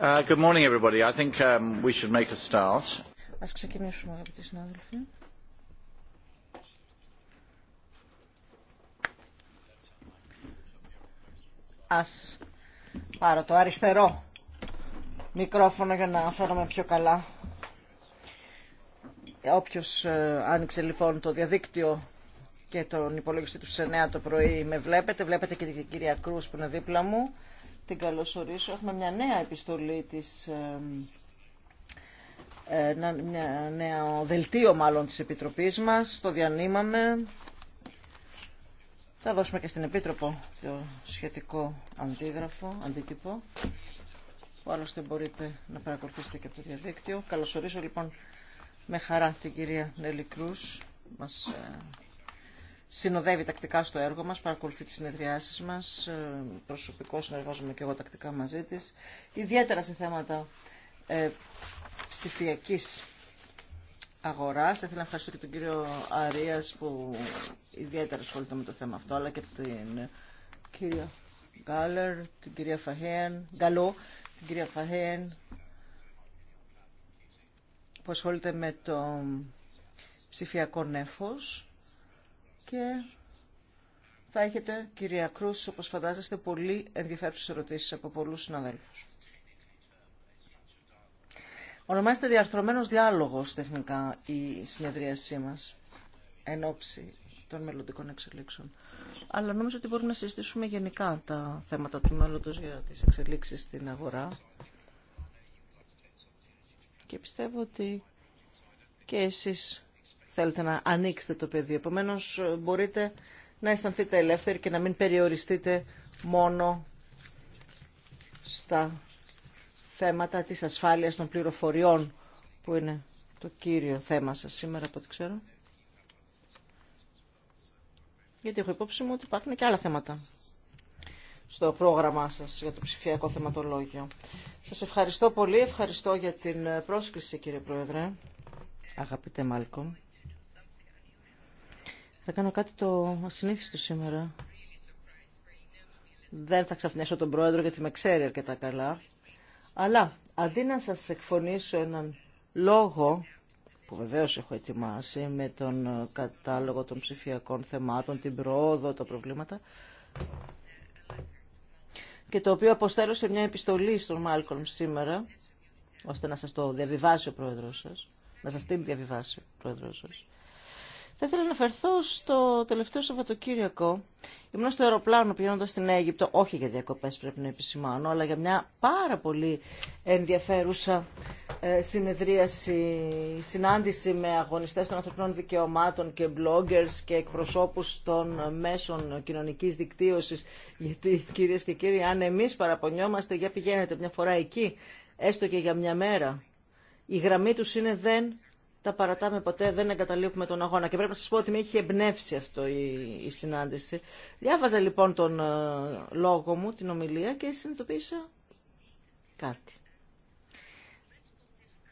Uh, good morning, everybody. I think um, we should Ας ξεκινήσουμε, αγαπητοί συνάδελφοι. Ας πάρω το αριστερό μικρόφωνο για να φέρομαι πιο καλά. Όποιος ε, άνοιξε λοιπόν το διαδίκτυο και τον υπολογιστή του 9 το πρωί με βλέπετε, βλέπετε και την κυρία Κρούς που είναι δίπλα μου την καλωσορίσω. Έχουμε μια νέα επιστολή της ένα ε, νέο δελτίο μάλλον της Επιτροπής μας, το διανύμαμε. Θα δώσουμε και στην Επίτροπο το σχετικό αντίγραφο, αντίτυπο, που άλλωστε μπορείτε να παρακολουθήσετε και από το διαδίκτυο. Καλωσορίζω λοιπόν με χαρά την κυρία Νέλη Κρούς, μας ε, συνοδεύει τακτικά στο έργο μας, παρακολουθεί τις συνεδριάσεις μας, ε, προσωπικό συνεργάζομαι και εγώ τακτικά μαζί της, ιδιαίτερα σε θέματα ε, ψηφιακής αγοράς. Θα ήθελα να ευχαριστώ και τον κύριο Αρίας που ιδιαίτερα ασχολείται με το θέμα αυτό, αλλά και την ε, κυρία Γκάλερ, την κυρία Φαχέν, Γκαλό, την κυρία Φαχέν, που ασχολείται με το ψηφιακό νέφος και θα έχετε, κυρία Κρούς, όπως φαντάζεστε, πολύ ενδιαφέρουσες ερωτήσεις από πολλούς συναδέλφους. Ονομάζεται διαρθρωμένος διάλογος τεχνικά η συνεδρίασή μας εν ώψη των μελλοντικών εξελίξεων. Αλλά νομίζω ότι μπορούμε να συζητήσουμε γενικά τα θέματα του μέλλοντος για τις εξελίξεις στην αγορά. Και πιστεύω ότι και εσείς θέλετε να ανοίξετε το πεδίο. Επομένω, μπορείτε να αισθανθείτε ελεύθεροι και να μην περιοριστείτε μόνο στα θέματα της ασφάλειας των πληροφοριών, που είναι το κύριο θέμα σας σήμερα, από ό,τι ξέρω. Γιατί έχω υπόψη μου ότι υπάρχουν και άλλα θέματα στο πρόγραμμά σας για το ψηφιακό θεματολόγιο. Σας ευχαριστώ πολύ. Ευχαριστώ για την πρόσκληση, κύριε Πρόεδρε. Αγαπητέ Μάλκομ. Θα κάνω κάτι το ασυνήθιστο σήμερα. Δεν θα ξαφνιάσω τον πρόεδρο γιατί με ξέρει αρκετά καλά. Αλλά αντί να σας εκφωνήσω έναν λόγο που βεβαίως έχω ετοιμάσει με τον ε, κατάλογο των ψηφιακών θεμάτων, την πρόοδο, τα προβλήματα και το οποίο αποστέλω σε μια επιστολή στον Μάλκολμ σήμερα ώστε να σας το διαβιβάσει ο πρόεδρος σας, να σας την διαβιβάσει ο πρόεδρος σας θα ήθελα να φερθώ στο τελευταίο Σαββατοκύριακο. Ήμουν στο αεροπλάνο πηγαίνοντα στην Αίγυπτο, όχι για διακοπέ πρέπει να επισημάνω, αλλά για μια πάρα πολύ ενδιαφέρουσα ε, συνεδρίαση, συνάντηση με αγωνιστέ των ανθρωπινών δικαιωμάτων και bloggers και εκπροσώπους των μέσων κοινωνική δικτύωση. Γιατί κυρίε και κύριοι, αν εμεί παραπονιόμαστε, για πηγαίνετε μια φορά εκεί, έστω και για μια μέρα. Η γραμμή του είναι δεν τα παρατάμε ποτέ, δεν εγκαταλείπουμε τον αγώνα. Και πρέπει να σας πω ότι με είχε εμπνεύσει αυτό η, η συνάντηση. Διάβαζα λοιπόν τον ε, λόγο μου, την ομιλία και συνειδητοποίησα κάτι.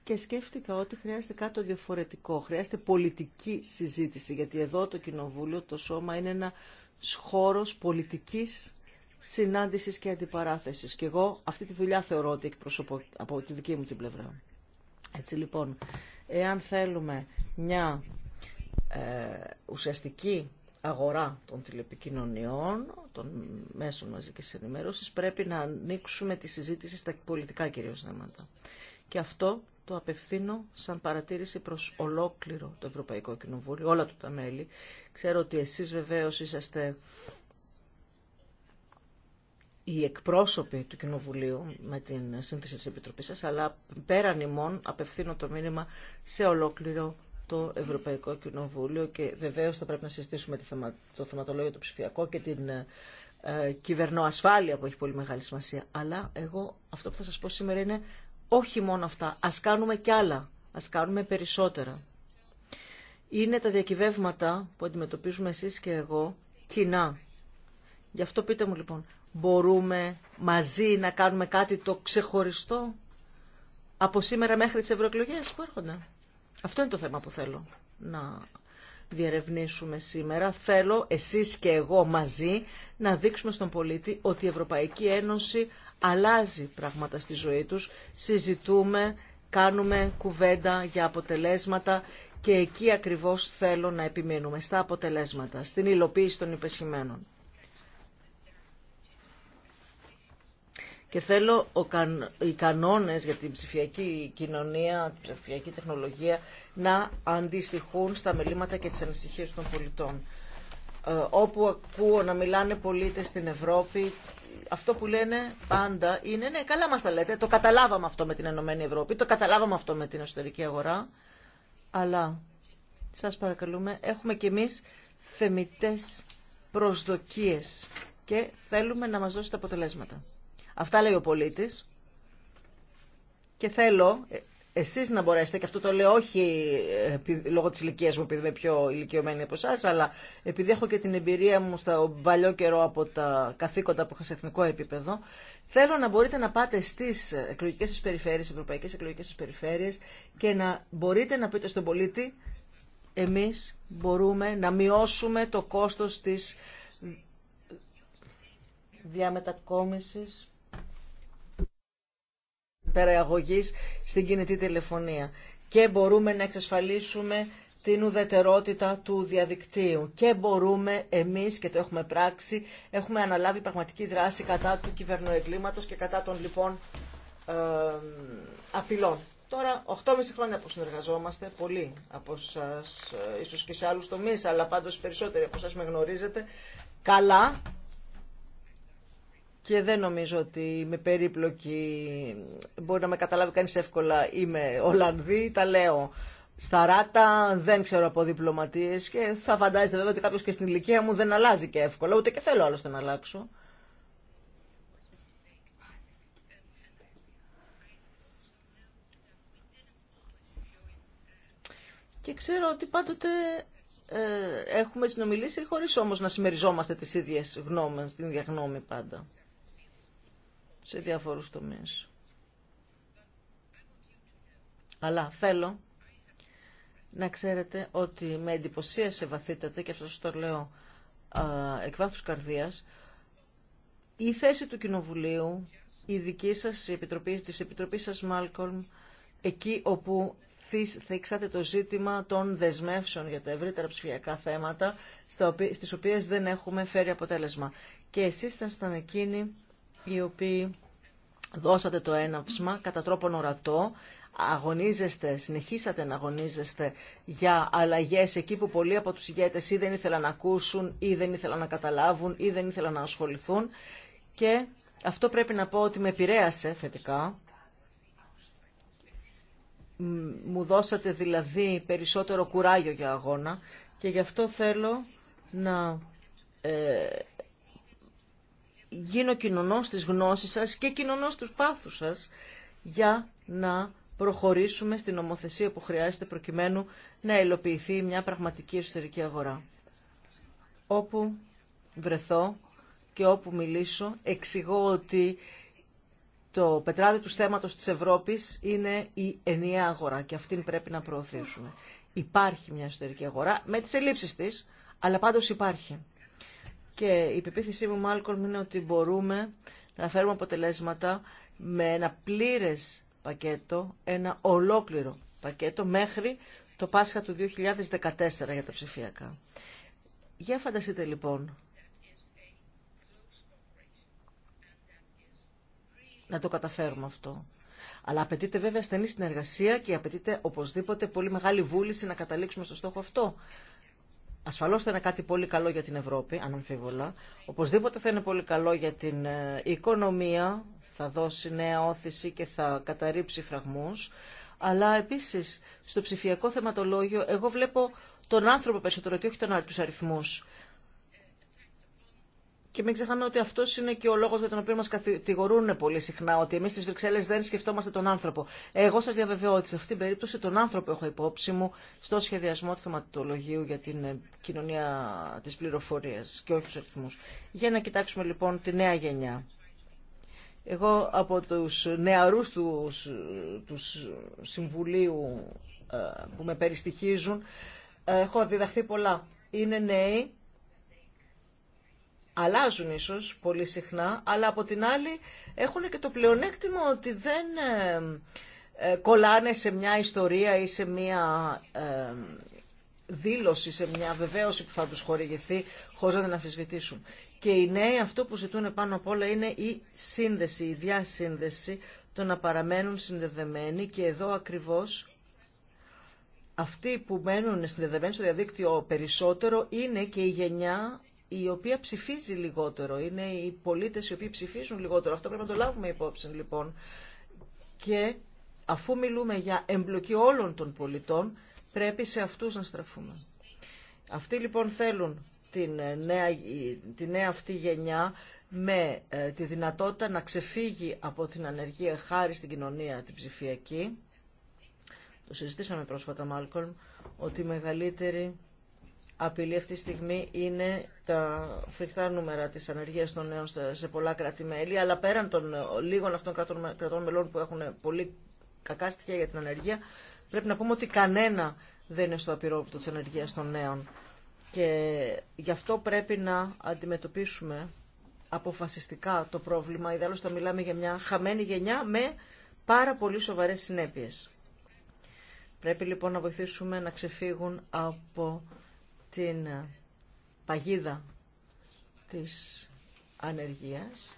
Και σκέφτηκα ότι χρειάζεται κάτι διαφορετικό. Χρειάζεται πολιτική συζήτηση, γιατί εδώ το Κοινοβούλιο, το Σώμα είναι ένα χώρος πολιτικής συνάντηση και αντιπαράθεση. Και εγώ αυτή τη δουλειά θεωρώ ότι εκπροσωπώ από τη δική μου την πλευρά. Έτσι λοιπόν, Εάν θέλουμε μια ε, ουσιαστική αγορά των τηλεπικοινωνιών, των μέσων μαζικής ενημέρωσης, πρέπει να ανοίξουμε τη συζήτηση στα πολιτικά κυρίως θέματα. Και αυτό το απευθύνω σαν παρατήρηση προς ολόκληρο το Ευρωπαϊκό Κοινοβούλιο, όλα του τα μέλη. Ξέρω ότι εσείς βεβαίως είσαστε οι εκπρόσωποι του Κοινοβουλίου με την σύνθεση της Επιτροπής σας, αλλά πέραν ημών απευθύνω το μήνυμα σε ολόκληρο το Ευρωπαϊκό Κοινοβούλιο και βεβαίως θα πρέπει να συζητήσουμε το θεματολόγιο το ψηφιακό και την ε, κυβερνοασφάλεια που έχει πολύ μεγάλη σημασία. Αλλά εγώ αυτό που θα σας πω σήμερα είναι όχι μόνο αυτά, ας κάνουμε κι άλλα, ας κάνουμε περισσότερα. Είναι τα διακυβεύματα που αντιμετωπίζουμε εσείς και εγώ κοινά. Γι' αυτό πείτε μου λοιπόν, μπορούμε μαζί να κάνουμε κάτι το ξεχωριστό από σήμερα μέχρι τις ευρωεκλογέ που έρχονται. Αυτό είναι το θέμα που θέλω να διερευνήσουμε σήμερα. Θέλω εσείς και εγώ μαζί να δείξουμε στον πολίτη ότι η Ευρωπαϊκή Ένωση αλλάζει πράγματα στη ζωή τους. Συζητούμε, κάνουμε κουβέντα για αποτελέσματα και εκεί ακριβώς θέλω να επιμείνουμε στα αποτελέσματα, στην υλοποίηση των υπεσχημένων. Και θέλω καν... οι κανόνες για την ψηφιακή κοινωνία, την ψηφιακή τεχνολογία να αντιστοιχούν στα μελήματα και τις ανησυχίες των πολιτών. Ε, όπου ακούω να μιλάνε πολίτες στην Ευρώπη, αυτό που λένε πάντα είναι «Ναι, καλά μας τα λέτε, το καταλάβαμε αυτό με την Ενωμένη ΕΕ, Ευρώπη, το καταλάβαμε αυτό με την εσωτερική αγορά, αλλά σας παρακαλούμε, έχουμε κι εμείς θεμητές προσδοκίες και θέλουμε να μας δώσετε αποτελέσματα». Αυτά λέει ο πολίτη. Και θέλω ε, εσείς να μπορέσετε, και αυτό το λέω όχι ε, λόγω της ηλικία μου, επειδή είμαι πιο ηλικιωμένη από εσά, αλλά επειδή έχω και την εμπειρία μου στο παλιό καιρό από τα καθήκοντα που είχα σε εθνικό επίπεδο, θέλω να μπορείτε να πάτε στις εκλογικές σας περιφέρειες, ευρωπαϊκές εκλογικές σα περιφέρειες και να μπορείτε να πείτε στον πολίτη εμείς μπορούμε να μειώσουμε το κόστος της διαμετακόμισης στην κινητή τηλεφωνία. Και μπορούμε να εξασφαλίσουμε την ουδετερότητα του διαδικτύου. Και μπορούμε εμείς, και το έχουμε πράξει, έχουμε αναλάβει πραγματική δράση κατά του κυβερνοεγκλήματος και κατά των λοιπόν ε, απειλών. Τώρα, 8,5 χρόνια που συνεργαζόμαστε, πολλοί από σας, ε, ίσω και σε άλλου τομεί, αλλά πάντως περισσότεροι από εσά με γνωρίζετε, καλά και δεν νομίζω ότι είμαι περίπλοκη, μπορεί να με καταλάβει κανείς εύκολα, είμαι Ολλανδή, τα λέω στα ράτα, δεν ξέρω από διπλωματίες και θα φαντάζεστε βέβαια ότι κάποιος και στην ηλικία μου δεν αλλάζει και εύκολα, ούτε και θέλω άλλωστε να αλλάξω. Και ξέρω ότι πάντοτε ε, έχουμε συνομιλήσει χωρίς όμως να συμμεριζόμαστε τις ίδιες γνώμες, την ίδια γνώμη πάντα σε διάφορους τομείς. Αλλά θέλω να ξέρετε ότι με εντυπωσίασε βαθύτατα και αυτό σας το λέω εκ βάθους καρδίας η θέση του Κοινοβουλίου η δική σας η επιτροπή, της Επιτροπής σας Μάλκολμ εκεί όπου θέξατε το ζήτημα των δεσμεύσεων για τα ευρύτερα ψηφιακά θέματα στις οποίες δεν έχουμε φέρει αποτέλεσμα. Και εσείς ήσασταν εκείνοι οι οποίοι δώσατε το έναυσμα κατά τρόπον ορατό, αγωνίζεστε, συνεχίσατε να αγωνίζεστε για αλλαγές εκεί που πολλοί από τους ηγέτες ή δεν ήθελαν να ακούσουν ή δεν ήθελαν να καταλάβουν ή δεν ήθελαν να ασχοληθούν και αυτό πρέπει να πω ότι με επηρέασε θετικά. Μου δώσατε δηλαδή περισσότερο κουράγιο για αγώνα και γι' αυτό θέλω να ε, γίνω κοινωνός της γνώσης σας και κοινωνός του πάθου σας για να προχωρήσουμε στην νομοθεσία που χρειάζεται προκειμένου να υλοποιηθεί μια πραγματική εσωτερική αγορά. Όπου βρεθώ και όπου μιλήσω, εξηγώ ότι το πετράδι του θέματος της Ευρώπης είναι η ενιαία αγορά και αυτήν πρέπει να προωθήσουμε. Υπάρχει μια εσωτερική αγορά με τις ελλείψεις της, αλλά πάντως υπάρχει. Και η πεποίθησή μου, Μάλκολμ, είναι ότι μπορούμε να φέρουμε αποτελέσματα με ένα πλήρες πακέτο, ένα ολόκληρο πακέτο μέχρι το Πάσχα του 2014 για τα ψηφιακά. Για φανταστείτε λοιπόν να το καταφέρουμε αυτό. Αλλά απαιτείται βέβαια στενή συνεργασία και απαιτείται οπωσδήποτε πολύ μεγάλη βούληση να καταλήξουμε στο στόχο αυτό ασφαλώς θα είναι κάτι πολύ καλό για την Ευρώπη, αν αμφιβολά. Οπωσδήποτε θα είναι πολύ καλό για την ε, οικονομία, θα δώσει νέα όθηση και θα καταρρύψει φραγμούς. Αλλά επίσης στο ψηφιακό θεματολόγιο εγώ βλέπω τον άνθρωπο περισσότερο και όχι τον, τους αριθμούς. Και μην ξεχνάμε ότι αυτό είναι και ο λόγο για τον οποίο μα κατηγορούν πολύ συχνά, ότι εμεί στι Βρυξέλλε δεν σκεφτόμαστε τον άνθρωπο. Εγώ σα διαβεβαιώ ότι σε αυτήν την περίπτωση τον άνθρωπο έχω υπόψη μου στο σχεδιασμό του θεματολογίου για την ε, κοινωνία τη πληροφορία και όχι του αριθμού. Για να κοιτάξουμε λοιπόν τη νέα γενιά. Εγώ από τους νεαρούς του, συμβουλίου ε, που με περιστοιχίζουν ε, έχω διδαχθεί πολλά. Είναι νέοι αλλάζουν ίσως πολύ συχνά, αλλά από την άλλη έχουν και το πλεονέκτημα ότι δεν ε, ε, κολλάνε σε μια ιστορία ή σε μια ε, δήλωση, σε μια βεβαίωση που θα τους χορηγηθεί χωρίς να την αφισβητήσουν. Και οι νέοι αυτό που ζητούν πάνω απ' όλα είναι η σύνδεση, η διασύνδεση, το να παραμένουν συνδεδεμένοι και εδώ ακριβώς αυτοί που μένουν συνδεδεμένοι στο διαδίκτυο περισσότερο είναι και η γενιά η οποία ψηφίζει λιγότερο. Είναι οι πολίτες οι οποίοι ψηφίζουν λιγότερο. Αυτό πρέπει να το λάβουμε υπόψη λοιπόν. Και αφού μιλούμε για εμπλοκή όλων των πολιτών, πρέπει σε αυτούς να στραφούμε. Αυτοί λοιπόν θέλουν την ε, νέα, ε, τη νέα αυτή γενιά με ε, τη δυνατότητα να ξεφύγει από την ανεργία χάρη στην κοινωνία την ψηφιακή. Το συζητήσαμε πρόσφατα, Μάλκολμ, ότι η μεγαλύτερη απειλή αυτή τη στιγμή είναι τα φρικτά νούμερα της ανεργίας των νέων σε πολλά κράτη-μέλη, αλλά πέραν των ε, λίγων αυτών κρατών μελών που έχουν πολύ κακά στοιχεία για την ανεργία, πρέπει να πούμε ότι κανένα δεν είναι στο απειρόβλητο της ανεργίας των νέων. Και γι' αυτό πρέπει να αντιμετωπίσουμε αποφασιστικά το πρόβλημα, ιδάλλως θα μιλάμε για μια χαμένη γενιά με πάρα πολύ σοβαρές συνέπειες. Πρέπει λοιπόν να βοηθήσουμε να ξεφύγουν από την ε, παγίδα της ανεργίας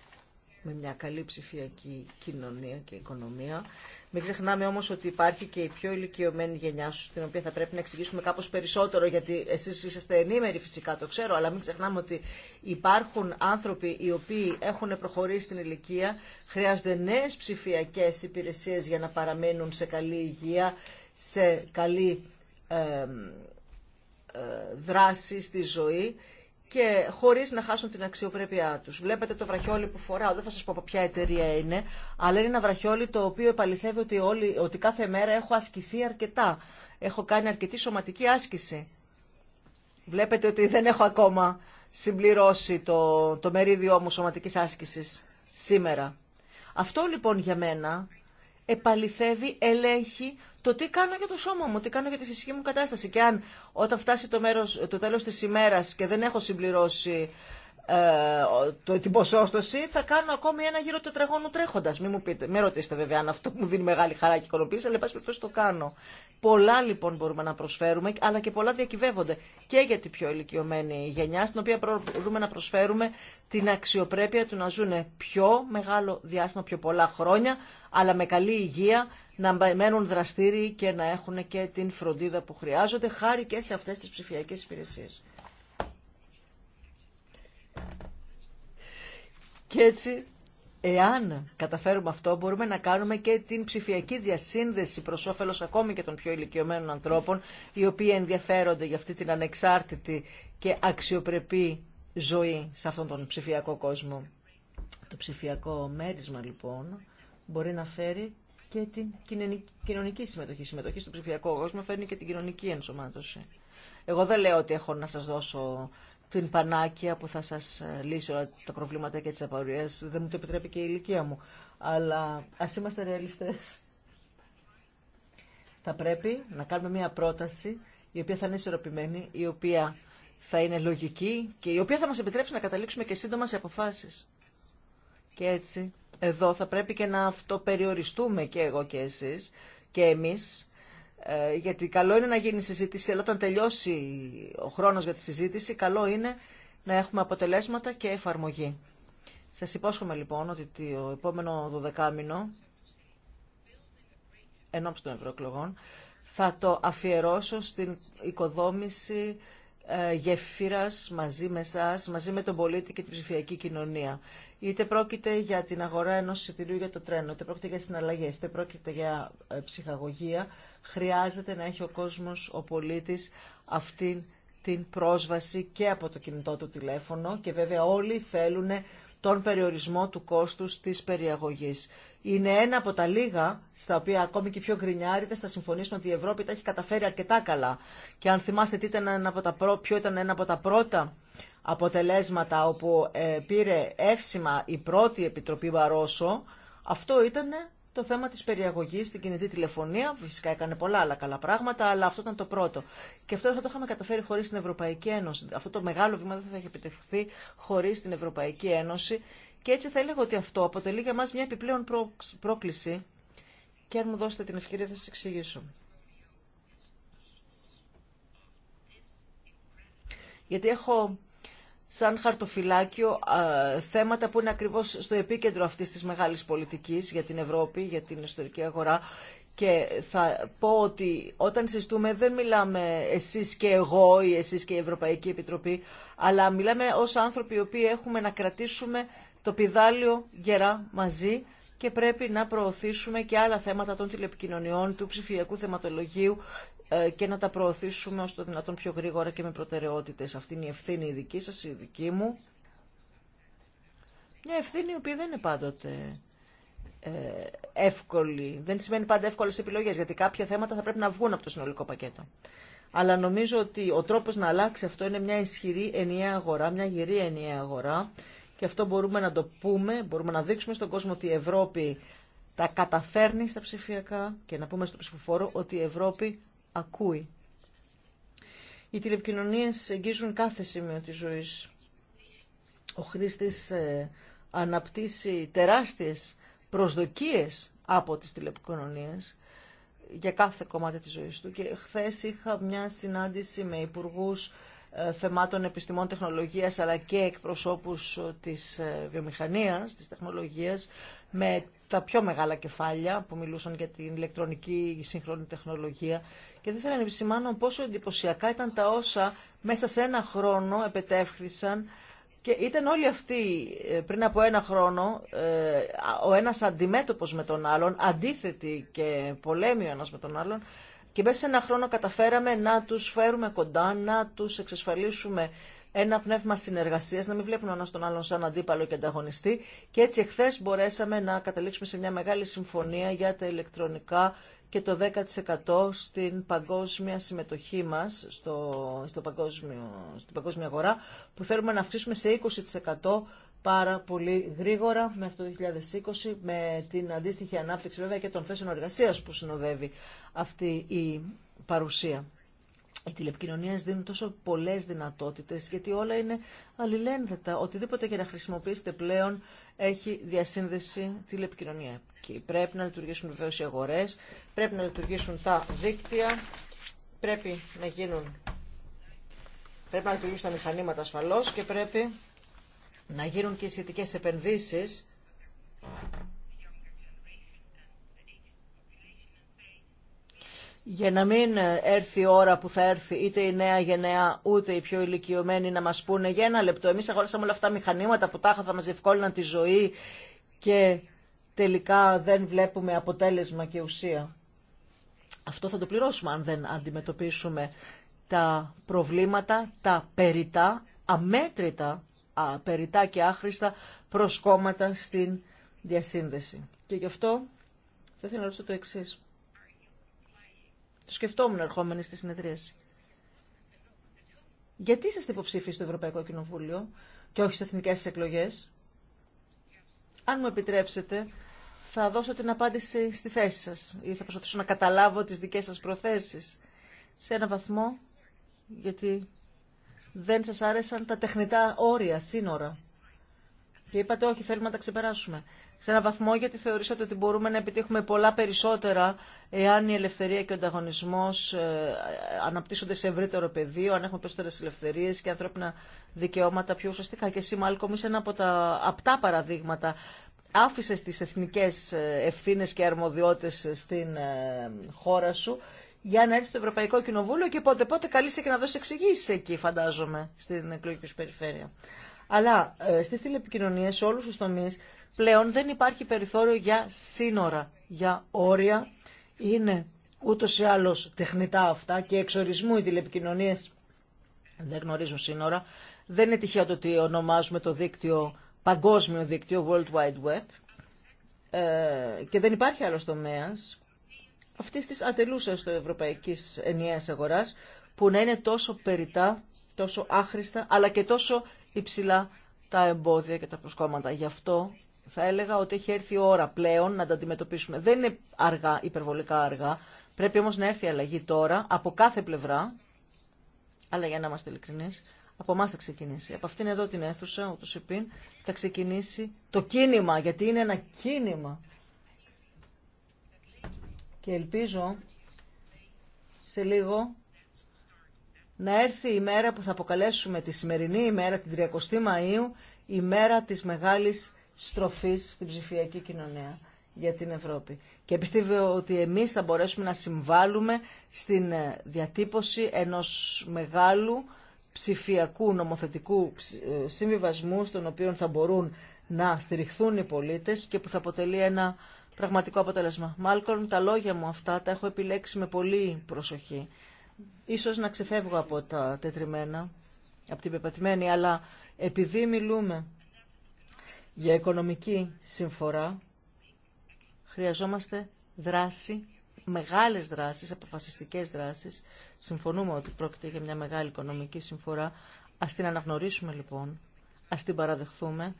με μια καλή ψηφιακή κοινωνία και οικονομία. Μην ξεχνάμε όμως ότι υπάρχει και η πιο ηλικιωμένη γενιά σου, την οποία θα πρέπει να εξηγήσουμε κάπως περισσότερο, γιατί εσείς είσαστε ενήμεροι φυσικά, το ξέρω, αλλά μην ξεχνάμε ότι υπάρχουν άνθρωποι οι οποίοι έχουν προχωρήσει στην ηλικία, χρειάζονται νέες ψηφιακές υπηρεσίες για να παραμένουν σε καλή υγεία, σε καλή ε, ε, δράση στη ζωή και χωρί να χάσουν την αξιοπρέπειά του. Βλέπετε το βραχιόλι που φοράω, δεν θα σα πω ποια εταιρεία είναι, αλλά είναι ένα βραχιόλι το οποίο επαληθεύει ότι, όλη, ότι κάθε μέρα έχω ασκηθεί αρκετά. Έχω κάνει αρκετή σωματική άσκηση. Βλέπετε ότι δεν έχω ακόμα συμπληρώσει το, το μερίδιό μου σωματικής άσκησης σήμερα. Αυτό λοιπόν για μένα επαληθεύει, ελέγχει το τι κάνω για το σώμα μου, τι κάνω για τη φυσική μου κατάσταση. Και αν όταν φτάσει το, μέρος, το τέλος της ημέρας και δεν έχω συμπληρώσει ε, την ποσόστοση θα κάνω ακόμη ένα γύρο τετραγώνου τρέχοντα. Μην μου πείτε, με ρωτήσετε βέβαια αν αυτό μου δίνει μεγάλη χαρά και οικονοποίηση, αλλά πάση το κάνω. Πολλά λοιπόν μπορούμε να προσφέρουμε, αλλά και πολλά διακυβεύονται και για την πιο ηλικιωμένη γενιά, στην οποία μπορούμε να προσφέρουμε την αξιοπρέπεια του να ζουν πιο μεγάλο διάστημα, πιο πολλά χρόνια, αλλά με καλή υγεία, να μένουν δραστήριοι και να έχουν και την φροντίδα που χρειάζονται, χάρη και σε αυτέ τι ψηφιακέ υπηρεσίε. Και έτσι, εάν καταφέρουμε αυτό, μπορούμε να κάνουμε και την ψηφιακή διασύνδεση προ όφελο ακόμη και των πιο ηλικιωμένων ανθρώπων, οι οποίοι ενδιαφέρονται για αυτή την ανεξάρτητη και αξιοπρεπή ζωή σε αυτόν τον ψηφιακό κόσμο. Το ψηφιακό μέρισμα, λοιπόν, μπορεί να φέρει και την κοινωνική συμμετοχή. Η συμμετοχή στον ψηφιακό κόσμο φέρνει και την κοινωνική ενσωμάτωση. Εγώ δεν λέω ότι έχω να σας δώσω την πανάκια που θα σας λύσει όλα τα προβλήματα και τις απορίες. Δεν μου το επιτρέπει και η ηλικία μου. Αλλά ας είμαστε ρεαλιστές. Θα πρέπει να κάνουμε μια πρόταση η οποία θα είναι ισορροπημένη, η οποία θα είναι λογική και η οποία θα μας επιτρέψει να καταλήξουμε και σύντομα σε αποφάσεις. Και έτσι, εδώ θα πρέπει και να αυτοπεριοριστούμε και εγώ και εσείς και εμείς ε, γιατί καλό είναι να γίνει συζήτηση, αλλά όταν τελειώσει ο χρόνος για τη συζήτηση, καλό είναι να έχουμε αποτελέσματα και εφαρμογή. Σας υπόσχομαι λοιπόν ότι το επόμενο δωδεκάμινο, ενώπιση των ευρωεκλογών, θα το αφιερώσω στην οικοδόμηση ε, γεφύρας μαζί με εσά, μαζί με τον πολίτη και την ψηφιακή κοινωνία. Είτε πρόκειται για την αγορά ενός εισιτηρίου για το τρένο, είτε πρόκειται για συναλλαγές, είτε πρόκειται για ε, ψυχαγωγία χρειάζεται να έχει ο κόσμος, ο πολίτης, αυτή την πρόσβαση και από το κινητό του τηλέφωνο και βέβαια όλοι θέλουν τον περιορισμό του κόστους της περιαγωγής. Είναι ένα από τα λίγα στα οποία ακόμη και πιο γκρινιάριδες θα συμφωνήσουν ότι η Ευρώπη τα έχει καταφέρει αρκετά καλά. Και αν θυμάστε τι ήταν ένα από τα ποιο ήταν ένα από τα πρώτα αποτελέσματα όπου ε, πήρε εύσημα η πρώτη Επιτροπή Βαρόσο, αυτό ήταν το θέμα της περιαγωγής στην κινητή τηλεφωνία. Φυσικά έκανε πολλά άλλα καλά πράγματα, αλλά αυτό ήταν το πρώτο. Και αυτό θα το είχαμε καταφέρει χωρίς την Ευρωπαϊκή Ένωση. Αυτό το μεγάλο βήμα δεν θα είχε επιτευχθεί χωρίς την Ευρωπαϊκή Ένωση. Και έτσι θα έλεγα ότι αυτό αποτελεί για μας μια επιπλέον πρόκληση. Και αν μου δώσετε την ευκαιρία θα σας εξηγήσω. Γιατί έχω σαν χαρτοφυλάκιο θέματα που είναι ακριβώς στο επίκεντρο αυτής της μεγάλης πολιτικής για την Ευρώπη, για την ιστορική αγορά. Και θα πω ότι όταν συζητούμε δεν μιλάμε εσείς και εγώ ή εσείς και η Ευρωπαϊκή Επιτροπή, αλλά μιλάμε ως άνθρωποι οι οποίοι έχουμε να κρατήσουμε το πιδάλιο γερά μαζί και πρέπει να προωθήσουμε και άλλα θέματα των τηλεπικοινωνιών, του ψηφιακού θεματολογίου, ε, και να τα προωθήσουμε όσο το δυνατόν πιο γρήγορα και με προτεραιότητες. Αυτή είναι η ευθύνη η δική σας, η δική μου. Μια ευθύνη η οποία δεν είναι πάντοτε ε, εύκολη. Δεν σημαίνει πάντα εύκολες επιλογές, γιατί κάποια θέματα θα πρέπει να βγουν από το συνολικό πακέτο. Αλλά νομίζω ότι ο τρόπος να αλλάξει αυτό είναι μια ισχυρή ενιαία αγορά, μια γυρή ενιαία αγορά. Και αυτό μπορούμε να το πούμε, μπορούμε να δείξουμε στον κόσμο ότι η Ευρώπη τα καταφέρνει στα ψηφιακά και να πούμε στο ψηφοφόρο ότι η Ευρώπη ακούει. Οι τηλεπικοινωνίες εγγίζουν κάθε σημείο της ζωής. Ο χρήστης ε, αναπτύσσει τεράστιες προσδοκίες από τις τηλεπικοινωνίες για κάθε κομμάτι της ζωής του. Και χθες είχα μια συνάντηση με υπουργούς ε, θεμάτων επιστημών τεχνολογίας αλλά και εκπροσώπους ε, της βιομηχανίας, της τεχνολογίας με τα πιο μεγάλα κεφάλια που μιλούσαν για την ηλεκτρονική σύγχρονη τεχνολογία και δεν θέλω να επισημάνω πόσο εντυπωσιακά ήταν τα όσα μέσα σε ένα χρόνο επετεύχθησαν και ήταν όλοι αυτοί ε, πριν από ένα χρόνο, ε, ο ένας αντιμέτωπος με τον άλλον, αντίθετοι και πολέμοι ο ένας με τον άλλον, και μέσα σε ένα χρόνο καταφέραμε να τους φέρουμε κοντά, να τους εξασφαλίσουμε ένα πνεύμα συνεργασίας, να μην βλέπουν ένα τον άλλον σαν αντίπαλο και ανταγωνιστή. Και έτσι εχθές μπορέσαμε να καταλήξουμε σε μια μεγάλη συμφωνία για τα ηλεκτρονικά και το 10% στην παγκόσμια συμμετοχή μας στο, στο παγκόσμιο, στην παγκόσμια αγορά που θέλουμε να αυξήσουμε σε 20% πάρα πολύ γρήγορα μέχρι το 2020 με την αντίστοιχη ανάπτυξη βέβαια και των θέσεων εργασίας που συνοδεύει αυτή η παρουσία οι τηλεπικοινωνίε δίνουν τόσο πολλές δυνατότητες, γιατί όλα είναι αλληλένδετα. Οτιδήποτε και να χρησιμοποιήσετε πλέον έχει διασύνδεση τηλεπικοινωνία. Και πρέπει να λειτουργήσουν βεβαίω οι αγορέ, πρέπει να λειτουργήσουν τα δίκτυα, πρέπει να γίνουν... Πρέπει να λειτουργήσουν τα μηχανήματα ασφαλώς και πρέπει να γίνουν και οι σχετικές επενδύσεις για να μην έρθει η ώρα που θα έρθει είτε η νέα γενναία ούτε οι πιο ηλικιωμένοι να μας πούνε για ένα λεπτό. Εμείς αγοράσαμε όλα αυτά μηχανήματα που τάχα θα μας ευκόλυναν τη ζωή και τελικά δεν βλέπουμε αποτέλεσμα και ουσία. Αυτό θα το πληρώσουμε αν δεν αντιμετωπίσουμε τα προβλήματα, τα περιτά, αμέτρητα, περιτά και άχρηστα προσκόμματα στην διασύνδεση. Και γι' αυτό θα ήθελα να ρωτήσω το εξής. Το σκεφτόμουν ερχόμενοι στη συνεδρίαση. Γιατί είσαστε υποψήφοι στο Ευρωπαϊκό Κοινοβούλιο και όχι στι εθνικέ εκλογέ. Αν μου επιτρέψετε, θα δώσω την απάντηση στη θέση σας ή θα προσπαθήσω να καταλάβω τις δικές σας προθέσεις σε ένα βαθμό γιατί δεν σας άρεσαν τα τεχνητά όρια, σύνορα. Και είπατε όχι, θέλουμε να τα ξεπεράσουμε. Σε ένα βαθμό γιατί θεωρήσατε ότι μπορούμε να επιτύχουμε πολλά περισσότερα εάν η ελευθερία και ο ανταγωνισμό ε, αναπτύσσονται σε ευρύτερο πεδίο, αν έχουμε περισσότερε ελευθερίε και ανθρώπινα δικαιώματα πιο ουσιαστικά. Και εσύ, Μάλκομ, είσαι ένα από τα απτά παραδείγματα. Άφησε τι εθνικέ ε, ευθύνε και αρμοδιότητε στην ε, χώρα σου για να έρθει στο Ευρωπαϊκό Κοινοβούλιο και πότε πότε καλείσαι και να δώσει εξηγήσει εκεί, φαντάζομαι, στην εκλογική σου περιφέρεια. Αλλά ε, στις τηλεπικοινωνίες, σε όλους τους τομεί πλέον δεν υπάρχει περιθώριο για σύνορα, για όρια. Είναι ούτω ή άλλω τεχνητά αυτά και εξορισμού οι τηλεπικοινωνίες δεν γνωρίζουν σύνορα. Δεν είναι τυχαίο το ότι ονομάζουμε το δίκτυο παγκόσμιο δίκτυο World Wide Web ε, και δεν υπάρχει άλλο τομέα, αυτής της ατελούσας του Ευρωπαϊκή ενιαίας αγορά, που να είναι τόσο περιτά, τόσο άχρηστα αλλά και τόσο υψηλά τα εμπόδια και τα προσκόμματα. Γι' αυτό θα έλεγα ότι έχει έρθει η ώρα πλέον να τα αντιμετωπίσουμε. Δεν είναι αργά, υπερβολικά αργά. Πρέπει όμως να έρθει η αλλαγή τώρα από κάθε πλευρά. Αλλά για να είμαστε ειλικρινεί. από εμά θα ξεκινήσει. Από αυτήν εδώ την αίθουσα, όπω είπε, θα ξεκινήσει το κίνημα, γιατί είναι ένα κίνημα. Και ελπίζω σε λίγο να έρθει η μέρα που θα αποκαλέσουμε τη σημερινή ημέρα, την 30η Μαΐου, η μέρα της μεγάλης στροφής στην ψηφιακή κοινωνία για την Ευρώπη. Και πιστεύω ότι εμείς θα μπορέσουμε να συμβάλλουμε στην ε, διατύπωση ενός μεγάλου ψηφιακού νομοθετικού ε, συμβιβασμού, στον οποίο θα μπορούν να στηριχθούν οι πολίτες και που θα αποτελεί ένα πραγματικό αποτέλεσμα. Μάλκον, τα λόγια μου αυτά τα έχω επιλέξει με πολύ προσοχή ίσως να ξεφεύγω από τα τετριμένα, από την πεπατημένη, αλλά επειδή μιλούμε για οικονομική συμφορά, χρειαζόμαστε δράση, μεγάλες δράσεις, αποφασιστικές δράσεις. Συμφωνούμε ότι πρόκειται για μια μεγάλη οικονομική συμφορά. Ας την αναγνωρίσουμε λοιπόν, ας την παραδεχθούμε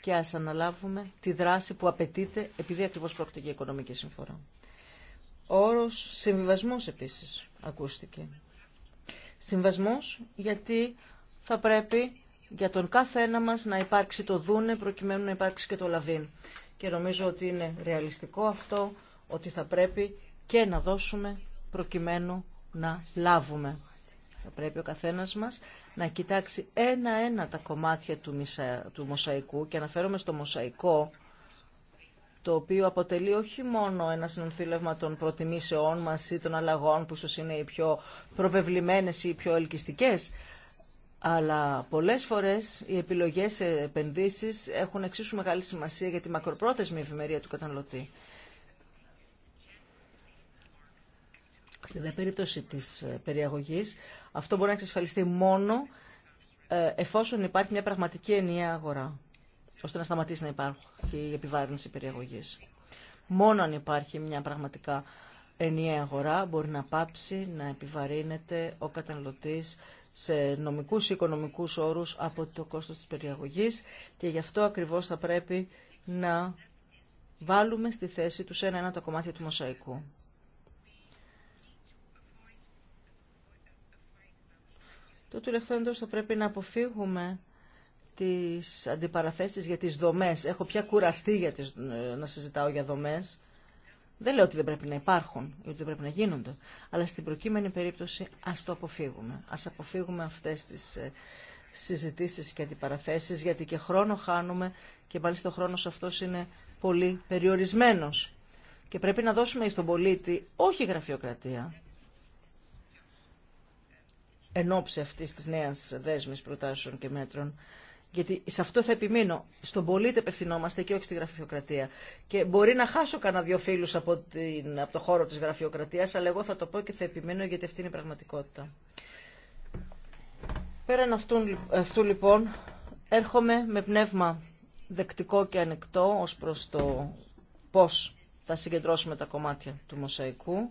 και ας αναλάβουμε τη δράση που απαιτείται επειδή ακριβώς πρόκειται για οικονομική συμφορά όρος συμβιβασμός επίσης ακούστηκε. Συμβασμός γιατί θα πρέπει για τον κάθε ένα μας να υπάρξει το δούνε προκειμένου να υπάρξει και το λαβίν. Και νομίζω ότι είναι ρεαλιστικό αυτό, ότι θα πρέπει και να δώσουμε προκειμένου να λάβουμε. Θα πρέπει ο καθένας μας να κοιτάξει ένα-ένα τα κομμάτια του, μοσαϊκού και αναφέρομαι στο μοσαϊκό το οποίο αποτελεί όχι μόνο ένα συνονθήλευμα των προτιμήσεών μας ή των αλλαγών που ίσω είναι οι πιο προβεβλημένες ή οι πιο ελκυστικές, αλλά πολλές φορές οι επιλογές σε επενδύσεις έχουν εξίσου μεγάλη σημασία για τη μακροπρόθεσμη ευημερία του καταναλωτή. Στην περίπτωση της ε, περιαγωγής, αυτό μπορεί να εξασφαλιστεί μόνο ε, εφόσον υπάρχει μια πραγματική ενιαία αγορά ώστε να σταματήσει να υπάρχει η επιβάρυνση περιεγωγής. Μόνο αν υπάρχει μια πραγματικά ενιαία αγορά μπορεί να πάψει να επιβαρύνεται ο καταναλωτής σε νομικούς ή οικονομικούς όρους από το κόστος της περιαγωγής και γι' αυτό ακριβώς θα πρέπει να βάλουμε στη θέση τους ένα-ένα τα κομμάτια του μοσαϊκού. Το του θα πρέπει να αποφύγουμε τις αντιπαραθέσεις για τις δομές. Έχω πια κουραστεί για τις, ε, να συζητάω για δομές. Δεν λέω ότι δεν πρέπει να υπάρχουν ή ότι δεν πρέπει να γίνονται. Αλλά στην προκείμενη περίπτωση ας το αποφύγουμε. Ας αποφύγουμε αυτές τις ε, συζητήσεις και αντιπαραθέσεις γιατί και χρόνο χάνουμε και μάλιστα ο χρόνο αυτός είναι πολύ περιορισμένος. Και πρέπει να δώσουμε στον πολίτη όχι γραφειοκρατία, εν ώψη αυτής της νέας δέσμης προτάσεων και μέτρων, γιατί σε αυτό θα επιμείνω. Στον πολίτη απευθυνόμαστε και όχι στη γραφειοκρατία. Και μπορεί να χάσω κανένα δύο φίλου από, από το χώρο τη γραφειοκρατία, αλλά εγώ θα το πω και θα επιμείνω γιατί αυτή είναι η πραγματικότητα. Πέραν αυτού, λοιπόν, έρχομαι με πνεύμα δεκτικό και ανοιχτό ως προς το πώς θα συγκεντρώσουμε τα κομμάτια του μοσαϊκού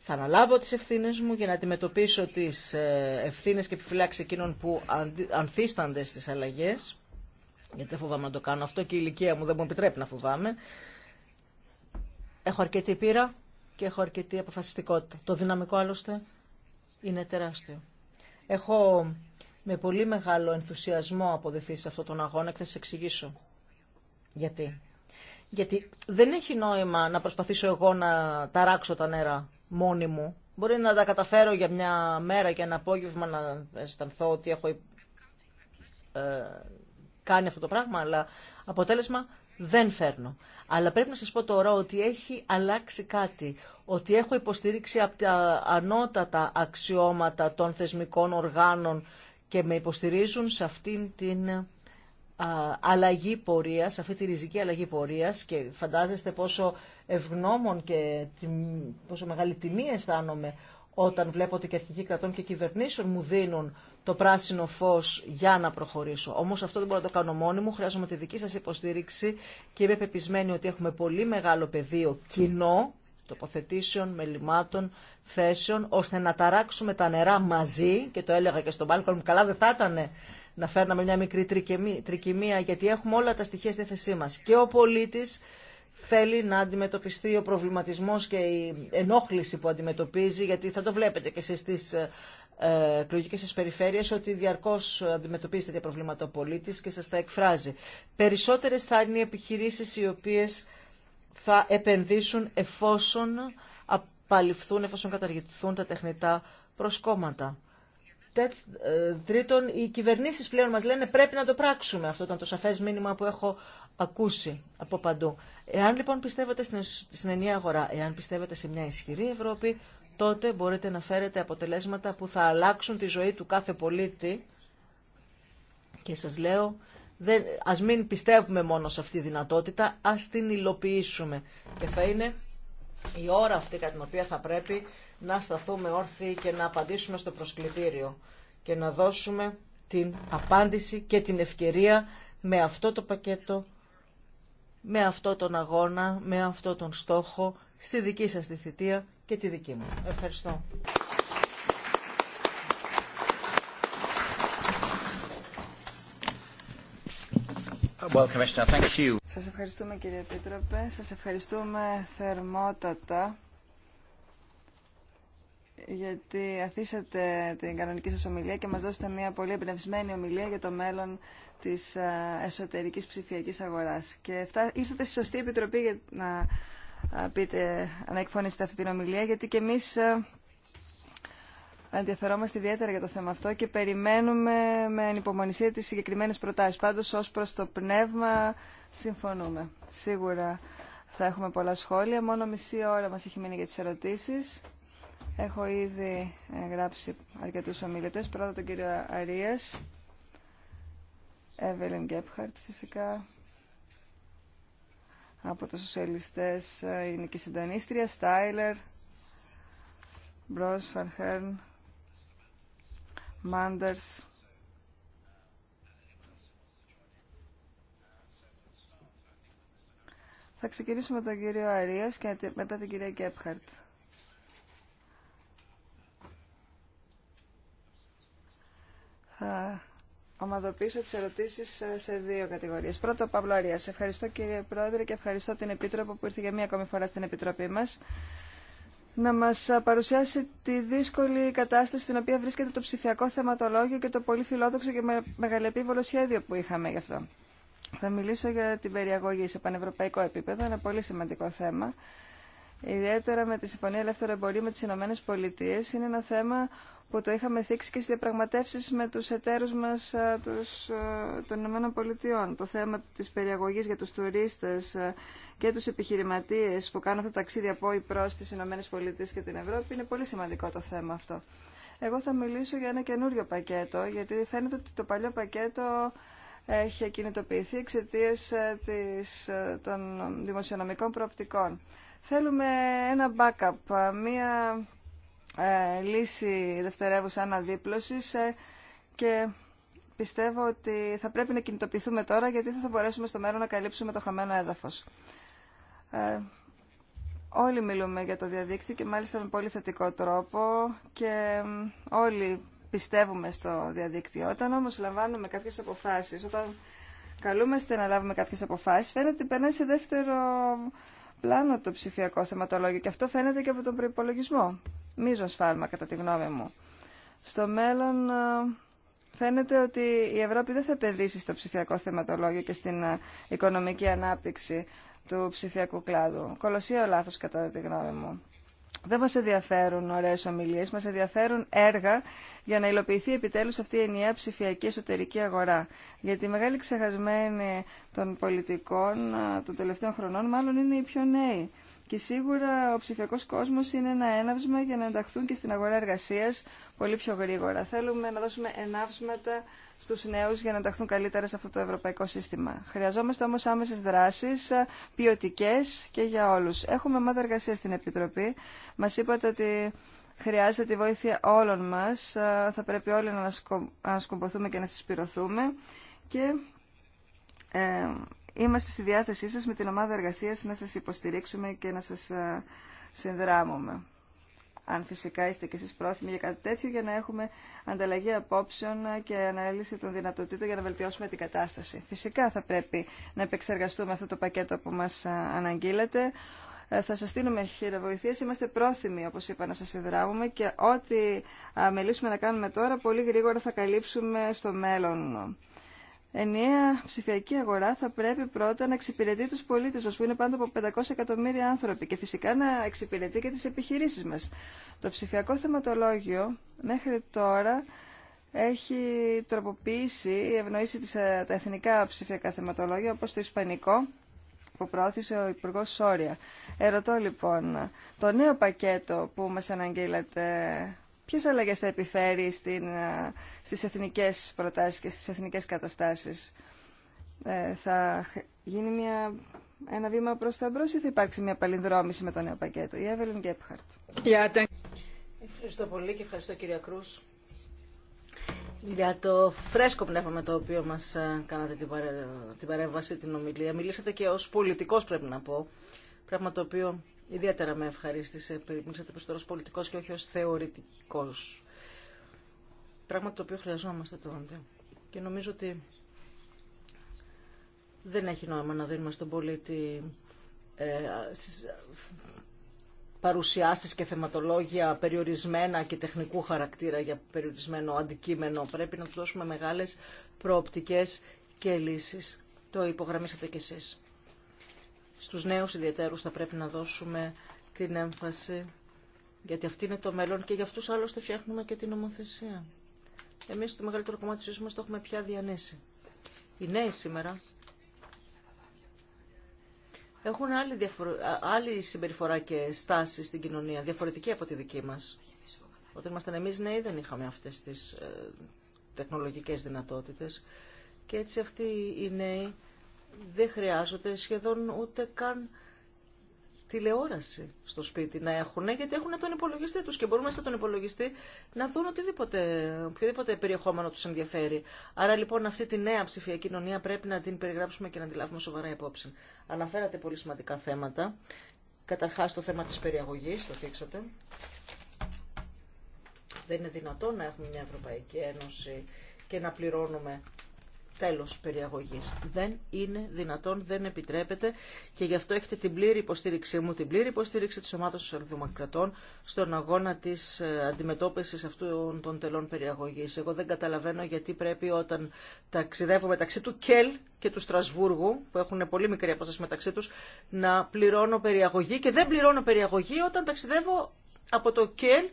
θα αναλάβω τις ευθύνες μου για να αντιμετωπίσω τις ε, ευθύνες και επιφυλάξει εκείνων που ανθίστανται στις αλλαγές, γιατί δεν φοβάμαι να το κάνω αυτό και η ηλικία μου δεν μου επιτρέπει να φοβάμαι. Έχω αρκετή πείρα και έχω αρκετή αποφασιστικότητα. Το δυναμικό άλλωστε είναι τεράστιο. Έχω με πολύ μεγάλο ενθουσιασμό αποδεθεί σε αυτόν τον αγώνα και θα σα εξηγήσω γιατί. Γιατί δεν έχει νόημα να προσπαθήσω εγώ να ταράξω τα νερά μόνη μου. Μπορεί να τα καταφέρω για μια μέρα και ένα απόγευμα να αισθανθώ ότι έχω ε, κάνει αυτό το πράγμα, αλλά αποτέλεσμα δεν φέρνω. Αλλά πρέπει να σας πω τώρα ότι έχει αλλάξει κάτι, ότι έχω υποστηρίξει από τα ανώτατα αξιώματα των θεσμικών οργάνων και με υποστηρίζουν σε αυτήν την αλλαγή πορείας, αυτή τη ριζική αλλαγή πορείας και φαντάζεστε πόσο ευγνώμων και πόσο μεγάλη τιμή αισθάνομαι όταν βλέπω ότι και αρχικοί κρατών και κυβερνήσεων μου δίνουν το πράσινο φως για να προχωρήσω. όμως αυτό δεν μπορώ να το κάνω μόνη μου. Χρειάζομαι τη δική σας υποστήριξη και είμαι πεπισμένη ότι έχουμε πολύ μεγάλο πεδίο κοινό τοποθετήσεων, μελημάτων, θέσεων, ώστε να ταράξουμε τα νερά μαζί, και το έλεγα και στον Πάλκολμ, καλά δεν θα ήταν να φέρναμε μια μικρή τρικυμία, γιατί έχουμε όλα τα στοιχεία στη θέση μας. Και ο πολίτης θέλει να αντιμετωπιστεί ο προβληματισμός και η ενόχληση που αντιμετωπίζει, γιατί θα το βλέπετε και εσείς στις ε, ε, εκλογικέ σα περιφέρειε ότι διαρκώ αντιμετωπίζετε τέτοια προβλήματα ο πολίτη και σα τα εκφράζει. Περισσότερε θα είναι οι επιχειρήσει οι οποίε θα επενδύσουν εφόσον απαλληφθούν, εφόσον καταργηθούν τα τεχνητά προσκόμματα. Ε, τρίτον, οι κυβερνήσει πλέον μα λένε πρέπει να το πράξουμε. Αυτό ήταν το σαφέ μήνυμα που έχω ακούσει από παντού. Εάν λοιπόν πιστεύετε στην ενιαία αγορά, εάν πιστεύετε σε μια ισχυρή Ευρώπη, τότε μπορείτε να φέρετε αποτελέσματα που θα αλλάξουν τη ζωή του κάθε πολίτη. Και σας λέω, δεν, ας μην πιστεύουμε μόνο σε αυτή τη δυνατότητα, ας την υλοποιήσουμε. Και θα είναι η ώρα αυτή κατά την οποία θα πρέπει να σταθούμε όρθιοι και να απαντήσουμε στο προσκλητήριο και να δώσουμε την απάντηση και την ευκαιρία με αυτό το πακέτο, με αυτό τον αγώνα, με αυτό τον στόχο, στη δική σας τη θητεία και τη δική μου. Ευχαριστώ. Well, Σας ευχαριστούμε κύριε Επίτροπε, σας ευχαριστούμε θερμότατα γιατί αφήσατε την κανονική σας ομιλία και μας δώσατε μια πολύ εμπνευσμένη ομιλία για το μέλλον της εσωτερικής ψηφιακής αγοράς. Και ήρθατε στη σωστή επιτροπή για να, πείτε, να εκφωνήσετε αυτή την ομιλία, γιατί και εμείς ενδιαφερόμαστε ιδιαίτερα για το θέμα αυτό και περιμένουμε με ανυπομονησία τις συγκεκριμένες προτάσεις. Πάντως ως προς το πνεύμα συμφωνούμε. Σίγουρα θα έχουμε πολλά σχόλια. Μόνο μισή ώρα μας έχει μείνει για τις ερωτήσεις. Έχω ήδη ε, γράψει αρκετούς ομιλητές. Πρώτα τον κύριο Αρίας, Εύελιν Γκέπχαρτ φυσικά, από τους σοσιαλιστές ε, η Νική Στάιλερ, Μπρος, Φανχέρν, θα ξεκινήσουμε τον κύριο Αρίας και μετά την κυρία Γκέπχαρτ. Θα ομαδοποιήσω τις ερωτήσεις ε, σε δύο κατηγορίες. Πρώτο, ο Παύλο Αρίας. Ευχαριστώ κύριε Πρόεδρε και ευχαριστώ την Επίτροπο που ήρθε για μία ακόμη φορά στην Επιτροπή μας να μας παρουσιάσει τη δύσκολη κατάσταση στην οποία βρίσκεται το ψηφιακό θεματολόγιο και το πολύ φιλόδοξο και μεγαλεπίβολο σχέδιο που είχαμε γι' αυτό. Θα μιλήσω για την περιαγωγή σε πανευρωπαϊκό επίπεδο, ένα πολύ σημαντικό θέμα. Ιδιαίτερα με τη Συμφωνία Ελεύθερου Εμπορίου με τις Ηνωμένε Πολιτείε είναι ένα θέμα που το είχαμε θίξει και στις διαπραγματεύσεις με τους εταίρους μας ε, τους, ε, των Ηνωμένων Πολιτειών. Το θέμα της περιαγωγής για τους τουρίστες ε, και τους επιχειρηματίες που κάνουν αυτό το ταξίδι από ή προς τις Ηνωμένε Πολιτείες και την Ευρώπη είναι πολύ σημαντικό το θέμα αυτό. Εγώ θα μιλήσω για ένα καινούριο πακέτο, γιατί φαίνεται ότι το παλιό πακέτο έχει κινητοποιηθεί εξαιτία των δημοσιονομικών προοπτικών. Θέλουμε ένα backup, μία ε, λύση δευτερεύουσα αναδίπλωσης ε, και πιστεύω ότι θα πρέπει να κινητοποιηθούμε τώρα γιατί θα, θα μπορέσουμε στο μέλλον να καλύψουμε το χαμένο έδαφος. Ε, όλοι μιλούμε για το διαδίκτυο και μάλιστα με πολύ θετικό τρόπο και όλοι πιστεύουμε στο διαδίκτυο. Όταν όμως λαμβάνουμε κάποιες αποφάσεις, όταν καλούμαστε να λάβουμε κάποιες αποφάσεις, φαίνεται ότι περνάει σε δεύτερο πλάνο το ψηφιακό θεματολόγιο και αυτό φαίνεται και από τον προϋπολογισμό. Μίζος φάρμα κατά τη γνώμη μου. Στο μέλλον ε, φαίνεται ότι η Ευρώπη δεν θα επενδύσει στο ψηφιακό θεματολόγιο και στην ε, οικονομική ανάπτυξη του ψηφιακού κλάδου. Κολοσσίο λάθος κατά τη γνώμη μου. Δεν μας ενδιαφέρουν ωραίες ομιλίες, μας ενδιαφέρουν έργα για να υλοποιηθεί επιτέλους αυτή η ενιαία ψηφιακή εσωτερική αγορά. Γιατί η μεγάλη ξεχασμένη των πολιτικών των τελευταίων χρονών μάλλον είναι οι πιο νέοι. Και σίγουρα ο ψηφιακό κόσμο είναι ένα έναυσμα για να ενταχθούν και στην αγορά εργασία πολύ πιο γρήγορα. Θέλουμε να δώσουμε εναύσματα στου νέου για να ενταχθούν καλύτερα σε αυτό το ευρωπαϊκό σύστημα. Χρειαζόμαστε όμω άμεσε δράσει, ποιοτικέ και για όλου. Έχουμε ομάδα εργασία στην Επιτροπή. Μα είπατε ότι χρειάζεται τη βοήθεια όλων μα. Θα πρέπει όλοι να ανασκομποθούμε και να συσπηρωθούμε. Και ε, Είμαστε στη διάθεσή σας με την ομάδα εργασίας να σας υποστηρίξουμε και να σας ε, συνδράμουμε. Αν φυσικά είστε και εσείς πρόθυμοι για κάτι τέτοιο για να έχουμε ανταλλαγή απόψεων και ανάλυση των δυνατοτήτων για να βελτιώσουμε την κατάσταση. Φυσικά θα πρέπει να επεξεργαστούμε αυτό το πακέτο που μας ε, αναγγείλετε. Ε, θα σας στείλουμε χειροβοηθίες. Είμαστε πρόθυμοι, όπως είπα, να σας συνδράμουμε και ό,τι μελήσουμε να κάνουμε τώρα, πολύ γρήγορα θα καλύψουμε στο μέλλον ενιαία ψηφιακή αγορά θα πρέπει πρώτα να εξυπηρετεί τους πολίτες μας που είναι πάνω από 500 εκατομμύρια άνθρωποι και φυσικά να εξυπηρετεί και τις επιχειρήσεις μας. Το ψηφιακό θεματολόγιο μέχρι τώρα έχει τροποποιήσει, ευνοήσει τις, ε, τα εθνικά ψηφιακά θεματολόγια όπως το ισπανικό που προώθησε ο Υπουργό Σόρια. Ερωτώ λοιπόν, το νέο πακέτο που μας αναγγείλατε ποιες αλλαγές θα επιφέρει στην, ε, στις εθνικές προτάσεις και στις εθνικές καταστάσεις. Ε, θα γίνει μια, ένα βήμα προς τα μπρος ή θα υπάρξει μια παλινδρόμηση με το νέο πακέτο. Η Εύελιν Γκέπχαρτ. Ευχαριστώ πολύ και ευχαριστώ κυρία Κρούς για το φρέσκο πνεύμα με το οποίο μας ε, κάνατε την, την παρέμβαση, την ομιλία. Μιλήσατε και ως πολιτικός πρέπει να πω, πράγμα το οποίο Ιδιαίτερα με ευχαρίστησε, που προς τώρα πολιτικός και όχι ως θεωρητικός. Πράγμα το οποίο χρειαζόμαστε τότε. Και νομίζω ότι δεν έχει νόημα να δίνουμε στον πολίτη ε, παρουσιάσεις και θεματολόγια περιορισμένα και τεχνικού χαρακτήρα για περιορισμένο αντικείμενο. Πρέπει να του δώσουμε μεγάλες προοπτικές και λύσεις. Το υπογραμμίσατε κι εσείς στους νέους ιδιαίτερους θα πρέπει να δώσουμε την έμφαση, γιατί αυτή είναι το μέλλον και για αυτούς άλλωστε φτιάχνουμε και την νομοθεσία. Εμείς το μεγαλύτερο κομμάτι της ζωής μας το έχουμε πια διανύσει. Οι νέοι σήμερα έχουν άλλη, άλλη συμπεριφορά και στάση στην κοινωνία, διαφορετική από τη δική μας. Όταν ήμασταν εμείς νέοι δεν είχαμε αυτές τις ε, τεχνολογικές δυνατότητες και έτσι αυτοί οι νέοι δεν χρειάζονται σχεδόν ούτε καν τηλεόραση στο σπίτι να έχουν, γιατί έχουν τον υπολογιστή τους και μπορούμε τον υπολογιστή να δουν οτιδήποτε, οποιοδήποτε περιεχόμενο τους ενδιαφέρει. Άρα λοιπόν αυτή τη νέα ψηφιακή κοινωνία πρέπει να την περιγράψουμε και να την λάβουμε σοβαρά υπόψη. Αναφέρατε πολύ σημαντικά θέματα. Καταρχάς το θέμα της περιαγωγής, το θίξατε. Δεν είναι δυνατόν να έχουμε μια Ευρωπαϊκή Ένωση και να πληρώνουμε τέλος περιαγωγής. Δεν είναι δυνατόν, δεν επιτρέπεται και γι' αυτό έχετε την πλήρη υποστήριξή μου, την πλήρη υποστήριξη της ομάδας των Σαρδημοκρατών στον αγώνα της ε, αντιμετώπισης αυτών των τελών περιαγωγής. Εγώ δεν καταλαβαίνω γιατί πρέπει όταν ταξιδεύω μεταξύ του ΚΕΛ και του Στρασβούργου, που έχουν πολύ μικρή απόσταση μεταξύ τους, να πληρώνω περιαγωγή και δεν πληρώνω περιαγωγή όταν ταξιδεύω από το ΚΕΛ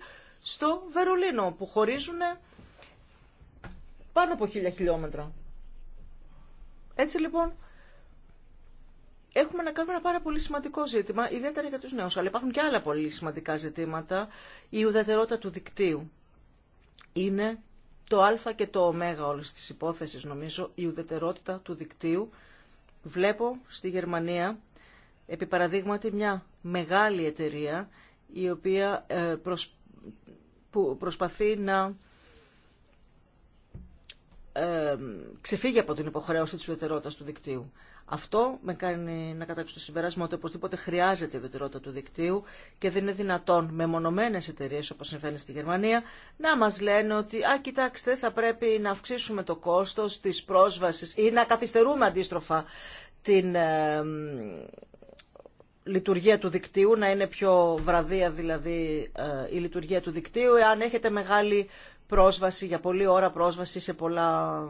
στο Βερολίνο, που χωρίζουν πάνω από χίλια χιλιόμετρα. Έτσι λοιπόν έχουμε να κάνουμε ένα πάρα πολύ σημαντικό ζήτημα, ιδιαίτερα για τους νέους, αλλά υπάρχουν και άλλα πολύ σημαντικά ζητήματα. Η ουδετερότητα του δικτύου είναι το α και το ω όλες τις υπόθεσεις νομίζω, η ουδετερότητα του δικτύου. Βλέπω στη Γερμανία, επί παραδείγματι, μια μεγάλη εταιρεία η οποία ε, προσπαθεί να ξεφύγει από την υποχρέωση της ιδιωτερότητα του δικτύου. Αυτό με κάνει να καταλήξω στο συμπεράσμα ότι οπωσδήποτε χρειάζεται η ιδιωτερότητα του δικτύου και δεν είναι δυνατόν με μονομένε εταιρείε όπω συμβαίνει στη Γερμανία να μα λένε ότι α, κοιτάξτε, θα πρέπει να αυξήσουμε το κόστο τη πρόσβαση ή να καθυστερούμε αντίστροφα την, λειτουργία του δικτύου, να είναι πιο βραδία δηλαδή ε, η λειτουργία του δικτύου, εάν έχετε μεγάλη πρόσβαση, για πολλή ώρα πρόσβαση σε πολλά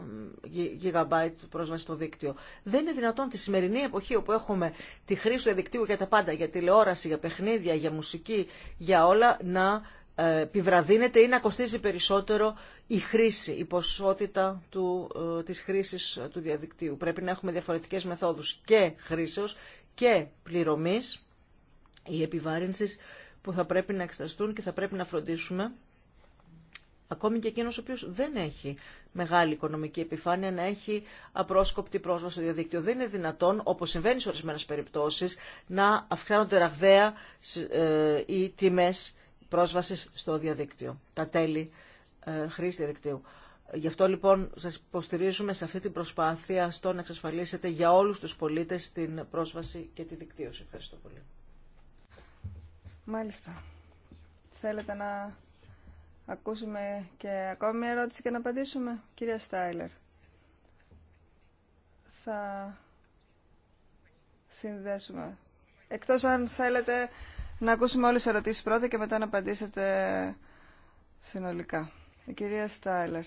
γιγαμπάιτ πρόσβαση στο δίκτυο. Δεν είναι δυνατόν τη σημερινή εποχή όπου έχουμε τη χρήση του δικτύου για τα πάντα, για τηλεόραση, για παιχνίδια, για μουσική, για όλα, να ε, επιβραδύνεται ή να κοστίζει περισσότερο η χρήση, η ποσότητα του, ε, της χρήσης του διαδικτύου. Πρέπει να έχουμε διαφορετικές μεθόδους και χρήσεως και πληρωμής ή επιβάρυνσης που θα πρέπει να εξεταστούν και θα πρέπει να φροντίσουμε ακόμη και εκείνος ο οποίος δεν έχει μεγάλη οικονομική επιφάνεια να έχει απρόσκοπτη πρόσβαση στο διαδίκτυο. Δεν είναι δυνατόν, όπως συμβαίνει σε ορισμένες περιπτώσεις, να αυξάνονται ραγδαία ε, οι τιμές πρόσβασης στο διαδίκτυο, τα τέλη ε, χρήση διαδικτύου. Γι' αυτό λοιπόν σας υποστηρίζουμε σε αυτή την προσπάθεια στο να εξασφαλίσετε για όλους τους πολίτες την πρόσβαση και τη δικτύωση. Ευχαριστώ πολύ. Μάλιστα. Θέλετε να ακούσουμε και ακόμη μια ερώτηση και να απαντήσουμε, κυρία Στάιλερ. Θα συνδέσουμε. Εκτός αν θέλετε να ακούσουμε όλες τις ερωτήσεις πρώτα και μετά να απαντήσετε συνολικά. Η κυρία Στάιλερ.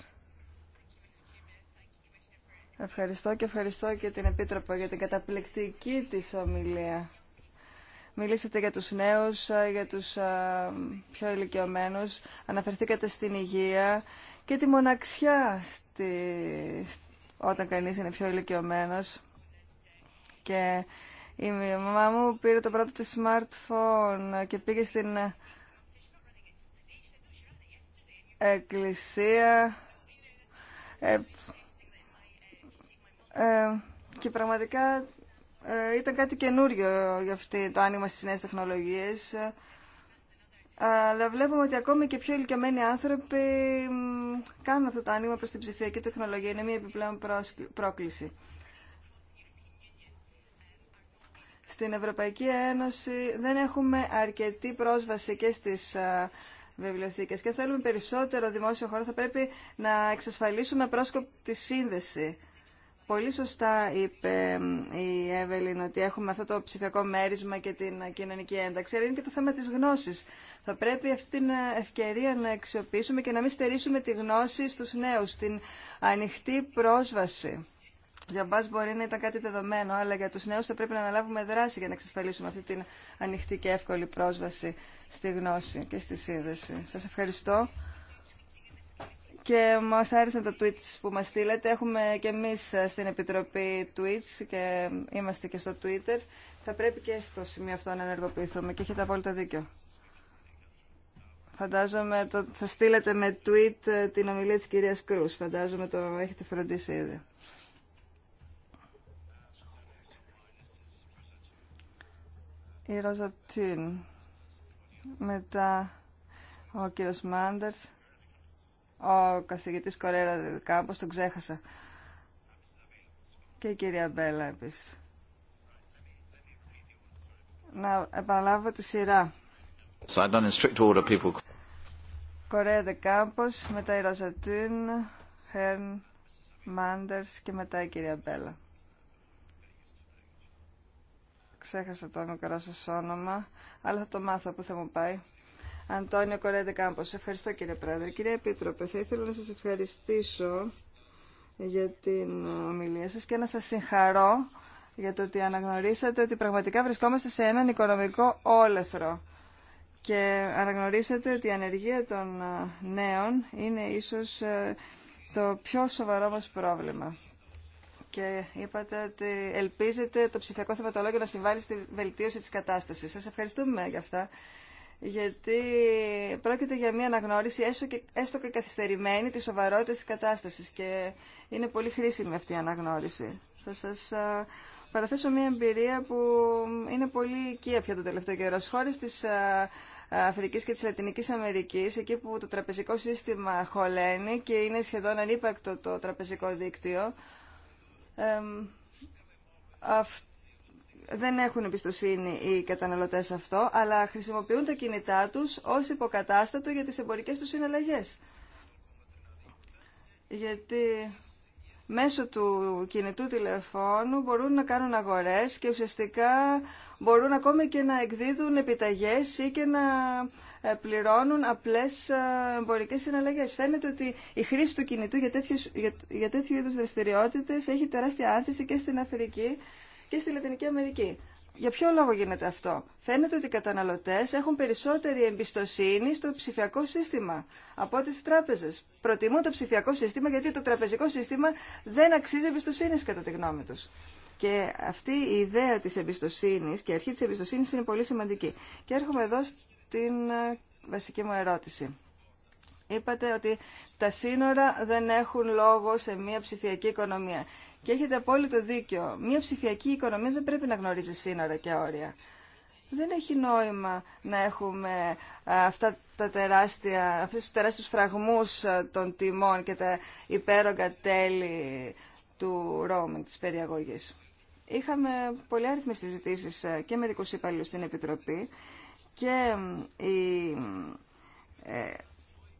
Ευχαριστώ και ευχαριστώ και την Επίτροπο για την καταπληκτική της ομιλία. Μιλήσατε για τους νέους, ε, για τους ε, πιο ηλικιωμένους, αναφερθήκατε στην υγεία και τη μοναξιά στη... όταν κανείς είναι πιο ηλικιωμένος. Και η μαμά μου πήρε το πρώτο της smartphone και πήγε στην εκκλησία. Ε, ε, και πραγματικά ε, ήταν κάτι καινούριο για αυτή το άνοιγμα στις νέες τεχνολογίες. Ε, αλλά βλέπουμε ότι ακόμη και πιο ηλικιωμένοι άνθρωποι κάνουν αυτό το άνοιγμα προς την ψηφιακή τεχνολογία. Είναι μια επιπλέον πρόκληση. Στην Ευρωπαϊκή Ένωση δεν έχουμε αρκετή πρόσβαση και στις βιβλιοθήκες και θέλουμε περισσότερο δημόσιο χώρο. Θα πρέπει να εξασφαλίσουμε πρόσκοπτη σύνδεση Πολύ σωστά είπε η Εύελιν ότι έχουμε αυτό το ψηφιακό μέρισμα και την κοινωνική ένταξη, αλλά είναι και το θέμα της γνώσης. Θα πρέπει αυτή την ευκαιρία να αξιοποιήσουμε και να μην στερήσουμε τη γνώση στους νέους, την ανοιχτή πρόσβαση. Για μας μπορεί να ήταν κάτι δεδομένο, αλλά για τους νέους θα πρέπει να αναλάβουμε δράση για να εξασφαλίσουμε αυτή την ανοιχτή και εύκολη πρόσβαση στη γνώση και στη σύνδεση. Σας ευχαριστώ και μας άρεσαν τα tweets που μας στείλετε. Έχουμε και εμείς στην Επιτροπή tweets και είμαστε και στο Twitter. Θα πρέπει και στο σημείο αυτό να ενεργοποιηθούμε και έχετε απόλυτα δίκιο. Φαντάζομαι το, θα στείλετε με tweet ε, την ομιλία της κυρίας Κρούς. Φαντάζομαι το έχετε φροντίσει ήδη. Η Ρόζα Τιν. Μετά ο κύριος Μάντερς. Ο καθηγητής Κορέρα δηλαδή, Κάμπος, τον ξέχασα. Και η κυρία Μπέλα επίσης. Να επαναλάβω τη σειρά. Κορέα Δε Κάμπος, μετά η Ροζατίν, Χέρν, Μάντερς και μετά η κυρία Μπέλα. Ξέχασα το μικρό σας όνομα, αλλά θα το μάθω που θα μου πάει. Αντώνιο Κορέντε Κάμπο. Ευχαριστώ κύριε Πρόεδρε. Κύριε Επίτροπε, θα ήθελα να σας ευχαριστήσω για την ομιλία σας και να σας συγχαρώ για το ότι αναγνωρίσατε ότι πραγματικά βρισκόμαστε σε έναν οικονομικό όλεθρο και αναγνωρίσατε ότι η ανεργία των ε, νέων είναι ίσως ε, το πιο σοβαρό μας πρόβλημα. Και είπατε ότι ελπίζετε το ψηφιακό θεματολόγιο να συμβάλλει στη βελτίωση της κατάστασης. Σας ευχαριστούμε για αυτά γιατί πρόκειται για μια αναγνώριση έστω και, και καθυστερημένη της σοβαρότητας της κατάστασης και είναι πολύ χρήσιμη αυτή η αναγνώριση. Θα σας παραθέσω μια εμπειρία που είναι πολύ οικία πια το τελευταίο καιρό. Στις χώρες της Αφρικής και της Λατινικής Αμερικής, εκεί που το τραπεζικό σύστημα χωλαίνει και είναι σχεδόν ανύπαρκτο το τραπεζικό δίκτυο, αυτό δεν έχουν εμπιστοσύνη οι καταναλωτές αυτό, αλλά χρησιμοποιούν τα κινητά τους ως υποκατάστατο για τις εμπορικές τους συναλλαγές. Γιατί μέσω του κινητού τηλεφώνου μπορούν να κάνουν αγορές και ουσιαστικά μπορούν ακόμη και να εκδίδουν επιταγές ή και να ε, πληρώνουν απλές ε, εμπορικές συναλλαγές. Φαίνεται ότι η χρήση του κινητού για, για τέτοιου είδους δραστηριότητες έχει τεράστια άνθηση και στην Αφρική και στη Λατινική Αμερική. Για ποιο λόγο γίνεται αυτό. Φαίνεται ότι οι καταναλωτές έχουν περισσότερη εμπιστοσύνη στο ψηφιακό σύστημα από τις τράπεζες. Προτιμούν το ψηφιακό σύστημα γιατί το τραπεζικό σύστημα δεν αξίζει εμπιστοσύνη κατά τη γνώμη τους. Και αυτή η ιδέα της εμπιστοσύνης και η αρχή της εμπιστοσύνης είναι πολύ σημαντική. Και έρχομαι εδώ στην ε, βασική μου ερώτηση. Είπατε ότι τα σύνορα δεν έχουν λόγο σε μια ψηφιακή οικονομία. Και έχετε απόλυτο δίκιο. Μια ψηφιακή οικονομία δεν πρέπει να γνωρίζει σύνορα και όρια. Δεν έχει νόημα να έχουμε ε, αυτά τα τεράστια, αυτούς τους τεράστιους φραγμούς ε, των τιμών και τα υπέρογκα τέλη του roaming, της περιαγωγής. Είχαμε πολύ άριθμες συζητήσεις ε, και με δικούς υπαλλήλους στην Επιτροπή και η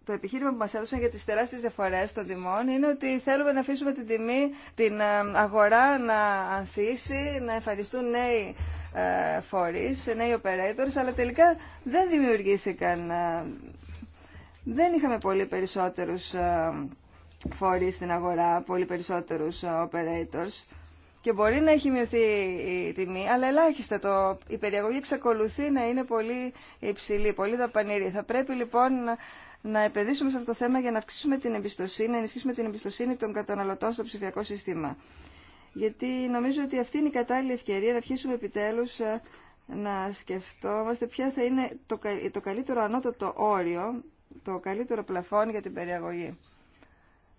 το επιχείρημα που μας έδωσαν για τις τεράστιες διαφορές των τιμών είναι ότι θέλουμε να αφήσουμε την τιμή, την ε, αγορά να ανθίσει, να εμφανιστούν νέοι ε, φορείς, νέοι operators, αλλά τελικά δεν δημιουργήθηκαν, ε, δεν είχαμε πολύ περισσότερους φορείς στην αγορά, πολύ περισσότερους operators. Και μπορεί να έχει μειωθεί η τιμή, αλλά ελάχιστα η περιαγωγή εξακολουθεί να είναι πολύ υψηλή, πολύ δαπανηρή. Θα πρέπει λοιπόν να επενδύσουμε σε αυτό το θέμα για να αυξήσουμε την εμπιστοσύνη, να ενισχύσουμε την εμπιστοσύνη των καταναλωτών στο ψηφιακό σύστημα. Γιατί νομίζω ότι αυτή είναι η κατάλληλη ευκαιρία να αρχίσουμε επιτέλους ε, να σκεφτόμαστε ποια θα είναι το καλύτερο ανώτατο όριο, το καλύτερο πλαφόν για την περιαγωγή.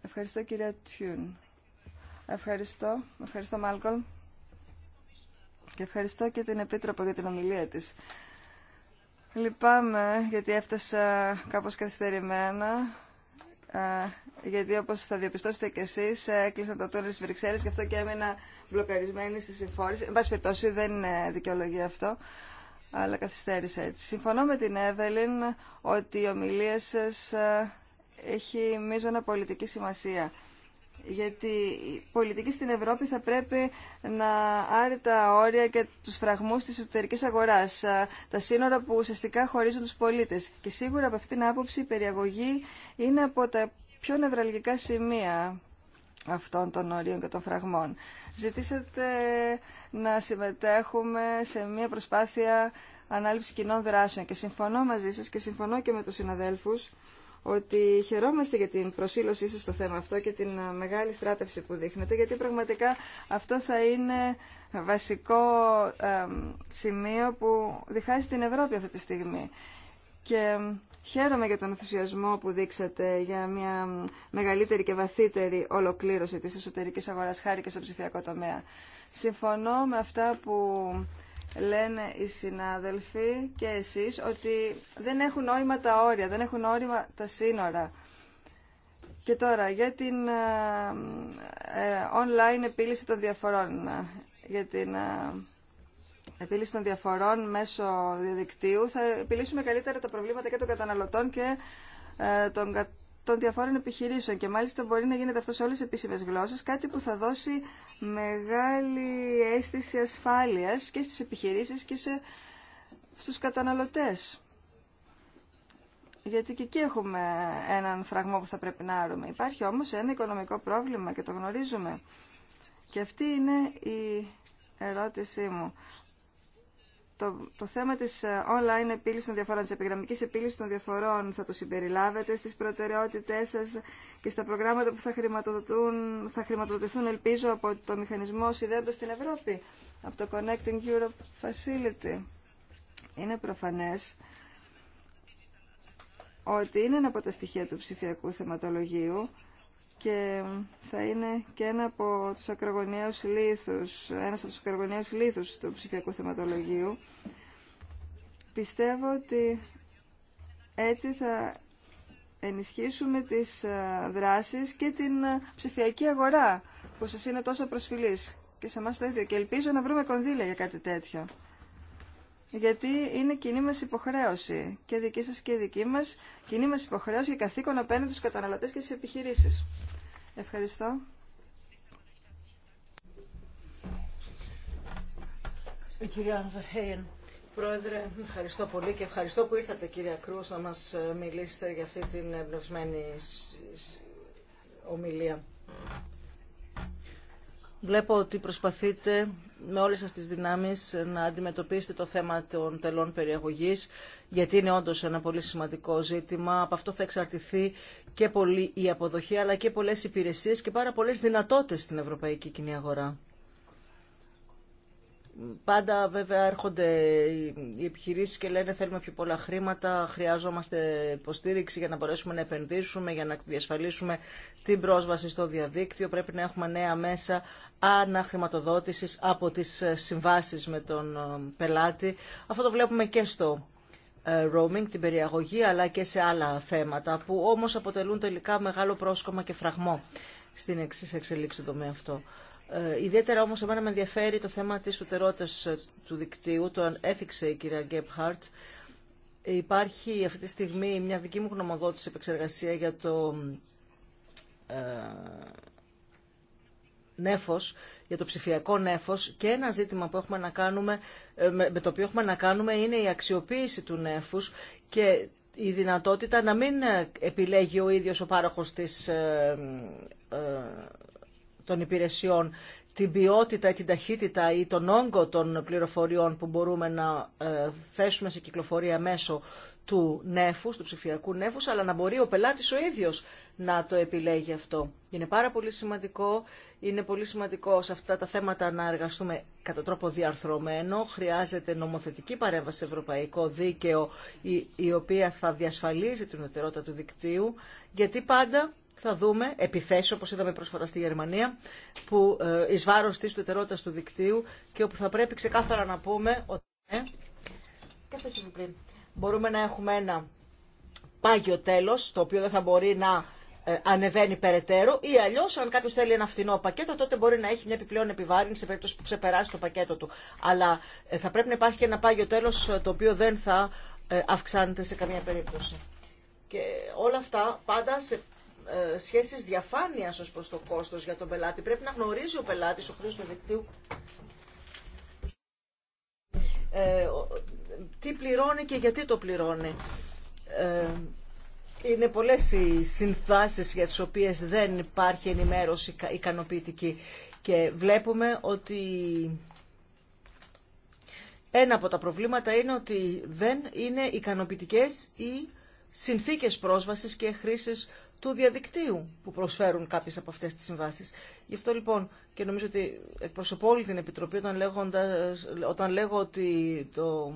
Ευχαριστώ κυρία Τιούν. Ευχαριστώ. Ευχαριστώ Μάλκολ. Και ευχαριστώ και την Επίτροπο για την ομιλία της. Λυπάμαι γιατί έφτασα κάπως καθυστερημένα, γιατί όπως θα διαπιστώσετε κι εσείς έκλεισαν τα τούνελ στις Βρυξέλλες και αυτό και έμεινα μπλοκαρισμένη στη συμφόρηση. Εν περιπτώσει δεν είναι δικαιολογία αυτό, αλλά καθυστέρησα έτσι. Συμφωνώ με την Εύελιν ότι η ομιλία σας έχει μείζωνα πολιτική σημασία γιατί η πολιτική στην Ευρώπη θα πρέπει να άρει τα όρια και τους φραγμούς της εσωτερικής αγοράς, τα σύνορα που ουσιαστικά χωρίζουν τους πολίτες. Και σίγουρα από αυτήν την άποψη η περιαγωγή είναι από τα πιο νευραλγικά σημεία αυτών των ορίων και των φραγμών. Ζητήσατε να συμμετέχουμε σε μια προσπάθεια ανάληψη κοινών δράσεων και συμφωνώ μαζί σας και συμφωνώ και με τους συναδέλφους ότι χαιρόμαστε για την προσήλωσή σας στο θέμα αυτό και την ε, μεγάλη στράτευση που δείχνετε, γιατί πραγματικά αυτό θα είναι βασικό ε, σημείο που διχάζει την Ευρώπη αυτή τη στιγμή. Και ε, χαίρομαι για τον ενθουσιασμό που δείξατε για μια μεγαλύτερη και βαθύτερη ολοκλήρωση της εσωτερικής αγοράς χάρη και στο ψηφιακό τομέα. Συμφωνώ με αυτά που λένε οι συνάδελφοι και εσείς ότι δεν έχουν νόημα τα όρια, δεν έχουν όριμα τα σύνορα. Και τώρα για την ε, ε, online επίλυση των διαφορών, για την ε, επίλυση των διαφορών μέσω διαδικτύου θα επιλύσουμε καλύτερα τα προβλήματα και των καταναλωτών και ε, των, των διαφόρων επιχειρήσεων και μάλιστα μπορεί να γίνεται αυτό σε όλες τις επίσημες γλώσσες, κάτι που θα δώσει μεγάλη αίσθηση ασφάλειας και στις επιχειρήσεις και σε, στους καταναλωτές. Γιατί και εκεί έχουμε έναν φραγμό που θα πρέπει να άρουμε. Υπάρχει όμως ένα οικονομικό πρόβλημα και το γνωρίζουμε. Και αυτή είναι η ερώτησή μου το, το θέμα της ε, online επίλυσης των διαφορών, της επιγραμμικής επίλυσης των διαφορών θα το συμπεριλάβετε στις προτεραιότητές σας και στα προγράμματα που θα, χρηματοδοτούν, θα χρηματοδοτηθούν, ελπίζω, από το μηχανισμό συνδέοντας στην Ευρώπη, από το Connecting Europe Facility. Είναι προφανές ότι είναι ένα από τα στοιχεία του ψηφιακού θεματολογίου και θα είναι και ένα από τους ακρογωνιαίους λίθους, ένας από τους ακρογωνιαίους λίθους του ψηφιακού θεματολογίου Πιστεύω ότι έτσι θα ενισχύσουμε τις ε, δράσεις και την ε, ψηφιακή αγορά που σας είναι τόσο προσφυλής και σε εμάς το ίδιο. Και ελπίζω να βρούμε κονδύλια για κάτι τέτοιο. Γιατί είναι κοινή μας υποχρέωση και δική σας και δική μας, κοινή μας υποχρέωση και καθήκον απέναντι στους καταναλωτές και στις επιχειρήσεις. Ευχαριστώ. Πρόεδρε, ευχαριστώ πολύ και ευχαριστώ που ήρθατε κύριε Ακρούς να μας ε, μιλήσετε για αυτή την εμπνευσμένη ομιλία. Βλέπω ότι προσπαθείτε με όλες σας τις δυνάμεις να αντιμετωπίσετε το θέμα των τελών περιεγωγής, γιατί είναι όντως ένα πολύ σημαντικό ζήτημα. Από αυτό θα εξαρτηθεί και πολύ η αποδοχή, αλλά και πολλές υπηρεσίες και πάρα πολλές δυνατότητες στην ευρωπαϊκή κοινή αγορά. Πάντα βέβαια έρχονται οι επιχειρήσεις και λένε θέλουμε πιο πολλά χρήματα, χρειάζομαστε υποστήριξη για να μπορέσουμε να επενδύσουμε, για να διασφαλίσουμε την πρόσβαση στο διαδίκτυο. Πρέπει να έχουμε νέα μέσα αναχρηματοδότησης από τις ε, συμβάσεις με τον ε, πελάτη. Αυτό το βλέπουμε και στο ε, roaming, την περιαγωγή, αλλά και σε άλλα θέματα που όμως αποτελούν τελικά μεγάλο πρόσκομα και φραγμό στην εξελίξη του τομέα αυτό. Ε, ιδιαίτερα όμως εμένα με ενδιαφέρει το θέμα της ουτερότητας ε, του δικτύου, το έθιξε η κυρία Γκέπχαρτ. Υπάρχει αυτή τη στιγμή μια δική μου γνωμοδότηση επεξεργασία για το ε, νέφος, για το ψηφιακό νέφος και ένα ζήτημα που έχουμε να κάνουμε, με το οποίο έχουμε να κάνουμε είναι η αξιοποίηση του νέφους και η δυνατότητα να μην επιλέγει ο ίδιος ο πάροχος της των υπηρεσιών, την ποιότητα ή την ταχύτητα ή τον όγκο των πληροφοριών που μπορούμε να ε, θέσουμε σε κυκλοφορία μέσω του νέφους, του ψηφιακού νέφους, αλλά να μπορεί ο πελάτης ο ίδιος να το επιλέγει αυτό. Είναι πάρα πολύ σημαντικό, είναι πολύ σημαντικό σε αυτά τα θέματα να εργαστούμε κατά τρόπο διαρθρωμένο, χρειάζεται νομοθετική παρέμβαση ευρωπαϊκό δίκαιο η, η οποία θα διασφαλίζει την ουτερότητα του δικτύου, γιατί πάντα θα δούμε επιθέσεις όπως είδαμε πρόσφατα στη Γερμανία που ε, εις βάρος της του δικτύου και όπου θα πρέπει ξεκάθαρα να πούμε ότι ε, πριν, μπορούμε να έχουμε ένα πάγιο τέλος το οποίο δεν θα μπορεί να ε, ανεβαίνει περαιτέρω ή αλλιώ, αν κάποιο θέλει ένα φθηνό πακέτο, τότε μπορεί να έχει μια επιπλέον επιβάρυνση σε περίπτωση που ξεπεράσει το πακέτο του. Αλλά ε, θα πρέπει να υπάρχει και ένα πάγιο τέλο το οποίο δεν θα αυξάνεται σε καμία περίπτωση. Και όλα αυτά πάντα σε ε, σχέσεις διαφάνειας ως προς το κόστος για τον πελάτη. Πρέπει να γνωρίζει ο πελάτης, ο χρήστης του δικτύου, ε, τι πληρώνει και γιατί το πληρώνει. Ε, είναι πολλές οι συνθάσεις για τις οποίες δεν υπάρχει ενημέρωση ικανοποιητική και βλέπουμε ότι ένα από τα προβλήματα είναι ότι δεν είναι ικανοποιητικές οι συνθήκες πρόσβασης και χρήσης του διαδικτύου που προσφέρουν κάποιες από αυτές τις συμβάσεις. Γι' αυτό λοιπόν και νομίζω ότι εκπροσωπώ όλη την Επιτροπή όταν, λέγοντας, όταν λέγω ότι το,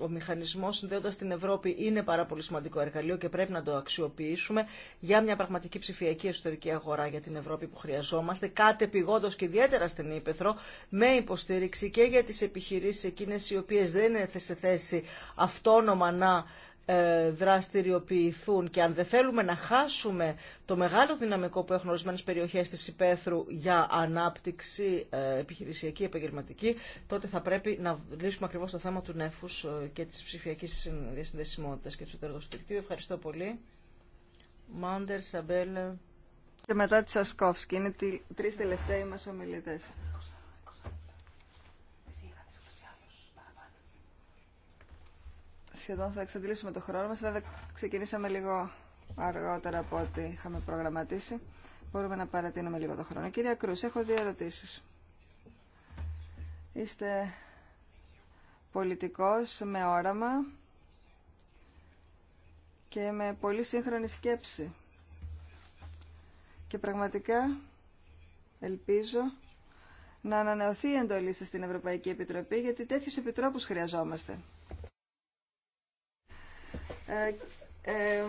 ο μηχανισμός συνδέοντας την Ευρώπη είναι πάρα πολύ σημαντικό εργαλείο και πρέπει να το αξιοποιήσουμε για μια πραγματική ψηφιακή εσωτερική αγορά για την Ευρώπη που χρειαζόμαστε, κάτε επιγόντως και ιδιαίτερα στην Ήπεθρο, με υποστήριξη και για τις επιχειρήσεις εκείνες οι οποίες δεν είναι σε θέση αυτόνομα να ε, δραστηριοποιηθούν και αν δεν θέλουμε να χάσουμε το μεγάλο δυναμικό που έχουν ορισμένε περιοχές της υπαίθρου για ανάπτυξη ε, επιχειρησιακή, επαγγελματική, τότε θα πρέπει να λύσουμε ακριβώς το θέμα του νέφους ε, και της ψηφιακής διασυνδεσιμότητας και του εργοστηρικίου. Ευχαριστώ πολύ. Μάντερ, Σαμπέλ. Και μετά τη Είναι τελευταίοι σχεδόν θα εξαντλήσουμε το χρόνο μας. Βέβαια ξεκινήσαμε λίγο αργότερα από ό,τι είχαμε προγραμματίσει. Μπορούμε να παρατείνουμε λίγο το χρόνο. Κυρία Κρούς, έχω δύο ερωτήσεις. Είστε πολιτικός με όραμα και με πολύ σύγχρονη σκέψη. Και πραγματικά ελπίζω να ανανεωθεί η εντολή σας στην Ευρωπαϊκή Επιτροπή γιατί τέτοιους επιτρόπους χρειαζόμαστε. Ε, ε,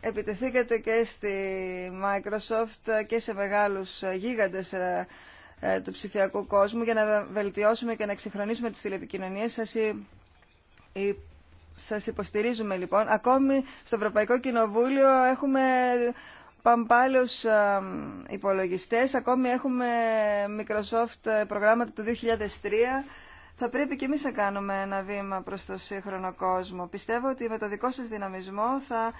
επιτεθήκατε και στη Microsoft και σε μεγάλους γίγαντες ε, του ψηφιακού κόσμου για να βελτιώσουμε και να εξυγχρονίσουμε τις τηλεπικοινωνίες σας. Η, σας υποστηρίζουμε λοιπόν. Ακόμη στο Ευρωπαϊκό Κοινοβούλιο έχουμε παμπάλαιους υπολογιστές, ακόμη έχουμε Microsoft προγράμματα του 2003 θα πρέπει και εμείς να κάνουμε ένα βήμα προς το σύγχρονο κόσμο. Πιστεύω ότι με το δικό σας δυναμισμό θα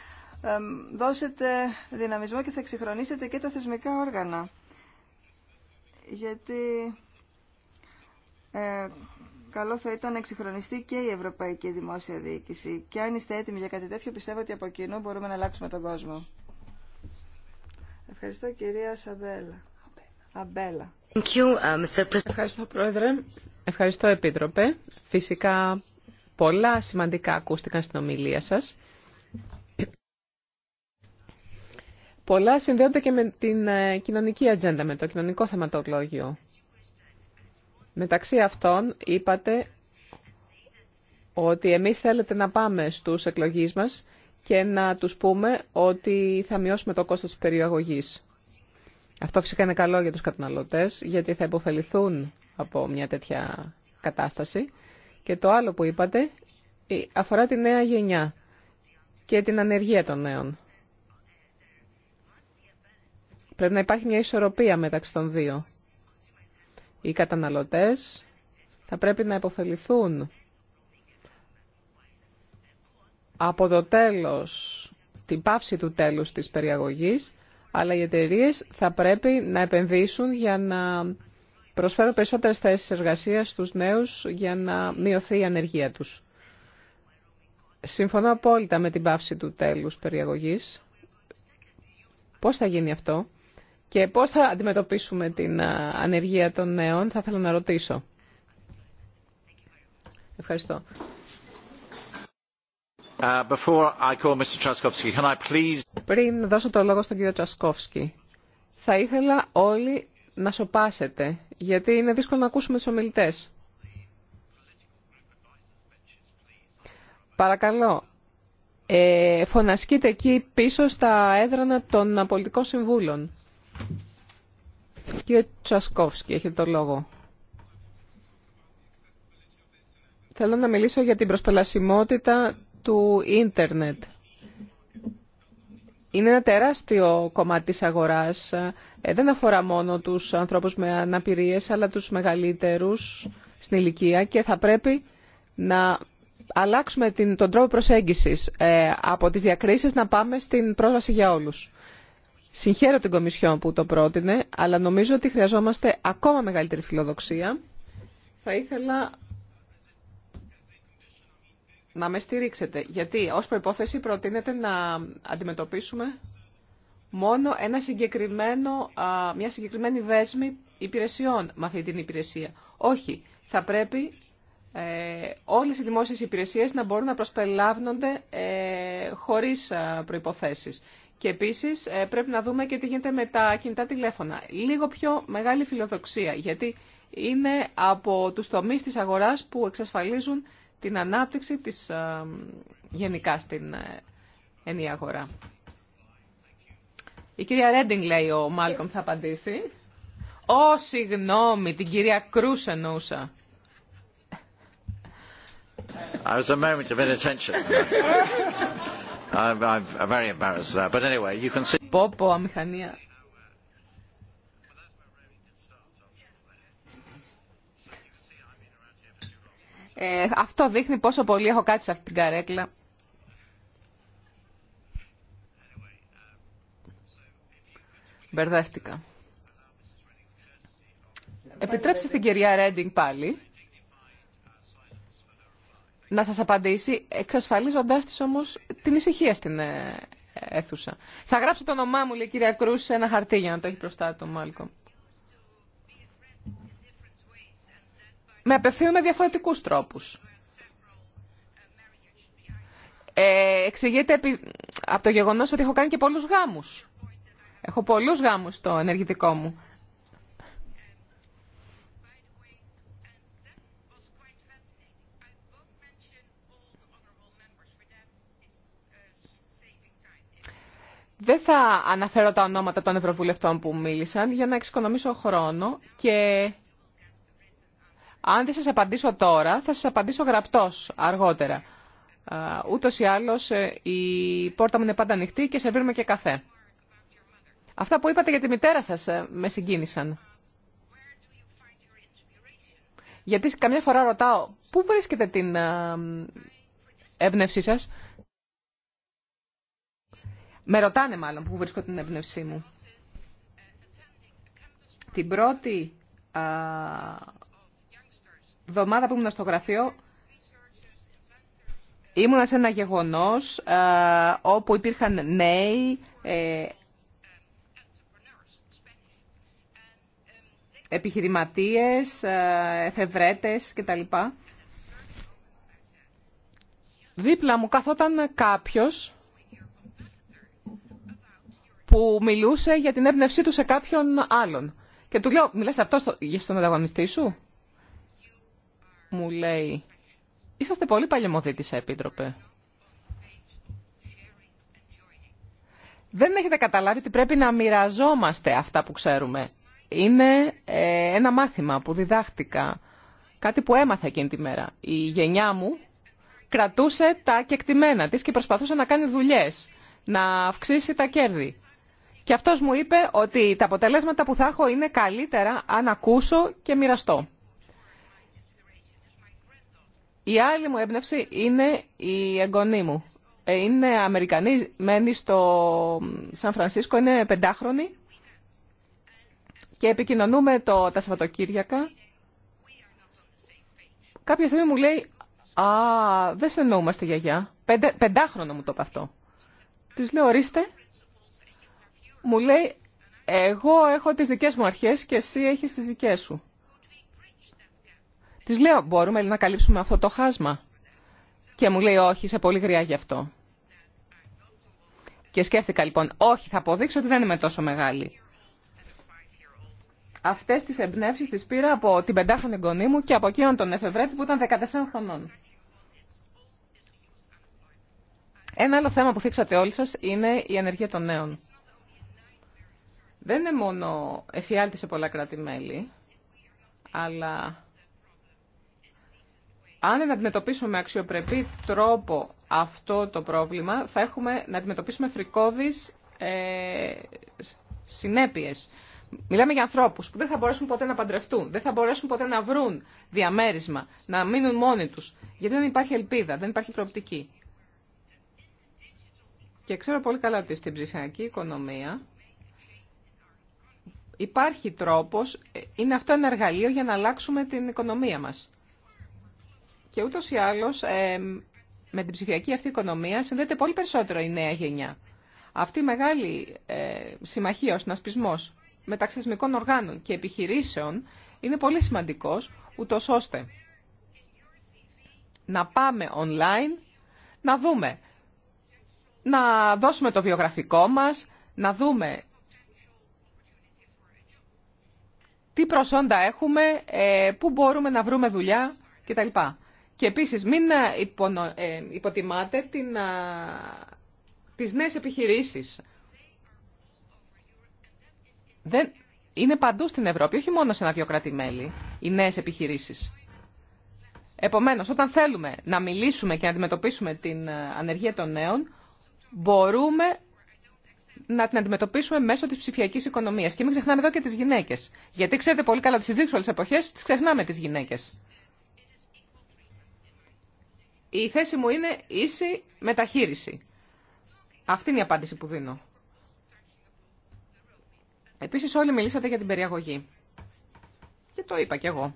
δώσετε δυναμισμό και θα εξυγχρονίσετε και τα θεσμικά όργανα. Γιατί ε, καλό θα ήταν να εξυγχρονιστεί και η Ευρωπαϊκή Δημόσια Διοίκηση. Και αν είστε έτοιμοι για κάτι τέτοιο, πιστεύω ότι από κοινού μπορούμε να αλλάξουμε τον κόσμο. Ευχαριστώ κυρία Σαμπέλα. Αμπέλα. Uh, Ευχαριστώ πρόεδρε. Ευχαριστώ, Επίτροπε. Φυσικά, πολλά σημαντικά ακούστηκαν στην ομιλία σας. Πολλά συνδέονται και με την ε, κοινωνική ατζέντα, με το κοινωνικό θεματολόγιο. Μεταξύ αυτών, είπατε ότι εμείς θέλετε να πάμε στους εκλογείς μας και να τους πούμε ότι θα μειώσουμε το κόστος της Αυτό φυσικά είναι καλό για τους καταναλωτές, γιατί θα υποφεληθούν από μια τέτοια κατάσταση. Και το άλλο που είπατε αφορά τη νέα γενιά και την ανεργία των νέων. Πρέπει να υπάρχει μια ισορροπία μεταξύ των δύο. Οι καταναλωτές θα πρέπει να υποφεληθούν από το τέλος, την πάυση του τέλους της περιαγωγής, αλλά οι εταιρείε θα πρέπει να επενδύσουν για να Προσφέρω περισσότερες θέσεις εργασίας στους νέους για να μειωθεί η ανεργία τους. Συμφωνώ απόλυτα με την πάυση του τέλους περιαγωγής. Πώς θα γίνει αυτό και πώς θα αντιμετωπίσουμε την ανεργία των νέων, θα ήθελα να ρωτήσω. Ευχαριστώ. Uh, Πριν δώσω το λόγο στον κύριο Τσασκόφσκι, θα ήθελα όλοι να σοπάσετε, γιατί είναι δύσκολο να ακούσουμε τους ομιλητές. Παρακαλώ, ε, φωνασκείτε εκεί πίσω στα έδρανα των πολιτικών συμβούλων. Κύριε Τσασκόφσκι, έχετε το λόγο. Θέλω να μιλήσω για την προσπελασιμότητα του ίντερνετ είναι ένα τεράστιο κομμάτι της αγοράς. Ε, δεν αφορά μόνο τους ανθρώπους με αναπηρίες, αλλά τους μεγαλύτερους στην ηλικία και θα πρέπει να αλλάξουμε την, τον τρόπο προσέγγισης ε, από τις διακρίσεις να πάμε στην πρόσβαση για όλους. Συγχαίρω την Κομισιόν που το πρότεινε, αλλά νομίζω ότι χρειαζόμαστε ακόμα μεγαλύτερη φιλοδοξία. Θα ήθελα να με στηρίξετε. Γιατί ως προϋπόθεση προτείνεται να αντιμετωπίσουμε μόνο ένα συγκεκριμένο, μια συγκεκριμένη δέσμη υπηρεσιών με αυτή την υπηρεσία. Όχι, θα πρέπει ε, όλες οι δημόσιες υπηρεσίες να μπορούν να προσπελάβνονται ε, χωρίς προϋποθέσεις. Και επίσης ε, πρέπει να δούμε και τι γίνεται με τα κινητά τηλέφωνα. Λίγο πιο μεγάλη φιλοδοξία, γιατί είναι από τους τομείς της αγοράς που εξασφαλίζουν την ανάπτυξη της γενικά στην ε, ενιαία αγορά. Η κυρία Ρέντινγκ, λέει ο Μάλκομ, θα απαντήσει. Ω, συγγνώμη, την κυρία Κρούς εννοούσα. I Πω, πω, αμηχανία. Ε, αυτό δείχνει πόσο πολύ έχω κάτσει σε αυτή την καρέκλα. Μπερδεύτηκα. Επιτρέψτε στην κυρία Ρέντινγκ πάλι να σας απαντήσει, εξασφαλίζοντάς της όμως την ησυχία στην ε, αίθουσα. Θα γράψω το όνομά μου, λέει η κυρία Κρούς, σε ένα χαρτί για να το έχει μπροστά του Μάλκομ. με απευθύνουν με διαφορετικούς τρόπους. Ε, εξηγείται από το γεγονός ότι έχω κάνει και πολλούς γάμους. Έχω πολλούς γάμους στο ενεργητικό μου. Δεν θα αναφέρω τα ονόματα των ευρωβουλευτών που μίλησαν για να εξοικονομήσω χρόνο και αν δεν σας απαντήσω τώρα, θα σας απαντήσω γραπτός αργότερα. Ούτως ή άλλως ε, η πόρτα μου είναι πάντα ανοιχτή και σε σερβίρουμε και καφέ. Αυτά που είπατε για τη μητέρα σας ε, με συγκίνησαν. Γιατί καμιά φορά ρωτάω, πού βρίσκεται την έμπνευσή ε, σας. Με ρωτάνε μάλλον πού βρίσκω την έμπνευσή μου. Την πρώτη α, εβδομάδα που ήμουν στο γραφείο, ήμουνα σε ένα γεγονός όπου υπήρχαν νέοι ε, επιχειρηματίες, εφευρέτες κτλ. Δίπλα μου καθόταν κάποιος που μιλούσε για την έμπνευσή του σε κάποιον άλλον. Και του λέω, μιλάς αυτό στο, στον ανταγωνιστή σου μου λέει «Είσαστε πολύ παλαιομοδίτης, Επίτροπε». Δεν έχετε καταλάβει ότι πρέπει να μοιραζόμαστε αυτά που ξέρουμε. Είναι ε, ένα μάθημα που διδάχτηκα, κάτι που έμαθα εκείνη τη μέρα. Η γενιά μου κρατούσε τα κεκτημένα της και προσπαθούσε να κάνει δουλειές, να αυξήσει τα κέρδη. Και αυτός μου είπε ότι τα αποτελέσματα που θα έχω είναι καλύτερα αν ακούσω και μοιραστώ. Η άλλη μου έμπνευση είναι η εγγονή μου. Ε, είναι Αμερικανή, μένει στο Σαν Φρανσίσκο, είναι πεντάχρονη και επικοινωνούμε το, τα Σαββατοκύριακα. Κάποια στιγμή μου λέει «Α, δεν σε εννοούμαστε γιαγιά». πεντάχρονο μου το είπε αυτό. Της λέω «Ορίστε». Μου λέει «Εγώ έχω τις δικές μου αρχές και εσύ έχεις τις δικές σου». Τη λέω, μπορούμε να καλύψουμε αυτό το χάσμα. Και μου λέει, όχι, είσαι πολύ γριά γι' αυτό. Και σκέφτηκα λοιπόν, όχι, θα αποδείξω ότι δεν είμαι τόσο μεγάλη. Αυτές τις εμπνεύσεις τις πήρα από την πεντάχρονη γονή μου και από εκείνον τον εφευρέτη που ήταν 14 χρονών. Ένα άλλο θέμα που θίξατε όλοι σας είναι η ενεργεία των νέων. Δεν είναι μόνο εφιάλτη σε πολλά κράτη-μέλη, αλλά αν δεν αντιμετωπίσουμε με αξιοπρεπή τρόπο αυτό το πρόβλημα, θα έχουμε να αντιμετωπίσουμε φρικόδεις ε, συνέπειες. Μιλάμε για ανθρώπους που δεν θα μπορέσουν ποτέ να παντρευτούν, δεν θα μπορέσουν ποτέ να βρουν διαμέρισμα, να μείνουν μόνοι τους, γιατί δεν υπάρχει ελπίδα, δεν υπάρχει προοπτική. Και ξέρω πολύ καλά ότι στην ψηφιακή οικονομία υπάρχει τρόπος, ε, είναι αυτό ένα εργαλείο για να αλλάξουμε την οικονομία μας. Και ούτω ή άλλως ε, με την ψηφιακή αυτή οικονομία συνδέεται πολύ περισσότερο η νέα γενιά. Αυτή η μεγάλη ε, συμμαχία, ο συνασπισμό, μεταξύ οργάνων και επιχειρήσεων είναι πολύ σημαντικός, ούτω ώστε να πάμε online, να δούμε, να δώσουμε το βιογραφικό μας, να δούμε τι προσόντα έχουμε, ε, πού μπορούμε να βρούμε δουλειά κτλ. Και επίσης μην ε, υπονο, ε, υποτιμάτε την, ε, τις νέες επιχειρήσεις. Δεν, είναι παντού στην Ευρώπη, όχι μόνο σε ένα-δυο κράτη-μέλη, οι νέες επιχειρήσεις. Επομένως, όταν θέλουμε να μιλήσουμε και να αντιμετωπίσουμε την ε, ανεργία των νέων, μπορούμε να την αντιμετωπίσουμε μέσω της ψηφιακής οικονομίας. Και μην ξεχνάμε εδώ και τι γυναίκε. Γιατί ξέρετε πολύ καλά ότι στι δύσκολε εποχέ τις ξεχνάμε τις γυναίκες. Η θέση μου είναι ίση μεταχείριση. Αυτή είναι η απάντηση που δίνω. Επίσης όλοι μιλήσατε για την περιαγωγή. Και το είπα κι εγώ.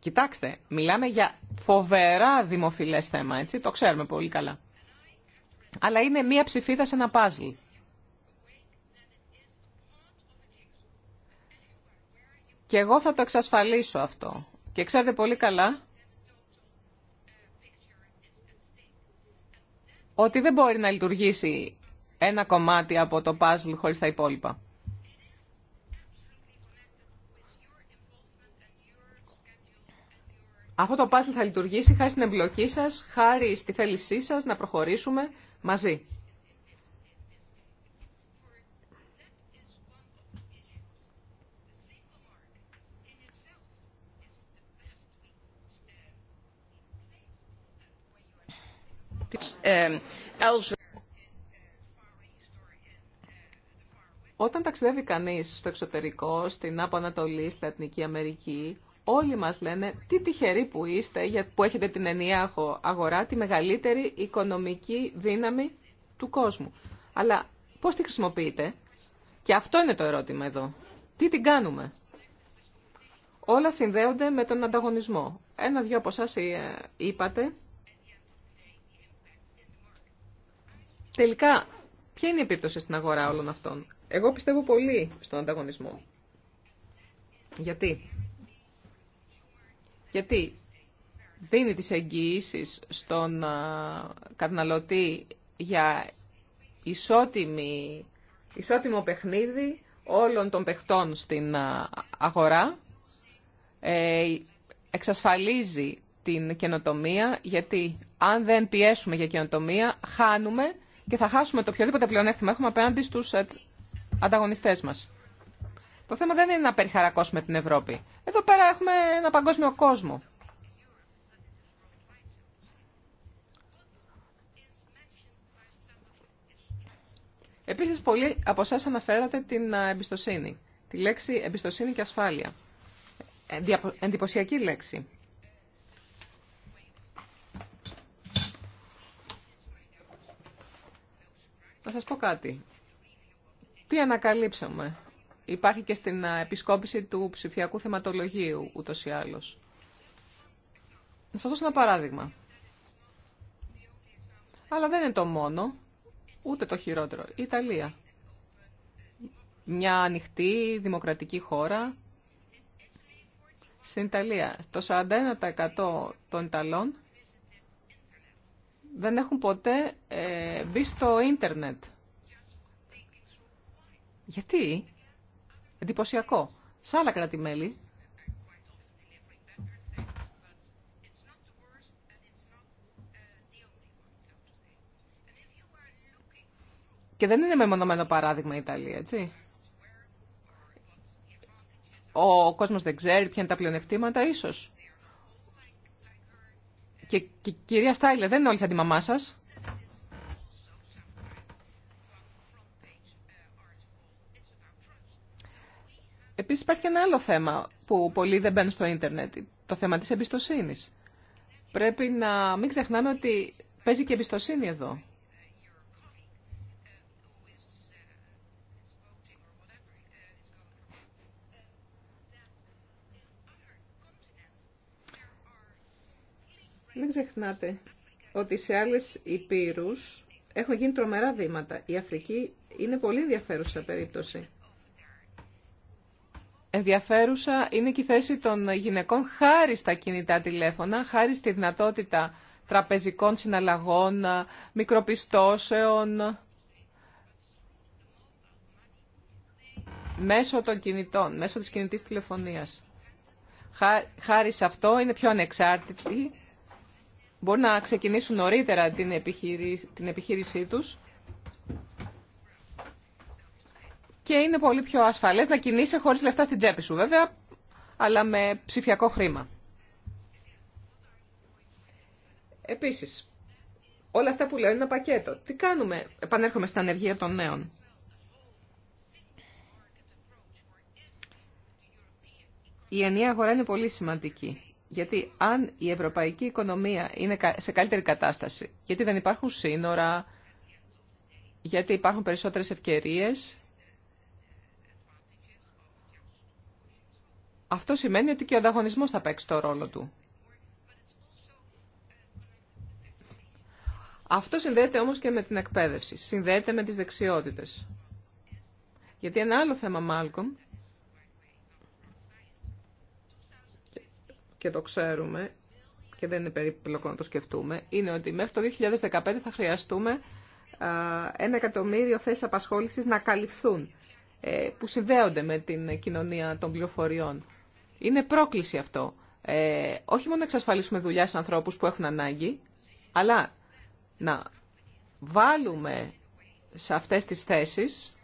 Κοιτάξτε, μιλάμε για φοβερά δημοφιλές θέμα, έτσι, το ξέρουμε πολύ καλά. Αλλά είναι μία ψηφίδα σε ένα πάζλ. Και εγώ θα το εξασφαλίσω αυτό. Και ξέρετε πολύ καλά ότι δεν μπορεί να λειτουργήσει ένα κομμάτι από το παζλ χωρίς τα υπόλοιπα. Αυτό το παζλ θα λειτουργήσει χάρη στην εμπλοκή σας, χάρη στη θέλησή σας να προχωρήσουμε μαζί. Ehm, Όταν ταξιδεύει κανείς στο εξωτερικό, στην Άπο Ανατολή, στην Εθνική Αμερική, όλοι μας λένε τι τυχεροί που είστε που έχετε την ενιαία αγορά, τη μεγαλύτερη οικονομική δύναμη του κόσμου. Αλλά πώς τη χρησιμοποιείτε? Και αυτό είναι το ερώτημα εδώ. Τι την κάνουμε? Όλα συνδέονται με τον ανταγωνισμό. Ένα-δυο από εσά ε, είπατε Τελικά, ποια είναι η επίπτωση στην αγορά όλων αυτών. Εγώ πιστεύω πολύ στον ανταγωνισμό. Γιατί. Γιατί δίνει τις εγγυήσει στον καταναλωτή για ισότιμη, ισότιμο παιχνίδι όλων των παιχτών στην αγορά, ε, εξασφαλίζει την καινοτομία, γιατί αν δεν πιέσουμε για καινοτομία, χάνουμε και θα χάσουμε το οποιοδήποτε πλεονέκτημα έχουμε απέναντι στους ε, ανταγωνιστές μας. Το θέμα δεν είναι να περιχαρακώσουμε την Ευρώπη. Εδώ πέρα έχουμε ένα παγκόσμιο κόσμο. Επίσης, πολλοί από εσά αναφέρατε την ε, εμπιστοσύνη. Τη λέξη εμπιστοσύνη και ασφάλεια. Ε, εντυπωσιακή λέξη. Να σας πω κάτι. Τι ανακαλύψαμε. Υπάρχει και στην επισκόπηση του ψηφιακού θεματολογίου ούτως ή άλλως. Να σας δώσω ένα παράδειγμα. Αλλά δεν είναι το μόνο, ούτε το χειρότερο. Η Ιταλία. Μια ανοιχτή, δημοκρατική χώρα. Στην Ιταλία, το 41% των Ιταλών δεν έχουν ποτέ ε, μπει στο ίντερνετ. Γιατί? Εντυπωσιακό. Σε άλλα κράτη-μέλη Και δεν είναι μεμονωμένο παράδειγμα η Ιταλία, έτσι. Ο κόσμος δεν ξέρει ποια είναι τα πλεονεκτήματα, ίσως. Και, και κυρία Στάιλε, δεν είναι όλοι σαν τη μαμά σας. Επίσης υπάρχει και ένα άλλο θέμα που πολλοί δεν μπαίνουν στο ίντερνετ, το θέμα της εμπιστοσύνης. Πρέπει να μην ξεχνάμε ότι παίζει και εμπιστοσύνη εδώ. Δεν ξεχνάτε ότι σε άλλες υπήρους έχουν γίνει τρομερά βήματα. Η Αφρική είναι πολύ ενδιαφέρουσα περίπτωση. Ενδιαφέρουσα είναι και η θέση των γυναικών χάρη στα κινητά τηλέφωνα, χάρη στη δυνατότητα τραπεζικών συναλλαγών, μικροπιστώσεων, μέσω των κινητών, μέσω της κινητής τηλεφωνίας. Χάρη σε αυτό είναι πιο ανεξάρτητη μπορεί να ξεκινήσουν νωρίτερα την, επιχείρηση, την επιχείρησή τους και είναι πολύ πιο ασφαλές να κινείσαι χωρίς λεφτά στην τσέπη σου βέβαια, αλλά με ψηφιακό χρήμα. Επίσης, όλα αυτά που λέω είναι ένα πακέτο. Τι κάνουμε, επανέρχομαι στην ανεργία των νέων. Η ενιαία αγορά είναι πολύ σημαντική. Γιατί αν η ευρωπαϊκή οικονομία είναι σε καλύτερη κατάσταση, γιατί δεν υπάρχουν σύνορα, γιατί υπάρχουν περισσότερες ευκαιρίες, αυτό σημαίνει ότι και ο ανταγωνισμός θα παίξει το ρόλο του. Αυτό συνδέεται όμως και με την εκπαίδευση, συνδέεται με τις δεξιότητες. Γιατί ένα άλλο θέμα, Μάλκομ, και το ξέρουμε και δεν είναι περίπλοκο να το σκεφτούμε, είναι ότι μέχρι το 2015 θα χρειαστούμε ένα εκατομμύριο θέσεις απασχόλησης να καλυφθούν, ε, που συνδέονται με την κοινωνία των πληροφοριών. Είναι πρόκληση αυτό. Ε, όχι μόνο να εξασφαλίσουμε δουλειά σε ανθρώπους που έχουν ανάγκη, αλλά να βάλουμε σε αυτές τις θέσεις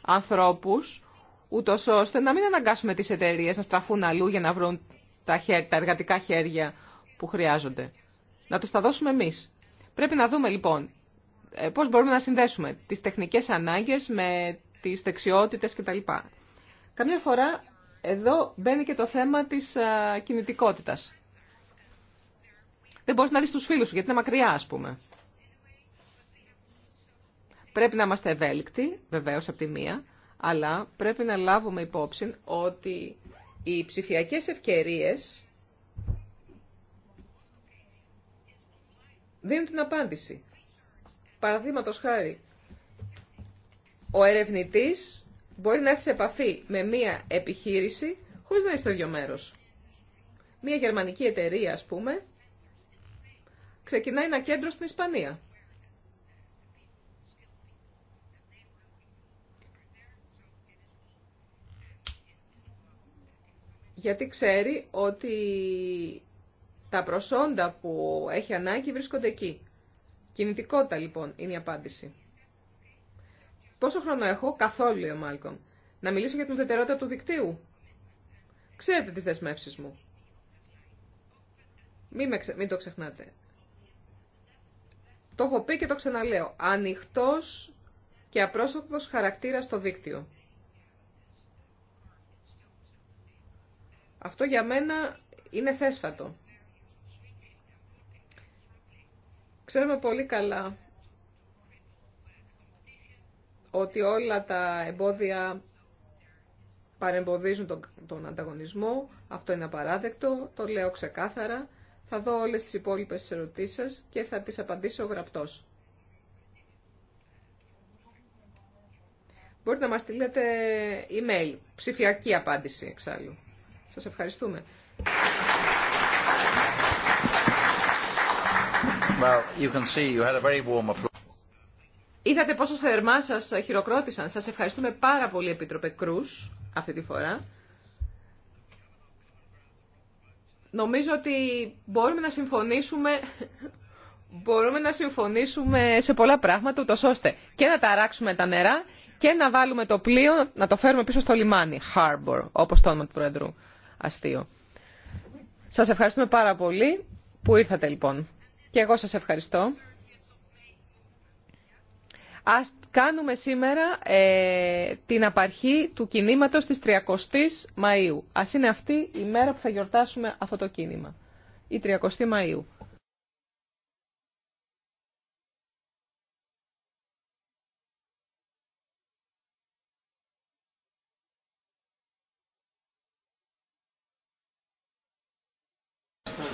ανθρώπους, ούτως ώστε να μην αναγκάσουμε τις εταιρείες να στραφούν αλλού για να βρουν τα, τα εργατικά χέρια που χρειάζονται. Να τους τα δώσουμε εμείς. Πρέπει να δούμε λοιπόν ε, πώς μπορούμε να συνδέσουμε τις τεχνικές ανάγκες με τις δεξιότητες κτλ. Καμιά φορά εδώ μπαίνει και το θέμα της α, κινητικότητας. Δεν μπορείς να δεις τους φίλους σου γιατί είναι μακριά ας πούμε. Πρέπει να είμαστε ευέλικτοι, βεβαίως από τη μία, αλλά πρέπει να λάβουμε υπόψη ότι οι ψηφιακές ευκαιρίες δίνουν την απάντηση. Παραδείγματος χάρη, ο ερευνητής μπορεί να έρθει σε επαφή με μία επιχείρηση χωρίς να είναι στο ίδιο μέρος. Μία γερμανική εταιρεία, ας πούμε, ξεκινάει ένα κέντρο στην Ισπανία. γιατί ξέρει ότι τα προσόντα που έχει ανάγκη βρίσκονται εκεί. Κινητικότητα λοιπόν είναι η απάντηση. Πόσο χρόνο έχω, καθόλου, ο Μάλκομ. Να μιλήσω για την ουδετερότητα του δικτύου. Ξέρετε τις δεσμεύσεις μου. Μην, το ξεχνάτε. Το έχω πει και το ξαναλέω. Ανοιχτός και απρόσωπος χαρακτήρα στο δίκτυο. Αυτό για μένα είναι θέσφατο. Ξέρουμε πολύ καλά ότι όλα τα εμπόδια παρεμποδίζουν τον, τον ανταγωνισμό. Αυτό είναι απαράδεκτο, το λέω ξεκάθαρα. Θα δω όλες τις υπόλοιπες ερωτήσεις σας και θα τις απαντήσω γραπτός. Μπορείτε να μας στείλετε email, ψηφιακή απάντηση εξάλλου. Σας ευχαριστούμε. Είδατε πόσο θερμά σας χειροκρότησαν. Σας ευχαριστούμε πάρα πολύ, Επίτροπε Κρούς, αυτή τη φορά. Νομίζω ότι μπορούμε να συμφωνήσουμε μπορούμε να συμφωνήσουμε σε πολλά πράγματα, ούτως ώστε και να ταράξουμε τα νερά και να βάλουμε το πλοίο, να το φέρουμε πίσω στο λιμάνι, harbor, όπως το όνομα του Προεδρού αστείο. Σας ευχαριστούμε πάρα πολύ που ήρθατε λοιπόν. Και εγώ σας ευχαριστώ. Ας κάνουμε σήμερα ε, την απαρχή του κινήματος της 30ης Μαΐου. Ας είναι αυτή η μέρα που θα γιορτάσουμε αυτό το κίνημα. Η 30η Μαΐου.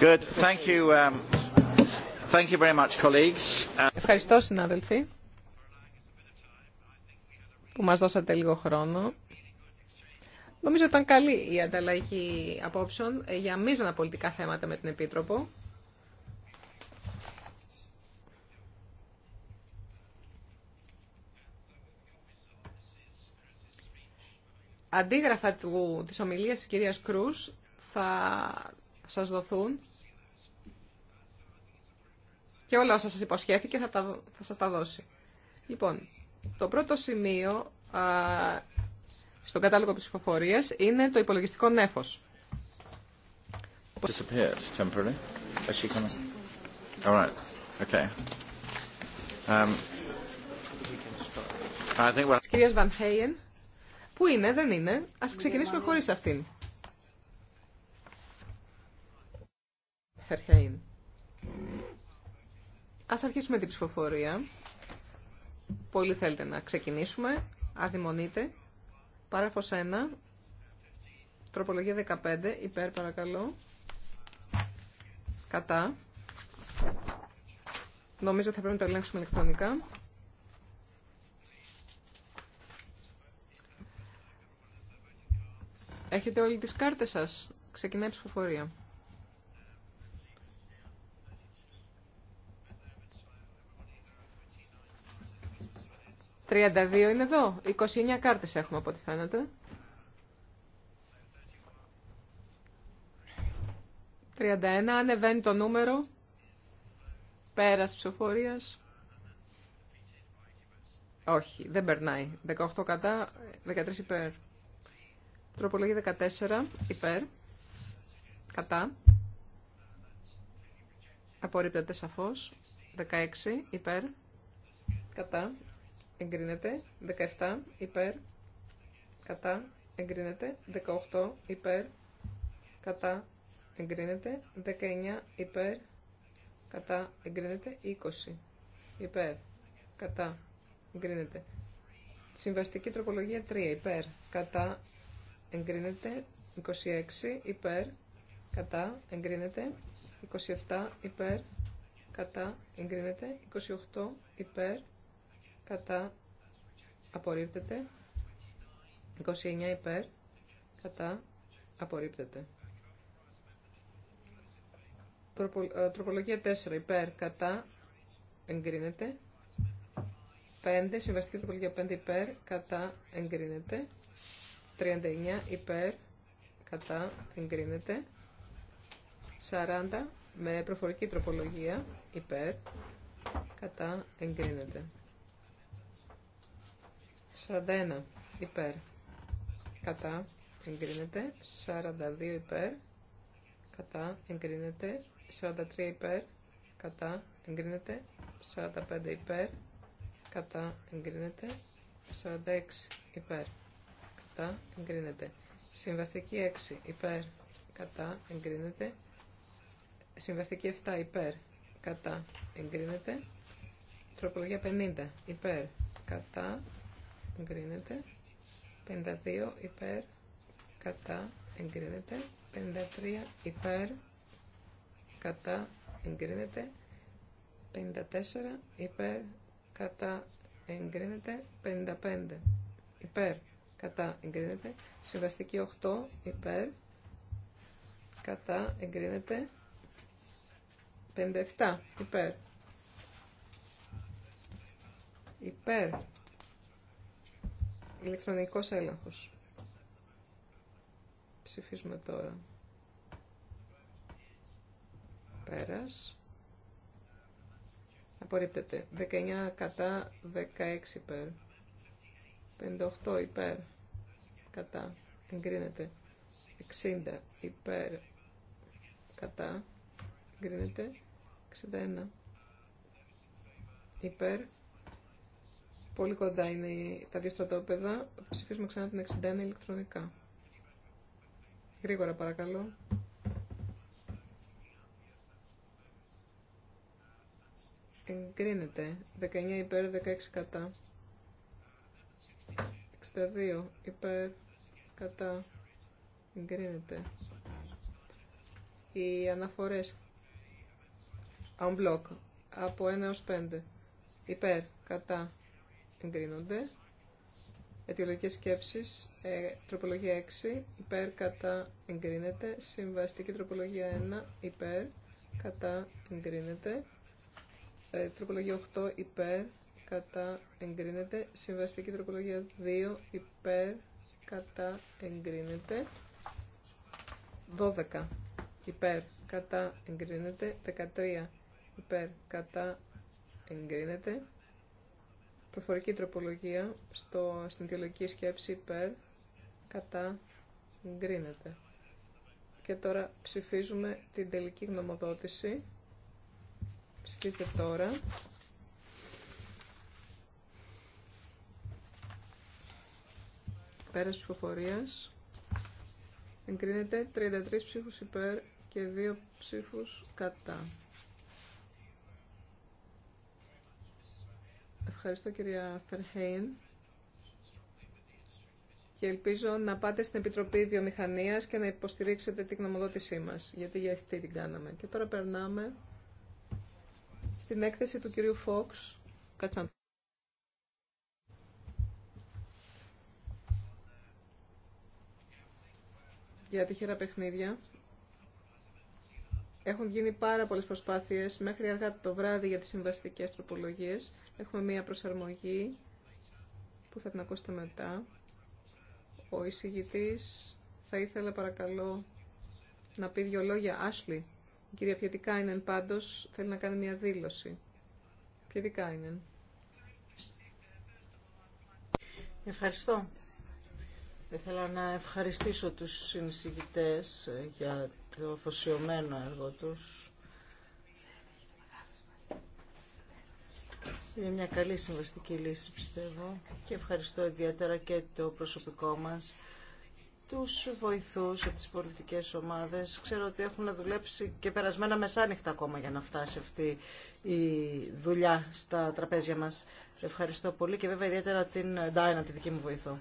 Um, Ευχαριστώ συνάδελφοι που μας δώσατε λίγο χρόνο. Νομίζω ήταν καλή η ανταλλαγή απόψεων για μείζωνα πολιτικά θέματα με την Επίτροπο. Αντίγραφα του, της ομιλίας της κυρίας Κρούς θα σας δοθούν και όλα όσα σας υποσχέθηκε θα, τα, θα σας τα δώσει. Λοιπόν, το πρώτο σημείο α, στον κατάλογο ψηφοφορίας είναι το υπολογιστικό νέφος. Κυρία um, κυρίας Βαν Χέιεν, που είναι, δεν είναι, ας ξεκινήσουμε χωρίς αυτήν. Ας αρχίσουμε την ψηφοφορία. Πολύ θέλετε να ξεκινήσουμε. Αδειμονείτε. Πάραφος 1. Τροπολογία 15. Υπέρ παρακαλώ. Κατά. Νομίζω ότι θα πρέπει να το ελέγξουμε ηλεκτρονικά. Έχετε όλοι τις κάρτες σας. Ξεκινάει η ψηφοφορία. 32 είναι εδώ. 29 κάρτες έχουμε από ό,τι φαίνεται. 31 ανεβαίνει το νούμερο. Πέρας ψηφοφορίας. Όχι, δεν περνάει. 18 κατά, 13 υπέρ. Τροπολογία 14 υπέρ. Κατά. Απορρίπτεται σαφώς. 16 υπέρ. Κατά εγκρίνεται. 17 υπέρ, κατά, εγκρίνεται. 18 υπέρ, κατά, εγκρίνεται. 19 υπέρ, κατά, εγκρίνεται. 20 υπέρ, κατά, εγκρίνεται. Συμβαστική τροπολογία 3 υπέρ, κατά, εγκρίνεται. 26 υπέρ, κατά, εγκρίνεται. 27 υπέρ, κατά, εγκρίνεται. 28 υπέρ, κατά απορρίπτεται 29 υπέρ κατά απορρίπτεται ε, τροπολογία 4 υπέρ κατά εγκρίνεται 5 συμβαστική τροπολογία 5 υπέρ κατά εγκρίνεται 39 υπέρ κατά εγκρίνεται 40 με προφορική τροπολογία υπέρ κατά εγκρίνεται 41 υπέρ κατά εγκρίνεται 42 υπέρ κατά εγκρίνεται 43 υπέρ κατά εγκρίνεται 45 υπέρ κατά εγκρίνεται 46 υπέρ κατά εγκρίνεται συμβαστική 6 υπέρ κατά εγκρίνεται συμβαστική 7 υπέρ κατά εγκρίνεται τροπολογία 50 υπέρ κατά εγκρίνεται. 52 υπέρ, κατά, εγκρίνεται. 53 υπέρ, κατά, εγκρίνεται. 54 υπέρ, κατά, εγκρίνεται. 55 υπέρ, κατά, εγκρίνεται. Συμβαστική 8 υπέρ, κατά, εγκρίνεται. 57 υπέρ. Υπέρ Ηλεκτρονικός έλεγχος. Ψηφίζουμε τώρα. Πέρας. Απορρίπτεται. 19 κατά, 16 υπέρ. 58 υπέρ. Κατά. Εγκρίνεται. 60 υπέρ. Κατά. Εγκρίνεται. 61 υπέρ. Πολύ κοντά είναι τα δύο στρατόπεδα. Ψηφίσουμε ξανά την 61 ηλεκτρονικά. Γρήγορα παρακαλώ. Εγκρίνεται. 19 υπέρ, 16 κατά. 62 υπέρ, κατά. Εγκρίνεται. Οι αναφορές. On μπλοκ Από 1 έως 5. Υπέρ, κατά εγκρίνονται. Αιτιολογικές σκέψεις, ε, τροπολογία 6, υπέρ, κατά, εγκρίνεται. Συμβαστική τροπολογία 1, υπέρ, κατά, εγκρίνεται. Ε, τροπολογία 8, υπέρ, κατά, εγκρίνεται. Συμβαστική τροπολογία 2, υπέρ, κατά, εγκρίνεται. 12, υπέρ, κατά, εγκρίνεται. 13, υπέρ, κατά, εγκρίνεται προφορική τροπολογία στο, στην αιτιολογική σκέψη υπέρ κατά γκρίνεται. Και τώρα ψηφίζουμε την τελική γνωμοδότηση. Ψηφίστε τώρα. Πέρας ψηφοφορίας. Εγκρίνεται 33 ψήφους υπέρ και 2 ψήφους κατά. ευχαριστώ κυρία Φερχέιν και ελπίζω να πάτε στην Επιτροπή Βιομηχανίας και να υποστηρίξετε την γνωμοδότησή μας, γιατί για αυτή την κάναμε. Και τώρα περνάμε στην έκθεση του κυρίου Φόξ. Κατσαν. Για τυχερά παιχνίδια έχουν γίνει πάρα πολλές προσπάθειες μέχρι αργά το βράδυ για τις συμβαστικέ τροπολογίες. Έχουμε μία προσαρμογή που θα την ακούσετε μετά. Ο εισηγητή θα ήθελα παρακαλώ να πει δυο λόγια. Άσλι, η κυρία Πιετικάινεν πάντως θέλει να κάνει μία δήλωση. Πιετικάινεν. Ευχαριστώ. Ήθελα να ευχαριστήσω τους συνεισηγητές για το αφοσιωμένο έργο τους. Είναι μια καλή συμβαστική λύση πιστεύω και ευχαριστώ ιδιαίτερα και το προσωπικό μας τους βοηθούς από τις πολιτικές ομάδες. Ξέρω ότι έχουν δουλέψει και περασμένα μεσάνυχτα ακόμα για να φτάσει αυτή η δουλειά στα τραπέζια μας. Ευχαριστώ πολύ και βέβαια ιδιαίτερα την Ντάινα, τη δική μου βοηθό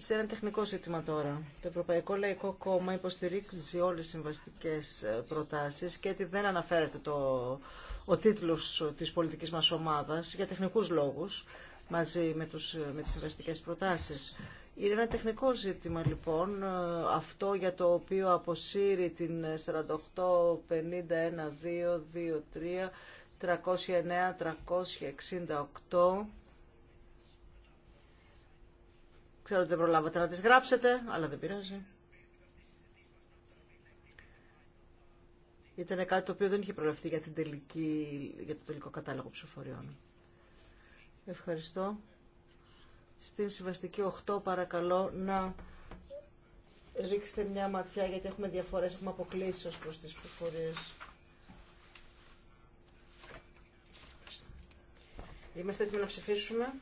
σε ένα τεχνικό ζήτημα τώρα. Το Ευρωπαϊκό Λαϊκό Κόμμα υποστηρίζει όλες τις συμβαστικές ε, προτάσεις και ότι δεν αναφέρεται το, ο τίτλος της πολιτικής μας ομάδας για τεχνικούς λόγους μαζί με, τους, ε, με τις συμβαστικές προτάσεις. Είναι ένα τεχνικό ζήτημα λοιπόν ε, αυτό για το οποίο αποσύρει την 48, 51, 2, 2, 3, 309, 368 Ξέρω ότι δεν προλάβατε να τις γράψετε, αλλά δεν πειράζει. Ήταν κάτι το οποίο δεν είχε προλαφθεί για, για το τελικό κατάλογο ψηφοριών. Ευχαριστώ. Στην συμβαστική 8 παρακαλώ να ρίξετε μια ματιά γιατί έχουμε διαφορές, έχουμε αποκλήσει ως προς τις προφορίες. Είμαστε έτοιμοι να ψηφίσουμε.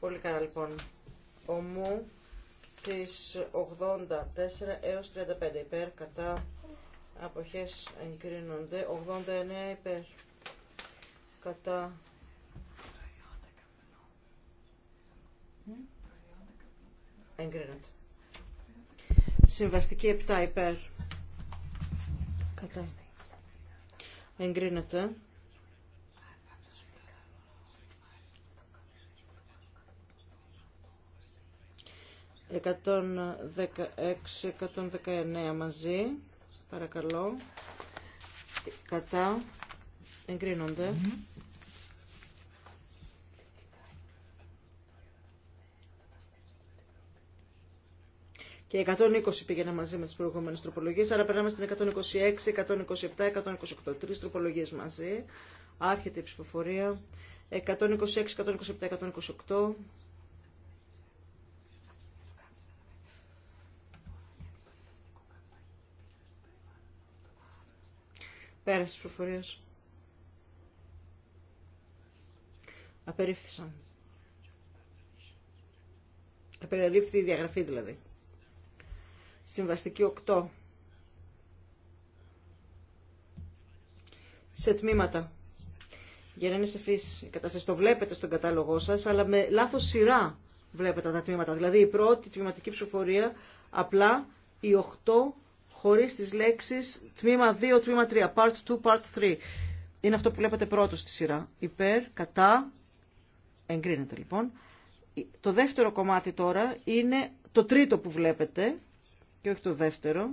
Πολύ καλά λοιπόν ομού της 84 έως 35 υπέρ κατά αποχές εγκρίνονται 89 υπέρ κατά εγκρίνονται συμβαστική 7 υπέρ κατά εγκρίνεται 116-119 μαζί. Παρακαλώ. Κατά. Εγκρίνονται. Mm Και 120 πήγαινε μαζί με τις προηγούμενες τροπολογίες, άρα περνάμε στην 126, 127, 128, τρεις τροπολογίες μαζί. Άρχεται η ψηφοφορία. 126, 127, 128. Πέρασε τη προφορίες. Απερίφθησαν. Απερίφθη η διαγραφή δηλαδή. Συμβαστική 8. Σε τμήματα. Για να είναι σαφή η κατάσταση, το βλέπετε στον κατάλογό σα, αλλά με λάθο σειρά βλέπετε τα τμήματα. Δηλαδή η πρώτη τμηματική ψηφοφορία, απλά η 8 χωρίς τις λέξεις τμήμα 2, τμήμα 3, part 2, part 3. Είναι αυτό που βλέπετε πρώτο στη σειρά. Υπέρ, κατά, εγκρίνεται λοιπόν. Το δεύτερο κομμάτι τώρα είναι το τρίτο που βλέπετε και όχι το δεύτερο.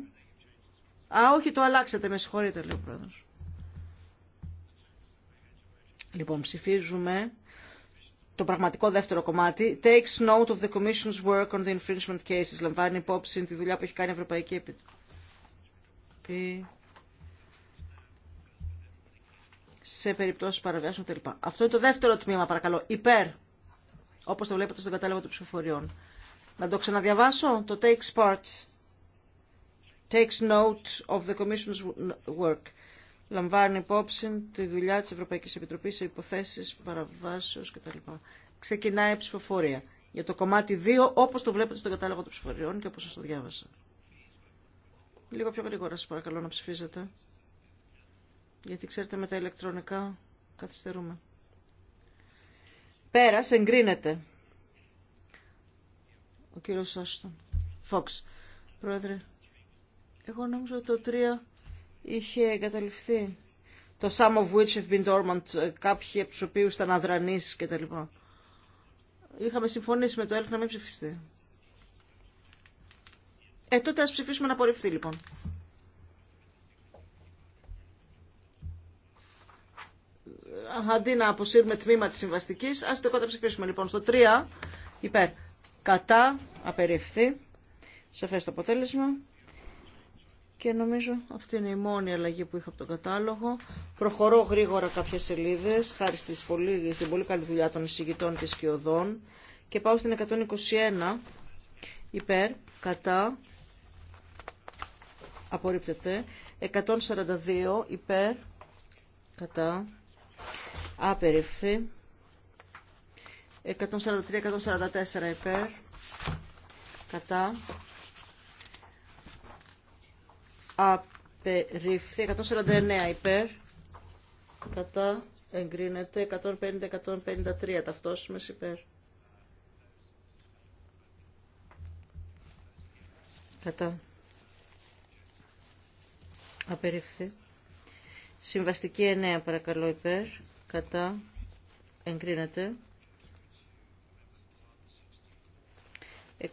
Α, όχι, το αλλάξατε, με συγχωρείτε, λέει ο πρόεδρος. Λοιπόν, ψηφίζουμε το πραγματικό δεύτερο κομμάτι. Takes note of the Commission's work on the infringement cases. Λαμβάνει υπόψη τη δουλειά που έχει κάνει η Ευρωπαϊκή Επιτροπή σε περιπτώσεις παραβιάσεων κτλ. Αυτό είναι το δεύτερο τμήμα, παρακαλώ. Υπέρ, όπως το βλέπετε στον κατάλογο των ψηφοφοριών. Να το ξαναδιαβάσω, το takes part, takes note of the commission's work. Λαμβάνει υπόψη τη δουλειά της Ευρωπαϊκής Επιτροπής σε υποθέσεις παραβάσεως κτλ. Ξεκινάει η ψηφοφορία για το κομμάτι 2, όπως το βλέπετε στον κατάλογο των ψηφοφοριών και όπως σας το διάβασα. Λίγο πιο γρήγορα σας παρακαλώ να ψηφίζετε. Γιατί ξέρετε με τα ηλεκτρονικά καθυστερούμε. πέρα εγκρίνεται. Ο κύριος Άστον. Φόξ. Πρόεδρε, εγώ νόμιζα ότι το 3 είχε εγκαταληφθεί. Το some of which have been dormant, ε, κάποιοι από τους οποίους ήταν αδρανείς κτλ. Είχαμε συμφωνήσει με το ΕΛΚ να μην ψηφιστεί. Ε, τότε ας ψηφίσουμε να απορριφθεί λοιπόν. Αντί να αποσύρουμε τμήμα της συμβαστικής, ας το ψηφίσουμε, λοιπόν στο 3 υπέρ. Κατά, απεριφθεί, σαφές το αποτέλεσμα. Και νομίζω αυτή είναι η μόνη αλλαγή που είχα από τον κατάλογο. Προχωρώ γρήγορα κάποιες σελίδες, χάρη στις πολύ, στην πολύ καλή δουλειά των εισηγητών και σκιωδών. Και πάω στην 121 υπέρ, κατά, απορρίπτεται. 142 υπέρ, κατά, απεριφθεί. 143-144 υπέρ, κατά, απερίφθη, 149 υπέρ, κατά, εγκρίνεται. 150-153 ταυτόσιμες υπέρ. Κατά. Απεριφθεί. Συμβαστική 9 παρακαλώ υπέρ. Κατά. Εγκρίνεται.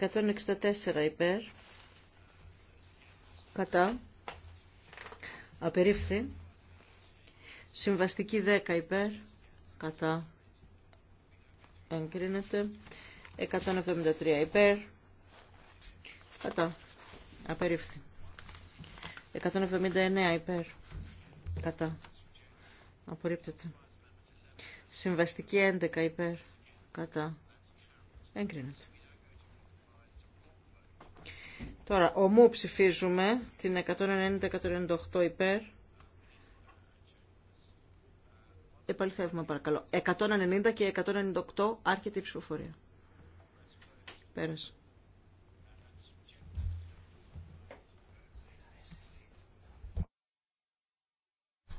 164 υπέρ. Κατά. Απερίφθη. Συμβαστική 10 υπέρ. Κατά. Εγκρίνεται. 173 υπέρ. Κατά. Απερίφθη. 179 υπέρ. Κατά. Απορρίπτεται. Συμβαστική 11 υπέρ. Κατά. Εγκρίνεται. Τώρα, ομού ψηφίζουμε την 190-198 υπέρ. Επαληθεύουμε παρακαλώ. 190 και 198 άρχεται η ψηφοφορία. Πέρασε.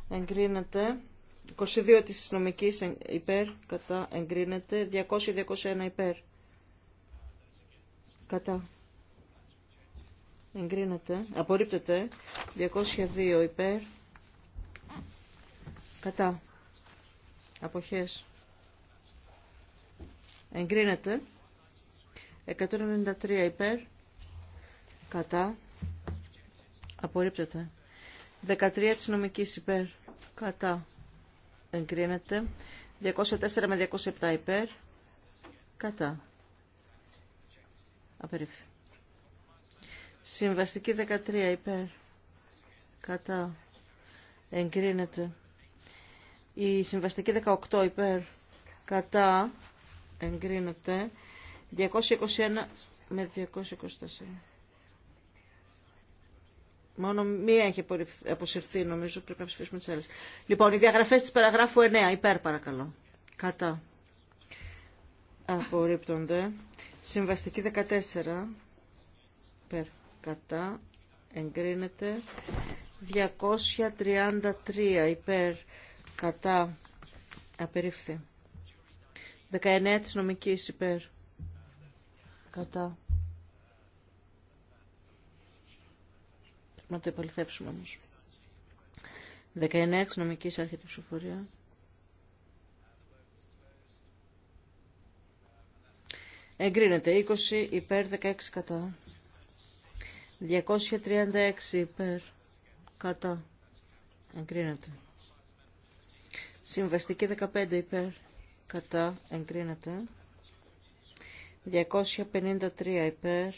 εγκρίνεται 22 της νομικής υπέρ κατά εγκρίνεται 200-201 υπέρ κατά εγκρίνεται απορρίπτεται 202 υπέρ κατά αποχές εγκρίνεται 193 υπέρ κατά απορρίπτεται 13 της νομικής υπέρ. Κατά. Εγκρίνεται. 204 με 207 υπέρ. Κατά. Απερίφθη. Συμβαστική 13 υπέρ. Κατά. Εγκρίνεται. Η συμβαστική 18 υπέρ. Κατά. Εγκρίνεται. 221 με 224. Μόνο μία έχει αποσυρθεί, νομίζω. Πρέπει να ψηφίσουμε τι άλλε. Λοιπόν, οι διαγραφέ τη παραγράφου 9. Υπέρ, παρακαλώ. Κατά. Απορρίπτονται. Συμβαστική 14. Υπέρ. Κατά. Εγκρίνεται. 233. Υπέρ. Κατά. Απερίφθη. 19 της νομικής υπέρ. Κατά. να το επαληθεύσουμε όμως. 19 νομικής άρχεται ψηφοφορία. Εγκρίνεται 20 υπέρ 16 κατά. 236 υπέρ κατά. Εγκρίνεται. Συμβαστική 15 υπέρ κατά. Εγκρίνεται. 253 υπέρ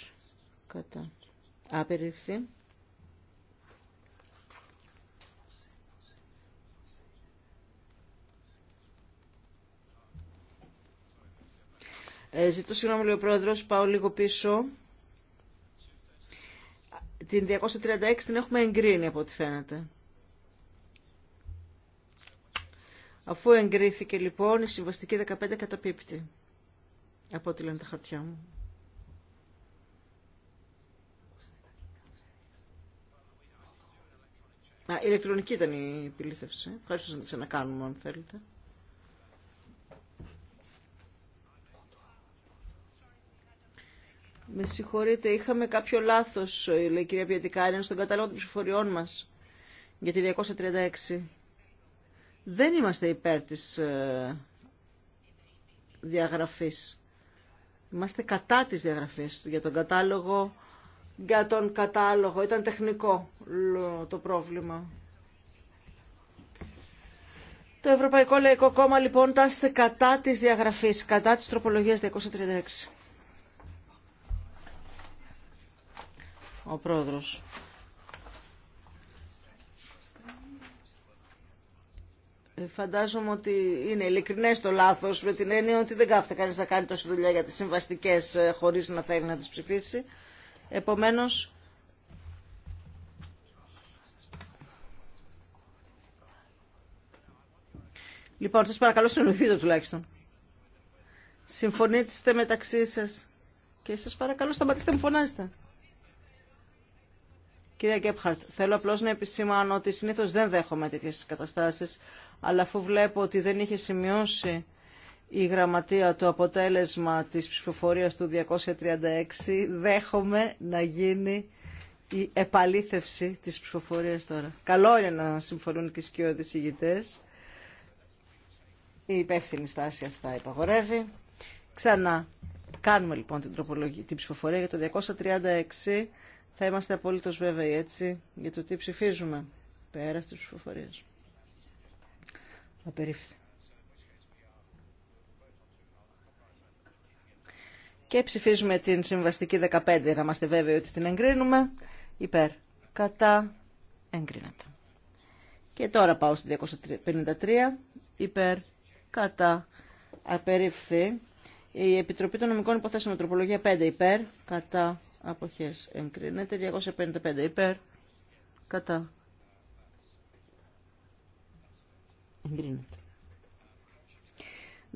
κατά. Απερίφθη. Ε, ζητώ συγγνώμη, λέει ο πρόεδρο πάω λίγο πίσω. Την 236 την έχουμε εγκρίνει από ό,τι φαίνεται. Αφού εγκρίθηκε λοιπόν η συμβαστική 15 καταπίπτει. Από ό,τι λένε τα χαρτιά μου. Α, ηλεκτρονική ήταν η επιλήθευση. Ε. Ευχαριστώ να την ξανακάνουμε αν θέλετε. Με συγχωρείτε, είχαμε κάποιο λάθος, λέει η κυρία Πιετικάρεν, στον κατάλογο των ψηφοριών μας για τη 236. Δεν είμαστε υπέρ της ε, διαγραφής. Είμαστε κατά τη διαγραφή, για τον κατάλογο. Για τον κατάλογο. Ήταν τεχνικό το πρόβλημα. Το Ευρωπαϊκό Λαϊκό Κόμμα λοιπόν τάσσεται κατά της διαγραφής, κατά της τροπολογίας 236. ο πρόεδρος. Ε, φαντάζομαι ότι είναι ειλικρινέ το λάθο με την έννοια ότι δεν κάθεται κανεί να κάνει τόση δουλειά για τι συμβαστικέ ε, χωρί να θέλει να τι ψηφίσει. Επομένω. Λοιπόν, σα παρακαλώ, συνοηθείτε τουλάχιστον. Συμφωνήστε μεταξύ σα. Και σα παρακαλώ, σταματήστε να φωνάζετε. Κύριε Γκέπχαρτ, θέλω απλώ να επισημάνω ότι συνήθω δεν δέχομαι τέτοιε καταστάσει, αλλά αφού βλέπω ότι δεν είχε σημειώσει η γραμματεία το αποτέλεσμα της ψηφοφορίας του 236, δέχομαι να γίνει η επαλήθευση της ψηφοφορίας τώρα. Καλό είναι να συμφωνούν και οι σκιώδεις ηγητές. Η υπεύθυνη στάση αυτά υπαγορεύει. Ξανά κάνουμε λοιπόν την, την ψηφοφορία για το 236 θα είμαστε απόλυτος βέβαιοι έτσι για το τι ψηφίζουμε πέρα στις ψηφοφορίες. Απερίφθη. Και ψηφίζουμε την συμβαστική 15, να είμαστε βέβαιοι ότι την εγκρίνουμε. Υπέρ. Κατά. Εγκρίνεται. Και τώρα πάω στη 253. Υπέρ. Κατά. Απερίφθη. Η Επιτροπή των Νομικών Υποθέσεων Μετροπολογία 5. Υπέρ. Κατά αποχές εγκρίνεται 255 υπέρ κατά εγκρίνεται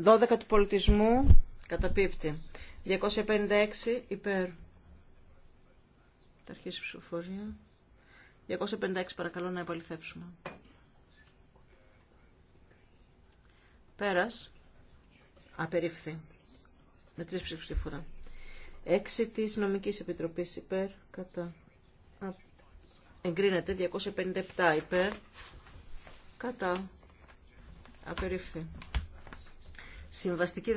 12 του πολιτισμού καταπίπτει 256 υπέρ θα αρχίσει ψηφοφορία 256 παρακαλώ να επαληθεύσουμε πέρας απερίφθη με τρεις ψήφους τη φορά 6 τη Νομικής Επιτροπής υπέρ κατά εγκρίνεται 257 υπέρ κατά απερίφθη συμβαστική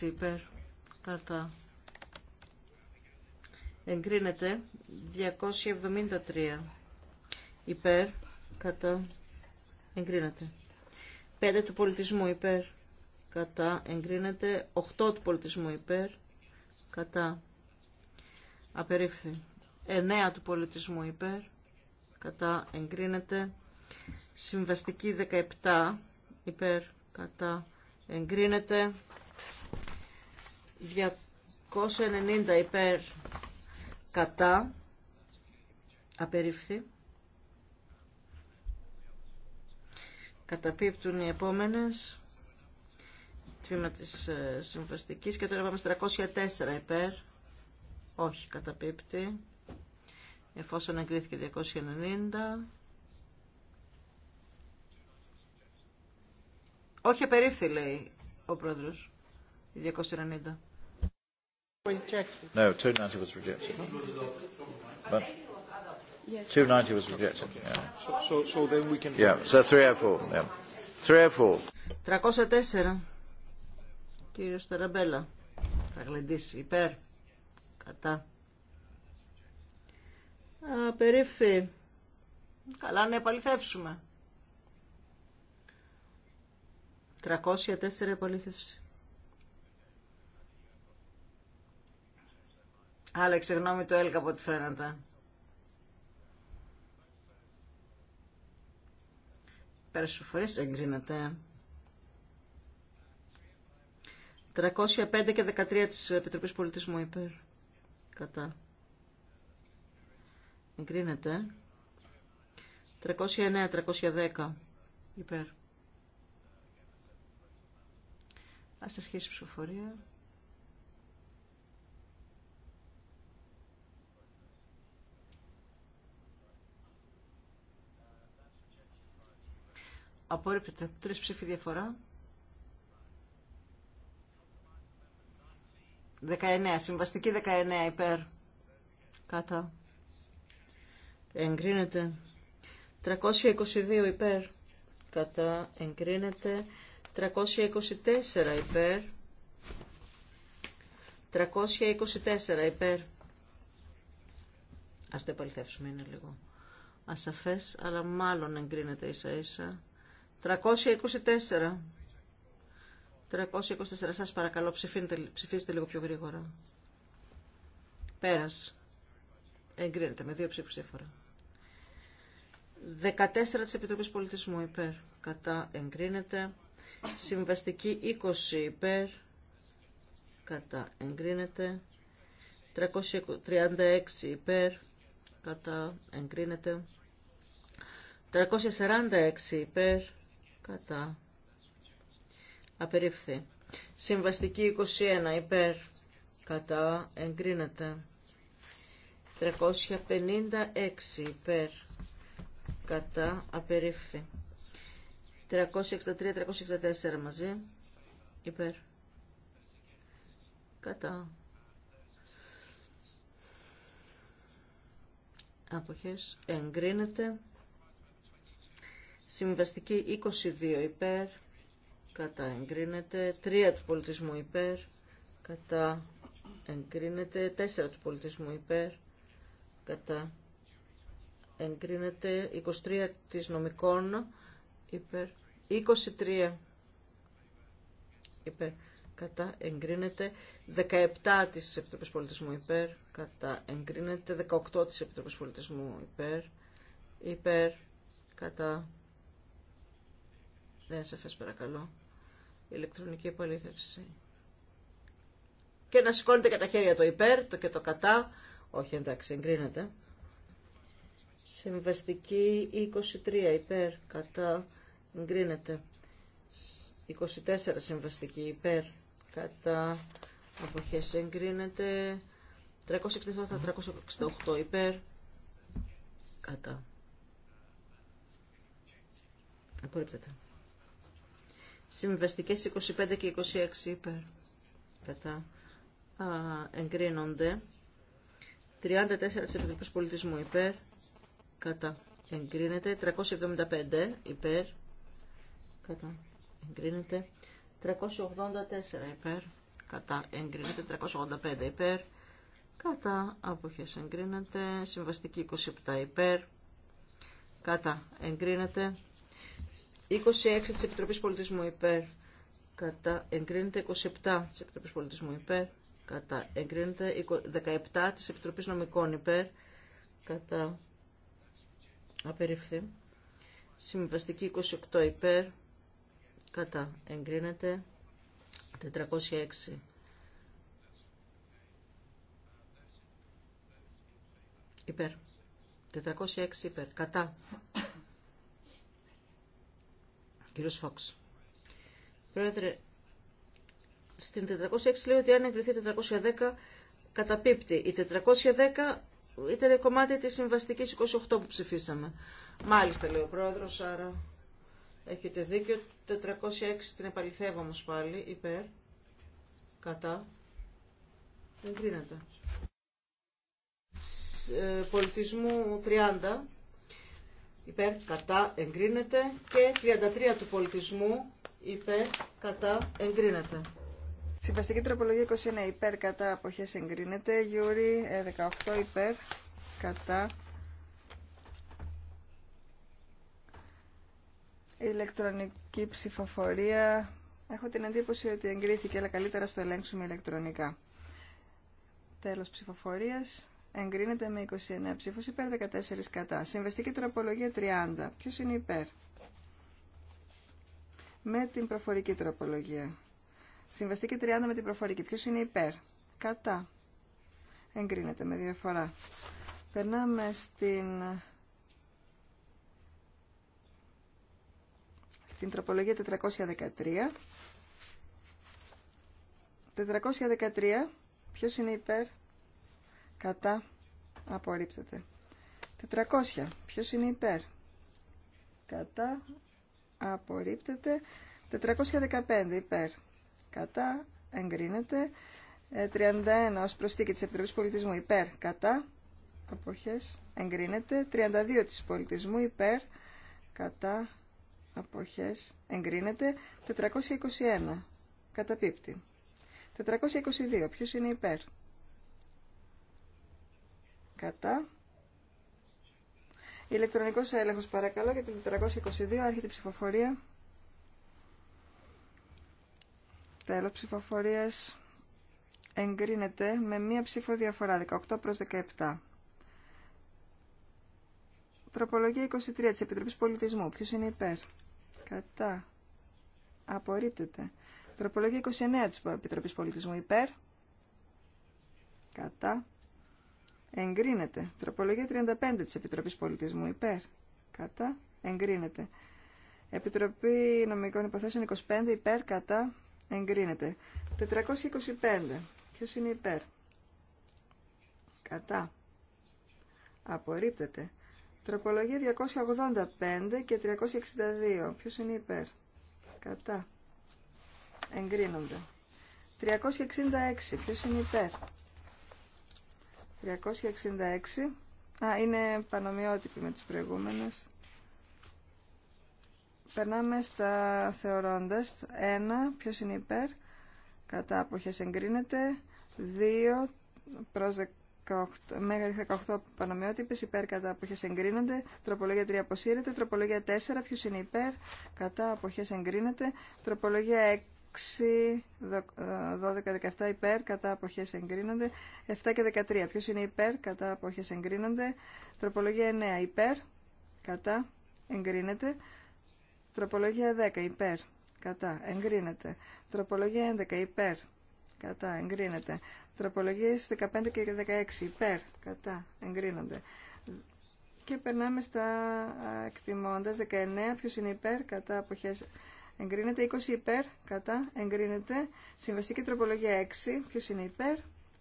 16 υπέρ κατά εγκρίνεται 273 υπέρ κατά εγκρίνεται 5 του πολιτισμού υπέρ κατά εγκρίνεται 8 του πολιτισμού υπέρ κατά απερίφθη. 9 του πολιτισμού υπέρ, κατά εγκρίνεται. Συμβαστική 17 υπέρ, κατά εγκρίνεται. 290 υπέρ, κατά απερίφθη. Καταπίπτουν οι επόμενες τμήμα της ε, συμβαστικής και τώρα πάμε 304 υπέρ όχι, καταπίπτει. Εφόσον εγκρίθηκε 290. Όχι απερίφθη, λέει ο πρόεδρος. 290. No, 290 was rejected. But 290 was rejected. Yeah. So, so, then we can. Yeah. So 304. Yeah. 304. 304. Κύριος Ταραμπέλα. Θα γλεντήσει υπέρ. Κατά. Απερίφθη. Καλά να επαληθεύσουμε. 304 επαλήθευση. Άλλαξε γνώμη το έλκα από ό,τι φαίνεται. Πέρασε φορές εγκρίνεται. 305 και 13 της Επιτροπής Πολιτισμού υπέρ κατά εγκρίνεται 309-310 υπέρ Ας αρχίσει η ψηφοφορία. Απόρριπτε τρεις ψήφοι διαφορά. 19, συμβαστική 19 υπέρ. Κατά. Εγκρίνεται. 322 υπέρ. Κατά. Εγκρίνεται. 324 υπέρ. 324 υπέρ. Ας το επαληθεύσουμε, είναι λίγο ασαφές, αλλά μάλλον εγκρίνεται ίσα ίσα. 324 324 σας παρακαλώ ψηφίστε, ψηφίστε λίγο πιο γρήγορα. Πέρας. Εγκρίνεται με δύο ψήφους διαφορά. 14 της Επιτροπής Πολιτισμού υπέρ. Κατά εγκρίνεται. Συμβαστική 20 υπέρ. Κατά εγκρίνεται. 336 υπέρ. Κατά εγκρίνεται. 346 υπέρ. Κατά Απερίφθη. Συμβαστική 21 υπέρ. Κατά. Εγκρίνεται. 356 υπέρ. Κατά. Απερίφθη. 363-364 μαζί. Υπέρ. Κατά. Αποχές. Εγκρίνεται. Συμβαστική 22 υπέρ κατά εγκρίνεται, τριά του πολιτισμού υπέρ, κατά εγκρίνεται, τέσσερα του πολιτισμού υπέρ, κατά εγκρίνεται, 23 της νομικών υπέρ, 23 υπέρ, κατά εγκρίνεται, 17 της Επιτροπής Πολιτισμού υπέρ, κατά εγκρίνεται, 18 της Επιτροπής Πολιτισμού υπέρ, υπέρ, κατά... Δεν σε φες παρακαλώ ηλεκτρονική επαλήθευση. Και να σηκώνετε και τα χέρια το υπέρ, το και το κατά. Όχι εντάξει, εγκρίνεται. Συμβαστική 23 υπέρ, κατά, εγκρίνεται. 24 συμβαστική υπέρ, κατά, αποχές εγκρίνεται. 367-368 υπέρ, κατά. Απορρίπτεται. Συμβαστικές 25 και 26 υπέρ. Κατά. εγκρίνονται. 34 της Πολιτισμού υπέρ. Κατά. Εγκρίνεται. 375 υπέρ. Κατά. Εγκρίνεται. 384 υπέρ. Κατά. Εγκρίνεται. 385 υπέρ. Κατά. Αποχές εγκρίνεται. Συμβαστική 27 υπέρ. Κατά. Εγκρίνεται. 26 της Επιτροπής Πολιτισμού υπέρ. Κατά εγκρίνεται 27 της Επιτροπής Πολιτισμού υπέρ. Κατά εγκρίνεται 17 της Επιτροπής Νομικών υπέρ. Κατά απερίφθη Συμβαστική 28 υπέρ. Κατά εγκρίνεται 406. Υπέρ. 406 υπέρ. Κατά. Κύριος Φόξ. Πρόεδρε, στην 406 λέει ότι αν εγκριθεί 410 καταπίπτει. Η 410 ήταν κομμάτι της συμβαστικής 28 που ψηφίσαμε. Μάλιστα λέει ο πρόεδρος, άρα έχετε δίκιο. 406 την επαληθεύω όμως πάλι, υπέρ, κατά, εγκρίνεται. Ε, πολιτισμού 30, υπέρ κατά εγκρίνεται και 33 του πολιτισμού υπέρ κατά εγκρίνεται. Συμβαστική τροπολογία 21 υπέρ κατά αποχές εγκρίνεται. Γιούρι 18 ε, υπέρ κατά ηλεκτρονική ψηφοφορία. Έχω την εντύπωση ότι εγκρίθηκε, αλλά καλύτερα στο ελέγξουμε ηλεκτρονικά. Τέλος ψηφοφορίας εγκρίνεται με 29 ψήφους υπέρ 14 κατά. Συμβαστική τροπολογία 30. Ποιος είναι υπέρ? Με την προφορική τροπολογία. Συμβαστική 30 με την προφορική. Ποιος είναι υπέρ? Κατά. Εγκρίνεται με διαφορά. Περνάμε στην... Στην τροπολογία 413. 413. Ποιος είναι υπέρ? Κατά. Απορρίπτεται. 400. Ποιος είναι υπέρ. Κατά. Απορρίπτεται. 415 υπέρ. Κατά. Εγκρίνεται. 31 ε, ως προσθήκη της Επιτροπής Πολιτισμού υπέρ. Κατά. Αποχές. Εγκρίνεται. 32 της Πολιτισμού υπέρ. Κατά. Αποχές. Εγκρίνεται. 421. Καταπίπτει. 422. Ποιος είναι υπέρ. Κατά. Ηλεκτρονικός έλεγχος παρακαλώ για την 422. Άρχεται η ψηφοφορία. Τέλος ψηφοφορίας εγκρίνεται με μία ψήφο διαφορά 18 προς 17. Τροπολογία 23 της Επιτροπής Πολιτισμού. Ποιος είναι υπέρ. Κατά. Απορρίπτεται. Τροπολογία 29 της Επιτροπής Πολιτισμού. Υπέρ. Κατά. Εγκρίνεται. Τροπολογία 35 της Επιτροπής Πολιτισμού. Υπέρ. Κατά. Εγκρίνεται. Επιτροπή Νομικών Υποθέσεων 25. Υπέρ. Κατά. Εγκρίνεται. 425. Ποιος είναι υπέρ. Κατά. Απορρίπτεται. Τροπολογία 285 και 362. Ποιος είναι υπέρ. Κατά. Εγκρίνονται. 366. Ποιος είναι υπέρ. 366. Α, είναι πανομοιότυπη με τις προηγούμενες. Περνάμε στα θεωρώντας. 1. Ποιος είναι υπέρ. Κατά αποχές εγκρίνεται. 2. Προς 18, μέχρι 18 πανομοιότυπες υπέρ κατά αποχές εγκρίνονται. Τροπολογία 3 αποσύρεται. Τροπολογία 4. Ποιος είναι υπέρ. Κατά αποχές εγκρίνεται. Τροπολογία 6, 12, 17 υπέρ, κατά αποχές εγκρίνονται. 7 και 13. Ποιος είναι υπέρ, κατά αποχές εγκρίνονται. Τροπολογία 9 υπέρ, κατά εγκρίνεται. Τροπολογία 10 υπέρ, κατά εγκρίνεται. Τροπολογία 11 υπέρ, κατά εγκρίνεται. Τροπολογίες 15 και 16 υπέρ, κατά εγκρίνονται. Και περνάμε στα εκτιμώντας 19, ποιος είναι υπέρ, κατά αποχές εγκρίνονται εγκρίνεται. 20 υπέρ, κατά, εγκρίνεται. Συμβαστική τροπολογία 6, ποιος είναι υπέρ,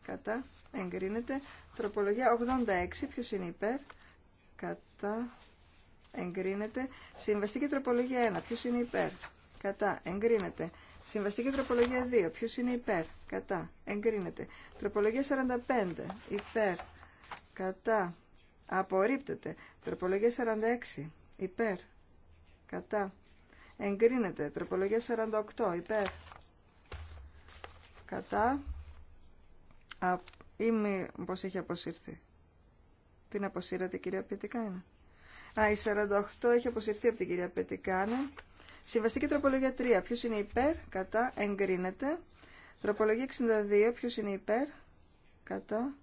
κατά, εγκρίνεται. Τροπολογία 86, ποιος είναι υπέρ, κατά, εγκρίνεται. Συμβαστική τροπολογία 1, ποιος είναι υπέρ, κατά, εγκρίνεται. Συμβαστική τροπολογία 2, ποιος είναι υπέρ, κατά, εγκρίνεται. Τροπολογία 45, υπέρ, κατά, απορρίπτεται. Τροπολογία 46, υπέρ, κατά, Εγκρίνεται. Τροπολογία 48. Υπέρ. Κατά. Α, ή μη, έχει αποσύρθει. Την αποσύρατε κυρία Πετικάνε. Α, η 48 έχει αποσυρθεί από την κυρία Πετικάνε. Συμβαστική τροπολογία 3. Ποιος είναι υπέρ. Κατά. Εγκρίνεται. Τροπολογία 62. Ποιος είναι υπέρ. Κατά.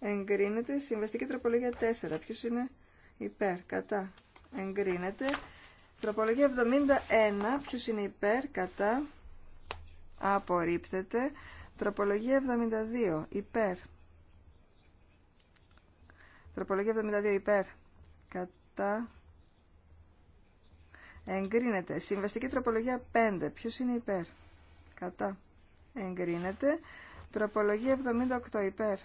Εγκρίνεται. Συμβαστική τροπολογία 4. Ποιος είναι υπέρ. Κατά. Εγκρίνεται. Τροπολογία 71, ποιος είναι υπέρ, κατά, απορρίπτεται. Τροπολογία 72, υπέρ. Τροπολογία 72, υπέρ, κατά, εγκρίνεται. Συμβαστική τροπολογία 5, ποιος είναι υπέρ, κατά, εγκρίνεται. Τροπολογία 78, υπέρ.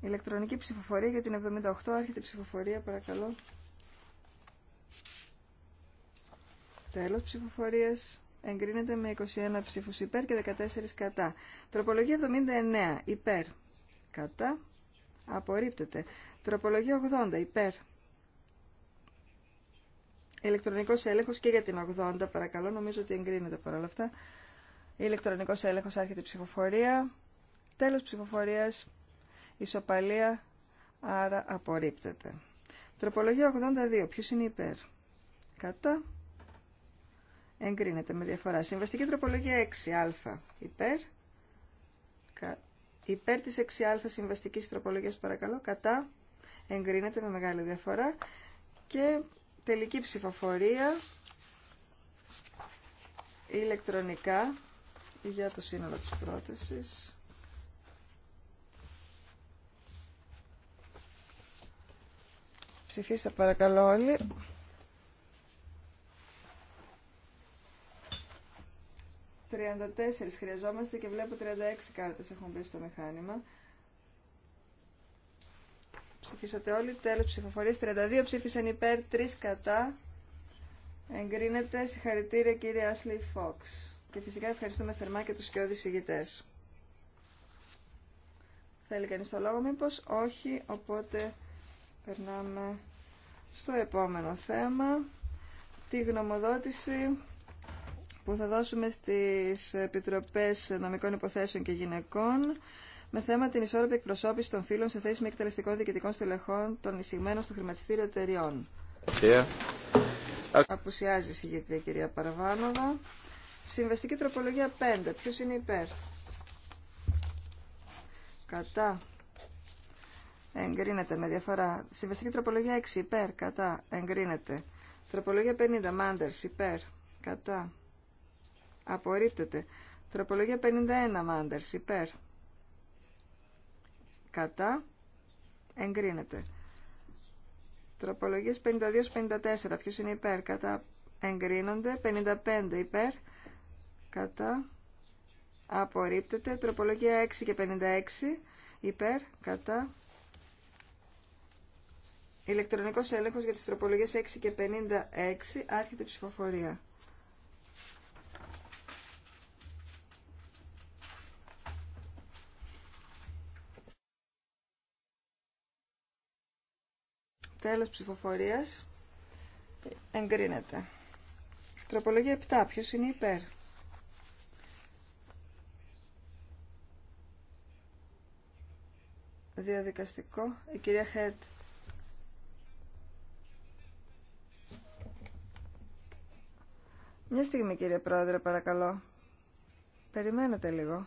Ηλεκτρονική ψηφοφορία για την 78, άρχεται ψηφοφορία, παρακαλώ. Τέλος ψηφοφορίας εγκρίνεται με 21 ψήφους υπέρ και 14 κατά. Τροπολογία 79 υπέρ. Κατά. Απορρίπτεται. Τροπολογία 80 υπέρ. Ηλεκτρονικός έλεγχος και για την 80 παρακαλώ. Νομίζω ότι εγκρίνεται παρόλα αυτά. Ηλεκτρονικός έλεγχος άρχεται ψηφοφορία. Τέλος ψηφοφορίας. Ισοπαλία. Άρα απορρίπτεται. Τροπολογία 82. Ποιος είναι υπέρ. Κατά. Εγκρίνεται με διαφορά. Συμβαστική τροπολογία 6α. Υπέρ. Κα... Υπέρ της 6α συμβαστικής τροπολογίας παρακαλώ. Κατά. Εγκρίνεται με μεγάλη διαφορά. Και τελική ψηφοφορία ηλεκτρονικά για το σύνολο της πρότασης. Ψηφίστε παρακαλώ όλοι. 34 χρειαζόμαστε και βλέπω 36 κάρτες έχουν μπει στο μηχάνημα. Ψηφίσατε όλοι. Τέλος ψηφοφορίας. 32 ψήφισαν υπέρ, 3 κατά. Εγκρίνεται. Συγχαρητήρια κύριε Άσλι Φόξ. Και φυσικά ευχαριστούμε θερμά και τους σκιώδεις ηγητές. Θέλει κανείς το λόγο μήπως. Όχι. Οπότε περνάμε στο επόμενο θέμα. Τη γνωμοδότηση που θα δώσουμε στις Επιτροπές Νομικών Υποθέσεων και Γυναικών με θέμα την ισόρροπη εκπροσώπηση των φύλων σε θέση με εκτελεστικών διοικητικών στελεχών των εισηγμένων στο χρηματιστήριο εταιριών. Yeah. Απουσιάζει η συγγετρία κυρία Παραβάνοβα. Συμβαστική τροπολογία 5. Ποιο είναι υπέρ. Κατά. Εγκρίνεται με διαφορά. Συμβαστική τροπολογία 6. Υπέρ. Κατά. Εγκρίνεται. Τροπολογία 50. μάντερ. Υπέρ. Κατά. Απορρίπτεται. Τροπολογία 51 μάντερ υπερ υπέρ. Κατά. Εγκρίνεται. Τροπολογίες 52-54. Ποιος είναι υπέρ. Κατά. Εγκρίνονται. 55 υπέρ. Κατά. Απορρίπτεται. Τροπολογία 6 και 56 υπέρ. Κατά. Ηλεκτρονικός έλεγχος για τις τροπολογίες 6 και 56. Άρχεται ψηφοφορία. Τέλος ψηφοφορίας. Εγκρίνεται. Τροπολογία 7. Ποιος είναι υπέρ. Διαδικαστικό. Η κυρία Χέντ. Μια στιγμή κύριε Πρόεδρε παρακαλώ. Περιμένετε λίγο.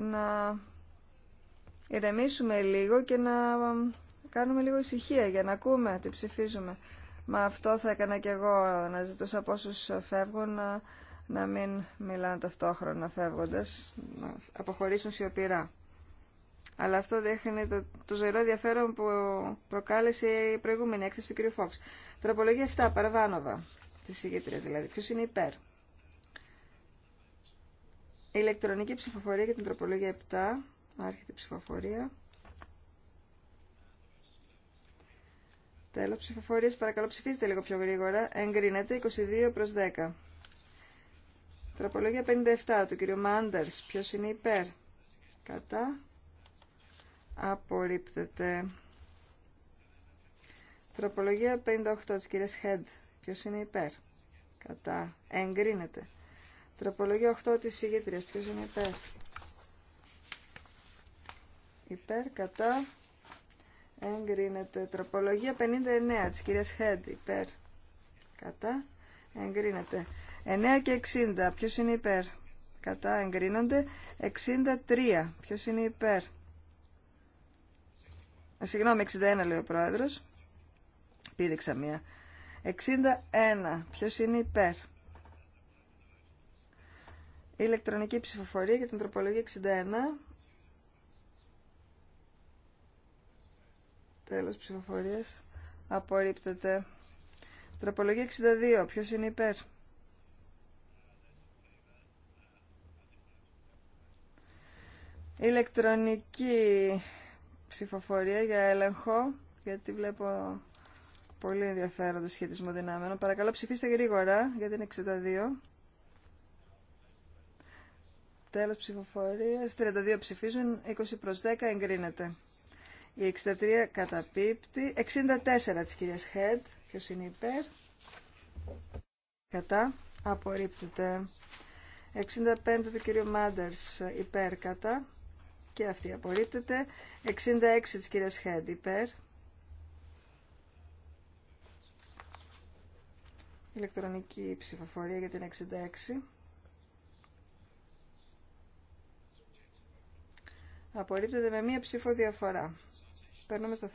να ηρεμήσουμε λίγο και να κάνουμε λίγο ησυχία για να ακούμε τι ψηφίζουμε. Μα αυτό θα έκανα και εγώ, να ζητώ από όσους φεύγουν να, να μην μιλάνε ταυτόχρονα φεύγοντας, να αποχωρήσουν σιωπηρά. Αλλά αυτό δείχνει το, το ζωηρό ενδιαφέρον που προκάλεσε η προηγούμενη έκθεση του κ. Φόξ. Τροπολογία 7, Παρβάνοβα, τη ηγήτρια δηλαδή. Ποιο είναι υπέρ. Ηλεκτρονική ψηφοφορία για την τροπολογία 7. Άρχεται η ψηφοφορία. Τέλος ψηφοφορίας. Παρακαλώ ψηφίστε λίγο πιο γρήγορα. Εγκρίνεται 22 προς 10. Τροπολογία 57 του κ. Μάντερς. Ποιος είναι υπέρ. Κατά. Απορρίπτεται. Τροπολογία 58 της κυρίας Χέντ. Ποιος είναι υπέρ. Κατά. Εγκρίνεται. Τροπολογία 8 της ηγετρίας. Ποιος είναι υπέρ. Υπέρ, κατά. Εγκρίνεται. Τροπολογία 59 της κυρίας Χέντ. Υπέρ. Κατά. Εγκρίνεται. 9 και 60. Ποιος είναι υπέρ. Κατά. Εγκρίνονται. 63. Ποιος είναι υπέρ. Συγγνώμη, 61 λέει ο πρόεδρος. Πήδηξα μία. 61. Ποιος είναι υπέρ ηλεκτρονική ψηφοφορία για την τροπολογία 61. Τέλος ψηφοφορίας. Απορρίπτεται. Τροπολογία 62. Ποιος είναι υπέρ. Ηλεκτρονική ψηφοφορία για έλεγχο, γιατί βλέπω πολύ το σχετισμό δυνάμενο. Παρακαλώ ψηφίστε γρήγορα για την 62. Τέλος ψηφοφορίας. 32 ψηφίζουν, 20 προς 10 εγκρίνεται. Η 63 καταπίπτει. 64 της κυρίας Χέντ. Ποιος είναι υπέρ. Κατά. Απορρίπτεται. 65 του κυρίου Μάντερς υπέρ κατά. Και αυτή απορρίπτεται. 66 της κυρίας Χέντ υπέρ. Ηλεκτρονική ψηφοφορία για την 66. Απορρίπτεται με μία ψήφο διαφορά. Παίρνουμε στα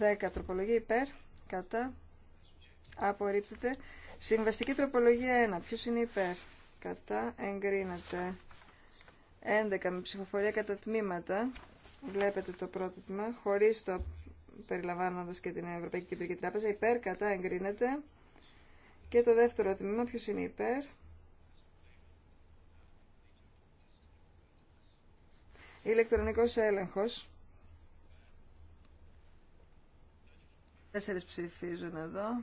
10 τροπολογία υπέρ, κατά, απορρίπτεται. Συμβαστική τροπολογία 1. Ποιος είναι υπέρ, κατά, εγκρίνεται. 11 με ψηφοφορία κατά τμήματα. Βλέπετε το πρώτο τμήμα, χωρίς το περιλαμβάνοντας και την Ευρωπαϊκή Κεντρική Τράπεζα. Υπέρ, κατά, εγκρίνεται. Και το δεύτερο τμήμα, ποιος είναι υπέρ, Ηλεκτρονικός έλεγχος. Τέσσερις ψηφίζουν εδώ.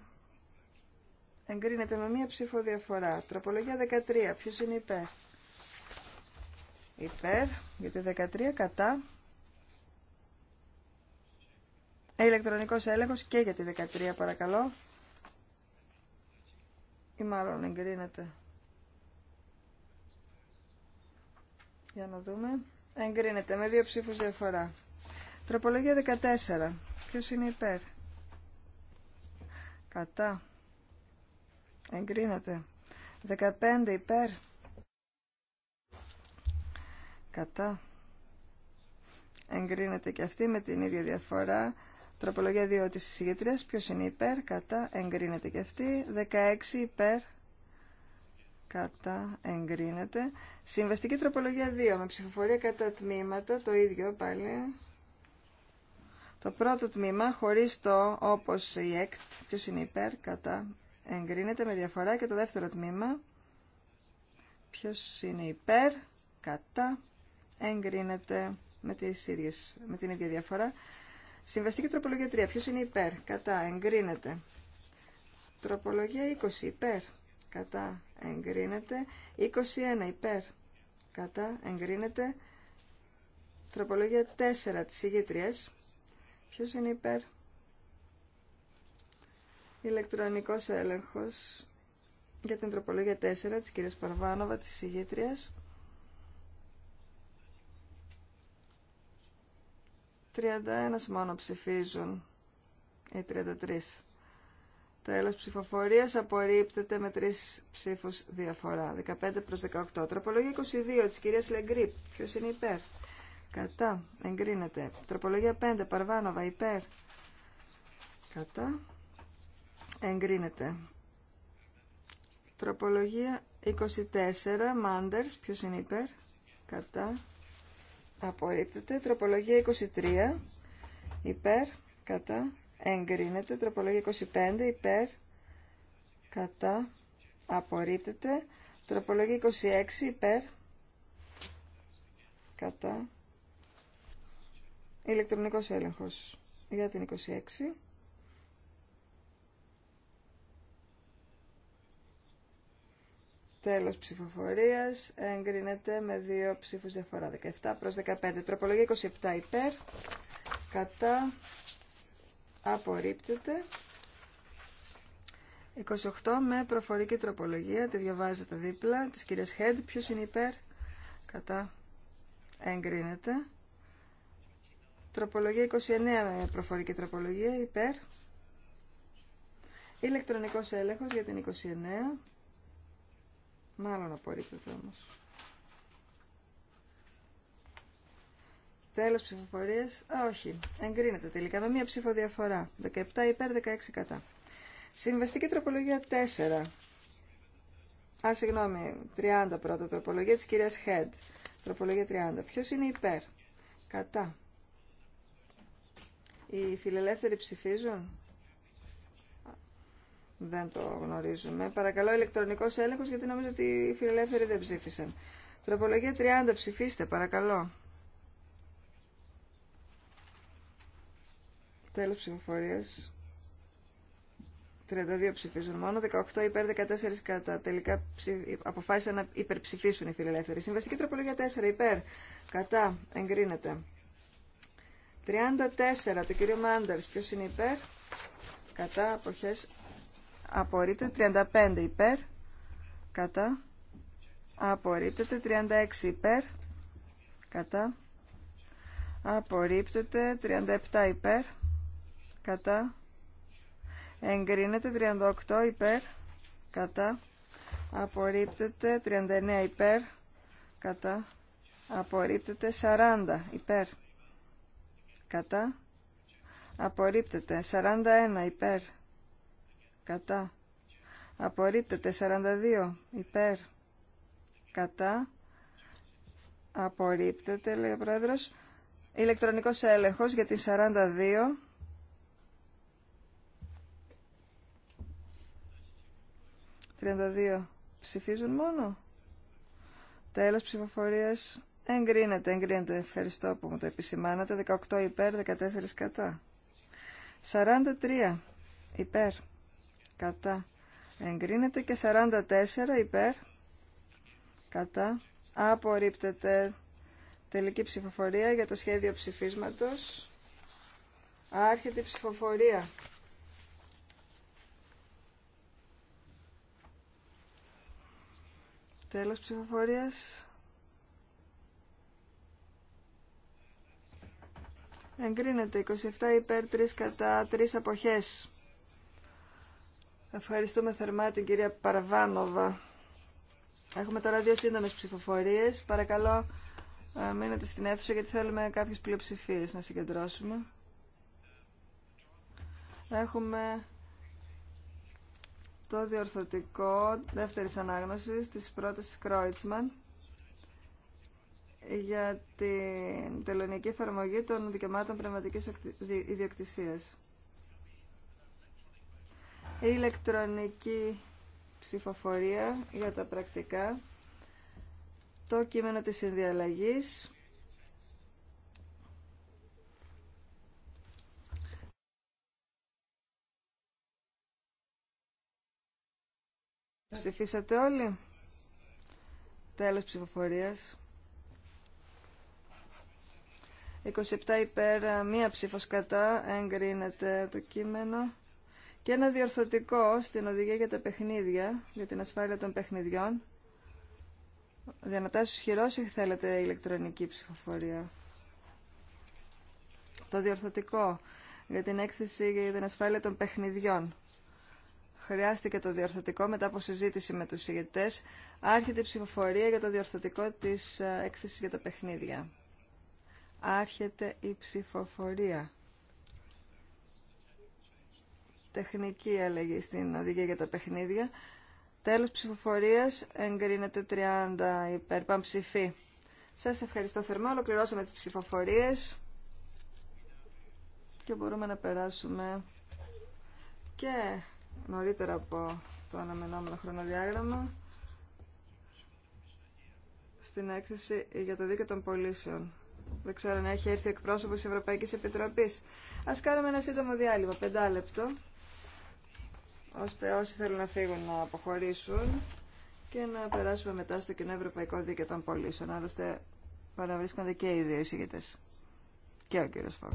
Εγκρίνεται με μία ψήφο διαφορά. Τροπολογία 13. Ποιος είναι υπέρ. Υπέρ. Γιατί 13 κατά. Ε, ηλεκτρονικός έλεγχος και για τη 13 παρακαλώ. Ή μάλλον εγκρίνεται. Για να δούμε. Εγκρίνεται με δύο ψήφους διαφορά. Τροπολογία 14. Ποιος είναι υπέρ. Κατά. Εγκρίνεται. 15 υπέρ. Κατά. Εγκρίνεται και αυτή με την ίδια διαφορά. Τροπολογία 2 της εισηγητρίας. Ποιος είναι υπέρ. Κατά. Εγκρίνεται και αυτή. 16 υπέρ κατά εγκρίνεται. Συμβαστική τροπολογία 2 με ψηφοφορία κατά τμήματα, το ίδιο πάλι. Το πρώτο τμήμα χωρίς το όπως η ΕΚΤ, ποιος είναι υπέρ, κατά εγκρίνεται με διαφορά και το δεύτερο τμήμα ποιος είναι υπέρ, κατά εγκρίνεται με, τις ίδιες, με την ίδια διαφορά. Συμβαστική τροπολογία 3. Ποιος είναι υπέρ, κατά, εγκρίνεται. Τροπολογία 20, υπέρ, κατά, εγκρίνεται. 21 υπέρ κατά εγκρίνεται. Τροπολογία 4 της ηγετρίας. Ποιος είναι υπέρ. Ηλεκτρονικός έλεγχος για την τροπολογία 4 της κυρίας Παρβάνοβα της ηγετρίας. 31 μόνο ψηφίζουν οι 33. Τέλος ψηφοφορίας απορρίπτεται με τρεις ψήφους διαφορά. 15 προς 18. Τροπολογία 22 της κυρίας Λεγκρίπ. Ποιος είναι υπέρ. Κατά. Εγκρίνεται. Τροπολογία 5. Παρβάνοβα. Υπέρ. Κατά. Εγκρίνεται. Τροπολογία 24. Μάντερς. Ποιος είναι υπέρ. Κατά. Απορρίπτεται. Τροπολογία 23. Υπέρ. Κατά εγκρίνεται. Τροπολογία 25 υπέρ κατά απορρίπτεται. Τροπολογία 26 υπέρ κατά ηλεκτρονικός έλεγχος για την 26. Τέλος ψηφοφορίας. Εγκρίνεται με δύο ψήφους διαφορά. 17 προς 15. Τροπολογία 27 υπέρ. Κατά απορρίπτεται. 28 με προφορική τροπολογία, τη διαβάζετε δίπλα, της κυρίας Χέντ, ποιος είναι υπέρ, κατά, εγκρίνεται. Τροπολογία 29 με προφορική τροπολογία, υπέρ. Ηλεκτρονικός έλεγχος για την 29, μάλλον απορρίπτεται όμως. Τέλος ψηφοφορίας. όχι. Εγκρίνεται τελικά με μία ψήφο διαφορά. 17 υπέρ, 16 κατά. Συμβαστική τροπολογία 4. Α, συγγνώμη, 30 πρώτα τροπολογία της κυρίας Head. Τροπολογία 30. Ποιος είναι υπέρ. Κατά. Οι φιλελεύθεροι ψηφίζουν. Δεν το γνωρίζουμε. Παρακαλώ ηλεκτρονικός έλεγχος γιατί νομίζω ότι οι φιλελεύθεροι δεν ψήφισαν. Τροπολογία 30 ψηφίστε παρακαλώ. Τέλος ψηφοφορίας. 32 ψηφίζουν μόνο, 18 υπέρ, 14 κατά. Τελικά αποφάσισαν να υπερψηφίσουν οι φιλελεύθεροι. Συμβαστική τροπολογία 4 υπέρ, κατά, εγκρίνεται. 34 το κύριο Μάντερς, ποιος είναι υπέρ, κατά, αποχές, απορρίπτεται. 35 υπέρ, κατά, απορρίπτεται. 36 υπέρ, κατά, απορρίπτεται. 37 υπέρ, κατά εγκρίνεται 38 υπέρ κατά απορρίπτεται 39 υπέρ κατά απορρίπτεται 40 υπέρ κατά απορρίπτεται 41 υπέρ κατά απορρίπτεται 42 υπέρ κατά απορρίπτεται λέει ο πρόεδρος ηλεκτρονικός έλεγχος για την 42 32 ψηφίζουν μόνο. Τέλος ψηφοφορίας εγκρίνεται, εγκρίνεται. Ευχαριστώ που μου το επισημάνατε. 18 υπέρ, 14 κατά. 43 υπέρ, κατά. Εγκρίνεται και 44 υπέρ, κατά. Απορρίπτεται τελική ψηφοφορία για το σχέδιο ψηφίσματος. Άρχεται η ψηφοφορία. Τέλος ψηφοφορίας. Εγκρίνεται 27 υπέρ 3 κατά 3 αποχές. Ευχαριστούμε θερμά την κυρία Παραβάνοβα. Έχουμε τώρα δύο σύντομες ψηφοφορίες. Παρακαλώ ε, μείνετε στην αίθουσα γιατί θέλουμε κάποιες πλειοψηφίες να συγκεντρώσουμε. Έχουμε το διορθωτικό δεύτερης ανάγνωσης της πρότασης Κρόιτσμαν για την τελωνική εφαρμογή των δικαιωμάτων πνευματικής ιδιοκτησίας. Η ηλεκτρονική ψηφοφορία για τα πρακτικά, το κείμενο της συνδιαλλαγής Ψηφίσατε όλοι. Τέλος ψηφοφορίας. 27 υπέρ, μία ψήφος κατά, εγκρίνεται το κείμενο. Και ένα διορθωτικό στην οδηγία για τα παιχνίδια, για την ασφάλεια των παιχνιδιών. Διανατάσεις χειρός ή θέλετε ηλεκτρονική ψηφοφορία. Το διορθωτικό για την έκθεση για την ασφάλεια των παιχνιδιών χρειάστηκε το διορθωτικό μετά από συζήτηση με τους ηγετές, άρχεται η ψηφοφορία για το διορθωτικό της ε, έκθεσης για τα παιχνίδια. Άρχεται η ψηφοφορία. Τεχνική αλλαγή στην οδηγία για τα παιχνίδια. Τέλος ψηφοφορίας εγκρίνεται 30 υπέρ ψηφί Σας ευχαριστώ θερμά. Ολοκληρώσαμε τις ψηφοφορίες και μπορούμε να περάσουμε και νωρίτερα από το αναμενόμενο χρονοδιάγραμμα στην έκθεση για το δίκαιο των πωλήσεων. Δεν ξέρω αν έχει έρθει εκπρόσωπο τη Ευρωπαϊκή Επιτροπή. Α κάνουμε ένα σύντομο διάλειμμα, πεντάλεπτο, ώστε όσοι θέλουν να φύγουν να αποχωρήσουν και να περάσουμε μετά στο κοινό Ευρωπαϊκό Δίκαιο των Πολίσεων. Άλλωστε παραβρίσκονται και οι δύο εισηγητέ. Και ο κύριο Φόκ.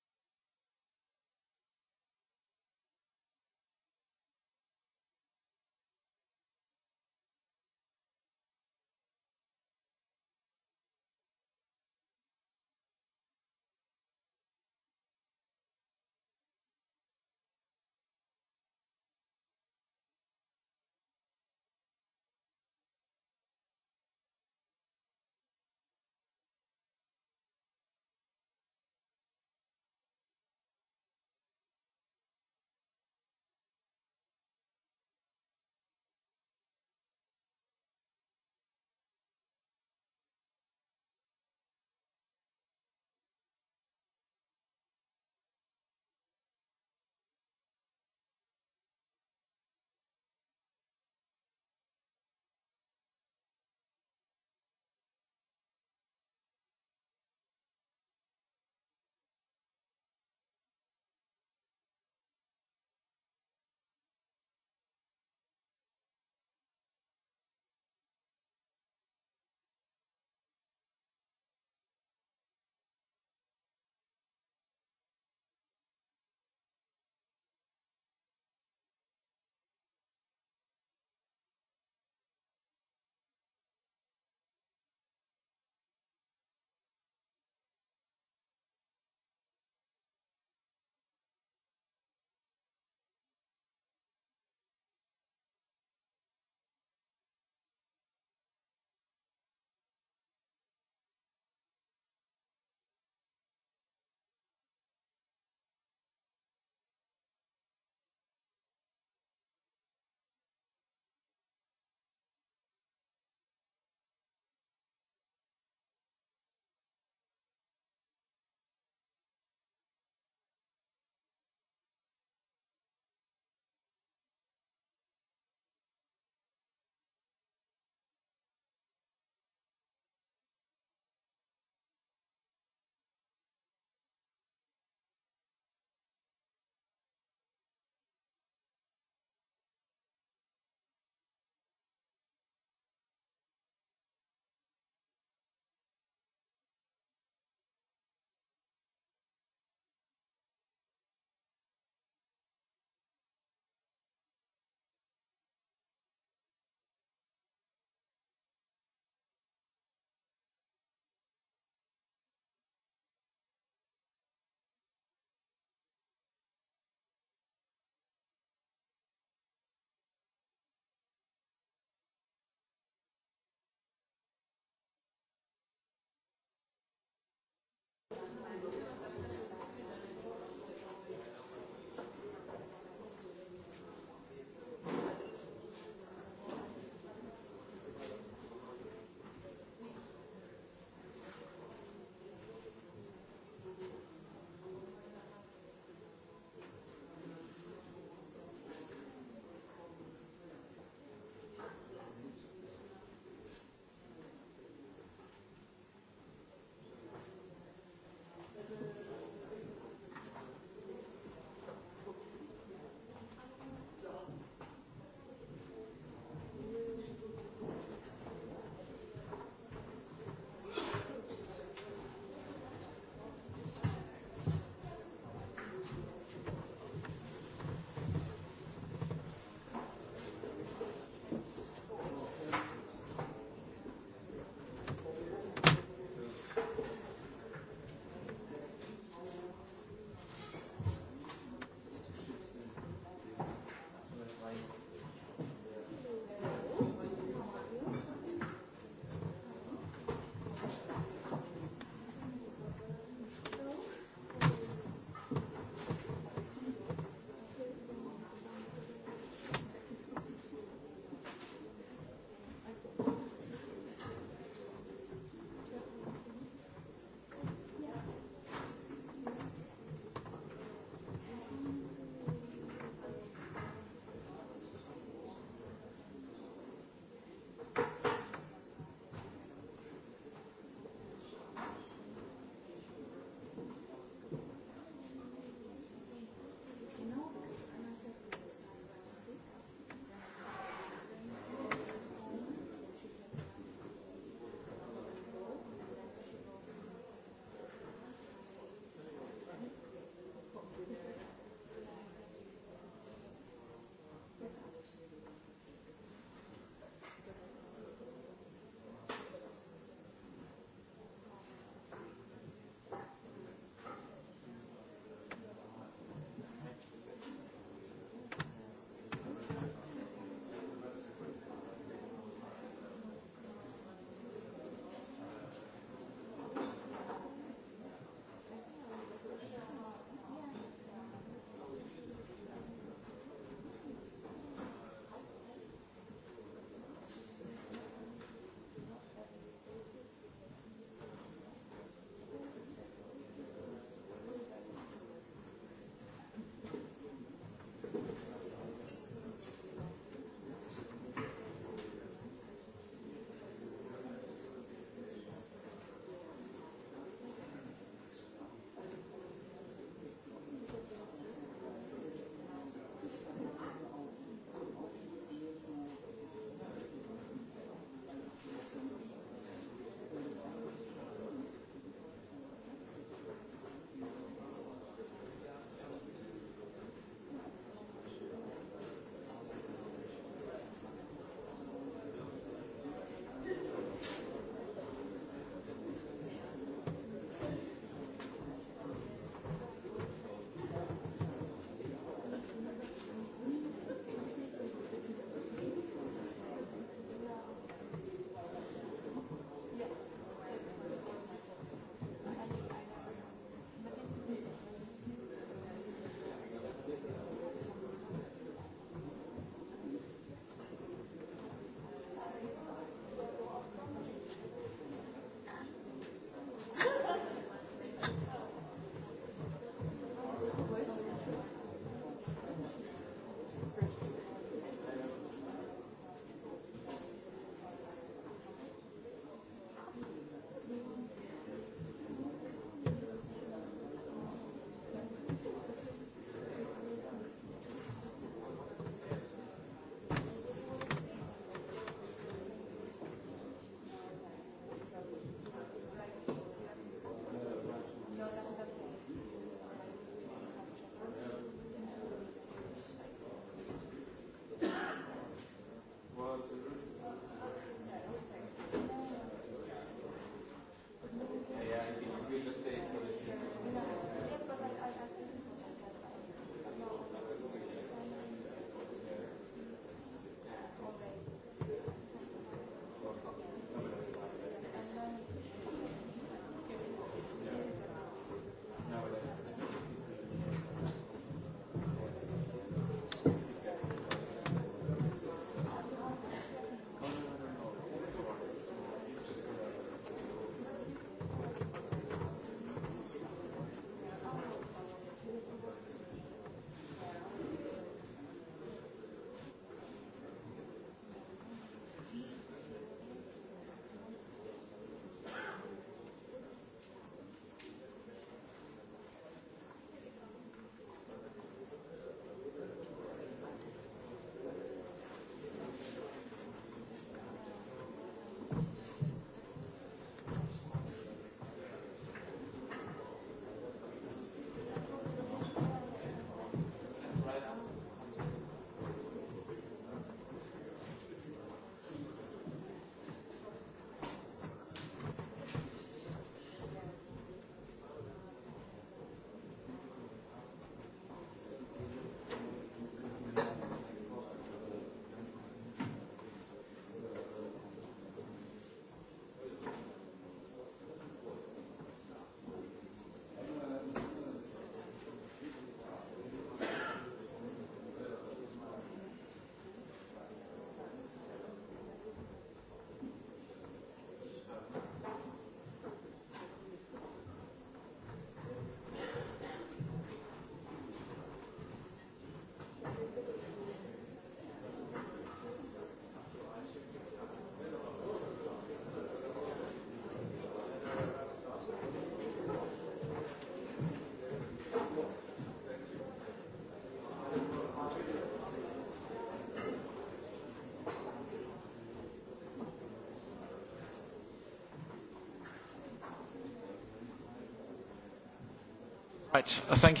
Thank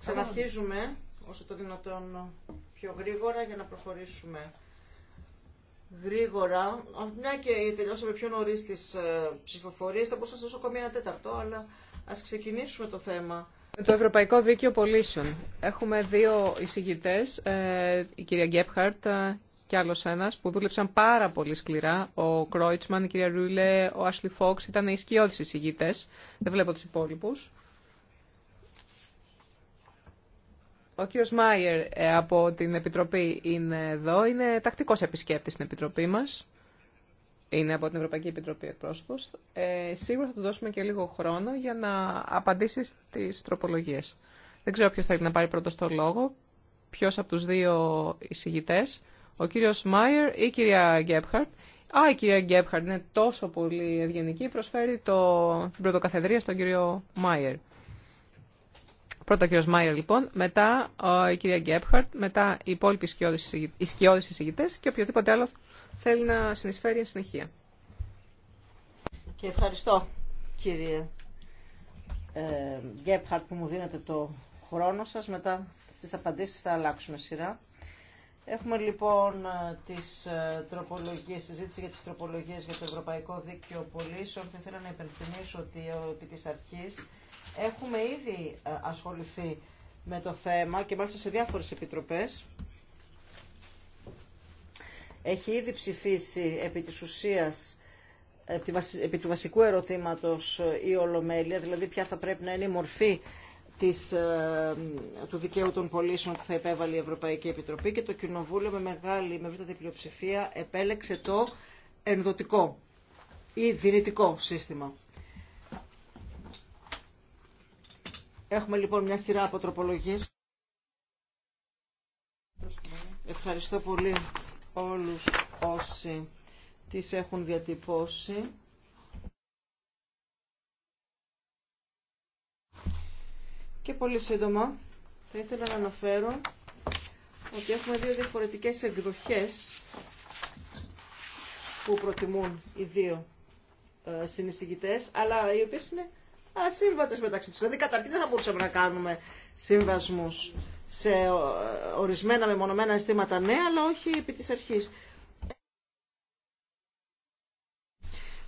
Ξαναρχίζουμε όσο το δυνατόν πιο γρήγορα για να προχωρήσουμε γρήγορα. Μια και τελειώσαμε πιο νωρί τι ε, ψηφοφορίε, θα μπορούσα να σα δώσω ακόμη ένα τέταρτο, αλλά α ξεκινήσουμε το θέμα. Το Ευρωπαϊκό Δίκαιο Πολίσεων. Έχουμε δύο εισηγητέ, ε, η κυρία Γκέπχαρτ και άλλος ένας που δούλεψαν πάρα πολύ σκληρά. Ο Κρόιτσμαν, η κυρία Ρούλε, ο Άσλι Φόξ ήταν οι σκιώδεις εισηγητές. Δεν βλέπω τους υπόλοιπους. Ο κύριος Μάιερ ε, από την Επιτροπή είναι εδώ. Είναι τακτικός επισκέπτης στην Επιτροπή μας. Είναι από την Ευρωπαϊκή Επιτροπή εκπρόσωπο. Ε, σίγουρα θα του δώσουμε και λίγο χρόνο για να απαντήσει στις τροπολογίε. Δεν ξέρω ποιο θέλει να πάρει πρώτο το λόγο. Ποιο από του δύο εισηγητέ. Ο κύριος Μάιερ ή η κυρία Γκέπχαρτ. Α, η κυρία Γκέπχαρτ είναι τόσο πολύ ευγενική, προσφέρει το, την πρωτοκαθεδρία στον κύριο Μάιερ. Πρώτα ο κύριος Μάιερ λοιπόν, μετά η κυρία Γκέπχαρτ, μετά οι υπόλοιποι ισχυώδεις εισηγητές και οποιοδήποτε άλλο θέλει να συνεισφέρει εν συνεχεία. Και ευχαριστώ κύριε ε, Γκέπχαρτ που μου δίνετε το χρόνο σας. Μετά στις απαντήσεις θα αλλάξουμε σειρά. Έχουμε λοιπόν ε, τις ε, τροπολογίες, συζήτηση για τις τροπολογίες για το Ευρωπαϊκό Δίκαιο Πολίσεων. Θα ήθελα να υπενθυμίσω ότι ε, επί της αρχής έχουμε ήδη ασχοληθεί με το θέμα και μάλιστα σε διάφορες επιτροπές. Έχει ήδη ψηφίσει επί της ουσίας επί του βασικού ερωτήματος η Ολομέλεια, δηλαδή ποια θα πρέπει να είναι η μορφή ε, του δικαίου των πωλήσεων που θα επέβαλε η Ευρωπαϊκή Επιτροπή και το Κοινοβούλιο με μεγάλη, με βήτατη πλειοψηφία επέλεξε το ενδοτικό ή δυνητικό σύστημα. Έχουμε λοιπόν μια σειρά από τροπολογίες. Ευχαριστώ πολύ όλους όσοι τις έχουν διατυπώσει. Και πολύ σύντομα θα ήθελα να αναφέρω ότι έχουμε δύο διαφορετικές εκδοχές που προτιμούν οι δύο ε, αλλά οι οποίες είναι ασύμβατες μεταξύ τους. Δηλαδή καταρχήν δεν θα μπορούσαμε να κάνουμε συμβασμούς σε ε, ορισμένα μεμονωμένα αισθήματα ναι, αλλά όχι επί της αρχής.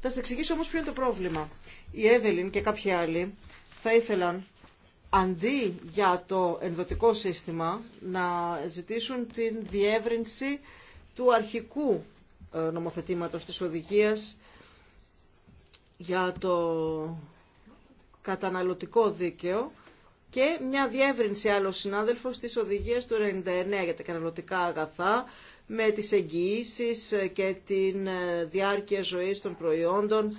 Θα σας εξηγήσω όμως ποιο είναι το πρόβλημα. Η Εύελιν και κάποιοι άλλοι θα ήθελαν αντί για το ενδοτικό σύστημα να ζητήσουν την διεύρυνση του αρχικού ε, νομοθετήματος της οδηγίας για το καταναλωτικό δίκαιο και μια διεύρυνση άλλο συνάδελφος της οδηγίας του 99 για τα καταναλωτικά αγαθά με τις εγγυήσει και την ε, διάρκεια ζωής των προϊόντων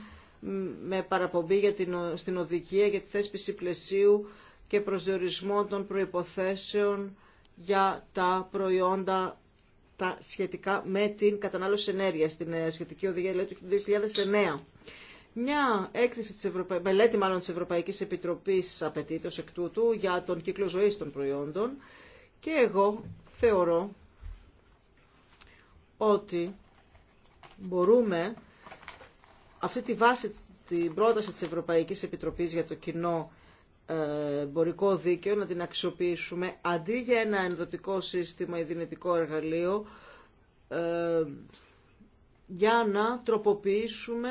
με παραπομπή για την, στην οδηγία για τη θέσπιση πλαισίου και προσδιορισμό των προϋποθέσεων για τα προϊόντα τα σχετικά με την κατανάλωση ενέργειας, στην ε, σχετική οδηγία του 2009. Μια έκθεση της μελέτη μάλλον της Ευρωπαϊκής Επιτροπής απαιτείται ως εκ τούτου για τον κύκλο ζωής των προϊόντων και εγώ θεωρώ ότι μπορούμε αυτή τη βάση, την πρόταση της Ευρωπαϊκής Επιτροπής για το κοινό εμπορικό δίκαιο, να την αξιοποιήσουμε αντί για ένα ενδοτικό σύστημα ή δυνητικό εργαλείο, ε, για να τροποποιήσουμε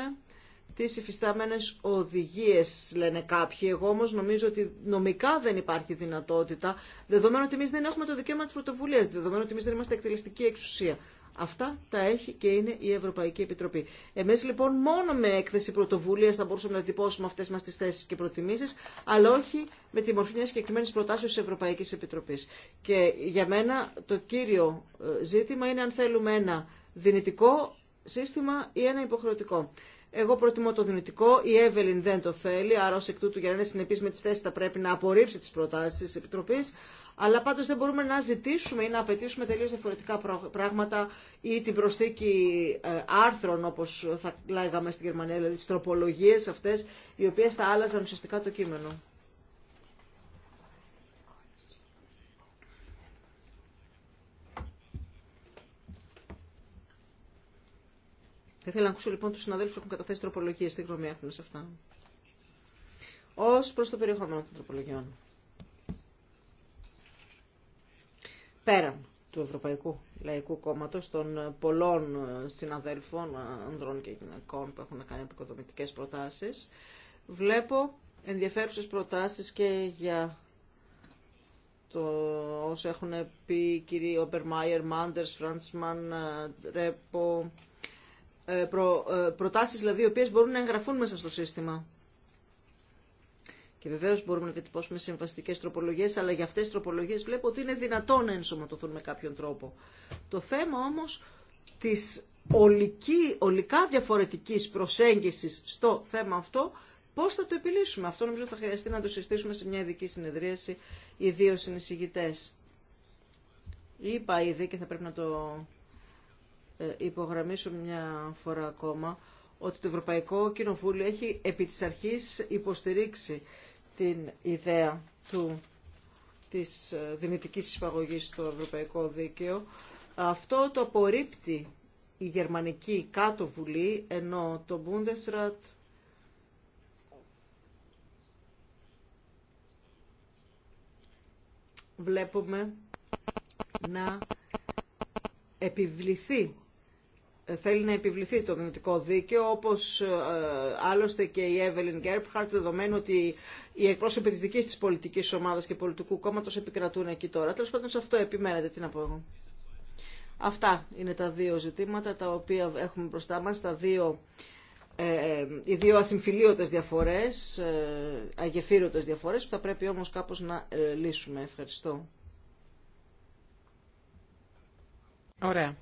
τις υφιστάμενες οδηγίες, λένε κάποιοι. Εγώ όμως νομίζω ότι νομικά δεν υπάρχει δυνατότητα, δεδομένου ότι εμείς δεν έχουμε το δικαίωμα της πρωτοβουλίας, δεδομένου ότι εμείς δεν είμαστε εκτελεστική εξουσία. Αυτά τα έχει και είναι η Ευρωπαϊκή Επιτροπή. Εμεί λοιπόν μόνο με έκθεση πρωτοβουλία θα μπορούσαμε να τυπώσουμε αυτέ μα τι θέσει και προτιμήσει, αλλά όχι με τη μορφή μια συγκεκριμένη προτάσεω τη Ευρωπαϊκή Επιτροπή. Και για μένα το κύριο ε, ζήτημα είναι αν θέλουμε ένα δυνητικό σύστημα ή ένα υποχρεωτικό. Εγώ προτιμώ το δυνητικό, η Εύελιν δεν το θέλει, άρα ω εκ τούτου για να είναι συνεπή με τι θέσει θα πρέπει να απορρίψει τι προτάσει τη Επιτροπή. Αλλά πάντω δεν μπορούμε να ζητήσουμε ή να απαιτήσουμε τελείω διαφορετικά πράγματα ή την προσθήκη ε, άρθρων, όπω θα λέγαμε στην Γερμανία, δηλαδή τι τροπολογίε αυτέ, οι οποίε θα άλλαζαν ουσιαστικά το κείμενο. Θα ήθελα να ακούσω λοιπόν του συναδέλφου που έχουν καταθέσει τροπολογίε, τι γνώμη έχουν σε αυτά. Ω προ το περιεχόμενο των τροπολογιών. Πέραν του Ευρωπαϊκού Λαϊκού Κόμματο των πολλών συναδέλφων, ανδρών και γυναικών που έχουν κάνει αποκοδομητικέ προτάσεις, βλέπω ενδιαφέρουσες προτάσεις και για το όσο έχουν πει κύριοι Όπερ Μάιερ, Φραντσμαν, Ρέπο, ε, προ, ε, προτάσεις δηλαδή οι οποίες μπορούν να εγγραφούν μέσα στο σύστημα. Και βεβαίω μπορούμε να διατυπώσουμε συμβαστικέ τροπολογίε, αλλά για αυτέ τι τροπολογίε βλέπω ότι είναι δυνατόν να ενσωματωθούν με κάποιον τρόπο. Το θέμα όμω τη ολικά διαφορετική προσέγγιση στο θέμα αυτό, πώ θα το επιλύσουμε. Αυτό νομίζω θα χρειαστεί να το συστήσουμε σε μια ειδική συνεδρίαση οι δύο συνεισηγητέ. Είπα ήδη και θα πρέπει να το ε, υπογραμμίσω μια φορά ακόμα ότι το Ευρωπαϊκό Κοινοβούλιο έχει επί της αρχής υποστηρίξει την ιδέα του, της ε, δυνητικής εισπαγωγής στο Ευρωπαϊκό Δίκαιο. Αυτό το απορρίπτει η Γερμανική κάτω βουλή, ενώ το Bundesrat βλέπουμε να επιβληθεί θέλει να επιβληθεί το δυνατικό δίκαιο, όπως ε, άλλωστε και η Εύελιν Γκέρπχαρτ, δεδομένου ότι οι εκπρόσωποι της δικής της πολιτικής ομάδας και πολιτικού κόμματος επικρατούν εκεί τώρα. Τέλος πάντων σε αυτό επιμένετε, τι να πω εγώ. Αυτά είναι τα δύο ζητήματα τα οποία έχουμε μπροστά μας, τα δύο, ε, ε οι δύο ασυμφιλίωτες διαφορές, ε, αγεφύρωτες διαφορές που θα πρέπει όμως κάπως να ε, λύσουμε. Ευχαριστώ. Ωραία.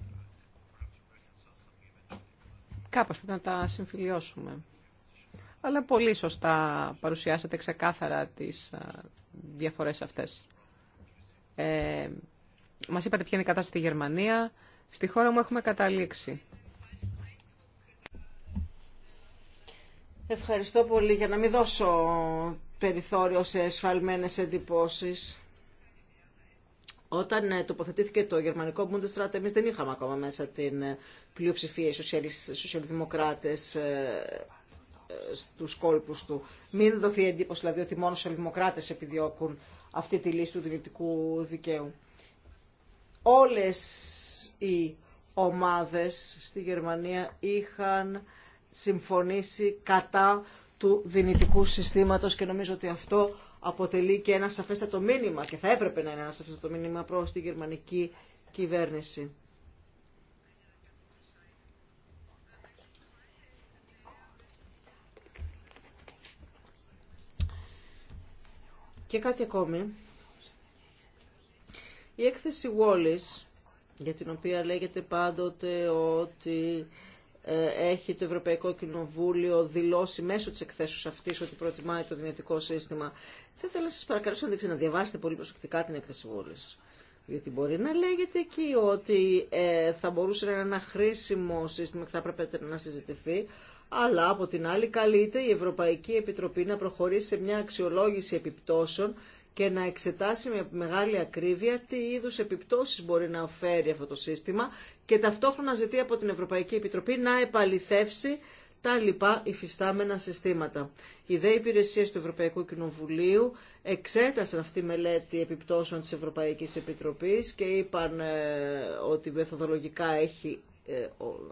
Κάπως πρέπει να τα συμφιλιώσουμε. Αλλά πολύ σωστά παρουσιάσατε ξεκάθαρα τις διαφορές αυτές. Ε, μας είπατε ποια είναι η κατάσταση στη Γερμανία. Στη χώρα μου έχουμε καταλήξει. Ευχαριστώ πολύ για να μην δώσω περιθώριο σε εσφαλμένες εντυπώσεις. Όταν ε, τοποθετήθηκε το γερμανικό Bundesrat, εμεί δεν είχαμε ακόμα μέσα την ε, πλειοψηφία οι σοσιαλδημοκράτες ε, στου κόλπου του. Μην δοθεί εντύπωση δηλαδή ότι μόνο οι σοσιαλδημοκράτες επιδιώκουν αυτή τη λύση του δυνητικού δικαίου. Όλες οι ομάδες στη Γερμανία είχαν συμφωνήσει κατά του δυνητικού συστήματος και νομίζω ότι αυτό αποτελεί και ένα σαφέστατο μήνυμα και θα έπρεπε να είναι ένα σαφέστατο μήνυμα προς τη γερμανική κυβέρνηση. Και κάτι ακόμη. Η έκθεση Wallis, για την οποία λέγεται πάντοτε ότι ε, έχει το Ευρωπαϊκό Κοινοβούλιο δηλώσει μέσω της εκθέσεως αυτής ότι προτιμάει το δυνητικό σύστημα. Θα ήθελα να σας παρακαλώ να διαβάσετε πολύ προσεκτικά την εκθέση βόλης. Διότι μπορεί να λέγεται εκεί ότι ε, θα μπορούσε να είναι ένα χρήσιμο σύστημα και θα έπρεπε να συζητηθεί, αλλά από την άλλη καλείται η Ευρωπαϊκή Επιτροπή να προχωρήσει σε μια αξιολόγηση επιπτώσεων και να εξετάσει με μεγάλη ακρίβεια τι είδου επιπτώσει μπορεί να φέρει αυτό το σύστημα και ταυτόχρονα ζητεί από την Ευρωπαϊκή Επιτροπή να επαληθεύσει τα λοιπά υφιστάμενα συστήματα. Οι δε υπηρεσίε του Ευρωπαϊκού Κοινοβουλίου εξέτασαν αυτή η μελέτη επιπτώσεων τη Ευρωπαϊκή Επιτροπή και είπαν ε, ότι μεθοδολογικά έχει ε,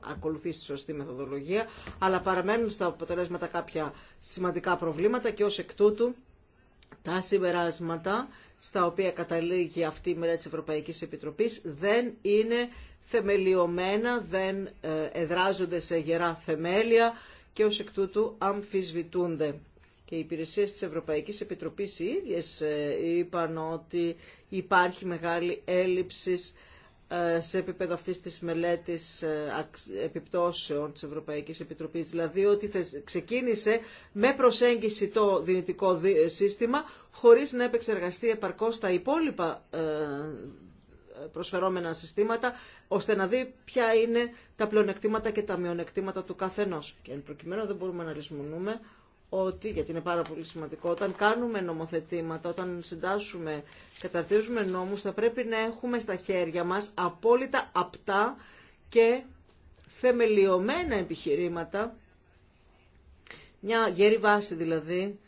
ακολουθήσει τη σωστή μεθοδολογία, αλλά παραμένουν στα αποτελέσματα κάποια σημαντικά προβλήματα και ως εκ τούτου τα συμπεράσματα στα οποία καταλήγει αυτή η μέρα της Ευρωπαϊκής Επιτροπής δεν είναι θεμελιωμένα, δεν ε, εδράζονται σε γερά θεμέλια και ως εκ τούτου αμφισβητούνται. Και οι υπηρεσίες της Ευρωπαϊκής Επιτροπής οι ίδιες ε, είπαν ότι υπάρχει μεγάλη έλλειψη ε, σε επίπεδο αυτής της μελέτης ε, επιπτώσεων της Ευρωπαϊκής Επιτροπής, δηλαδή ότι ξεκίνησε με προσέγγιση το δυνητικό ε, σύστημα χωρίς να επεξεργαστεί επαρκώς τα υπόλοιπα προσφερόμενα συστήματα, ώστε να δει ποια είναι τα πλεονεκτήματα και τα μειονεκτήματα του καθενός. Και εν προκειμένου δεν μπορούμε να λησμονούμε ότι, γιατί είναι πάρα πολύ σημαντικό, όταν κάνουμε νομοθετήματα, όταν συντάσσουμε, καταρτίζουμε νόμους, θα πρέπει να έχουμε στα χέρια μας απόλυτα απτά και θεμελιωμένα επιχειρήματα, μια γερή βάση δηλαδή,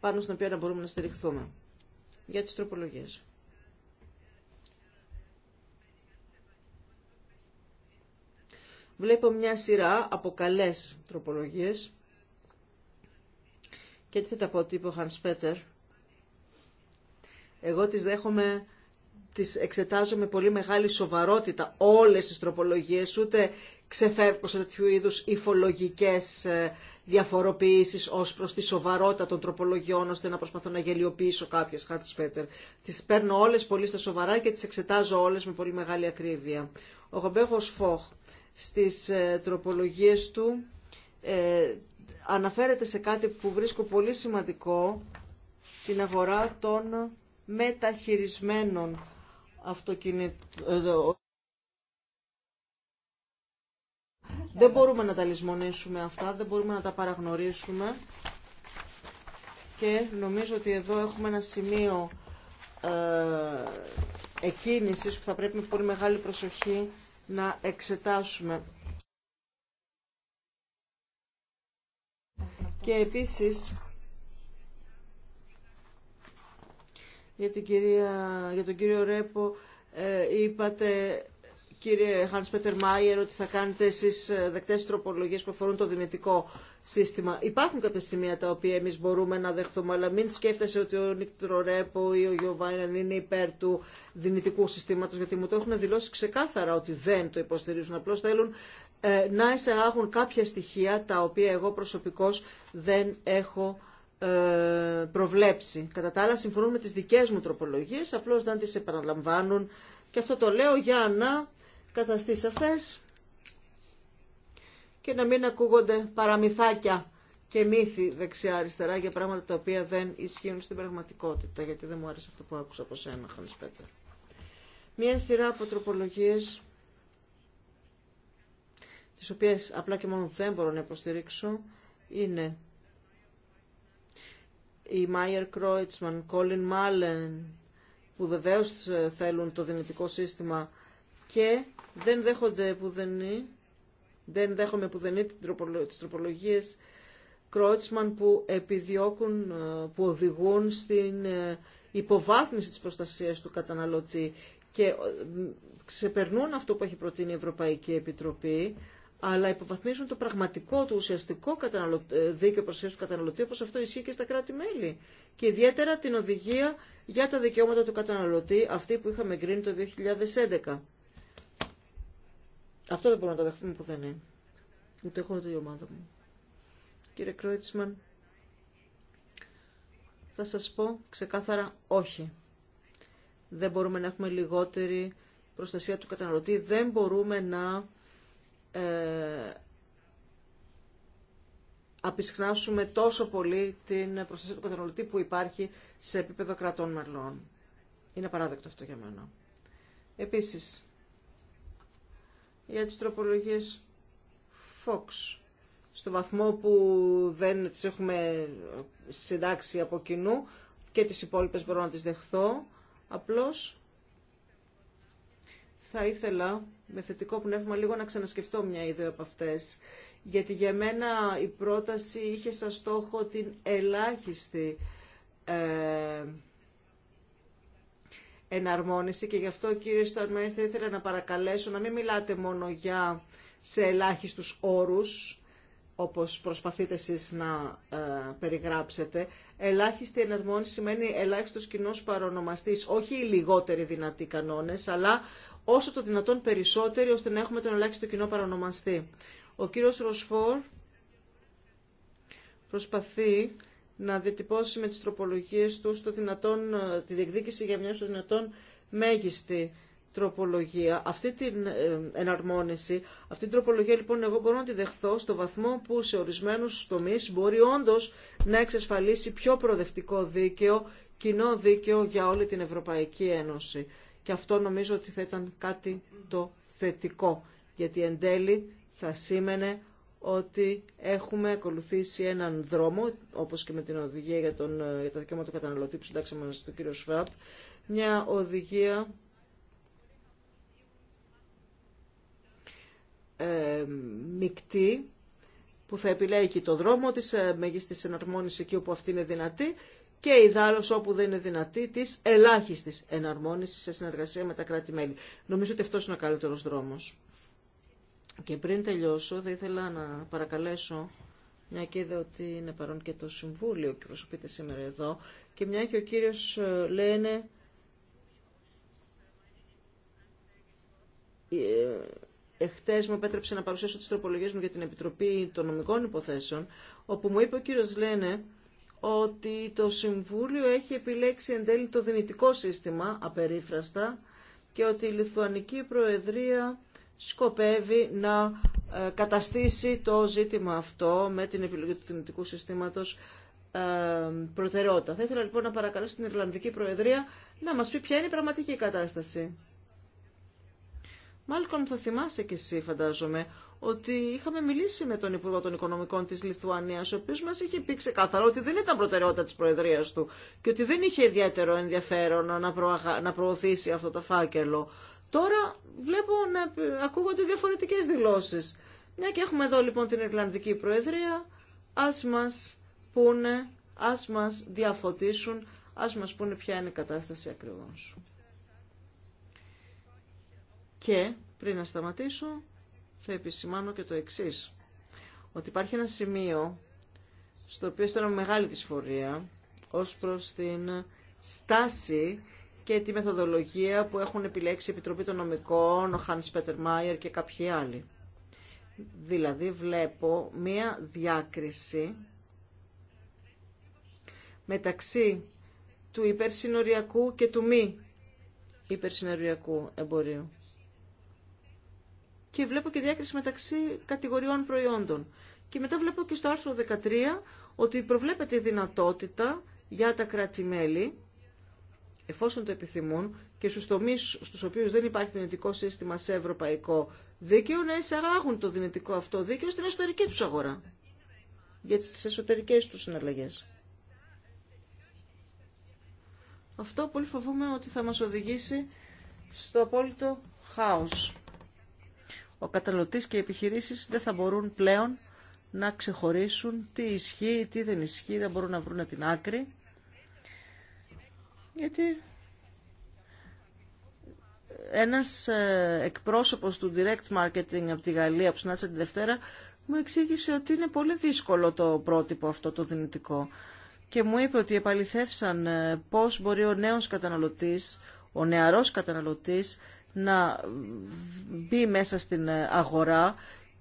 πάνω στην οποία να μπορούμε να στηριχθούμε για τις τροπολογίες. Βλέπω μια σειρά από καλές τροπολογίες και τι θα τα πω, είπε ο Χανς Πέτερ. Εγώ τις δέχομαι, τις εξετάζω με πολύ μεγάλη σοβαρότητα όλες τις τροπολογίες, ούτε ξεφεύγω σε τέτοιου είδους υφολογικές ε, διαφοροποιήσεις ως προς τη σοβαρότητα των τροπολογιών, ώστε να προσπαθώ να γελιοποιήσω κάποιες χάρτες Πέτερ. Τις παίρνω όλες πολύ στα σοβαρά και τις εξετάζω όλες με πολύ μεγάλη ακρίβεια. Ο Γομπέχος Φόχ στις ε, τροπολογίες του ε, αναφέρεται σε κάτι που βρίσκω πολύ σημαντικό, την αγορά των μεταχειρισμένων αυτοκινήτων. Δεν μπορούμε να τα λησμονήσουμε αυτά, δεν μπορούμε να τα παραγνωρίσουμε και νομίζω ότι εδώ έχουμε ένα σημείο ε, εκκίνησης που θα πρέπει με πολύ μεγάλη προσοχή να εξετάσουμε. Και επίσης για, κυρία, για τον κύριο Ρέπο ε, είπατε κύριε Χάνς Πέτερ Μάιερ ότι θα κάνετε εσείς ε, δεκτές τροπολογίες που αφορούν το δυνητικό σύστημα. Υπάρχουν κάποια σημεία τα οποία εμείς μπορούμε να δεχθούμε, αλλά μην σκέφτεσαι ότι ο Νίκτρο Ρέπο ή ο Γιωβάιναν είναι υπέρ του δυνητικού συστήματος, γιατί μου το έχουν δηλώσει ξεκάθαρα ότι δεν το υποστηρίζουν. Απλώς θέλουν ε, να εισαγάγουν κάποια στοιχεία τα οποία εγώ προσωπικώς δεν έχω ε, προβλέψει. Κατά τα άλλα συμφωνούν με τις δικές μου τροπολογίες, απλώς δεν τις επαναλαμβάνουν και αυτό το λέω για να καταστεί σαφές και να μην ακούγονται παραμυθάκια και μύθοι δεξιά-αριστερά για πράγματα τα οποία δεν ισχύουν στην πραγματικότητα, γιατί δεν μου άρεσε αυτό που άκουσα από σένα, Χανισπέτσα. Μία σειρά από τροπολογίες τις οποίες απλά και μόνο δεν μπορώ να υποστηρίξω, είναι η Μάιερ Κρόιτσμαν, Κόλιν Μάλεν, που βεβαίως ε, θέλουν το δυνητικό σύστημα και δεν δέχονται που δεν είναι, δεν δέχομαι που δεν είναι τις τροπολογίες Κρότσμαν που επιδιώκουν, ε, που οδηγούν στην ε, υποβάθμιση της προστασίας του καταναλωτή και ξεπερνούν αυτό που έχει προτείνει η Ευρωπαϊκή Επιτροπή αλλά υποβαθμίζουν το πραγματικό, το ουσιαστικό ε, δίκαιο προστασία του καταναλωτή, όπω αυτό ισχύει και στα κράτη-μέλη. Και ιδιαίτερα την οδηγία για τα δικαιώματα του καταναλωτή, αυτή που είχαμε εγκρίνει το 2011. Αυτό δεν μπορούμε να το δεχτούμε πουθενή. Ούτε έχω ούτε η ομάδα μου. Κύριε Κρόιτσμαν, θα σας πω ξεκάθαρα όχι. Δεν μπορούμε να έχουμε λιγότερη προστασία του καταναλωτή, δεν μπορούμε να ε, απεισχνάσουμε τόσο πολύ την προστασία του καταναλωτή που υπάρχει σε επίπεδο κρατών μελών. Είναι παράδεκτο αυτό για μένα. Επίσης, για τις τροπολογίες Fox, στο βαθμό που δεν τις έχουμε συντάξει από κοινού και τις υπόλοιπες μπορώ να τις δεχθώ, απλώς θα ήθελα με θετικό πνεύμα λίγο να ξανασκεφτώ μια ιδέα από αυτές. Γιατί για μένα η πρόταση είχε σαν στόχο την ελάχιστη ε, εναρμόνιση και γι' αυτό κύριε Στορμένη θα ήθελα να παρακαλέσω να μην μιλάτε μόνο για σε ελάχιστους όρους, όπως προσπαθείτε εσείς να ε, περιγράψετε, ελάχιστη εναρμόνιση σημαίνει ελάχιστος κοινό παρονομαστής, όχι οι λιγότεροι δυνατοί κανόνες, αλλά όσο το δυνατόν περισσότεροι, ώστε να έχουμε τον ελάχιστο κοινό παρονομαστή. Ο κύριος Ροσφόρ προσπαθεί να διατυπώσει με τις τροπολογίες του στο δυνατόν, ε, τη διεκδίκηση για μια στο δυνατόν μέγιστη τροπολογία, αυτή την ε, εναρμόνιση, αυτή την τροπολογία λοιπόν εγώ μπορώ να τη δεχθώ στο βαθμό που σε ορισμένους τομείς μπορεί όντως να εξασφαλίσει πιο προοδευτικό δίκαιο, κοινό δίκαιο για όλη την Ευρωπαϊκή Ένωση. Και αυτό νομίζω ότι θα ήταν κάτι το θετικό, γιατί εν τέλει θα σήμαινε ότι έχουμε ακολουθήσει έναν δρόμο, όπως και με την οδηγία για, τον, ε, για το δικαίωμα του καταναλωτή που συντάξαμε στον κύριο Σφάπ, μια οδηγία ε, μεικτή που θα επιλέγει το δρόμο της ε, μεγίστης εναρμόνισης εκεί όπου αυτή είναι δυνατή και η δάλος όπου δεν είναι δυνατή της ελάχιστης εναρμόνισης σε συνεργασία με τα κράτη-μέλη. Νομίζω ότι αυτός είναι ο καλύτερος δρόμος. Και πριν τελειώσω θα ήθελα να παρακαλέσω μια και είδα ότι είναι παρόν και το Συμβούλιο και προσωπείται σήμερα εδώ και μια και ο κύριος ε, λένε ε, εχθέ μου επέτρεψε να παρουσιάσω τι τροπολογίε μου για την Επιτροπή των Νομικών Υποθέσεων, όπου μου είπε ο κύριο Λένε ότι το Συμβούλιο έχει επιλέξει εν τέλει το δυνητικό σύστημα, απερίφραστα, και ότι η Λιθουανική Προεδρία σκοπεύει να ε, καταστήσει το ζήτημα αυτό με την επιλογή του δυνητικού συστήματος ε, προτεραιότητα. Θα ήθελα λοιπόν να παρακαλέσω την Ιρλανδική Προεδρία να μας πει ποια είναι η πραγματική κατάσταση. Μάλκομ θα θυμάσαι κι εσύ φαντάζομαι ότι είχαμε μιλήσει με τον Υπουργό των Οικονομικών τη Λιθουανίας ο οποίο μα είχε πει ξεκάθαρα ότι δεν ήταν προτεραιότητα τη Προεδρία του και ότι δεν είχε ιδιαίτερο ενδιαφέρον να, να προωθήσει αυτό το φάκελο. Τώρα βλέπω να ακούγονται διαφορετικέ δηλώσει. Μια και έχουμε εδώ λοιπόν την Ιρλανδική Προεδρία, α μα πούνε, α μα διαφωτίσουν, α μα πούνε ποια είναι η κατάσταση ακριβώ. Και πριν να σταματήσω θα επισημάνω και το εξής. Ότι υπάρχει ένα σημείο στο οποίο αισθάνομαι μεγάλη δυσφορία ως προς την στάση και τη μεθοδολογία που έχουν επιλέξει η Επιτροπή των Νομικών, ο Χάνς Πέτερ Μάιερ και κάποιοι άλλοι. Δηλαδή βλέπω μία διάκριση μεταξύ του υπερσυνοριακού και του μη υπερσυνοριακού εμπορίου και βλέπω και διάκριση μεταξύ κατηγοριών προϊόντων. Και μετά βλέπω και στο άρθρο 13 ότι προβλέπεται η δυνατότητα για τα κράτη-μέλη, εφόσον το επιθυμούν, και στους τομείς στους οποίους δεν υπάρχει δυνητικό σύστημα σε ευρωπαϊκό δίκαιο, να εισαγάγουν το δυνητικό αυτό δίκαιο στην εσωτερική τους αγορά, για τις εσωτερικές τους συναλλαγές. Αυτό πολύ φοβούμαι ότι θα μας οδηγήσει στο απόλυτο χάος ο καταναλωτής και οι επιχειρήσεις δεν θα μπορούν πλέον να ξεχωρίσουν τι ισχύει, τι δεν ισχύει, δεν μπορούν να βρουν την άκρη. Γιατί ένας ε, εκπρόσωπος του direct marketing από τη Γαλλία που συνάντησε την Δευτέρα μου εξήγησε ότι είναι πολύ δύσκολο το πρότυπο αυτό το δυνητικό και μου είπε ότι επαληθεύσαν ε, πώς μπορεί ο νέος καταναλωτής, ο νεαρός καταναλωτής να μπει μέσα στην αγορά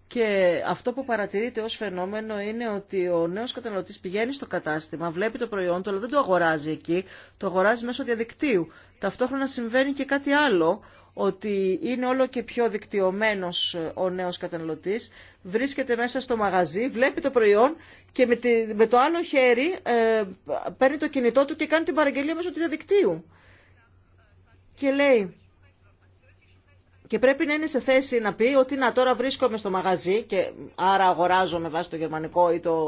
και αυτό που παρατηρείται ως φαινόμενο είναι ότι ο νέος καταναλωτής πηγαίνει στο κατάστημα, βλέπει το προϊόν του, αλλά δεν το αγοράζει εκεί, το αγοράζει μέσω διαδικτύου. Ταυτόχρονα συμβαίνει και κάτι άλλο, ότι είναι όλο και πιο δικτυωμένος ο νέος καταναλωτής, βρίσκεται μέσα στο μαγαζί, βλέπει το προϊόν και με, με το άλλο χέρι ε, παίρνει το κινητό του και κάνει την παραγγελία μέσω του διαδικτύου. Και λέει, και πρέπει να είναι σε θέση να πει ότι να τώρα βρίσκομαι στο μαγαζί και άρα αγοράζω με βάση το γερμανικό ή το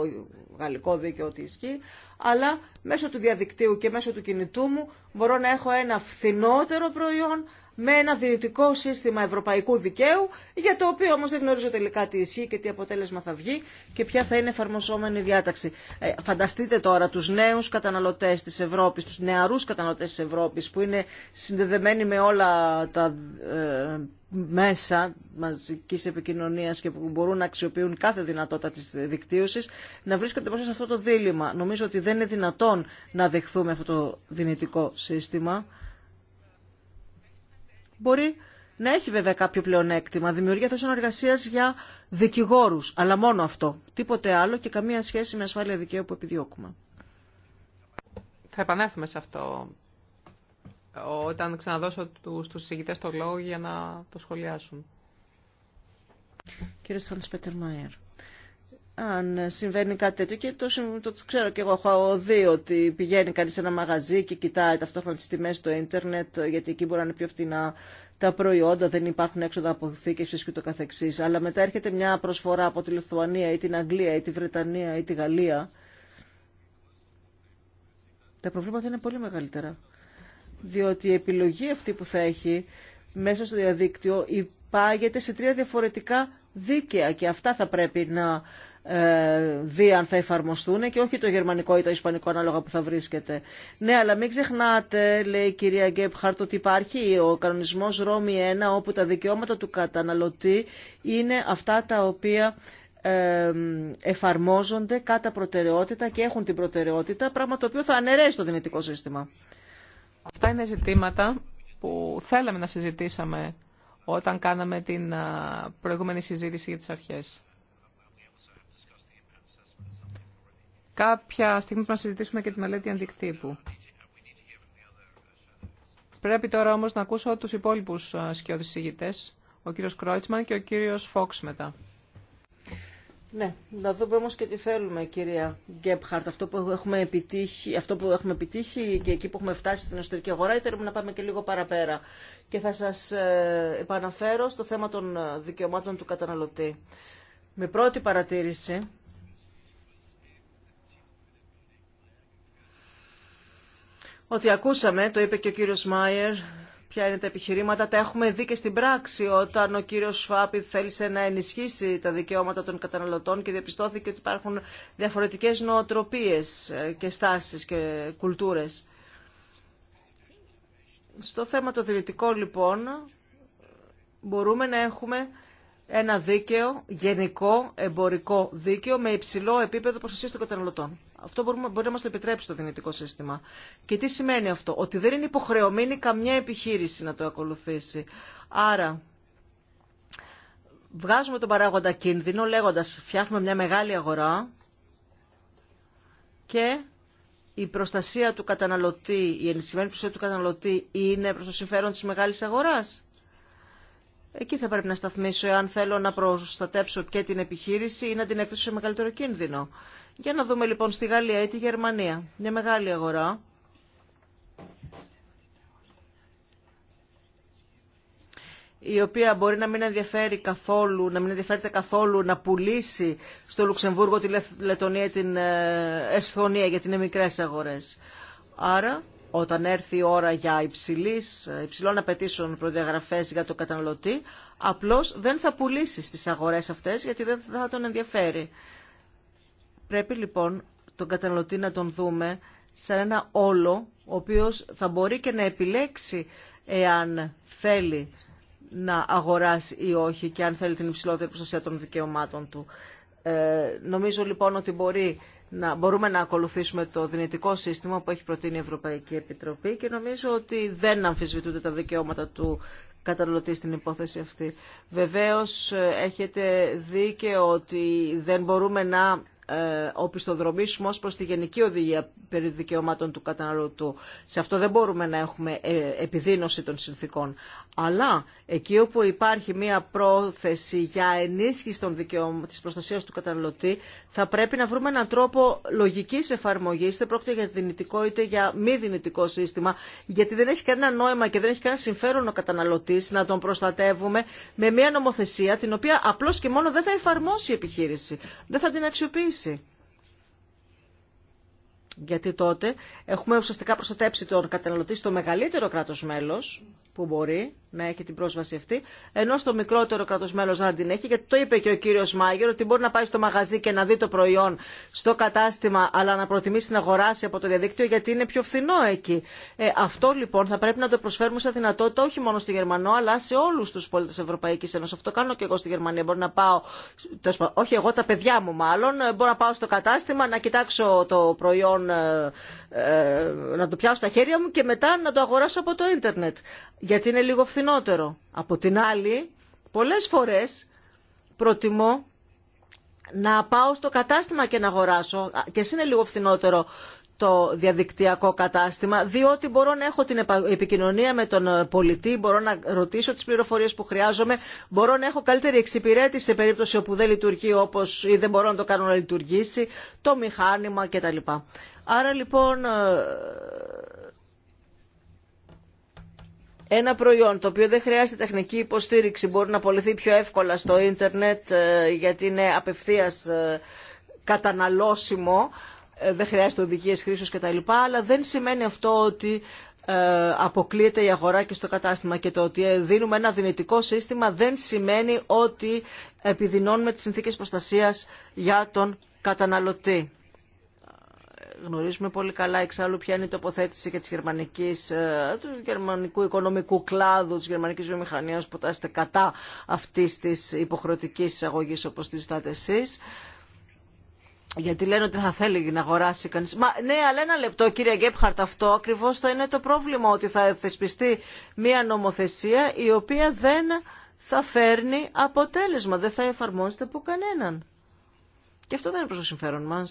γαλλικό δίκαιο ότι ισχύει, αλλά μέσω του διαδικτύου και μέσω του κινητού μου μπορώ να έχω ένα φθηνότερο προϊόν με ένα δυνητικό σύστημα ευρωπαϊκού δικαίου, για το οποίο όμω δεν γνωρίζω τελικά τι ισχύει και τι αποτέλεσμα θα βγει και ποια θα είναι εφαρμοσόμενη διάταξη. Ε, φανταστείτε τώρα του νέου καταναλωτέ τη Ευρώπη, του νεαρού καταναλωτέ τη Ευρώπη, που είναι συνδεδεμένοι με όλα τα ε, μέσα μαζική επικοινωνία και που μπορούν να αξιοποιούν κάθε δυνατότητα τη δικτύωση, να βρίσκονται μέσα σε αυτό το δίλημα. Νομίζω ότι δεν είναι δυνατόν να δεχθούμε αυτό το δυνητικό σύστημα μπορεί να έχει βέβαια κάποιο πλεονέκτημα. Δημιουργία θέσεων εργασία για δικηγόρου. Αλλά μόνο αυτό. Τίποτε άλλο και καμία σχέση με ασφάλεια δικαίου που επιδιώκουμε. Θα επανέλθουμε σε αυτό όταν ξαναδώσω τους, τους συζητητές το λόγο για να το σχολιάσουν. Κύριε Σάνς Πέτερ αν συμβαίνει κάτι τέτοιο και το, το, το ξέρω και εγώ έχω δει ότι πηγαίνει κανείς σε ένα μαγαζί και κοιτάει ταυτόχρονα τις τιμές στο ίντερνετ γιατί εκεί μπορεί να είναι πιο φτηνά τα προϊόντα, δεν υπάρχουν έξοδα αποθήκευσης και το καθεξής. Αλλά μετά έρχεται μια προσφορά από τη Λιθουανία ή την Αγγλία ή τη Βρετανία ή τη Γαλλία. Τα προβλήματα είναι πολύ μεγαλύτερα. Διότι η επιλογή αυτή που θα έχει μέσα στο διαδίκτυο υπάγεται σε τρία διαφορετικά δίκαια και αυτά θα πρέπει να ε, δει αν θα εφαρμοστούν και όχι το γερμανικό ή το ισπανικό ανάλογα που θα βρίσκεται. Ναι, αλλά μην ξεχνάτε, λέει η κυρία Γκέπχαρτ, ότι υπάρχει ο κανονισμός Ρώμη 1 όπου τα δικαιώματα του καταναλωτή είναι αυτά τα οποία ε, εφαρμόζονται κατά προτεραιότητα και έχουν την προτεραιότητα, πράγμα το οποίο θα αναιρέσει το δυνητικό σύστημα. Αυτά είναι ζητήματα που θέλαμε να συζητήσαμε όταν κάναμε την ε, προηγούμενη συζήτηση για τις αρχές. Κάποια στιγμή πρέπει να συζητήσουμε και τη μελέτη αντικτύπου. Πρέπει τώρα όμως να ακούσω τους υπόλοιπους ε, σκιώδης συζητητές, ο κύριος Κρόιτσμαν και ο κύριος Φόξ μετά. Ναι, να δούμε όμως και τι θέλουμε κυρία Γκέπχαρτ. Αυτό που, έχουμε επιτύχει, αυτό που έχουμε επιτύχει και εκεί που έχουμε φτάσει στην εσωτερική αγορά ή θέλουμε να πάμε και λίγο παραπέρα. Και θα σας ε, επαναφέρω στο θέμα των δικαιωμάτων του καταναλωτή. Με πρώτη παρατήρηση ότι ακούσαμε, το είπε και ο κύριος Μάιερ, ποια είναι τα επιχειρήματα, τα έχουμε δει και στην πράξη όταν ο κύριος Σφάπη θέλησε να ενισχύσει τα δικαιώματα των καταναλωτών και διαπιστώθηκε ότι υπάρχουν διαφορετικές νοοτροπίες και στάσεις και κουλτούρες. Στο θέμα το δυνητικό λοιπόν μπορούμε να έχουμε ένα δίκαιο, γενικό εμπορικό δίκαιο με υψηλό επίπεδο προστασίας των καταναλωτών. Αυτό μπορεί να μα το επιτρέψει το δυνητικό σύστημα. Και τι σημαίνει αυτό, ότι δεν είναι υποχρεωμένη καμιά επιχείρηση να το ακολουθήσει. Άρα, βγάζουμε τον παράγοντα κίνδυνο λέγοντας φτιάχνουμε μια μεγάλη αγορά και η προστασία του καταναλωτή, η ενισχυμένη προστασία του καταναλωτή είναι προς το συμφέρον της μεγάλης αγοράς. Εκεί θα πρέπει να σταθμίσω εάν θέλω να προστατέψω και την επιχείρηση ή να την έκθεσω σε μεγαλύτερο κίνδυνο. Για να δούμε λοιπόν στη Γαλλία ή τη Γερμανία. Μια μεγάλη αγορά. η οποία μπορεί να μην ενδιαφέρει καθόλου, να μην ενδιαφέρεται καθόλου να πουλήσει στο Λουξεμβούργο τη Λετωνία την ε, Εσθονία γιατί είναι μικρές αγορές. Άρα όταν έρθει η ώρα για υψηλής, ε, υψηλών απαιτήσεων προδιαγραφές για το καταναλωτή, απλώς δεν θα πουλήσει στις αγορές αυτές γιατί δεν θα τον ενδιαφέρει. Πρέπει λοιπόν τον καταναλωτή να τον δούμε σαν ένα όλο, ο οποίος θα μπορεί και να επιλέξει εάν θέλει να αγοράσει ή όχι και αν θέλει την υψηλότερη προστασία των δικαιωμάτων του. Ε, νομίζω λοιπόν ότι μπορεί να, μπορούμε να ακολουθήσουμε το δυνητικό σύστημα που έχει προτείνει η Ευρωπαϊκή Επιτροπή και νομίζω ότι δεν αμφισβητούνται τα δικαιώματα του καταναλωτή στην υπόθεση αυτή. Βεβαίως έχετε δίκαιο ότι δεν μπορούμε να ε, οπισθοδρομήσουμε ως προς τη Γενική Οδηγία περί δικαιωμάτων του καταναλωτού. Σε αυτό δεν μπορούμε να έχουμε ε, επιδείνωση των συνθήκων. Αλλά εκεί όπου υπάρχει μία πρόθεση για ενίσχυση των δικαιωμάτων της προστασίας του καταναλωτή θα πρέπει να βρούμε έναν τρόπο λογικής εφαρμογής, είτε πρόκειται για δυνητικό είτε για μη δυνητικό σύστημα, γιατί δεν έχει κανένα νόημα και δεν έχει κανένα συμφέρον ο καταναλωτής να τον προστατεύουμε με μία νομοθεσία την οποία απλώς και μόνο δεν θα εφαρμόσει η επιχείρηση, δεν θα την αξιοποιήσει λύση. Γιατί τότε έχουμε ουσιαστικά προστατέψει τον καταναλωτή στο μεγαλύτερο κράτος μέλος που μπορεί να έχει την πρόσβαση αυτή, ενώ στο μικρότερο κράτος μέλος να την έχει, γιατί το είπε και ο κύριο Μάγερ ότι μπορεί να πάει στο μαγαζί και να δει το προϊόν στο κατάστημα, αλλά να προτιμήσει να αγοράσει από το διαδίκτυο γιατί είναι πιο φθηνό εκεί. Ε, αυτό λοιπόν θα πρέπει να το προσφέρουμε σε δυνατότητα όχι μόνο στο Γερμανό, αλλά σε όλους τους πολίτες Ευρωπαϊκή Ένωση. Αυτό κάνω και εγώ στη Γερμανία. Μπορώ να πάω, όχι εγώ, τα παιδιά μου μάλλον, ε, μπορώ να πάω στο κατάστημα να κοιτάξω το προϊόν ε, ε, να το πιάσω στα χέρια μου και μετά να το αγοράσω από το ίντερνετ. Γιατί είναι λίγο φθηνότερο. Από την άλλη, πολλές φορές προτιμώ να πάω στο κατάστημα και να αγοράσω, και εσύ είναι λίγο φθηνότερο το διαδικτυακό κατάστημα, διότι μπορώ να έχω την επικοινωνία με τον ε, πολιτή, μπορώ να ρωτήσω τις πληροφορίες που χρειάζομαι, μπορώ να έχω καλύτερη εξυπηρέτηση σε περίπτωση όπου δεν λειτουργεί όπως ή δεν μπορώ να το κάνω να λειτουργήσει, το μηχάνημα κτλ. Άρα λοιπόν ε, ένα προϊόν το οποίο δεν χρειάζεται τεχνική υποστήριξη μπορεί να απολυθεί πιο εύκολα στο ίντερνετ ε, γιατί είναι απευθείας ε, καταναλώσιμο, δεν χρειάζεται οδηγίες χρήσεως κτλ. Αλλά δεν σημαίνει αυτό ότι αποκλείεται η αγορά και στο κατάστημα και το ότι δίνουμε ένα δυνητικό σύστημα δεν σημαίνει ότι επιδεινώνουμε τις συνθήκες προστασίας για τον καταναλωτή. Γνωρίζουμε πολύ καλά εξάλλου ποια είναι η τοποθέτηση και της γερμανικής, ε, του γερμανικού οικονομικού κλάδου, της γερμανικής βιομηχανίας που τάσετε κατά αυτής της υποχρεωτικής εισαγωγής όπως τη ζητάτε εσείς. Γιατί λένε ότι θα θέλει να αγοράσει κανείς. Μα ναι, αλλά ένα λεπτό, κύριε Γκέπχαρτ, αυτό ακριβώ θα είναι το πρόβλημα. Ότι θα θεσπιστεί μία νομοθεσία η οποία δεν θα φέρνει αποτέλεσμα, δεν θα εφαρμόζεται από κανέναν. Και αυτό δεν είναι προ το συμφέρον μα.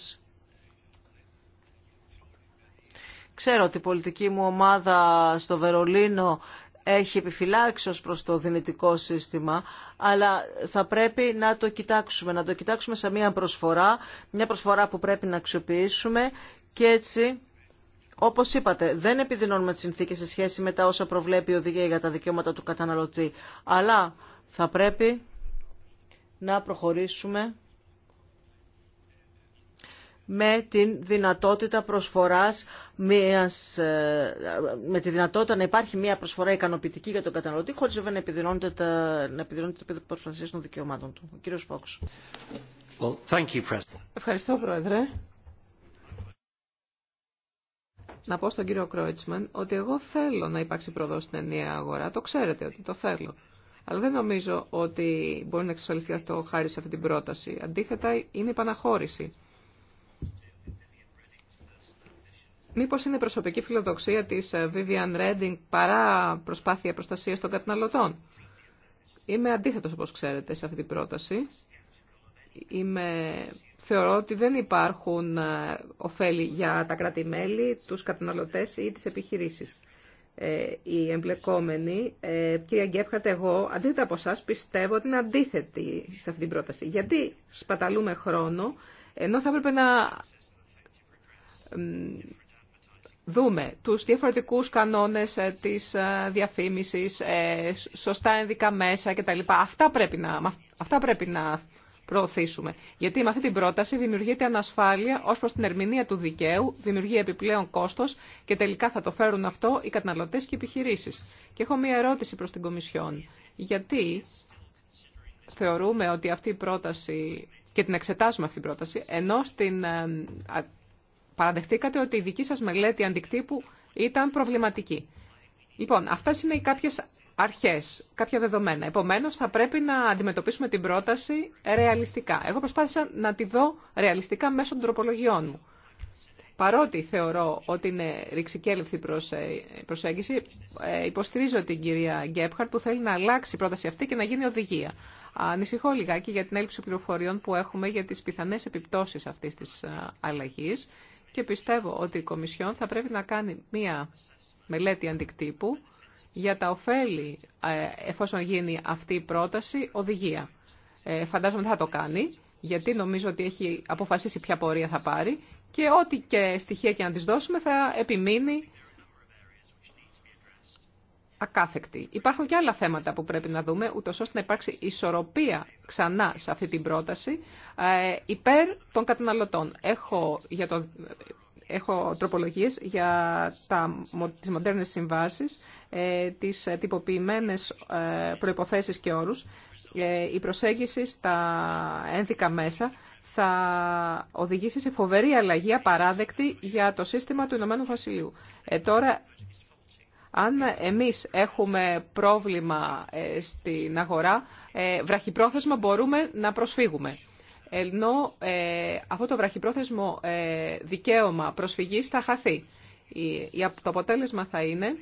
Ξέρω ότι η πολιτική μου ομάδα στο Βερολίνο έχει επιφυλάξει προς το δυνητικό σύστημα, αλλά θα πρέπει να το κοιτάξουμε, να το κοιτάξουμε σε μια προσφορά, μια προσφορά που πρέπει να αξιοποιήσουμε και έτσι... Όπω είπατε, δεν επιδεινώνουμε τι συνθήκε σε σχέση με τα όσα προβλέπει η οδηγία για τα δικαιώματα του καταναλωτή. Αλλά θα πρέπει να προχωρήσουμε με την δυνατότητα προσφοράς μιας, ε, με τη δυνατότητα να υπάρχει μια προσφορά ικανοποιητική για τον καταναλωτή χωρίς βέβαια να επιδεινώνεται, να επιδεινώνεται το επίπεδο των δικαιωμάτων του. Ο κύριος Φόξ. Ευχαριστώ Πρόεδρε. Να πω στον κύριο Κρόιτσμαν ότι εγώ θέλω να υπάρξει προδό στην ενιαία αγορά. Το ξέρετε ότι το θέλω. Αλλά δεν νομίζω ότι μπορεί να εξασφαλιστεί αυτό χάρη σε αυτή την πρόταση. Αντίθετα, είναι η παναχώρηση Μήπως είναι προσωπική φιλοδοξία της ε, Vivian Redding παρά προσπάθεια προστασίας των καταναλωτών. Είμαι αντίθετος, όπως ξέρετε, σε αυτή την πρόταση. Είμαι... Θεωρώ ότι δεν υπάρχουν ε, ωφέλη για τα κράτη-μέλη, τους καταναλωτές ή τις επιχειρήσεις. Ε, οι εμπλεκόμενοι, ε, κυρία Γκέφχαρτ, εγώ, αντίθετα από εσά, πιστεύω ότι είναι αντίθετη σε αυτή την πρόταση. Γιατί σπαταλούμε χρόνο, ενώ θα έπρεπε να δούμε τους διαφορετικούς κανόνες ε, της ε, διαφήμισης, ε, σωστά ενδικά μέσα κτλ. Αυτά πρέπει να, αυτά πρέπει να προωθήσουμε. Γιατί με αυτή την πρόταση δημιουργείται ανασφάλεια ως προς την ερμηνεία του δικαίου, δημιουργεί επιπλέον κόστος και τελικά θα το φέρουν αυτό οι καταναλωτές και οι επιχειρήσεις. Και έχω μία ερώτηση προς την Κομισιόν. Γιατί θεωρούμε ότι αυτή η πρόταση και την εξετάζουμε αυτή η πρόταση, ενώ στην παραδεχτήκατε ότι η δική σας μελέτη αντικτύπου ήταν προβληματική. Λοιπόν, αυτές είναι οι κάποιες αρχές, κάποια δεδομένα. Επομένως, θα πρέπει να αντιμετωπίσουμε την πρόταση ρεαλιστικά. Εγώ προσπάθησα να τη δω ρεαλιστικά μέσω των τροπολογιών μου. Παρότι θεωρώ ότι είναι ρηξικέλευτη προσέγγιση, ε, υποστηρίζω την κυρία Γκέπχαρτ που θέλει να αλλάξει η πρόταση αυτή και να γίνει οδηγία. Ανησυχώ λιγάκι για την έλλειψη πληροφοριών που έχουμε για τις πιθανές επιπτώσεις αυτής της ε, αλλαγής και πιστεύω ότι η Κομισιόν θα πρέπει να κάνει μία μελέτη αντικτύπου για τα ωφέλη ε, εφόσον γίνει αυτή η πρόταση οδηγία. Ε, φαντάζομαι θα το κάνει, γιατί νομίζω ότι έχει αποφασίσει ποια πορεία θα πάρει και ό,τι και στοιχεία και να τις δώσουμε θα επιμείνει ακάθεκτη. Υπάρχουν και άλλα θέματα που πρέπει να δούμε, ούτω ώστε να υπάρξει ισορροπία ξανά σε αυτή την πρόταση ε, υπέρ των καταναλωτών. Έχω, για το, έχω τροπολογίες για τα, τις μοντέρνες συμβάσεις, ε, τις τυποποιημένες ε, προϋποθέσεις και όρους. Η προσέγγιση στα ένδικα μέσα θα οδηγήσει σε φοβερή αλλαγή απαράδεκτη για το σύστημα του Ηνωμένου Βασιλείου. τώρα αν εμείς έχουμε πρόβλημα ε, στην αγορά, ε, βραχυπρόθεσμα μπορούμε να προσφύγουμε. Ενώ ε, αυτό το βραχυπρόθεσμο δικαίωμα προσφυγής θα χαθεί. Το αποτέλεσμα θα είναι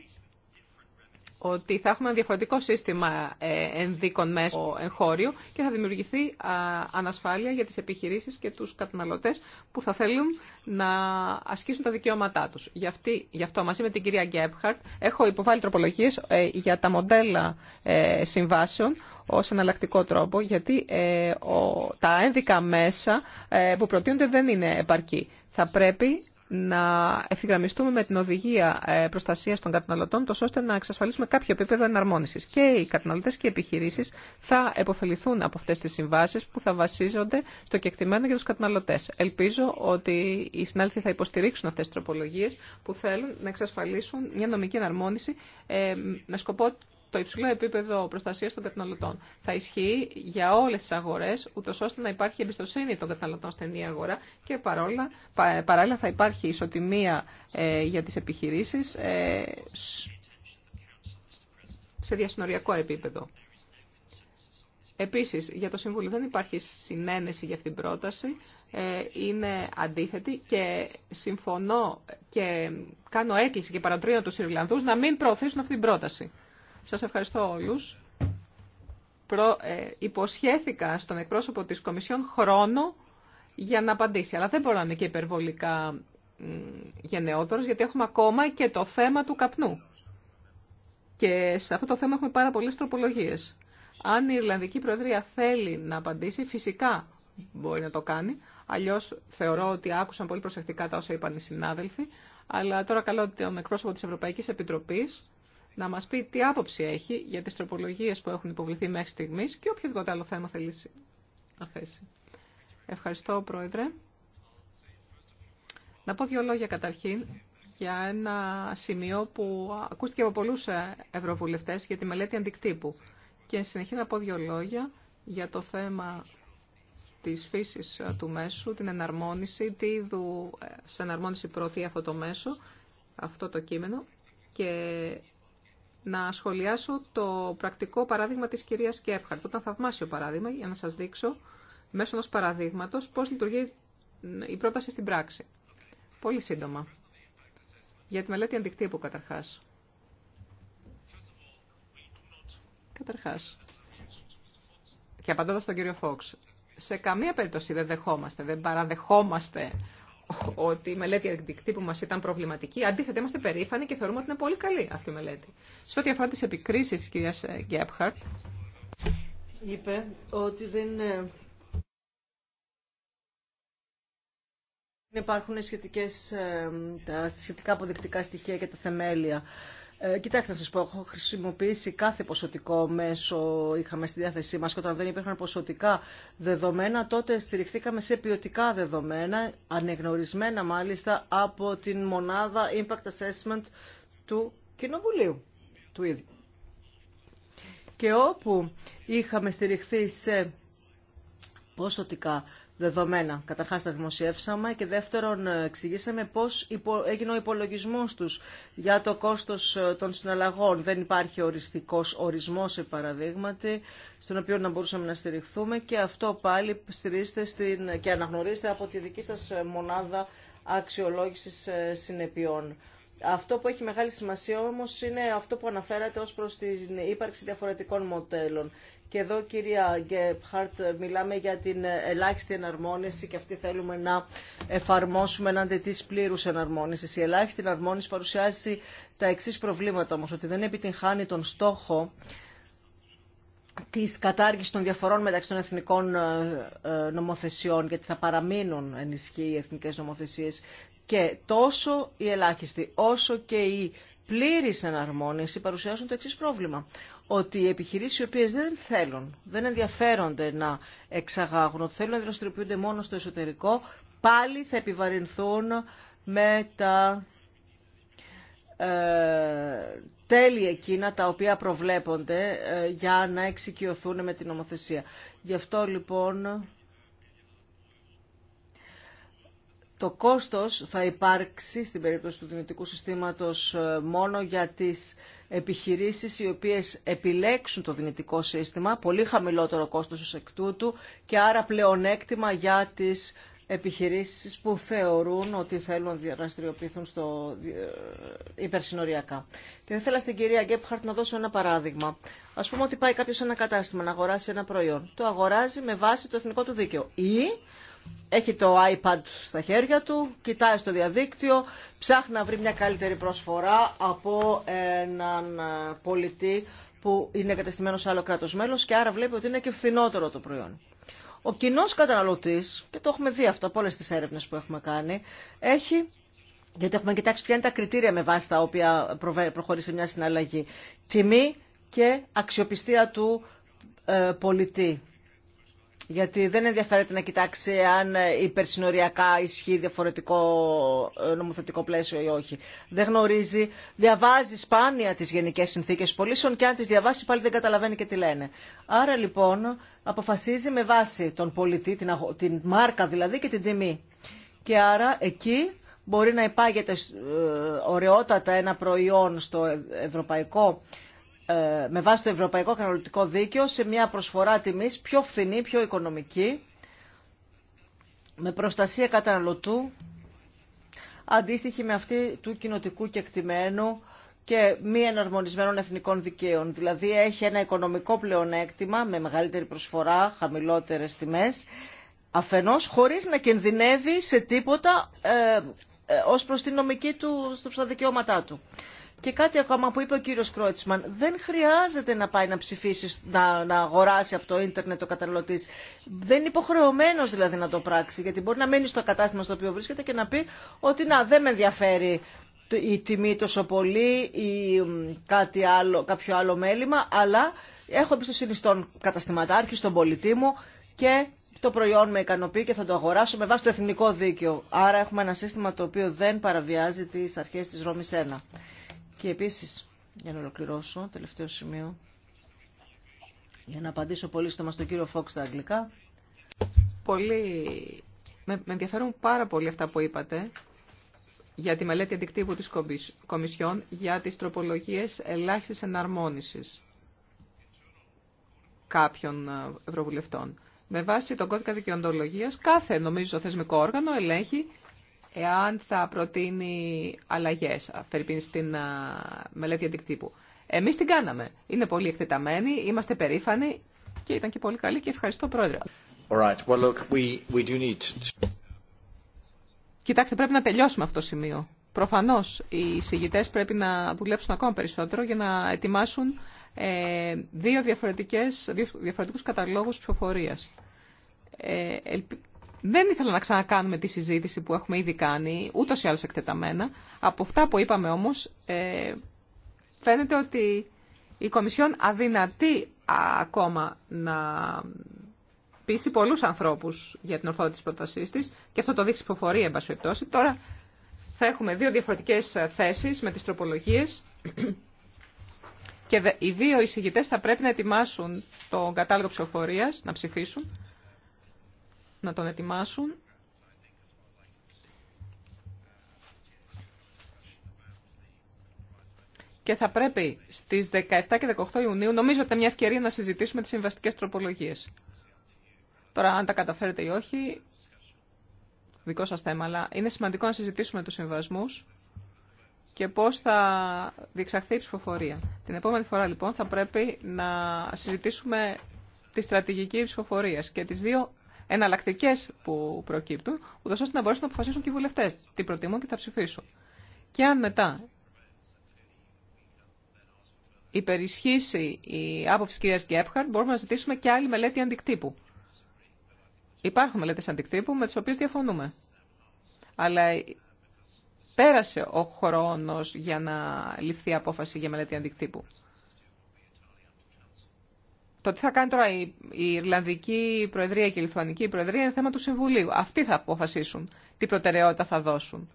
ότι θα έχουμε ένα διαφορετικό σύστημα ε, ενδίκων μέσω εγχώριου και θα δημιουργηθεί ανασφάλεια για τις επιχειρήσεις και τους καταναλωτές που θα θέλουν να ασκήσουν τα δικαιώματά τους. Γι, γι αυτό μαζί με την κυρία Γκέμπχαρτ, έχω υποβάλει τροπολογίες ε, για τα μοντέλα ε, συμβάσεων ως εναλλακτικό τρόπο, γιατί τα ένδικα μέσα που προτείνονται δεν είναι επαρκή. Θα πρέπει να ευθυγραμμιστούμε με την οδηγία ε, προστασία των καταναλωτών, τόσο ώστε να εξασφαλίσουμε κάποιο επίπεδο εναρμόνιση. Και οι καταναλωτέ και οι επιχειρήσει θα επωφεληθούν από αυτέ τι συμβάσει που θα βασίζονται στο κεκτημένο για του καταναλωτέ. Ελπίζω ότι οι συνάδελφοι θα υποστηρίξουν αυτέ τι τροπολογίε που θέλουν να εξασφαλίσουν μια νομική εναρμόνιση ε, με σκοπό το υψηλό επίπεδο προστασία των καταναλωτών. Θα ισχύει για όλε τι αγορέ, ούτω ώστε να υπάρχει εμπιστοσύνη των καταναλωτών στην αγορά και παρόλα, παράλληλα θα υπάρχει ισοτιμία ε, για τι επιχειρήσει ε, σε διασυνοριακό επίπεδο. Επίσης, για το Σύμβουλο δεν υπάρχει συνένεση για αυτήν την πρόταση, ε, είναι αντίθετη και συμφωνώ και κάνω έκκληση και παρατρύνω τους Ιρλανδούς να μην προωθήσουν αυτήν την πρόταση. Σας ευχαριστώ όλους. Προ, ε, υποσχέθηκα στον εκπρόσωπο της Κομισιόν χρόνο για να απαντήσει, αλλά δεν μπορώ να είμαι και υπερβολικά γενναιόδωρος, γιατί έχουμε ακόμα και το θέμα του καπνού. Και σε αυτό το θέμα έχουμε πάρα πολλές τροπολογίες. Αν η Ιρλανδική Προεδρία θέλει να απαντήσει, φυσικά μπορεί να το κάνει. Αλλιώ θεωρώ ότι άκουσαν πολύ προσεκτικά τα όσα είπαν οι συνάδελφοι. Αλλά τώρα καλώ τον εκπρόσωπο τη Ευρωπαϊκή Επιτροπή να μας πει τι άποψη έχει για τις τροπολογίες που έχουν υποβληθεί μέχρι στιγμής και οποιοδήποτε άλλο θέμα θέλει να θέσει. Ευχαριστώ, Πρόεδρε. Να πω δύο λόγια καταρχήν για ένα σημείο που ακούστηκε από πολλούς ε, ευρωβουλευτές για τη μελέτη αντικτύπου. Και συνεχεία να πω δύο λόγια για το θέμα της φύσης ε, του μέσου, την εναρμόνιση, τι είδου ε, σε εναρμόνιση προωθεί αυτό το μέσο, αυτό το κείμενο και να σχολιάσω το πρακτικό παράδειγμα της κυρίας Κέφχαρτ. Ήταν θαυμάσιο παράδειγμα για να σας δείξω μέσω ενός παραδείγματος πώς λειτουργεί η πρόταση στην πράξη. Πολύ σύντομα. Για τη μελέτη αντικτύπου καταρχάς. Καταρχάς. Και απαντώντας στον κύριο Φόξ. Σε καμία περίπτωση δεν δεχόμαστε, δεν παραδεχόμαστε ότι η μελέτη που μα ήταν προβληματική. Αντίθετα, είμαστε περήφανοι και θεωρούμε ότι είναι πολύ καλή αυτή η μελέτη. Σε ό,τι αφορά τι επικρίσει τη κυρία Γκέπχαρτ. Είπε ότι δεν ε, υπάρχουν σχετικές, ε, τα σχετικά αποδεικτικά στοιχεία και τα θεμέλια ε, κοιτάξτε κοιτάξτε, σα πω, έχω χρησιμοποιήσει κάθε ποσοτικό μέσο είχαμε στη διάθεσή μα και όταν δεν υπήρχαν ποσοτικά δεδομένα, τότε στηριχθήκαμε σε ποιοτικά δεδομένα, ανεγνωρισμένα μάλιστα από την μονάδα Impact Assessment του Κοινοβουλίου, του ίδιου. Και όπου είχαμε στηριχθεί σε ποσοτικά δεδομένα. καταρχά τα δημοσιεύσαμε και δεύτερον ε, εξηγήσαμε πώς έγινε ο υπολογισμός τους για το κόστος ε, των συναλλαγών. Δεν υπάρχει οριστικός ορισμός, σε παραδείγματι, στον οποίο να μπορούσαμε να στηριχθούμε και αυτό πάλι στηρίζεται στην... και αναγνωρίζεται από τη δική σας ε, μονάδα αξιολόγησης συνεπειών. Αυτό που έχει μεγάλη σημασία όμως είναι αυτό που αναφέρατε ως προς την ύπαρξη διαφορετικών μοντέλων και εδώ κυρία Γκέπχαρτ μιλάμε για την ελάχιστη εναρμόνιση και αυτή θέλουμε να εφαρμόσουμε εναντί τη πλήρους εναρμόνισης. Η ελάχιστη εναρμόνιση παρουσιάζει τα εξή προβλήματα όμως, ότι δεν επιτυγχάνει τον στόχο της κατάργησης των διαφορών μεταξύ των εθνικών ε, ε, νομοθεσιών, γιατί θα παραμείνουν ενισχύει οι εθνικές νομοθεσίες, και τόσο η ελάχιστη όσο και η πλήρης εναρμόνιση παρουσιάζουν το εξή πρόβλημα ότι οι επιχειρήσει οι οποίε δεν θέλουν, δεν ενδιαφέρονται να εξαγάγουν, ότι θέλουν να δραστηριοποιούνται μόνο στο εσωτερικό, πάλι θα επιβαρυνθούν με τα ε, τέλη εκείνα τα οποία προβλέπονται ε, για να εξοικειωθούν με την νομοθεσία. Γι' αυτό λοιπόν το κόστος θα υπάρξει στην περίπτωση του δυνητικού συστήματος ε, μόνο για τις επιχειρήσεις οι οποίες επιλέξουν το δυνητικό σύστημα, πολύ χαμηλότερο κόστος ως εκ τούτου και άρα πλεονέκτημα για τις επιχειρήσεις που θεωρούν ότι θέλουν να δραστηριοποιηθούν στο ε, υπερσυνοριακά. Και ήθελα στην κυρία Γκέπχαρτ να δώσω ένα παράδειγμα. Ας πούμε ότι πάει κάποιος σε ένα κατάστημα να αγοράσει ένα προϊόν. Το αγοράζει με βάση το εθνικό του δίκαιο. Ή έχει το iPad στα χέρια του, κοιτάει στο διαδίκτυο, ψάχνει να βρει μια καλύτερη προσφορά από έναν ε, πολιτή που είναι εγκαταστημένο σε άλλο κράτος μέλος και άρα βλέπει ότι είναι και φθηνότερο το προϊόν. Ο κοινό καταναλωτή, και το έχουμε δει αυτό από όλε τι έρευνε που έχουμε κάνει, έχει. Γιατί έχουμε κοιτάξει ποια είναι τα κριτήρια με βάση τα οποία προχωρεί σε μια συναλλαγή. Τιμή και αξιοπιστία του ε, πολιτή γιατί δεν ενδιαφέρεται να κοιτάξει αν υπερσυνοριακά ισχύει διαφορετικό ε, νομοθετικό πλαίσιο ή όχι. Δεν γνωρίζει, διαβάζει σπάνια τις γενικές συνθήκες πολίσεων και αν τις διαβάσει πάλι δεν καταλαβαίνει και τι λένε. Άρα λοιπόν αποφασίζει με βάση τον πολιτή, την, την μάρκα δηλαδή και την τιμή. Και άρα εκεί μπορεί να υπάγεται ε, ωραιότατα ένα προϊόν στο ευρωπαϊκό ε, με βάση το Ευρωπαϊκό Καταναλωτικό Δίκαιο σε μια προσφορά τιμής πιο φθηνή, πιο οικονομική, με προστασία καταναλωτού, αντίστοιχη με αυτή του κοινοτικού κεκτημένου και μη εναρμονισμένων εθνικών δικαίων. Δηλαδή έχει ένα οικονομικό πλεονέκτημα με μεγαλύτερη προσφορά, χαμηλότερες τιμές, αφενός χωρίς να κινδυνεύει σε τίποτα ε, ε, ως προς τη νομική του, στα δικαιώματά του. Και κάτι ακόμα που είπε ο κύριος Κρότσμαν. Δεν χρειάζεται να πάει να ψηφίσει, να, να αγοράσει από το ίντερνετ ο καταναλωτή. Δεν είναι υποχρεωμένο δηλαδή να το πράξει. Γιατί μπορεί να μένει στο κατάστημα στο οποίο βρίσκεται και να πει ότι να δεν με ενδιαφέρει η τιμή τόσο πολύ ή κάτι άλλο, κάποιο άλλο μέλημα, αλλά έχω εμπιστοσύνη στον καταστηματάρχη, στον πολιτή μου και το προϊόν με ικανοποιεί και θα το αγοράσω με βάση το εθνικό δίκαιο. Άρα έχουμε ένα σύστημα το οποίο δεν παραβιάζει τις αρχές της Ρώμης 1. Και επίσης, για να ολοκληρώσω, τελευταίο σημείο, για να απαντήσω πολύ στο μας τον κύριο Φόξ στα αγγλικά. Πολύ... Με, ενδιαφέρουν πάρα πολύ αυτά που είπατε για τη μελέτη αντικτύπου της Κομισιόν για τις τροπολογίες ελάχιστης εναρμόνισης κάποιων ε, ευρωβουλευτών. Με βάση τον κώδικα δικαιοντολογίας, κάθε νομίζω θεσμικό όργανο ελέγχει εάν θα προτείνει αλλαγέ Φερρυπίν, στην μελέτη αντικτύπου. Εμείς την κάναμε. Είναι πολύ εκτεταμένοι, είμαστε περήφανοι και ήταν και πολύ καλή και ευχαριστώ πρόεδρε. right. well, we, we Κοιτάξτε, πρέπει να τελειώσουμε αυτό το σημείο. Προφανώς οι συγητέ πρέπει να δουλέψουν ακόμα περισσότερο για να ετοιμάσουν ε, δύο, διαφορετικού διαφορετικούς καταλόγους Ε, δεν ήθελα να ξανακάνουμε τη συζήτηση που έχουμε ήδη κάνει, ούτως ή άλλως εκτεταμένα. Από αυτά που είπαμε όμως, ε, φαίνεται ότι η Κομισιόν αδυνατεί ακόμα να πείσει πολλούς ανθρώπους για την ορθότητα της πρότασής της και αυτό το δείξει ψηφοφορία, εν πάση Τώρα θα έχουμε δύο διαφορετικές θέσεις με τις τροπολογίες και οι δύο εισηγητές θα πρέπει να ετοιμάσουν τον κατάλογο ψηφοφορία να ψηφίσουν να τον ετοιμάσουν. Και θα πρέπει στις 17 και 18 Ιουνίου, νομίζω ότι είναι μια ευκαιρία να συζητήσουμε τις συμβαστικέ τροπολογίες. Τώρα, αν τα καταφέρετε ή όχι, δικό σας θέμα, αλλά είναι σημαντικό να συζητήσουμε τους συμβασμούς και πώς θα διεξαχθεί η ψηφοφορία. Την επόμενη φορά, λοιπόν, θα πρέπει να συζητήσουμε τη στρατηγική ψηφοφορία και τις δύο εναλλακτικέ που προκύπτουν, ούτω ώστε να μπορέσουν να αποφασίσουν και οι βουλευτέ τι προτιμούν και θα ψηφίσουν. Και αν μετά υπερισχύσει η άποψη τη κυρία Γκέπχαρντ, μπορούμε να ζητήσουμε και άλλη μελέτη αντικτύπου. Υπάρχουν μελέτε αντικτύπου με τι οποίε διαφωνούμε. Αλλά πέρασε ο χρόνος για να ληφθεί απόφαση για μελέτη αντικτύπου. Το τι θα κάνει τώρα η, Ιρλανδική Προεδρία και η Λιθουανική Προεδρία είναι θέμα του Συμβουλίου. Αυτοί θα αποφασίσουν τι προτεραιότητα θα δώσουν.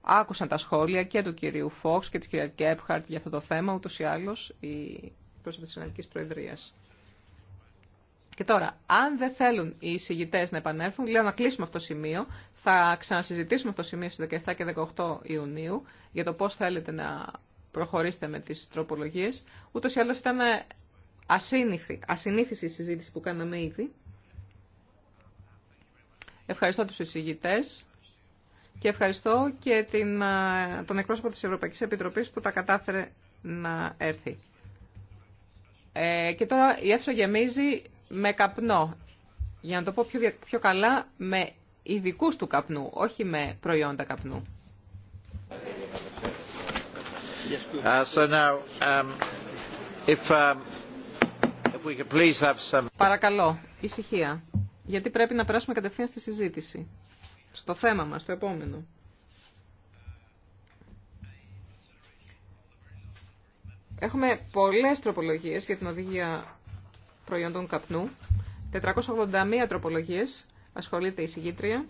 Άκουσαν τα σχόλια και του κυρίου Φόξ και τη κυρία Κέπχαρτ για αυτό το θέμα, ούτω ή άλλω η πρόσωπη τη Ιρλανδική Προεδρία. Και τώρα, αν δεν θέλουν οι εισηγητέ να επανέλθουν, λέω να κλείσουμε αυτό το σημείο. Θα ξανασυζητήσουμε αυτό το σημείο στι 17 και 18 Ιουνίου για το πώ θέλετε να προχωρήσετε με τι τροπολογίε. Ούτω ή άλλω ήταν ασύνηθη, ασυνήθιση συζήτηση που κάναμε ήδη. Ευχαριστώ τους εισηγητές και ευχαριστώ και την, τον εκπρόσωπο της Ευρωπαϊκής Επιτροπής που τα κατάφερε να έρθει. Ε, και τώρα η αίθουσα γεμίζει με καπνό. Για να το πω πιο, καλά, με ειδικού του καπνού, όχι με προϊόντα καπνού. Uh, now, um, um, Παρακαλώ, ησυχία. Γιατί πρέπει να περάσουμε κατευθείαν στη συζήτηση. Στο θέμα μας, το επόμενο. Έχουμε πολλές τροπολογίες για την οδηγία προϊόντων καπνού. 481 τροπολογίες ασχολείται η συγκήτρια,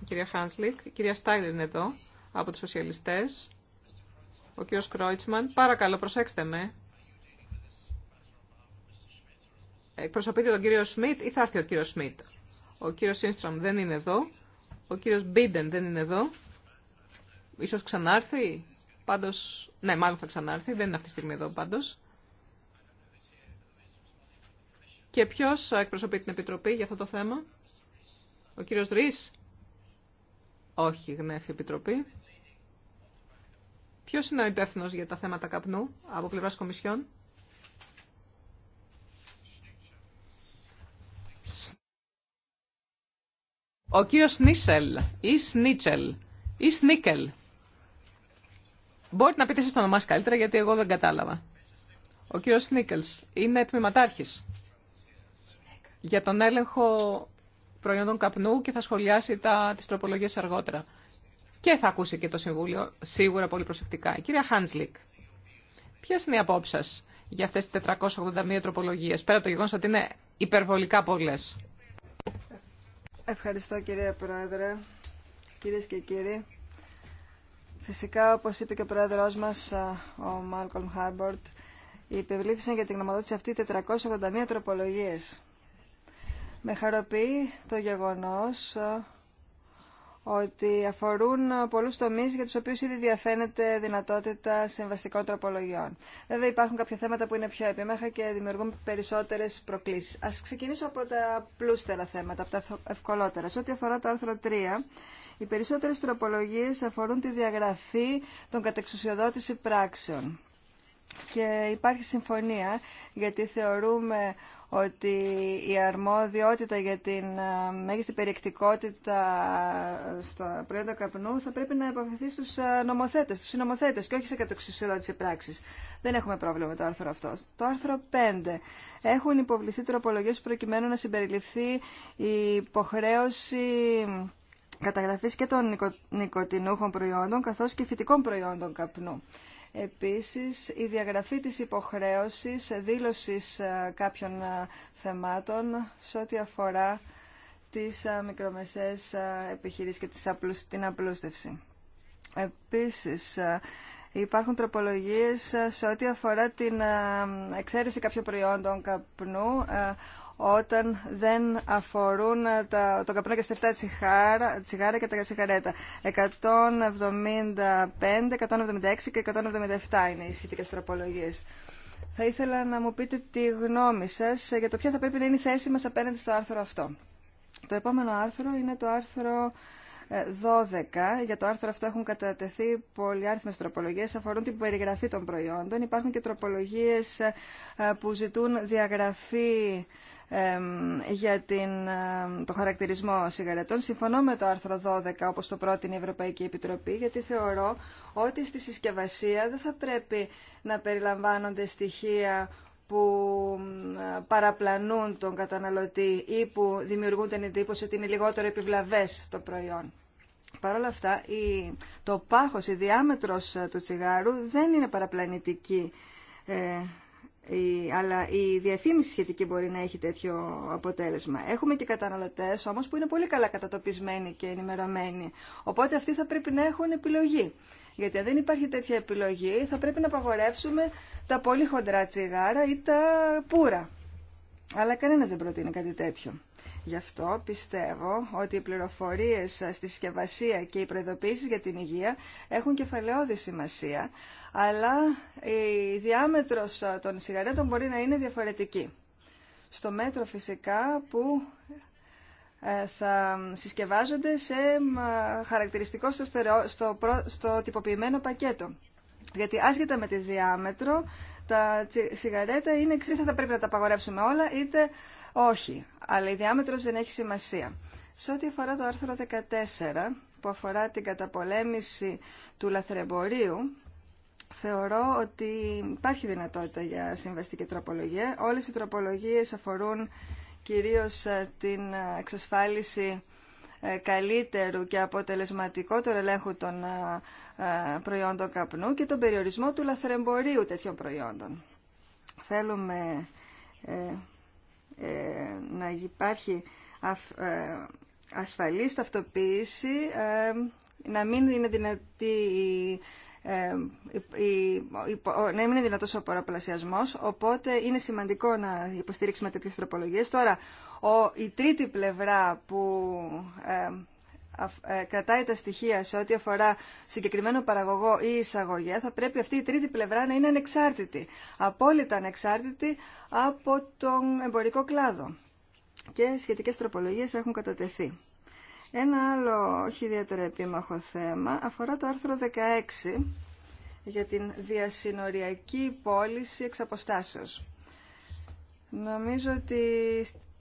η κυρία Χάνσλικ, η κυρία Στάιλερ είναι εδώ, από τους σοσιαλιστές, ο κύριος Κρόιτσμαν. Παρακαλώ, προσέξτε με. Εκπροσωπείται τον κύριο Σμιτ ή θα έρθει ο κύριος Σμιτ. Ο κύριος Σίνστραμ δεν είναι εδώ. Ο κύριος Μπίντεν δεν είναι εδώ. Ίσως ξανάρθει. Πάντως, ναι, μάλλον θα ξανάρθει. Δεν είναι αυτή τη στιγμή εδώ πάντως. Και ποιο εκπροσωπεί την Επιτροπή για αυτό το θέμα. Ο κύριος Ρης. Όχι, γνέφει η Επιτροπή. Ποιος είναι ο υπεύθυνο για τα θέματα καπνού από πλευράς Κομισιόν. Ο κύριο Νίσελ ή Σνίτσελ ή Σνίκελ. Μπορείτε να πείτε εσεί το όνομά καλύτερα γιατί εγώ δεν κατάλαβα. Ο κύριο Σνίκελς είναι τμήματάρχη για τον έλεγχο προϊόντων καπνού και θα σχολιάσει τα, τις τροπολογίες αργότερα. Και θα ακούσει και το Συμβούλιο σίγουρα πολύ προσεκτικά. Κυρία Χάνσλικ, ποιε είναι οι απόψει για αυτέ τι 481 τροπολογίε, πέρα από το γεγονό ότι είναι υπερβολικά πολλέ. Ευχαριστώ κυρία Πρόεδρε, κυρίες και κύριοι. Φυσικά, όπως είπε και ο Πρόεδρος μας, ο Μάλκολμ Χάρμπορτ, υπευλήθησαν για την γνωμοδότηση αυτή 481 τροπολογίες. Με χαροποιεί το γεγονός ότι αφορούν πολλούς τομείς για τους οποίους ήδη διαφαίνεται δυνατότητα συμβαστικών τροπολογιών. Βέβαια υπάρχουν κάποια θέματα που είναι πιο επιμέχα και δημιουργούν περισσότερες προκλήσεις. Ας ξεκινήσω από τα πλούστερα θέματα, από τα ευκολότερα. Σε ό,τι αφορά το άρθρο 3, οι περισσότερες τροπολογίες αφορούν τη διαγραφή των κατεξουσιοδότηση πράξεων. Και υπάρχει συμφωνία γιατί θεωρούμε ότι η αρμόδιότητα για την ε, μέγιστη περιεκτικότητα στο προϊόντα καπνού θα πρέπει να επαφηθεί στους ε, νομοθέτες, στους συνομοθέτε και όχι σε τη πράξη. Δεν έχουμε πρόβλημα με το άρθρο αυτό. Το άρθρο 5. Έχουν υποβληθεί τροπολογίες προκειμένου να συμπεριληφθεί η υποχρέωση καταγραφή και των νοικοτινούχων προϊόντων καθώ και φυτικών προϊόντων καπνού. Επίσης, η διαγραφή της υποχρέωσης δήλωσης ε, κάποιων ε, θεμάτων σε ό,τι αφορά τις ε, μικρομεσαίες επιχειρήσεις και την απλούστευση. Επίσης, υπάρχουν τροπολογίες σε ό,τι αφορά την εξαίρεση κάποιων προϊόντων καπνού όταν δεν αφορούν τα, το καπνό και στεφτά τσιγάρα, τσιγάρα και τα σιγαρέτα. 175, 176 και 177 είναι οι σχετικές τροπολογίες. Θα ήθελα να μου πείτε τη γνώμη σας για το ποια θα πρέπει να είναι η θέση μας απέναντι στο άρθρο αυτό. Το επόμενο άρθρο είναι το άρθρο 12. Για το άρθρο αυτό έχουν κατατεθεί πολλοί άριθμες τροπολογίες, αφορούν την περιγραφή των προϊόντων. Υπάρχουν και τροπολογίες ε, που ζητούν διαγραφή για την, το χαρακτηρισμό σιγαρετών. Συμφωνώ με το άρθρο 12, όπως το πρότεινε η Ευρωπαϊκή Επιτροπή, γιατί θεωρώ ότι στη συσκευασία δεν θα πρέπει να περιλαμβάνονται στοιχεία που παραπλανούν τον καταναλωτή ή που δημιουργούν την εντύπωση ότι είναι λιγότερο επιβλαβές το προϊόν. Παρ' όλα αυτά, η, το πάχος, η διάμετρος ε, του τσιγάρου δεν είναι παραπλανητική, ε, αλλά η διαφήμιση σχετική μπορεί να έχει τέτοιο αποτέλεσμα. Έχουμε και καταναλωτές όμως που είναι πολύ καλά κατατοπισμένοι και ενημερωμένοι, οπότε αυτοί θα πρέπει να έχουν επιλογή. Γιατί αν δεν υπάρχει τέτοια επιλογή θα πρέπει να απαγορεύσουμε τα πολύ χοντρά τσιγάρα ή τα πουρα. Αλλά κανένας δεν προτείνει κάτι τέτοιο. Γι' αυτό πιστεύω ότι οι πληροφορίες στη συσκευασία και οι προειδοποίησεις για την υγεία έχουν κεφαλαιώδη σημασία, αλλά η διάμετρος των σιγαρέτων μπορεί να είναι διαφορετική. Στο μέτρο φυσικά που ε, θα συσκευάζονται σε χαρακτηριστικό στο, στο, στο τυποποιημένο πακέτο. Γιατί άσχετα με τη διάμετρο τα σιγαρέτα είναι εξή, θα πρέπει να τα απαγορεύσουμε όλα, είτε όχι. Αλλά η διάμετρο δεν έχει σημασία. Σε ό,τι αφορά το άρθρο 14, που αφορά την καταπολέμηση του λαθρεμπορίου, θεωρώ ότι υπάρχει δυνατότητα για συμβαστική τροπολογία. Όλες οι τροπολογίες αφορούν κυρίως ε, την ε, εξασφάλιση ε, καλύτερου και αποτελεσματικότερου ελέγχου των ε, ε, προϊόντων καπνού και τον περιορισμό του λαθρεμπορίου τέτοιων προϊόντων. Θέλουμε να υπάρχει ασφαλής ταυτοποίηση, να μην είναι δυνατή η ε, να μην είναι δυνατό ο παραπλασιασμός, οπότε είναι σημαντικό να υποστηρίξουμε τέτοιε τροπολογίε. Τώρα, η τρίτη πλευρά που ε, ε, κρατάει τα στοιχεία σε ό,τι αφορά συγκεκριμένο παραγωγό ή εισαγωγέ, θα πρέπει αυτή η τρίτη πλευρά να είναι ανεξάρτητη, απόλυτα ανεξάρτητη από τον εμπορικό κλάδο. Και σχετικές τροπολογίες έχουν κατατεθεί. Ένα άλλο όχι ιδιαίτερα επίμαχο θέμα αφορά το άρθρο 16 για την διασυνοριακή πώληση εξ αποστάσεως. Νομίζω ότι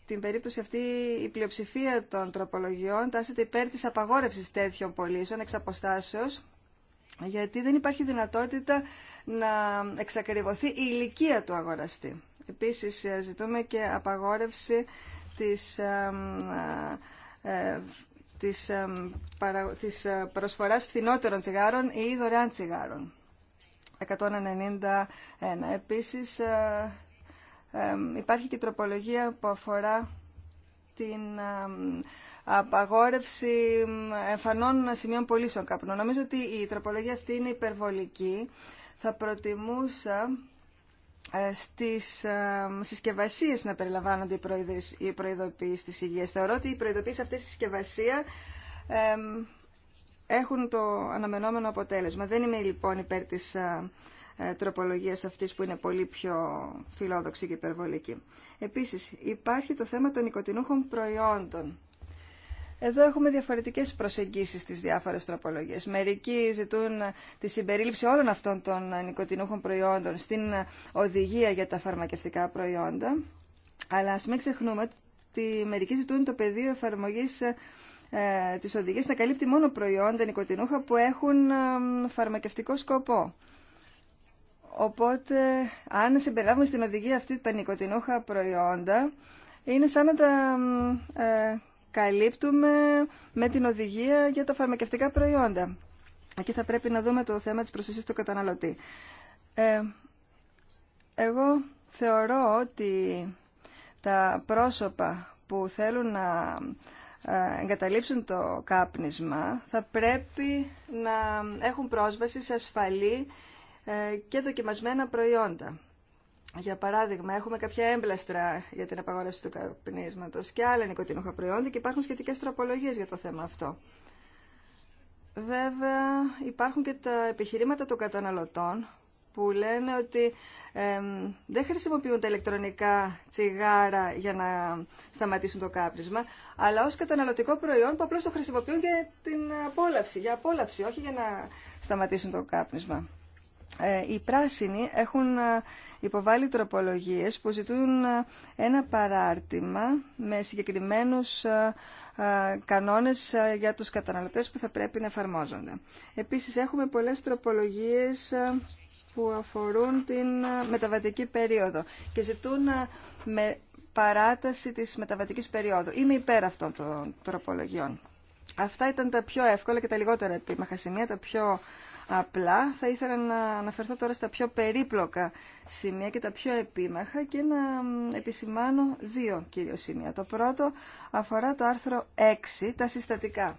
στην περίπτωση αυτή η πλειοψηφία των τροπολογιών τάσεται υπέρ της απαγόρευσης τέτοιων πωλήσεων εξ αποστάσεως, γιατί δεν υπάρχει δυνατότητα να εξακριβωθεί η ηλικία του αγοραστή. Επίσης ζητούμε και απαγόρευση της ε, της, παρα, της ε, προσφοράς φθηνότερων τσιγάρων ή δωρεάν τσιγάρων. 191. Επίσης ε, υπάρχει και η τροπολογία που αφορά την απαγόρευση εμφανών σημείων πωλήσεων καπνού. Νομίζω ότι η τροπολογία αυτή είναι υπερβολική. Θα προτιμούσα ε, στις ε, συσκευασίες να περιλαμβάνονται οι προειδοποιήσεις της υγείας. Θεωρώ ότι οι προειδοποιήσεις αυτές στη συσκευασία έχουν το αναμενόμενο αποτέλεσμα. Δεν είμαι λοιπόν υπέρ της ε, τροπολογίας αυτής που είναι πολύ πιο φιλόδοξη και υπερβολική. Επίσης, υπάρχει το θέμα των οικοτινούχων προϊόντων. Εδώ έχουμε διαφορετικές προσεγγίσεις στις διάφορες τροπολογίες. Μερικοί ζητούν τη συμπερίληψη όλων αυτών των νοικοτινούχων προϊόντων στην οδηγία για τα φαρμακευτικά προϊόντα. Αλλά ας μην ξεχνούμε ότι μερικοί ζητούν το πεδίο εφαρμογής ε, της οδηγίας να καλύπτει μόνο προϊόντα νοικοτινούχα που έχουν ε, φαρμακευτικό σκοπό. Οπότε, αν συμπεριλάβουμε στην οδηγία αυτή τα νοικοτινούχα προϊόντα, είναι σαν να τα ε, καλύπτουμε με την οδηγία για τα φαρμακευτικά προϊόντα. Εκεί θα πρέπει να δούμε το θέμα της προστασίας του καταναλωτή. Ε, εγώ θεωρώ ότι τα πρόσωπα που θέλουν να ε, εγκαταλείψουν το κάπνισμα θα πρέπει να έχουν πρόσβαση σε ασφαλή ε, και δοκιμασμένα προϊόντα. Για παράδειγμα, έχουμε κάποια έμπλαστρα για την απαγόρευση του καπνίσματος και άλλα νοικοτήνοχα προϊόντα και υπάρχουν σχετικέ τροπολογίε για το θέμα αυτό. Βέβαια, υπάρχουν και τα επιχειρήματα των καταναλωτών που λένε ότι δεν χρησιμοποιούν τα ηλεκτρονικά τσιγάρα για να σταματήσουν το κάπνισμα, αλλά ως καταναλωτικό προϊόν που απλώς το χρησιμοποιούν για την απόλαυση, για απόλαυση, όχι για να σταματήσουν το κάπνισμα. Ε, οι πράσινοι έχουν ε, υποβάλει τροπολογίες που ζητούν ε, ένα παράρτημα με συγκεκριμένους κανόνες για τους καταναλωτές που θα πρέπει να εφαρμόζονται. Επίσης έχουμε πολλές τροπολογίες που αφορούν την μεταβατική περίοδο και ζητούν με παράταση της μεταβατικής περίοδου. Είμαι υπέρ αυτών των τροπολογιών. Αυτά ήταν τα πιο εύκολα και τα λιγότερα επίμαχα σημεία, τα πιο απλά. Θα ήθελα να αναφερθώ τώρα στα πιο περίπλοκα σημεία και τα πιο επίμαχα και να επισημάνω δύο κύριο σημεία. Το πρώτο αφορά το άρθρο 6, τα συστατικά.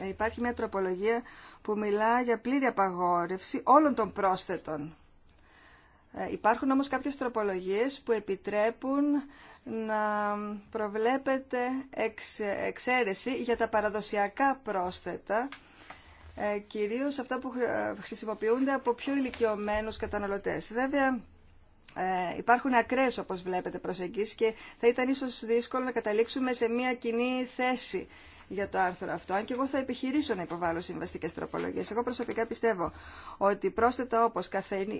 Ε, υπάρχει μια τροπολογία που μιλά για πλήρη απαγόρευση όλων των πρόσθετων. Ε, υπάρχουν όμως κάποιες τροπολογίες που επιτρέπουν να προβλέπεται εξ, εξαίρεση για τα παραδοσιακά πρόσθετα ε, κυρίως αυτά που ε, χρησιμοποιούνται από πιο ηλικιωμένους καταναλωτές. Βέβαια, ε, υπάρχουν ακραίες όπως βλέπετε προσεγγίσεις και θα ήταν ίσως δύσκολο να καταλήξουμε σε μια κοινή θέση για το άρθρο αυτό. Αν και εγώ θα επιχειρήσω να υποβάλω συμβαστικέ τροπολογίε. Εγώ προσωπικά πιστεύω ότι πρόσθετα όπως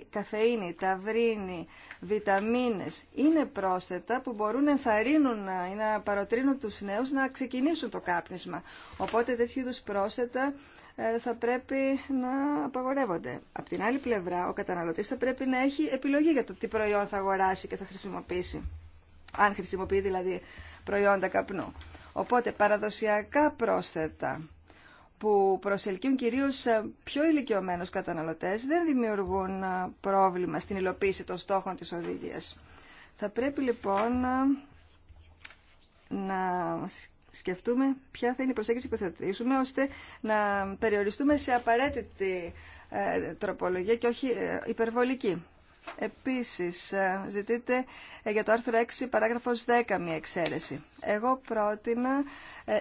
καφέινη, ταυρίνη, βιταμίνες είναι πρόσθετα που μπορούν να ενθαρρύνουν ή να παροτρύνουν τους νέου να ξεκινήσουν το κάπνισμα. Οπότε τέτοιου είδου πρόσθετα ε, θα πρέπει να απαγορεύονται. Απ' την άλλη πλευρά, ο καταναλωτής θα πρέπει να έχει επιλογή για το τι προϊόν θα αγοράσει και θα χρησιμοποιήσει. Αν χρησιμοποιεί δηλαδή προϊόντα καπνού. Οπότε παραδοσιακά πρόσθετα που προσελκύουν κυρίως ε, πιο ηλικιωμένους καταναλωτές δεν δημιουργούν ε, πρόβλημα στην υλοποίηση των στόχων της οδηγίας. Θα πρέπει λοιπόν να σκεφτούμε ποια θα είναι η προσέγγιση που θα ώστε να περιοριστούμε σε απαραίτητη ε, τροπολογία και όχι ε, υπερβολική. Επίσης, ε, ζητείτε για το άρθρο 6, παράγραφος 10, μια εξαίρεση. Εγώ πρότεινα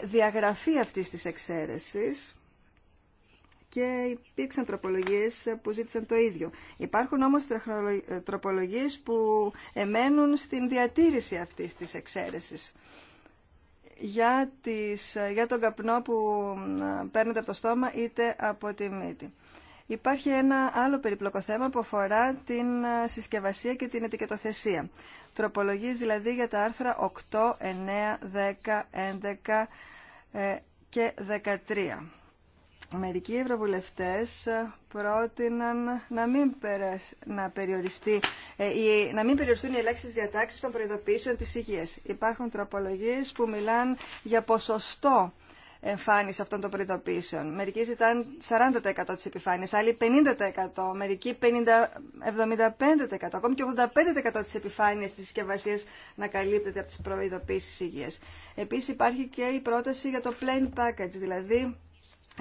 διαγραφή αυτής της εξαίρεσης και υπήρξαν τροπολογίες που ζήτησαν το ίδιο. Υπάρχουν όμως τροπολογίες που εμένουν στην διατήρηση αυτής της εξαίρεσης για, τις, για τον καπνό που παίρνετε από το στόμα είτε από τη μύτη. Υπάρχει ένα άλλο περιπλοκό θέμα που αφορά την ε, συσκευασία και την ετικετοθεσία. Τροπολογίες δηλαδή για τα άρθρα 8, 9, 10, 11 και 13. Μερικοί ευρωβουλευτές ε, πρότειναν να μην, να, περιοριστεί, ή, ε, να μην περιοριστούν οι ελάχιστες διατάξεις των προειδοποιήσεων της υγείας. Υπάρχουν τροπολογίες που μιλάνε για ποσοστό εμφάνιση αυτών των προειδοποιήσεων. Μερικοί ζητάνε 40% της επιφάνειας, άλλοι 50%, μερικοί 50, 75%, ακόμη και 85% της επιφάνειας της συσκευασία να καλύπτεται από τις προειδοποίησεις υγείας. Επίσης υπάρχει και η πρόταση για το plain package, δηλαδή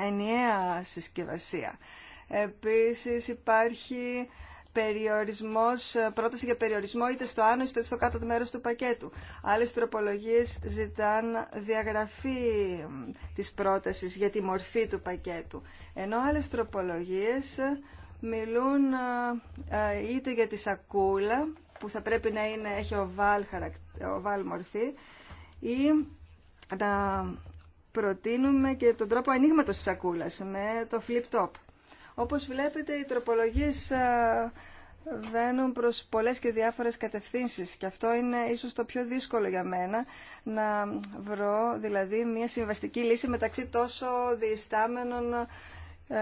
ενιαία συσκευασία. Επίσης υπάρχει περιορισμός, πρόταση για περιορισμό είτε στο άνω είτε στο κάτω μέρος του πακέτου. Άλλες τροπολογίες ζητάν διαγραφή της πρότασης για τη μορφή του πακέτου. Ενώ άλλες τροπολογίες μιλούν ε, ε, είτε για τη σακούλα που θα πρέπει να είναι, έχει οβάλ, οβάλ μορφή ή να προτείνουμε και τον τρόπο ανοίγματο τη σακούλας με το flip top. Όπως βλέπετε, οι τροπολογίες ε, βαίνουν προς πολλές και διάφορες κατευθύνσεις και αυτό είναι ίσως το πιο δύσκολο για μένα να βρω δηλαδή μια συμβαστική λύση μεταξύ τόσο διεστάμενων ε,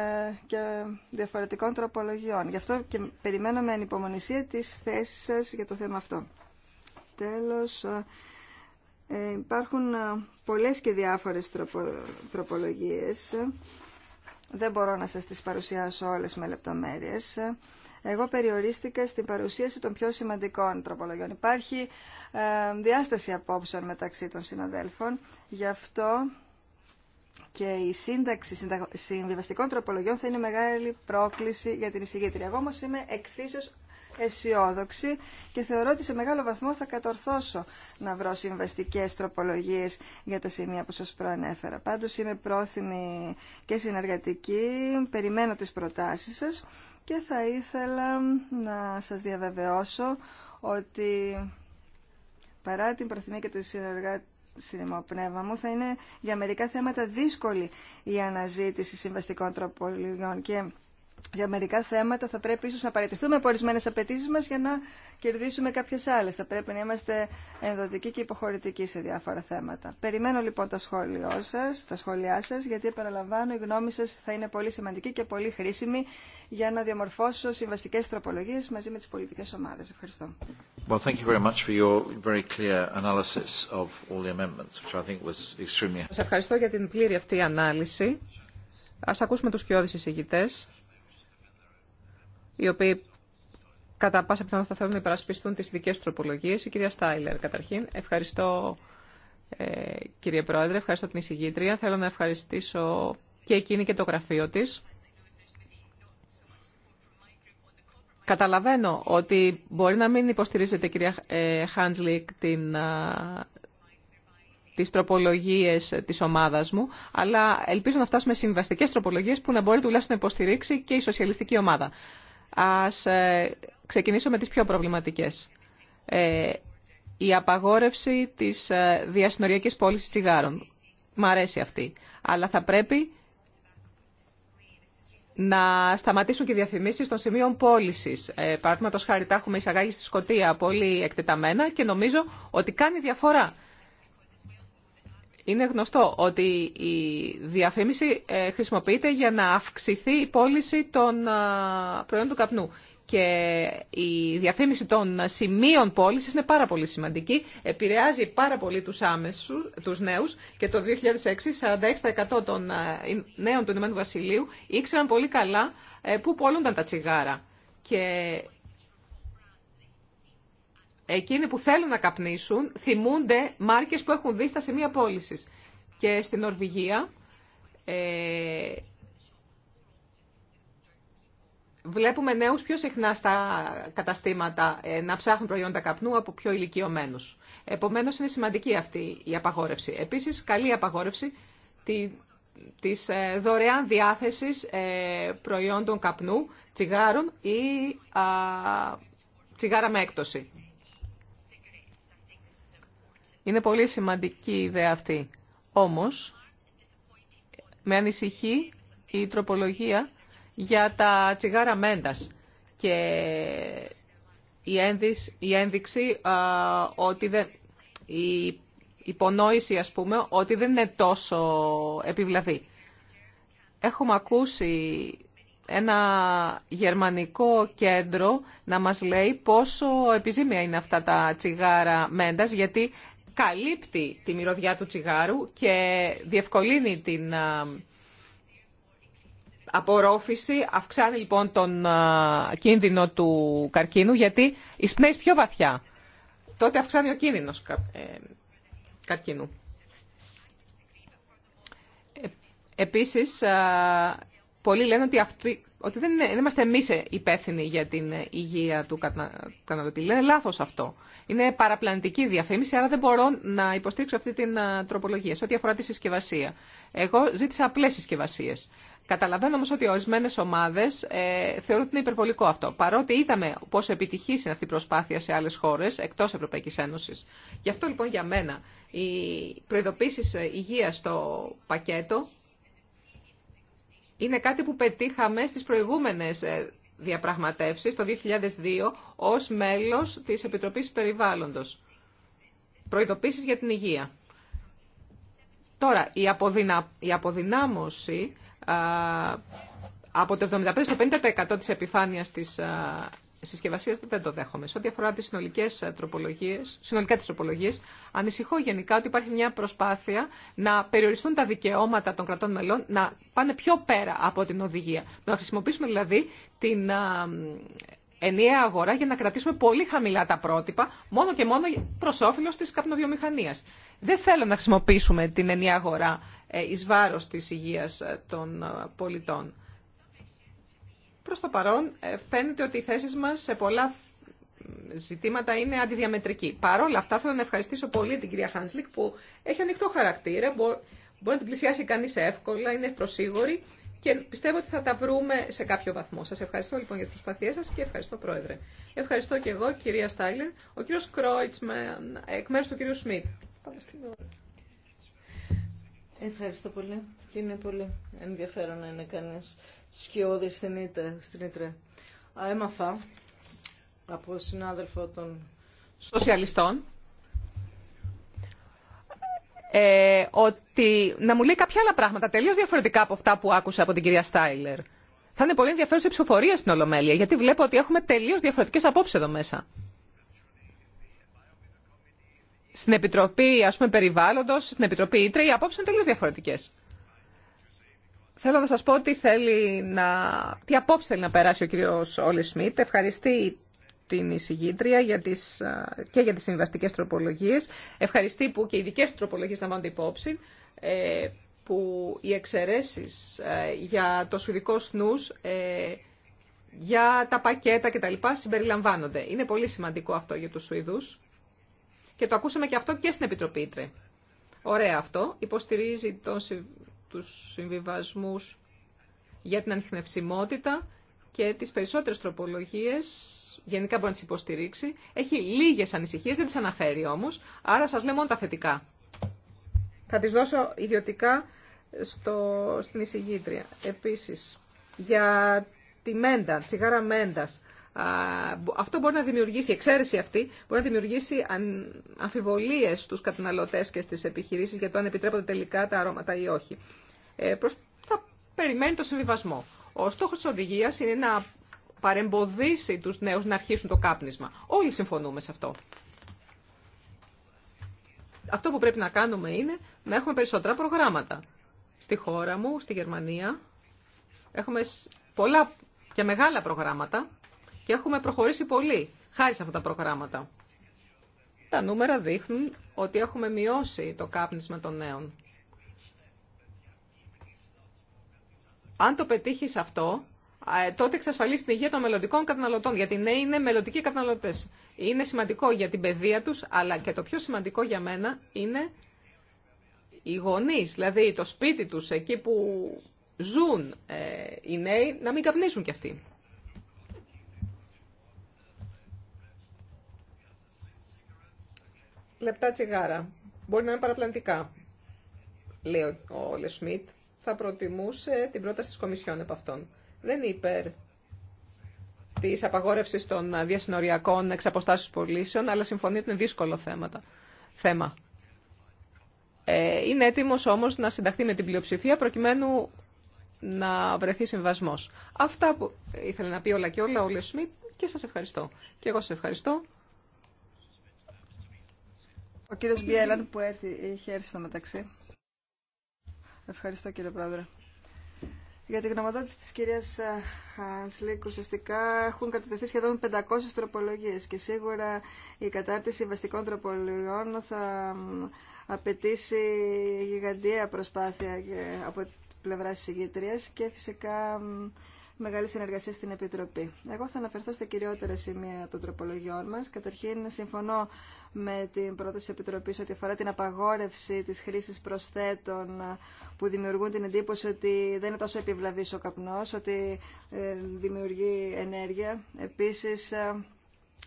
και διαφορετικών τροπολογιών. Γι' αυτό και περιμένω με ανυπομονησία τις θέσεις σας για το θέμα αυτό. Τέλος, ε, ε, υπάρχουν ε, πολλές και διάφορες τροπολογίες. Δεν μπορώ να σας τις παρουσιάσω όλες με λεπτομέρειες. Εγώ περιορίστηκα στην παρουσίαση των πιο σημαντικών τροπολογιών. Υπάρχει ε, διάσταση απόψεων μεταξύ των συναδέλφων. Γι' αυτό και η σύνταξη συμβιβαστικών τροπολογιών θα είναι μεγάλη πρόκληση για την εισηγήτρια. Εγώ όμως είμαι εκφύσεως αισιόδοξη και θεωρώ ότι σε μεγάλο βαθμό θα κατορθώσω να βρω συμβαστικέ τροπολογίε για τα σημεία που σα προανέφερα. Πάντω είμαι πρόθυμη και συνεργατική, περιμένω τι προτάσει σα και θα ήθελα να σας διαβεβαιώσω ότι παρά την προθυμία και το συνεργατικό πνεύμα μου, θα είναι για μερικά θέματα δύσκολη η αναζήτηση συμβαστικών τροπολογιών και για μερικά θέματα θα πρέπει ίσως να παραιτηθούμε από ορισμένε απαιτήσει μας για να κερδίσουμε κάποιες άλλες. Θα πρέπει να είμαστε ενδοτικοί και υποχωρητικοί σε διάφορα θέματα. Περιμένω λοιπόν τα, σχόλιά σας, τα σχόλιά σας, γιατί επαναλαμβάνω η γνώμη σας θα είναι πολύ σημαντική και πολύ χρήσιμη για να διαμορφώσω συμβαστικέ τροπολογίες μαζί με τις πολιτικές ομάδες. Ευχαριστώ. Well, thank you very much for your very clear analysis of all the amendments, which I think was extremely... Σας ευχαριστώ για την πλήρη αυτή ανάλυση. Ας ακούσουμε τους κοιόδης εισηγητές οι οποίοι κατά πάσα πιθανότητα θα θέλουν να υπερασπιστούν τις δικές τροπολογίες. Η κυρία Στάιλερ, καταρχήν, ευχαριστώ ε, κύριε Πρόεδρε, ευχαριστώ την εισηγήτρια. Θέλω να ευχαριστήσω και εκείνη και το γραφείο της. Καταλαβαίνω ότι μπορεί να μην υποστηρίζετε, κυρία ε, Χάντζλικ, την, α, ε, τις τροπολογίες της ομάδας μου, αλλά ελπίζω να φτάσουμε σε συμβαστικές τροπολογίες που να μπορεί τουλάχιστον να υποστηρίξει και η σοσιαλιστική ομάδα. Ας ε, ξεκινήσω με τις πιο προβληματικές. Ε, η απαγόρευση της ε, διασυνοριακής πώλησης τσιγάρων. Μ' αρέσει αυτή. Αλλά θα πρέπει να σταματήσουν και οι διαφημίσει των σημείων πώληση. Ε, το χάρη, τα έχουμε εισαγάγει στη Σκοτία πολύ εκτεταμένα και νομίζω ότι κάνει διαφορά. Είναι γνωστό ότι η διαφήμιση ε, χρησιμοποιείται για να αυξηθεί η πώληση των ε, προϊόντων του καπνού. Και η διαφήμιση των σημείων πώληση είναι πάρα πολύ σημαντική. Επηρεάζει πάρα πολύ τους άμεσους, τους νέους και το 2006 46% των ε, νέων του Ηνωμένου Βασιλείου ήξεραν πολύ καλά πού πωλούνταν τα τσιγάρα. Και εκείνοι που θέλουν να καπνίσουν θυμούνται μάρκες που έχουν δει στα σημεία πώληση. Και στην Νορβηγία ε, βλέπουμε νέους πιο συχνά στα καταστήματα ε, να ψάχνουν προϊόντα καπνού από πιο ηλικιωμένους. Επομένως είναι σημαντική αυτή η απαγόρευση. Επίσης καλή απαγόρευση τη, της ε, δωρεάν διάθεσης ε, προϊόντων καπνού, τσιγάρων ή α, τσιγάρα με έκπτωση. Είναι πολύ σημαντική η ιδέα αυτή. Όμως, με ανησυχεί η τροπολογία για τα τσιγάρα μέντας και η, η ένδειξη ότι δεν, η υπονόηση ας πούμε ότι δεν είναι τόσο επιβλαβή. Έχουμε ακούσει ένα γερμανικό κέντρο να μας λέει πόσο επιζήμια είναι αυτά τα τσιγάρα μέντας γιατί καλύπτει τη μυρωδιά του τσιγάρου και διευκολύνει την απορρόφηση, αυξάνει λοιπόν τον κίνδυνο του καρκίνου γιατί εισπνέει πιο βαθιά. Τότε αυξάνει ο κίνδυνος ε, καρκίνου. Ε, επίσης, πολλοί λένε ότι αυτή ότι δεν, είναι, δεν είμαστε εμεί ε, υπεύθυνοι για την ε, υγεία του καταναλωτή. Λένε λάθο αυτό. Είναι παραπλανητική διαφήμιση, άρα δεν μπορώ να υποστήριξω αυτή την ε, τροπολογία. Σε ό,τι αφορά τη συσκευασία. Εγώ ζήτησα απλέ συσκευασίε. Καταλαβαίνω όμω ότι ορισμένε ομάδε ε, θεωρούν ότι είναι υπερβολικό αυτό. Παρότι είδαμε πόσο επιτυχή είναι αυτή η προσπάθεια σε άλλε χώρε εκτό Ευρωπαϊκή Ένωση. Γι' αυτό λοιπόν για μένα οι προειδοποίησει υγεία στο πακέτο είναι κάτι που πετύχαμε στις προηγούμενες ε, διαπραγματεύσεις το 2002 ως μέλος της Επιτροπής Περιβάλλοντος. Προειδοποίησης για την υγεία. Τώρα, η, αποδυνάμωση α, από το 75% στο 50% της επιφάνειας της συσκευασία δεν το δέχομαι. Σε ό,τι αφορά τι ε, συνολικά τι τροπολογίε, ανησυχώ γενικά ότι υπάρχει μια προσπάθεια να περιοριστούν τα δικαιώματα των κρατών μελών να πάνε πιο πέρα από την οδηγία. Να χρησιμοποιήσουμε δηλαδή την ενιαία αγορά για να κρατήσουμε πολύ χαμηλά τα πρότυπα, μόνο και μόνο προ όφελο τη καπνοβιομηχανία. Δεν θέλω να χρησιμοποιήσουμε την ενιαία αγορά ε, ει βάρο τη υγεία ε, των πολιτών. Προς το παρόν ε, φαίνεται ότι οι θέσεις μας σε πολλά ζητήματα είναι αντιδιαμετρική. Παρόλα αυτά θέλω να ευχαριστήσω πολύ την κυρία Χάνσλικ που έχει ανοιχτό χαρακτήρα, μπορεί να την πλησιάσει κανείς εύκολα, είναι προσίγωρη και πιστεύω ότι θα τα βρούμε σε κάποιο βαθμό. Σας ευχαριστώ λοιπόν για τις προσπαθίες σας και ευχαριστώ Πρόεδρε. Ευχαριστώ και εγώ κυρία Στάιλερ, ο κύριος Κρόιτς, εκ μέρους του κύριου Σμιτ. Ευχαριστώ πολύ. Και είναι πολύ ενδιαφέρον να είναι κανείς σκιώδη στην, στην Ήτρε. Έμαθα από συνάδελφο των σοσιαλιστών ε, ότι να μου λέει κάποια άλλα πράγματα τελείως διαφορετικά από αυτά που άκουσα από την κυρία Στάιλερ. Θα είναι πολύ ενδιαφέρουσα η ψηφοφορία στην Ολομέλεια, γιατί βλέπω ότι έχουμε τελείως διαφορετικές απόψεις εδώ μέσα στην Επιτροπή ας πούμε, Περιβάλλοντος, στην Επιτροπή Ήτρε, οι απόψεις είναι τελείως διαφορετικές. Θέλω να σας πω τι, θέλει να... τι απόψη θέλει να περάσει ο κύριος Όλη Σμιτ. Ευχαριστεί την εισηγήτρια για τις... και για τις συμβαστικές τροπολογίες. Ευχαριστεί που και οι δικές του να λαμβάνονται υπόψη, ε, που οι εξαιρεσει ε, για το σουηδικό σνούς ε, για τα πακέτα κτλ. συμπεριλαμβάνονται. Είναι πολύ σημαντικό αυτό για τους Σουηδούς. Και το ακούσαμε και αυτό και στην Επιτροπή Ήτρε. Ωραία αυτό. Υποστηρίζει τον, τους συμβιβασμούς για την ανιχνευσιμότητα και τις περισσότερες τροπολογίες γενικά μπορεί να τις υποστηρίξει. Έχει λίγες ανησυχίες, δεν τις αναφέρει όμως, άρα σας λέω μόνο τα θετικά. Θα τις δώσω ιδιωτικά στο, στην εισηγήτρια. Επίσης, για τη μέντα, τσιγάρα μέντας, αυτό μπορεί να δημιουργήσει, η εξαίρεση αυτή μπορεί να δημιουργήσει αμφιβολίε στους καταναλωτέ και στις επιχειρήσει για το αν επιτρέπονται τελικά τα αρώματα ή όχι. Ε, προς, θα περιμένει το συμβιβασμό. Ο στόχο τη οδηγία είναι να παρεμποδίσει τους νέου να αρχίσουν το κάπνισμα. Όλοι συμφωνούμε σε αυτό. Αυτό που πρέπει να κάνουμε είναι να έχουμε περισσότερα προγράμματα. Στη χώρα μου, στη Γερμανία, έχουμε πολλά και μεγάλα προγράμματα και έχουμε προχωρήσει πολύ χάρη σε αυτά τα προγράμματα. Τα νούμερα δείχνουν ότι έχουμε μειώσει το κάπνισμα των νέων. Αν το πετύχει αυτό, ε, τότε εξασφαλίζει την υγεία των μελλοντικών καταναλωτών. Γιατί νέοι είναι μελλοντικοί καταναλωτέ. Είναι σημαντικό για την παιδεία του, αλλά και το πιο σημαντικό για μένα είναι οι γονεί, δηλαδή το σπίτι του, εκεί που ζουν ε, οι νέοι, να μην καπνίσουν κι αυτοί. λεπτά τσιγάρα. Μπορεί να είναι παραπλανητικά, λέει ο Λεσμίτ. Θα προτιμούσε την πρόταση της Κομισιόν από αυτόν. Δεν είναι υπέρ τη απαγόρευση των διασυνοριακών εξαποστάσεων πωλήσεων, αλλά συμφωνεί ότι είναι δύσκολο θέμα. Ε, είναι έτοιμος όμως να συνταχθεί με την πλειοψηφία προκειμένου να βρεθεί συμβασμό. Αυτά που ήθελε να πει όλα και όλα ο Λεσμίτ και σας ευχαριστώ. Και εγώ σας ευχαριστώ. Ο κύριος Μπιέλλαν που έρθει, είχε έρθει στο μεταξύ. Ευχαριστώ κύριε Πρόεδρε. Για την γνωμοδότηση της κυρίας ε, Χάνσλικ ουσιαστικά έχουν κατατεθεί σχεδόν 500 τροπολογίες και σίγουρα η κατάρτιση βαστικών τροπολογιών θα απαιτήσει γιγαντιαία προσπάθεια από πλευρά της και φυσικά μεγάλη συνεργασία στην Επιτροπή. Εγώ θα αναφερθώ στα κυριότερα σημεία των τροπολογιών μας. Καταρχήν, συμφωνώ με την πρόταση επιτροπή ότι αφορά την απαγόρευση της χρήσης προσθέτων που δημιουργούν την εντύπωση ότι δεν είναι τόσο επιβλαβής ο καπνός, ότι ε, δημιουργεί ενέργεια. Επίσης, ε,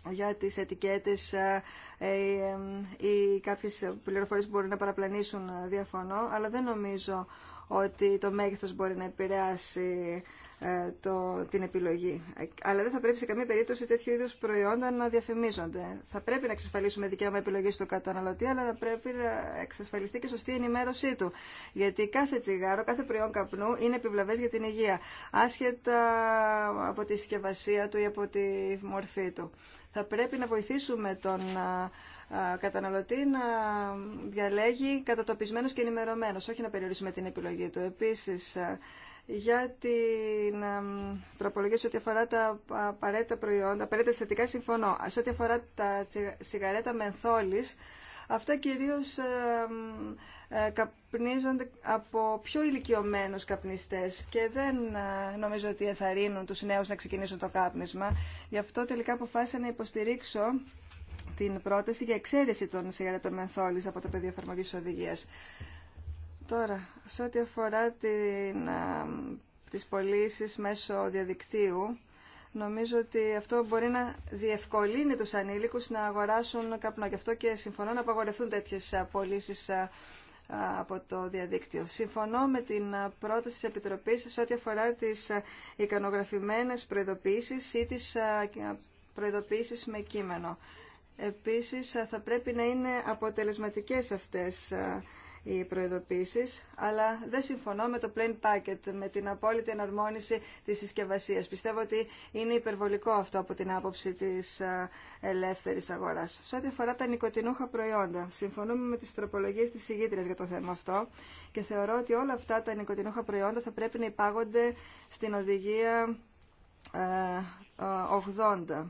για τις ετικέτες ή ε, κάποιες πληροφορίες που μπορεί να παραπλανήσουν διαφωνώ, αλλά δεν νομίζω ότι το μέγεθος μπορεί να επηρεάσει ε, το, την επιλογή. Αλλά δεν θα πρέπει σε καμία περίπτωση τέτοιου είδους προϊόντα να διαφημίζονται. Θα πρέπει να εξασφαλίσουμε δικαίωμα επιλογή του καταναλωτή, αλλά θα πρέπει να εξασφαλιστεί και σωστή ενημέρωσή του. Γιατί κάθε τσιγάρο, κάθε προϊόν καπνού είναι επιβλαβέ για την υγεία, άσχετα από τη συσκευασία του ή από τη μορφή του. Θα πρέπει να βοηθήσουμε τον καταναλωτή να διαλέγει κατατοπισμένος και ενημερωμένος, όχι να περιορίσουμε την επιλογή του. Επίσης, για την τροπολογία σε ό,τι αφορά τα απαραίτητα προϊόντα, απαραίτητα συστατικά συμφωνώ. Σε ό,τι αφορά τα σιγαρέτα μενθόλης, αυτά κυρίως ε, καπνίζονται από πιο ηλικιωμένους καπνιστές και δεν ε, νομίζω ότι εθαρρύνουν τους νέους να ξεκινήσουν το κάπνισμα. Γι' αυτό τελικά αποφάσισα να υποστηρίξω την πρόταση για εξαίρεση των σιγαρέτων μενθόλης από το πεδίο εφαρμογής οδηγία. Τώρα, σε ό,τι αφορά την, α, τις πωλήσει μέσω διαδικτύου, νομίζω ότι αυτό μπορεί να διευκολύνει τους ανήλικους να αγοράσουν καπνό. Γι' αυτό και συμφωνώ να απαγορευτούν τέτοιες πωλήσει από το διαδίκτυο. Συμφωνώ με την πρόταση της Επιτροπής σε ό,τι αφορά τις ικανογραφημένες προειδοποιήσεις ή τις προειδοποιήσεις με κείμενο. Επίσης, θα πρέπει να είναι αποτελεσματικές αυτές οι προειδοποίησεις, αλλά δεν συμφωνώ με το plain packet, με την απόλυτη εναρμόνιση της συσκευασίας. Πιστεύω ότι είναι υπερβολικό αυτό από την άποψη της ε, ελεύθερης αγοράς. Σε ό,τι αφορά τα νοικοτινούχα προϊόντα, συμφωνούμε με τις τροπολογίες της ηγήτριας για το θέμα αυτό και θεωρώ ότι όλα αυτά τα νοικοτινούχα προϊόντα θα πρέπει να υπάγονται στην οδηγία 80 ε, ε,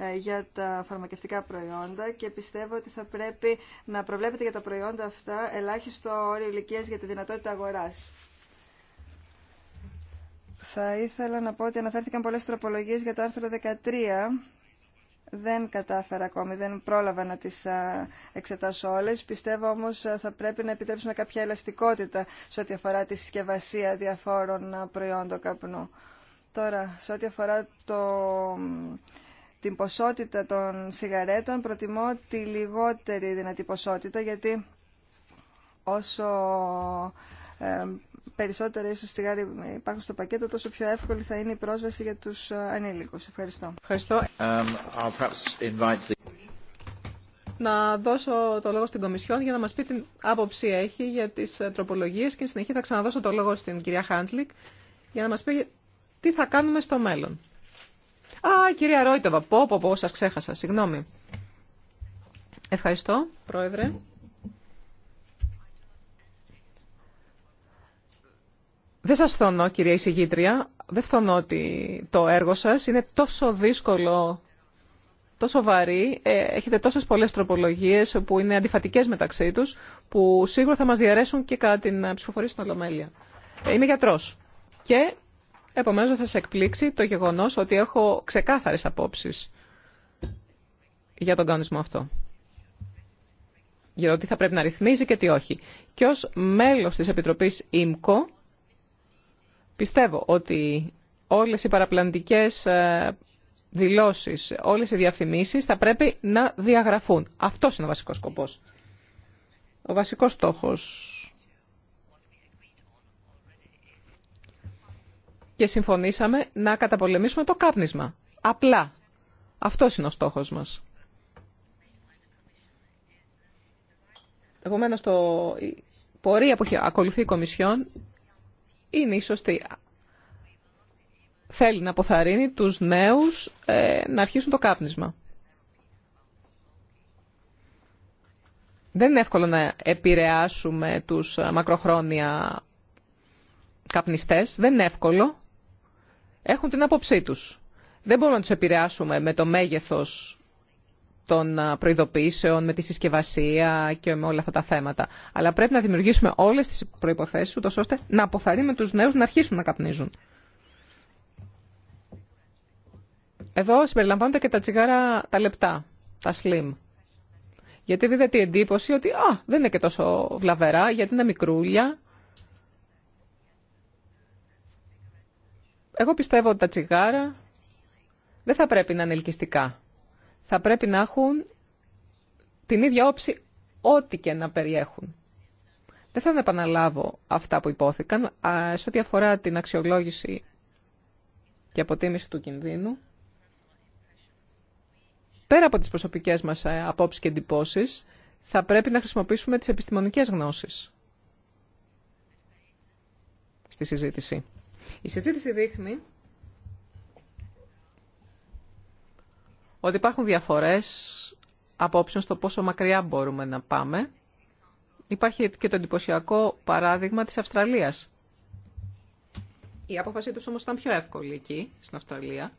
ε, για τα φαρμακευτικά προϊόντα και πιστεύω ότι θα πρέπει να προβλέπετε για τα προϊόντα αυτά ελάχιστο όριο ηλικία για τη δυνατότητα αγοράς. Θα ήθελα να πω ότι αναφέρθηκαν πολλές τροπολογίες για το άρθρο 13 δεν κατάφερα ακόμη, δεν πρόλαβα να τις εξετάσω όλες. Πιστεύω όμως θα πρέπει να επιτρέψουμε κάποια ελαστικότητα σε ό,τι αφορά τη συσκευασία διαφόρων προϊόντων καπνού. Τώρα, σε ό,τι αφορά το την ποσότητα των σιγαρέτων προτιμώ τη λιγότερη δυνατή ποσότητα γιατί όσο ε, περισσότερα ίσως σιγάρι υπάρχουν στο πακέτο τόσο πιο εύκολη θα είναι η πρόσβαση για τους ε, ανήλικους. Ευχαριστώ. Ευχαριστώ. Um, να δώσω το λόγο στην Κομισιόν για να μας πει την άποψη έχει για τις ε, τροπολογίες και συνεχεία θα ξαναδώσω το λόγο στην κυρία Χάντλικ για να μας πει τι θα κάνουμε στο μέλλον. Α, κυρία Ρόιτοβα, πω, πω, πω, σας ξέχασα, συγγνώμη. Ευχαριστώ, Πρόεδρε. Δεν σας θωνώ, κυρία εισηγήτρια. Δεν θωνώ ότι το έργο σας είναι τόσο δύσκολο, τόσο βαρύ. Ε, έχετε τόσες πολλές τροπολογίες που είναι αντιφατικές μεταξύ τους, που σίγουρα θα μας διαρέσουν και κατά την ψηφοφορία στην Ολομέλεια. Ε, είμαι γιατρός και Επομένως θα σε εκπλήξει το γεγονός ότι έχω ξεκάθαρες απόψεις για τον κανονισμό αυτό. Για το τι θα πρέπει να ρυθμίζει και τι όχι. Και ως μέλος της Επιτροπής ΙΜΚΟ πιστεύω ότι όλες οι παραπλανητικές ε, δηλώσεις, όλες οι διαφημίσεις θα πρέπει να διαγραφούν. Αυτός είναι ο βασικός σκοπός. Ο βασικός στόχος και συμφωνήσαμε να καταπολεμήσουμε το κάπνισμα. Απλά. Αυτός είναι ο στόχος μας. Επομένω, το... η πορεία που έχει ακολουθεί η Κομισιόν είναι η ότι Θέλει να αποθαρρύνει τους νέους ε, να αρχίσουν το κάπνισμα. Δεν είναι εύκολο να επηρεάσουμε τους μακροχρόνια καπνιστές. Δεν είναι εύκολο έχουν την άποψή τους. Δεν μπορούμε να τους επηρεάσουμε με το μέγεθος των προειδοποιήσεων, με τη συσκευασία και με όλα αυτά τα θέματα. Αλλά πρέπει να δημιουργήσουμε όλες τις προϋποθέσεις, ούτως ώστε να αποθαρρύνουμε τους νέους να αρχίσουν να καπνίζουν. Εδώ συμπεριλαμβάνονται και τα τσιγάρα τα λεπτά, τα slim. Γιατί δίδεται η εντύπωση ότι α, δεν είναι και τόσο βλαβερά, γιατί είναι μικρούλια Εγώ πιστεύω ότι τα τσιγάρα δεν θα πρέπει να είναι ελκυστικά. Θα πρέπει να έχουν την ίδια όψη ό,τι και να περιέχουν. Δεν θα επαναλάβω αυτά που υπόθηκαν. Σε ό,τι αφορά την αξιολόγηση και αποτίμηση του κινδύνου, πέρα από τις προσωπικές μας ε, απόψεις και εντυπωσει, θα πρέπει να χρησιμοποιήσουμε τις επιστημονικές γνώσεις στη συζήτηση. Η συζήτηση δείχνει ότι υπάρχουν διαφορές απόψεων στο πόσο μακριά μπορούμε να πάμε. Υπάρχει και το εντυπωσιακό παράδειγμα της Αυστραλίας. Η απόφασή τους όμως ήταν πιο εύκολη εκεί, στην Αυστραλία.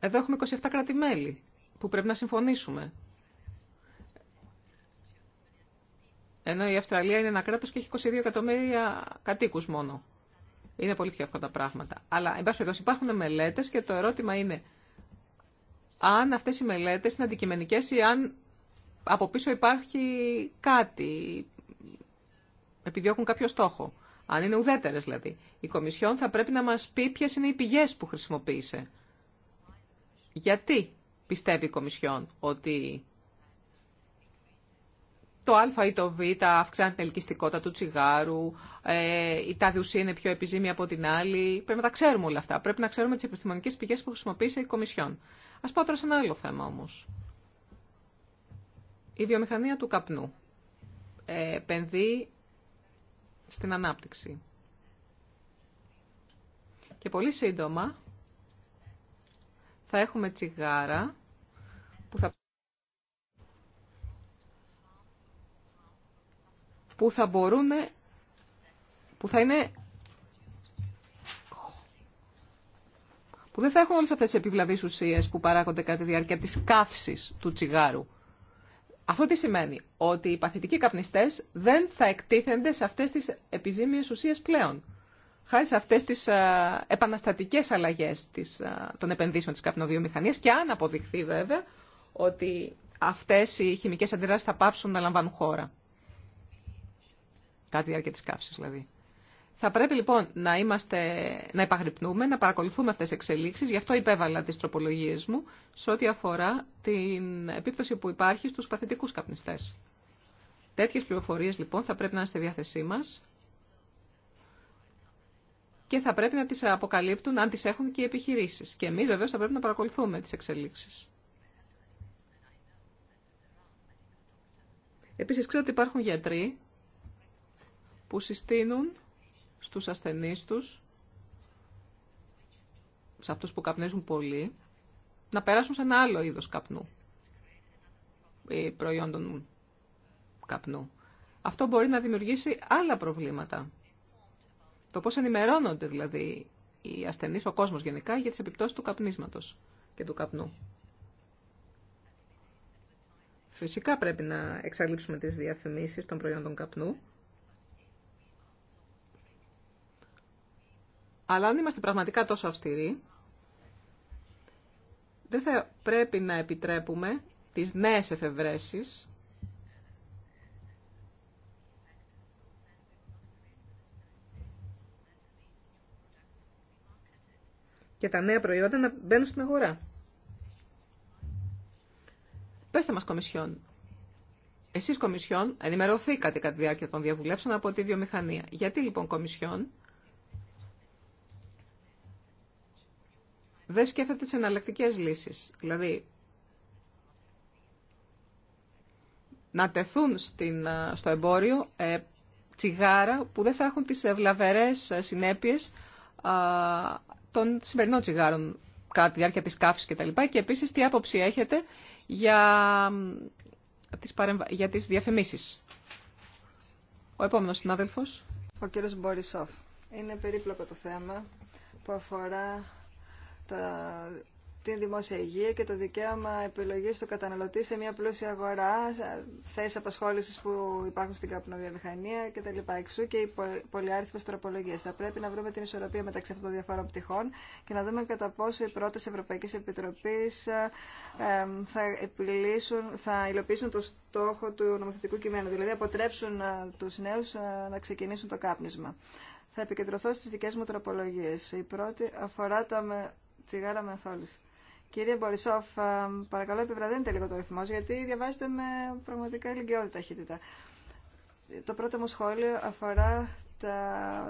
Εδώ έχουμε 27 κράτη-μέλη που πρέπει να συμφωνήσουμε. Ενώ η Αυστραλία είναι ένα κράτος και έχει 22 εκατομμύρια κατοίκους μόνο. Είναι πολύ πιο εύκολα τα πράγματα. Αλλά, εν υπάρχουν μελέτε και το ερώτημα είναι αν αυτέ οι μελέτε είναι αντικειμενικέ ή αν από πίσω υπάρχει κάτι. Επιδιώκουν κάποιο στόχο. Αν είναι ουδέτερε δηλαδή. Η Κομισιόν θα πρέπει να μα πει ποιε είναι οι πηγέ που χρησιμοποίησε. Γιατί πιστεύει η Κομισιόν ότι το α ή το β αυξάνει την ελκυστικότητα του τσιγάρου, ε, η τάδε ουσία είναι πιο επιζήμια από την άλλη. Πρέπει να τα ξέρουμε όλα αυτά. Πρέπει να ξέρουμε τι επιστημονικέ πηγέ που χρησιμοποίησε η Κομισιόν. Α πάω τώρα σε ένα άλλο θέμα όμω. Η βιομηχανία του καπνού ε, επενδύει στην ανάπτυξη. Και πολύ σύντομα θα έχουμε τσιγάρα που θα που θα μπορούν, που θα είναι που δεν θα έχουν όλες αυτές τις επιβλαβείς ουσίες που παράγονται κατά τη διάρκεια της καύσης του τσιγάρου. Αυτό τι σημαίνει, ότι οι παθητικοί καπνιστές δεν θα εκτίθενται σε αυτές τις επιζήμιες ουσίες πλέον. Χάρη σε αυτές τις α, ε, επαναστατικές αλλαγές της, α, ε, των επενδύσεων της καπνοβιομηχανίας και αν αποδειχθεί βέβαια ότι αυτές οι χημικές αντιδράσεις θα πάψουν να λαμβάνουν χώρα κατά τη διάρκεια τη καύση, δηλαδή. Θα πρέπει λοιπόν να, είμαστε, να υπαγρυπνούμε, να παρακολουθούμε αυτέ τι εξελίξει. γι' αυτό υπέβαλα τι τροπολογίε μου σε ό,τι αφορά την επίπτωση που υπάρχει στου παθητικού καπνιστέ. Τέτοιε πληροφορίε λοιπόν θα πρέπει να είναι στη διάθεσή μα. και θα πρέπει να τι αποκαλύπτουν αν τι έχουν και οι επιχειρήσει. Και εμεί βεβαίω θα πρέπει να παρακολουθούμε τι εξελίξει. Επίση, ξέρω ότι υπάρχουν γιατροί που συστήνουν στους ασθενείς τους, σε αυτούς που καπνίζουν πολύ, να περάσουν σε ένα άλλο είδος καπνού ή προϊόντων καπνού. Αυτό μπορεί να δημιουργήσει άλλα προβλήματα. Το πώς ενημερώνονται δηλαδή οι ασθενείς, ο κόσμος γενικά, για τις επιπτώσεις του καπνίσματος και του καπνού. Φυσικά πρέπει να εξαλείψουμε τις διαφημίσεις των προϊόντων καπνού Αλλά αν είμαστε πραγματικά τόσο αυστηροί, δεν θα πρέπει να επιτρέπουμε τις νέες εφευρέσεις και τα νέα προϊόντα να μπαίνουν στην αγορά. Πεςτε μας, Κομισιόν. Εσείς, Κομισιόν, ενημερωθήκατε κατά τη διάρκεια των διαβουλεύσεων από τη βιομηχανία. Γιατί, λοιπόν, Κομισιόν, δεν σκέφτεται τι εναλλακτικέ λύσεις. Δηλαδή, να τεθούν στην, στο εμπόριο ε, τσιγάρα που δεν θα έχουν τις ευλαβερές ε, συνέπειες των σημερινών τσιγάρων κατά τη διάρκεια της καύσης κτλ. Και, και επίσης τι άποψη έχετε για τις, παρεμβα... για τις διαφημίσεις. Ο επόμενος συνάδελφος. Ο κύριος Μπορισόφ. Είναι περίπλοκο το θέμα που αφορά τα, την δημόσια υγεία και το δικαίωμα επιλογή του καταναλωτή σε μια πλούσια αγορά, θέσει απασχόληση που υπάρχουν στην καπνοβιομηχανία κτλ. Εξού και οι πολυάριθμε τροπολογίε. Θα πρέπει να βρούμε την ισορροπία μεταξύ αυτών των διαφόρων πτυχών και να δούμε κατά πόσο οι πρώτε Ευρωπαϊκή Επιτροπής ε, θα, θα υλοποιήσουν το στόχο του νομοθετικού κειμένου, δηλαδή αποτρέψουν ε, του νέου ε, να ξεκινήσουν το κάπνισμα. Θα επικεντρωθώ στι δικέ μου τροπολογίε. Η πρώτη αφορά τα τσιγάρα με Κύριε Μπορισόφ, ε, παρακαλώ επιβραδύνετε λίγο το ρυθμό, γιατί διαβάζετε με πραγματικά ηλικιώδη ταχύτητα. Το πρώτο μου σχόλιο αφορά τα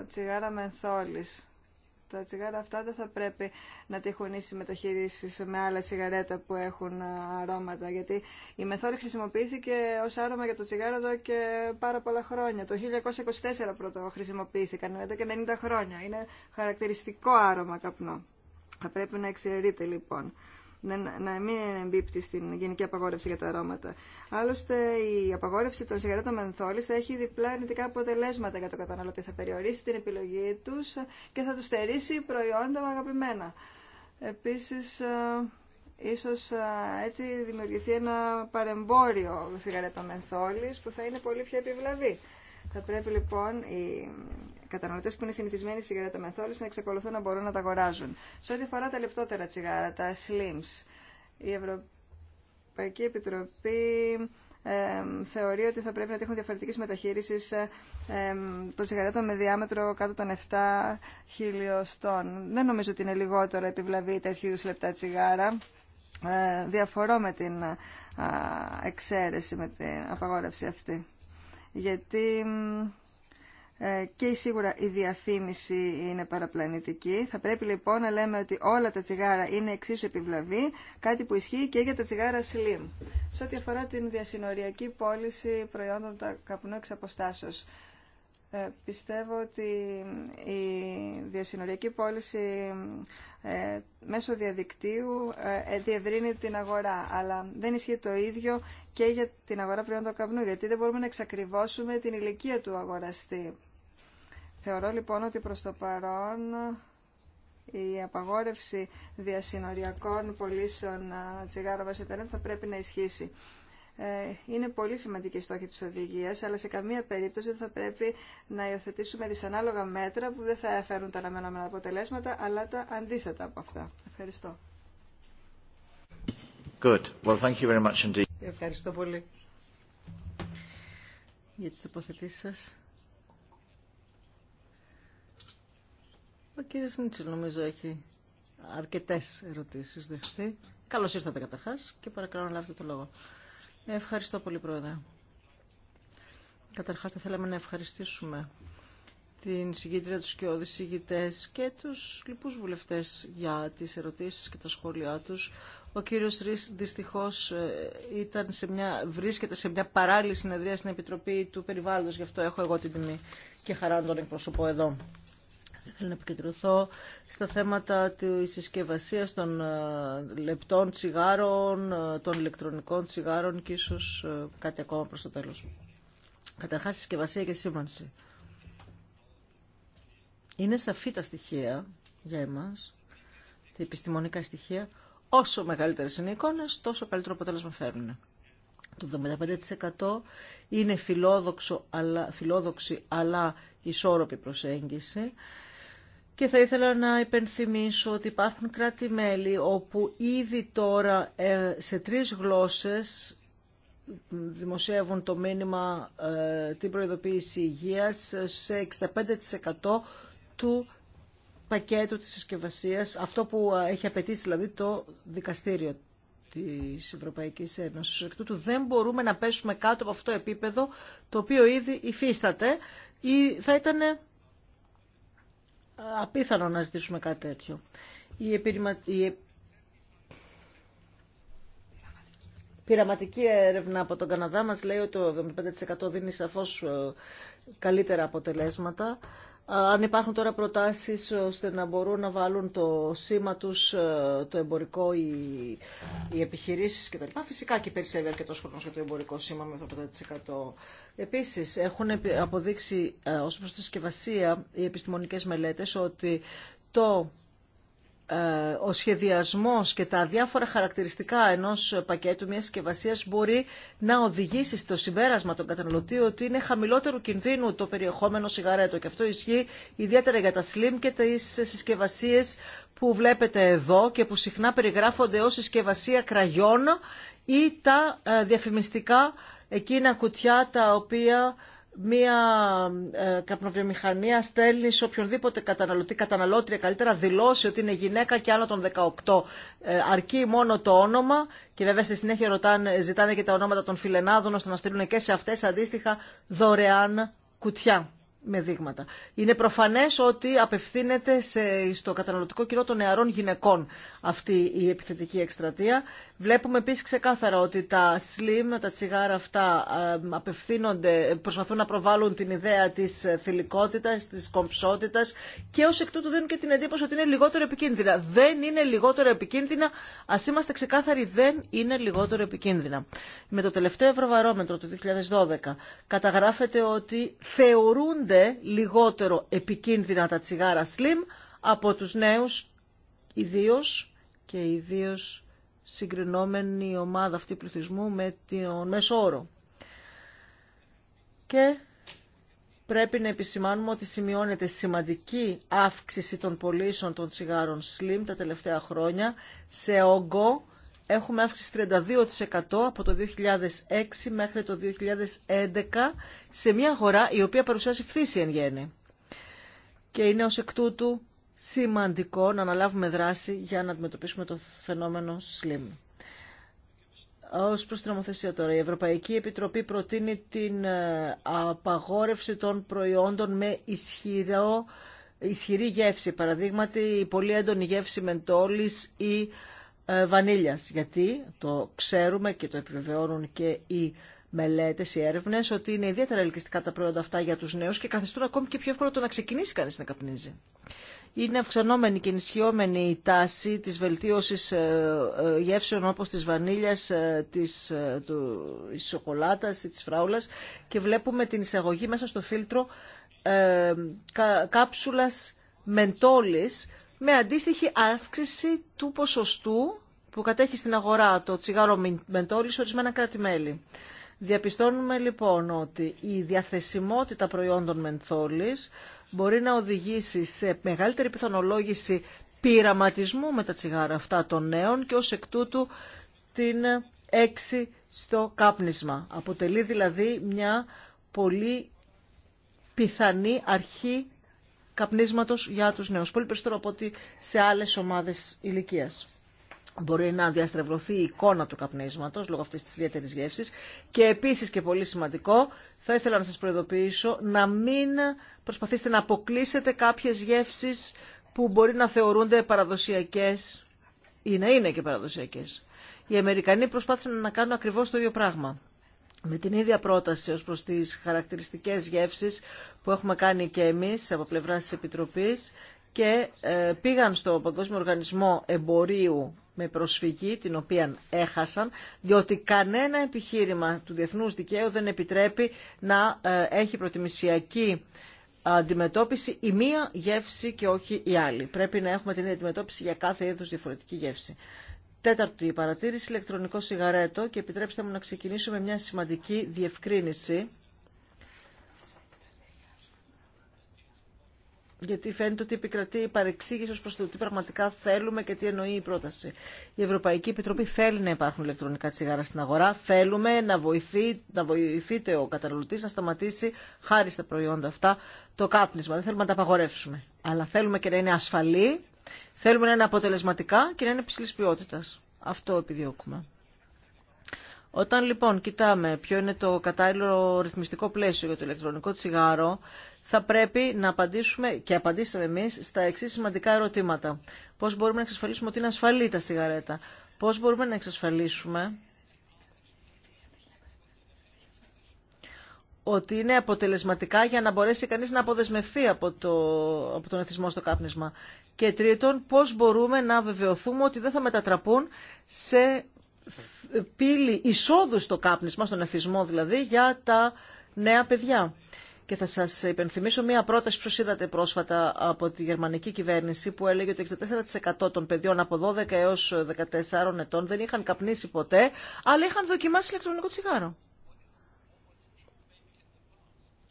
τσιγάρα μενθόλης. Τα τσιγάρα αυτά δεν θα πρέπει να τύχουν ίση μεταχείριση με άλλα σιγαρέτα που έχουν ε, αρώματα. Γιατί η μεθόλη χρησιμοποιήθηκε ω άρωμα για το τσιγάρο εδώ και πάρα πολλά χρόνια. Το 1924 πρώτο χρησιμοποιήθηκαν, εδώ και 90 χρόνια. Είναι χαρακτηριστικό άρωμα καπνό. Θα πρέπει να εξαιρείται λοιπόν να μην εμπίπτει στην γενική απαγόρευση για τα αρώματα. Άλλωστε, η απαγόρευση των σιγαρέτων μενθόλη θα έχει διπλά αρνητικά αποτελέσματα για το καταναλωτή. Θα περιορίσει την επιλογή του και θα του στερήσει προϊόντα αγαπημένα. Επίση, ε, ίσω ε, έτσι δημιουργηθεί ένα παρεμπόριο σιγαρέτων Μενθόλη που θα είναι πολύ πιο επιβλαβή. Θα πρέπει λοιπόν οι καταναλωτέ που είναι συνηθισμένοι στη σιγαρέτα μεθόλη να εξακολουθούν να μπορούν να τα αγοράζουν. Σε ό,τι αφορά τα λεπτότερα τσιγάρα, τα slims, η Ευρωπαϊκή Επιτροπή ε, θεωρεί ότι θα πρέπει να έχουν διαφορετική μεταχείριση ε, των σιγαρέτων με διάμετρο κάτω των 7 χιλιοστών. Δεν νομίζω ότι είναι λιγότερο επιβλαβή τέτοιου είδου λεπτά τσιγάρα. Ε, διαφορώ με την εξαίρεση, με την απαγόρευση αυτή γιατί ε, και σίγουρα η διαφήμιση είναι παραπλανητική. Θα πρέπει λοιπόν να λέμε ότι όλα τα τσιγάρα είναι εξίσου επιβλαβή, κάτι που ισχύει και για τα τσιγάρα slim. Σε ό,τι αφορά την διασυνοριακή πώληση προϊόντων καπνού εξ ε, πιστεύω ότι η διασυνοριακή πώληση ε, μέσω διαδικτύου ε, ε, διευρύνει την αγορά, αλλά δεν ισχύει το ίδιο και για την αγορά προϊόντων καπνού, γιατί δεν μπορούμε να εξακριβώσουμε την ηλικία του αγοραστή. Θεωρώ λοιπόν ότι προς το παρόν η απαγόρευση διασυνοριακών πωλήσεων τσιγάρα βασιλετέρων θα πρέπει να ισχύσει. Ε, είναι πολύ σημαντική η στόχη της οδηγίας, αλλά σε καμία περίπτωση δεν θα πρέπει να υιοθετήσουμε δυσανάλογα μέτρα που δεν θα έφερουν τα αναμενόμενα αποτελέσματα, αλλά τα αντίθετα από αυτά. Ευχαριστώ. Good. Well, thank you very much indeed. Ευχαριστώ πολύ για τις τοποθετήσεις σας. Ο κύριος Νίτσελ νομίζω έχει αρκετές ερωτήσεις δεχθεί. Καλώς ήρθατε καταρχάς και παρακαλώ να λάβετε το λόγο. Ευχαριστώ πολύ, Πρόεδρε. Καταρχάς, θα θέλαμε να ευχαριστήσουμε την συγκίτρια τους και οδησηγητές και τους λοιπούς βουλευτές για τις ερωτήσεις και τα σχόλιά τους. Ο κύριος Ρης δυστυχώς ε, ήταν σε μια, βρίσκεται σε μια παράλληλη συνεδρία στην Επιτροπή του Περιβάλλοντος, γι' αυτό έχω εγώ την τιμή και χαρά να τον εκπροσωπώ εδώ. Θέλω να επικεντρωθώ στα θέματα της συσκευασία των ε, λεπτών τσιγάρων, ε, των ηλεκτρονικών τσιγάρων και ίσως ε, κάτι ακόμα προς το τέλος. Καταρχάς, συσκευασία και σήμανση. Είναι σαφή τα στοιχεία για εμάς, τα επιστημονικά στοιχεία. Όσο μεγαλύτερες είναι οι εικόνες, τόσο καλύτερο αποτέλεσμα φέρνουν. Το 75% είναι φιλόδοξο, αλλά, φιλόδοξη αλλά ισόρροπη προσέγγιση. Και θα ήθελα να υπενθυμίσω ότι υπάρχουν κράτη-μέλη όπου ήδη τώρα ε, σε τρεις γλώσσες δημοσιεύουν το μήνυμα ε, την προειδοποίηση υγείας σε 65% του πακέτου της συσκευασία, αυτό που ε, έχει απαιτήσει δηλαδή το δικαστήριο της Ευρωπαϊκής Ένωσης. Εκ τούτου δεν μπορούμε να πέσουμε κάτω από αυτό το επίπεδο το οποίο ήδη υφίσταται ή θα ήταν απίθανο να ζητήσουμε κάτι τέτοιο. Η, πειραματική έρευνα από τον Καναδά μας λέει ότι το 75% δίνει σαφώς ε, καλύτερα αποτελέσματα αν υπάρχουν τώρα προτάσεις ώστε να μπορούν να βάλουν το σήμα τους, ε, το εμπορικό, οι, οι επιχειρήσεις κτλ. Φυσικά και περισσεύει αρκετό χρόνο για το εμπορικό σήμα με το 5%. Επίσης, έχουν αποδείξει ε, ως προς τη συσκευασία οι επιστημονικές μελέτες ότι το ε, ο σχεδιασμός και τα διάφορα χαρακτηριστικά ενός πακέτου μιας συσκευασία μπορεί να οδηγήσει στο συμπέρασμα των καταναλωτή ότι είναι χαμηλότερου κινδύνου το περιεχόμενο σιγαρέτο και αυτό ισχύει ιδιαίτερα για τα slim και τις συσκευασίε που βλέπετε εδώ και που συχνά περιγράφονται ως συσκευασία κραγιών ή τα ε, διαφημιστικά εκείνα κουτιά τα οποία μία ε, καπνοβιομηχανία στέλνει σε οποιονδήποτε καταναλωτή, καταναλώτρια καλύτερα, δηλώσει ότι είναι γυναίκα και άνω των 18. Ε, αρκεί μόνο το όνομα και βέβαια στη συνέχεια ρωτάνε, ζητάνε και τα ονόματα των φιλενάδων ώστε να στείλουν και σε αυτές αντίστοιχα δωρεάν κουτιά με δείγματα. Είναι προφανές ότι απευθύνεται στο καταναλωτικό κοινό των νεαρών γυναικών αυτή η επιθετική εκστρατεία. Βλέπουμε επίσης ξεκάθαρα ότι τα slim, τα τσιγάρα αυτά, ε, απευθύνονται, προσπαθούν να προβάλλουν την ιδέα της θηλυκότητας, της κομψότητας και ως εκ τούτου δίνουν και την εντύπωση ότι είναι λιγότερο επικίνδυνα. Δεν είναι λιγότερο επικίνδυνα, ας είμαστε ξεκάθαροι, δεν είναι λιγότερο επικίνδυνα. Με το τελευταίο ευρωβαρόμετρο του 2012 καταγράφεται ότι θεωρούνται λιγότερο επικίνδυνα τα τσιγάρα slim από τους νέους ιδίως και ιδίως συγκρινόμενη ομάδα αυτή πληθυσμού με τον μέσο όρο. Και πρέπει να επισημάνουμε ότι σημειώνεται σημαντική αύξηση των πωλήσεων των τσιγάρων Slim τα τελευταία χρόνια. Σε όγκο έχουμε αύξηση 32% από το 2006 μέχρι το 2011 σε μια χώρα η οποία παρουσιάζει φθήση εν γέννη. Και είναι ως εκ τούτου σημαντικό να αναλάβουμε δράση για να αντιμετωπίσουμε το φαινόμενο SLIM. Ω προ την νομοθεσία τώρα, η Ευρωπαϊκή Επιτροπή προτείνει την ε, απαγόρευση των προϊόντων με ισχυρό, ισχυρή γεύση. Παραδείγματι, η πολύ έντονη γεύση μεντόλης ή ε, βανίλιας, γιατί το ξέρουμε και το επιβεβαιώνουν και οι μελέτε, οι έρευνε, ότι είναι ιδιαίτερα ελκυστικά τα προϊόντα αυτά για τους νέους και καθιστούν ακόμη και πιο εύκολο το να ξεκινήσει κανεί να καπνίζει. Είναι αυξανόμενη και ενισχυόμενη η τάση της βελτίωσης ε, ε, γεύσεων όπως της βανίλια της, του, σοκολάτας ή τη φράουλα, και βλέπουμε την εισαγωγή μέσα στο φίλτρο ε, κα, με αντίστοιχη αύξηση του ποσοστού που κατέχει στην αγορά το τσιγάρο μεντόλι σε ορισμένα κράτη-μέλη. Διαπιστώνουμε λοιπόν ότι η διαθεσιμότητα προϊόντων μενθόλης μπορεί να οδηγήσει σε μεγαλύτερη πιθανολόγηση πειραματισμού με τα τσιγάρα αυτά των νέων και ως εκ τούτου την έξι στο κάπνισμα. Αποτελεί δηλαδή μια πολύ πιθανή αρχή καπνίσματος για τους νέου Πολύ περισσότερο από ότι σε άλλε ομάδες ηλικίας. Μπορεί να διαστρεβλωθεί η εικόνα του καπνίσματος λόγω αυτής τη ιδιαίτερη γεύση. Και επίσης και πολύ σημαντικό, θα ήθελα να σας προειδοποιήσω να μην προσπαθήσετε να αποκλείσετε κάποιες γεύσει που μπορεί να θεωρούνται παραδοσιακέ ή να είναι και παραδοσιακέ. Οι Αμερικανοί προσπάθησαν να κάνουν ακριβώ το ίδιο πράγμα με την ίδια πρόταση ως προς τις χαρακτηριστικές γεύσεις που έχουμε κάνει και εμείς από πλευράς της Επιτροπής και ε, πήγαν στο Παγκόσμιο Οργανισμό Εμπορίου με προσφυγή, την οποία έχασαν, διότι κανένα επιχείρημα του διεθνούς δικαίου δεν επιτρέπει να ε, έχει προτιμησιακή αντιμετώπιση η μία γεύση και όχι η άλλη. Πρέπει να έχουμε την αντιμετώπιση για κάθε είδους διαφορετική γεύση. Τέταρτη παρατήρηση, ηλεκτρονικό σιγαρέτο και επιτρέψτε μου να ξεκινήσω με μια σημαντική διευκρίνηση. Γιατί φαίνεται ότι επικρατεί η παρεξήγηση ω προ το τι πραγματικά θέλουμε και τι εννοεί η πρόταση. Η Ευρωπαϊκή Επιτροπή θέλει να υπάρχουν ηλεκτρονικά τσιγάρα στην αγορά. Θέλουμε να, βοηθεί, να βοηθείτε ο καταναλωτή να σταματήσει χάρη στα προϊόντα αυτά το κάπνισμα. Δεν θέλουμε να τα απαγορεύσουμε. Αλλά θέλουμε και να είναι ασφαλή Θέλουμε να είναι αποτελεσματικά και να είναι υψηλή ποιότητα. Αυτό επιδιώκουμε. Όταν λοιπόν κοιτάμε ποιο είναι το κατάλληλο ρυθμιστικό πλαίσιο για το ηλεκτρονικό τσιγάρο, θα πρέπει να απαντήσουμε και απαντήσαμε εμείς στα εξής σημαντικά ερωτήματα. Πώς μπορούμε να εξασφαλίσουμε ότι είναι ασφαλή τα σιγαρέτα. Πώς μπορούμε να εξασφαλίσουμε ότι είναι αποτελεσματικά για να μπορέσει κανείς να αποδεσμευθεί από, το, από τον εθισμό στο κάπνισμα. Και τρίτον, πώς μπορούμε να βεβαιωθούμε ότι δεν θα μετατραπούν σε πύλη εισόδου στο κάπνισμα, στον εθισμό δηλαδή, για τα νέα παιδιά. Και θα σας υπενθυμίσω μία πρόταση που είδατε πρόσφατα από τη γερμανική κυβέρνηση που έλεγε ότι 64% των παιδιών από 12 έως 14 ετών δεν είχαν καπνίσει ποτέ, αλλά είχαν δοκιμάσει ηλεκτρονικό τσιγάρο.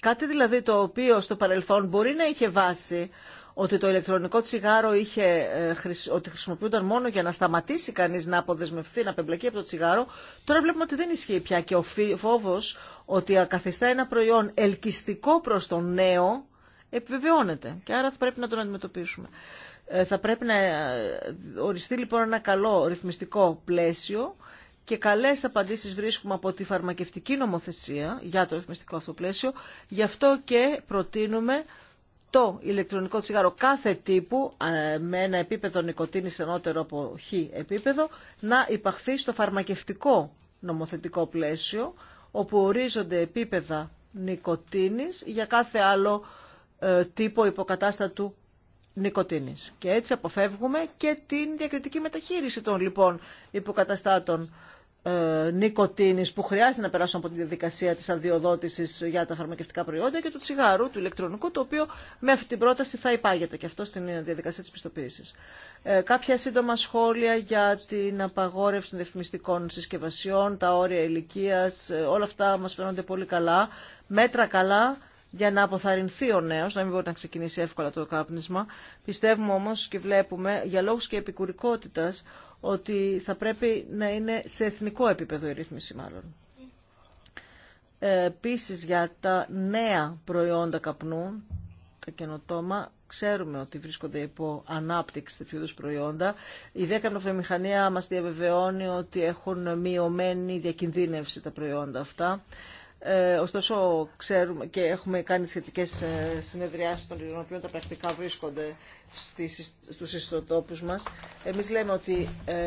Κάτι δηλαδή το οποίο στο παρελθόν μπορεί να είχε βάση ότι το ηλεκτρονικό τσιγάρο είχε, ε, ότι χρησιμοποιούνταν μόνο για να σταματήσει κανείς να αποδεσμευθεί να πεμπλακεί από το τσιγάρο, τώρα βλέπουμε ότι δεν ισχύει πια. Και ο φόβος ότι καθιστά ένα προϊόν ελκυστικό προς τον νέο επιβεβαιώνεται. Και άρα θα πρέπει να τον αντιμετωπίσουμε. Ε, θα πρέπει να ε, οριστεί λοιπόν ένα καλό ρυθμιστικό πλαίσιο και καλές απαντήσεις βρίσκουμε από τη φαρμακευτική νομοθεσία για το ρυθμιστικό αυτό πλαίσιο. Γι' αυτό και προτείνουμε το ηλεκτρονικό τσιγάρο κάθε τύπου ε, με ένα επίπεδο νοικοτήνη ενώτερο από χ επίπεδο να υπαχθεί στο φαρμακευτικό νομοθετικό πλαίσιο όπου ορίζονται επίπεδα νοικοτήνης για κάθε άλλο ε, τύπο υποκατάστατου νοικοτήνης. Και έτσι αποφεύγουμε και την διακριτική μεταχείριση των λοιπόν υποκαταστάτων ε, που χρειάζεται να περάσουν από τη διαδικασία τη αδειοδότηση για τα φαρμακευτικά προϊόντα και του τσιγάρου, του ηλεκτρονικού, το οποίο με αυτή την πρόταση θα υπάγεται και αυτό στην διαδικασία τη πιστοποίηση. Ε, κάποια σύντομα σχόλια για την απαγόρευση των διαφημιστικών συσκευασιών, τα όρια ηλικία, ε, όλα αυτά μα φαίνονται πολύ καλά, μέτρα καλά, για να αποθαρρυνθεί ο νέο, να μην μπορεί να ξεκινήσει εύκολα το κάπνισμα. Πιστεύουμε όμω και βλέπουμε, για λόγου και επικουρικότητα ότι θα πρέπει να είναι σε εθνικό επίπεδο η ρύθμιση μάλλον. Ε, επίσης για τα νέα προϊόντα καπνού, τα καινοτόμα, ξέρουμε ότι βρίσκονται υπό ανάπτυξη τέτοιου είδου προϊόντα. Η ΔΕΚΑ Νοφεμηχανία μας διαβεβαιώνει ότι έχουν μειωμένη διακινδύνευση τα προϊόντα αυτά. Ε, ωστόσο, ξέρουμε και έχουμε κάνει σχετικέ ε, συνεδριάσει των οποίων τα πρακτικά βρίσκονται στου ιστοτόπου μα. Εμεί λέμε ότι ε,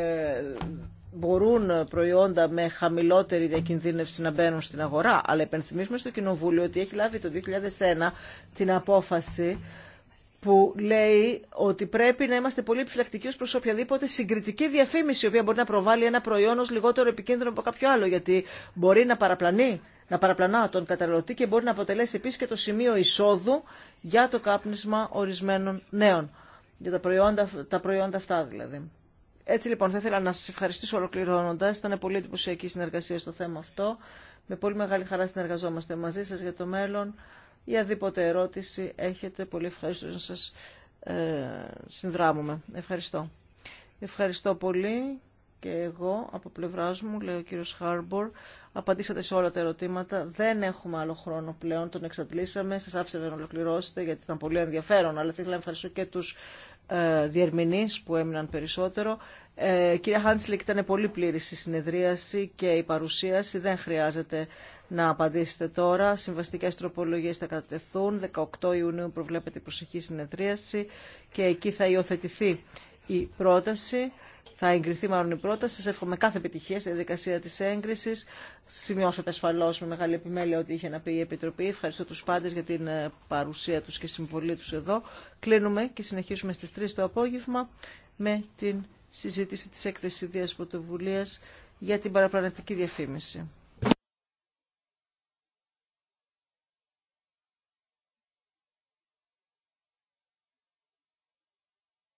μπορούν προϊόντα με χαμηλότερη διακινδύνευση να μπαίνουν στην αγορά, αλλά υπενθυμίζουμε στο Κοινοβούλιο ότι έχει λάβει το 2001 την απόφαση που λέει ότι πρέπει να είμαστε πολύ επιφυλακτικοί ως προς οποιαδήποτε συγκριτική διαφήμιση η οποία μπορεί να προβάλλει ένα προϊόν ως λιγότερο επικίνδυνο από κάποιο άλλο γιατί μπορεί να παραπλανεί να παραπλανά τον καταναλωτή και μπορεί να αποτελέσει επίσης και το σημείο εισόδου για το κάπνισμα ορισμένων νέων. Για τα προϊόντα, τα προϊόντα αυτά δηλαδή. Έτσι λοιπόν θα ήθελα να σας ευχαριστήσω ολοκληρώνοντας. Ήταν πολύ εντυπωσιακή συνεργασία στο θέμα αυτό. Με πολύ μεγάλη χαρά συνεργαζόμαστε μαζί σας για το μέλλον. Ή αδίποτε ερώτηση έχετε, πολύ ευχαριστώ να σας ε, συνδράμουμε. Ευχαριστώ. Ευχαριστώ πολύ και εγώ από πλευρά μου, λέει ο κύριο Χάρμπορ, απαντήσατε σε όλα τα ερωτήματα. Δεν έχουμε άλλο χρόνο πλέον, τον εξαντλήσαμε. Σα άφησα να ολοκληρώσετε γιατί ήταν πολύ ενδιαφέρον, αλλά θα ήθελα να ευχαριστώ και του ε, διερμηνεί που έμειναν περισσότερο. Ε, κυρία Χάντσλικ, ήταν πολύ πλήρη η συνεδρίαση και η παρουσίαση. Δεν χρειάζεται να απαντήσετε τώρα. Συμβαστικές τροπολογίες θα κατατεθούν. 18 Ιουνίου προβλέπεται η προσεχή συνεδρίαση και εκεί θα υιοθετηθεί η πρόταση θα εγκριθεί μάλλον η πρόταση. Σας εύχομαι κάθε επιτυχία στη διαδικασία της έγκρισης. Σημειώσατε ασφαλώ με μεγάλη επιμέλεια ότι είχε να πει η Επιτροπή. Ευχαριστώ τους πάντες για την ε, παρουσία τους και συμβολή του εδώ. Κλείνουμε και συνεχίσουμε στις 3 το απόγευμα με την συζήτηση της έκθεσης ιδίας πρωτοβουλία για την παραπλανητική διαφήμιση.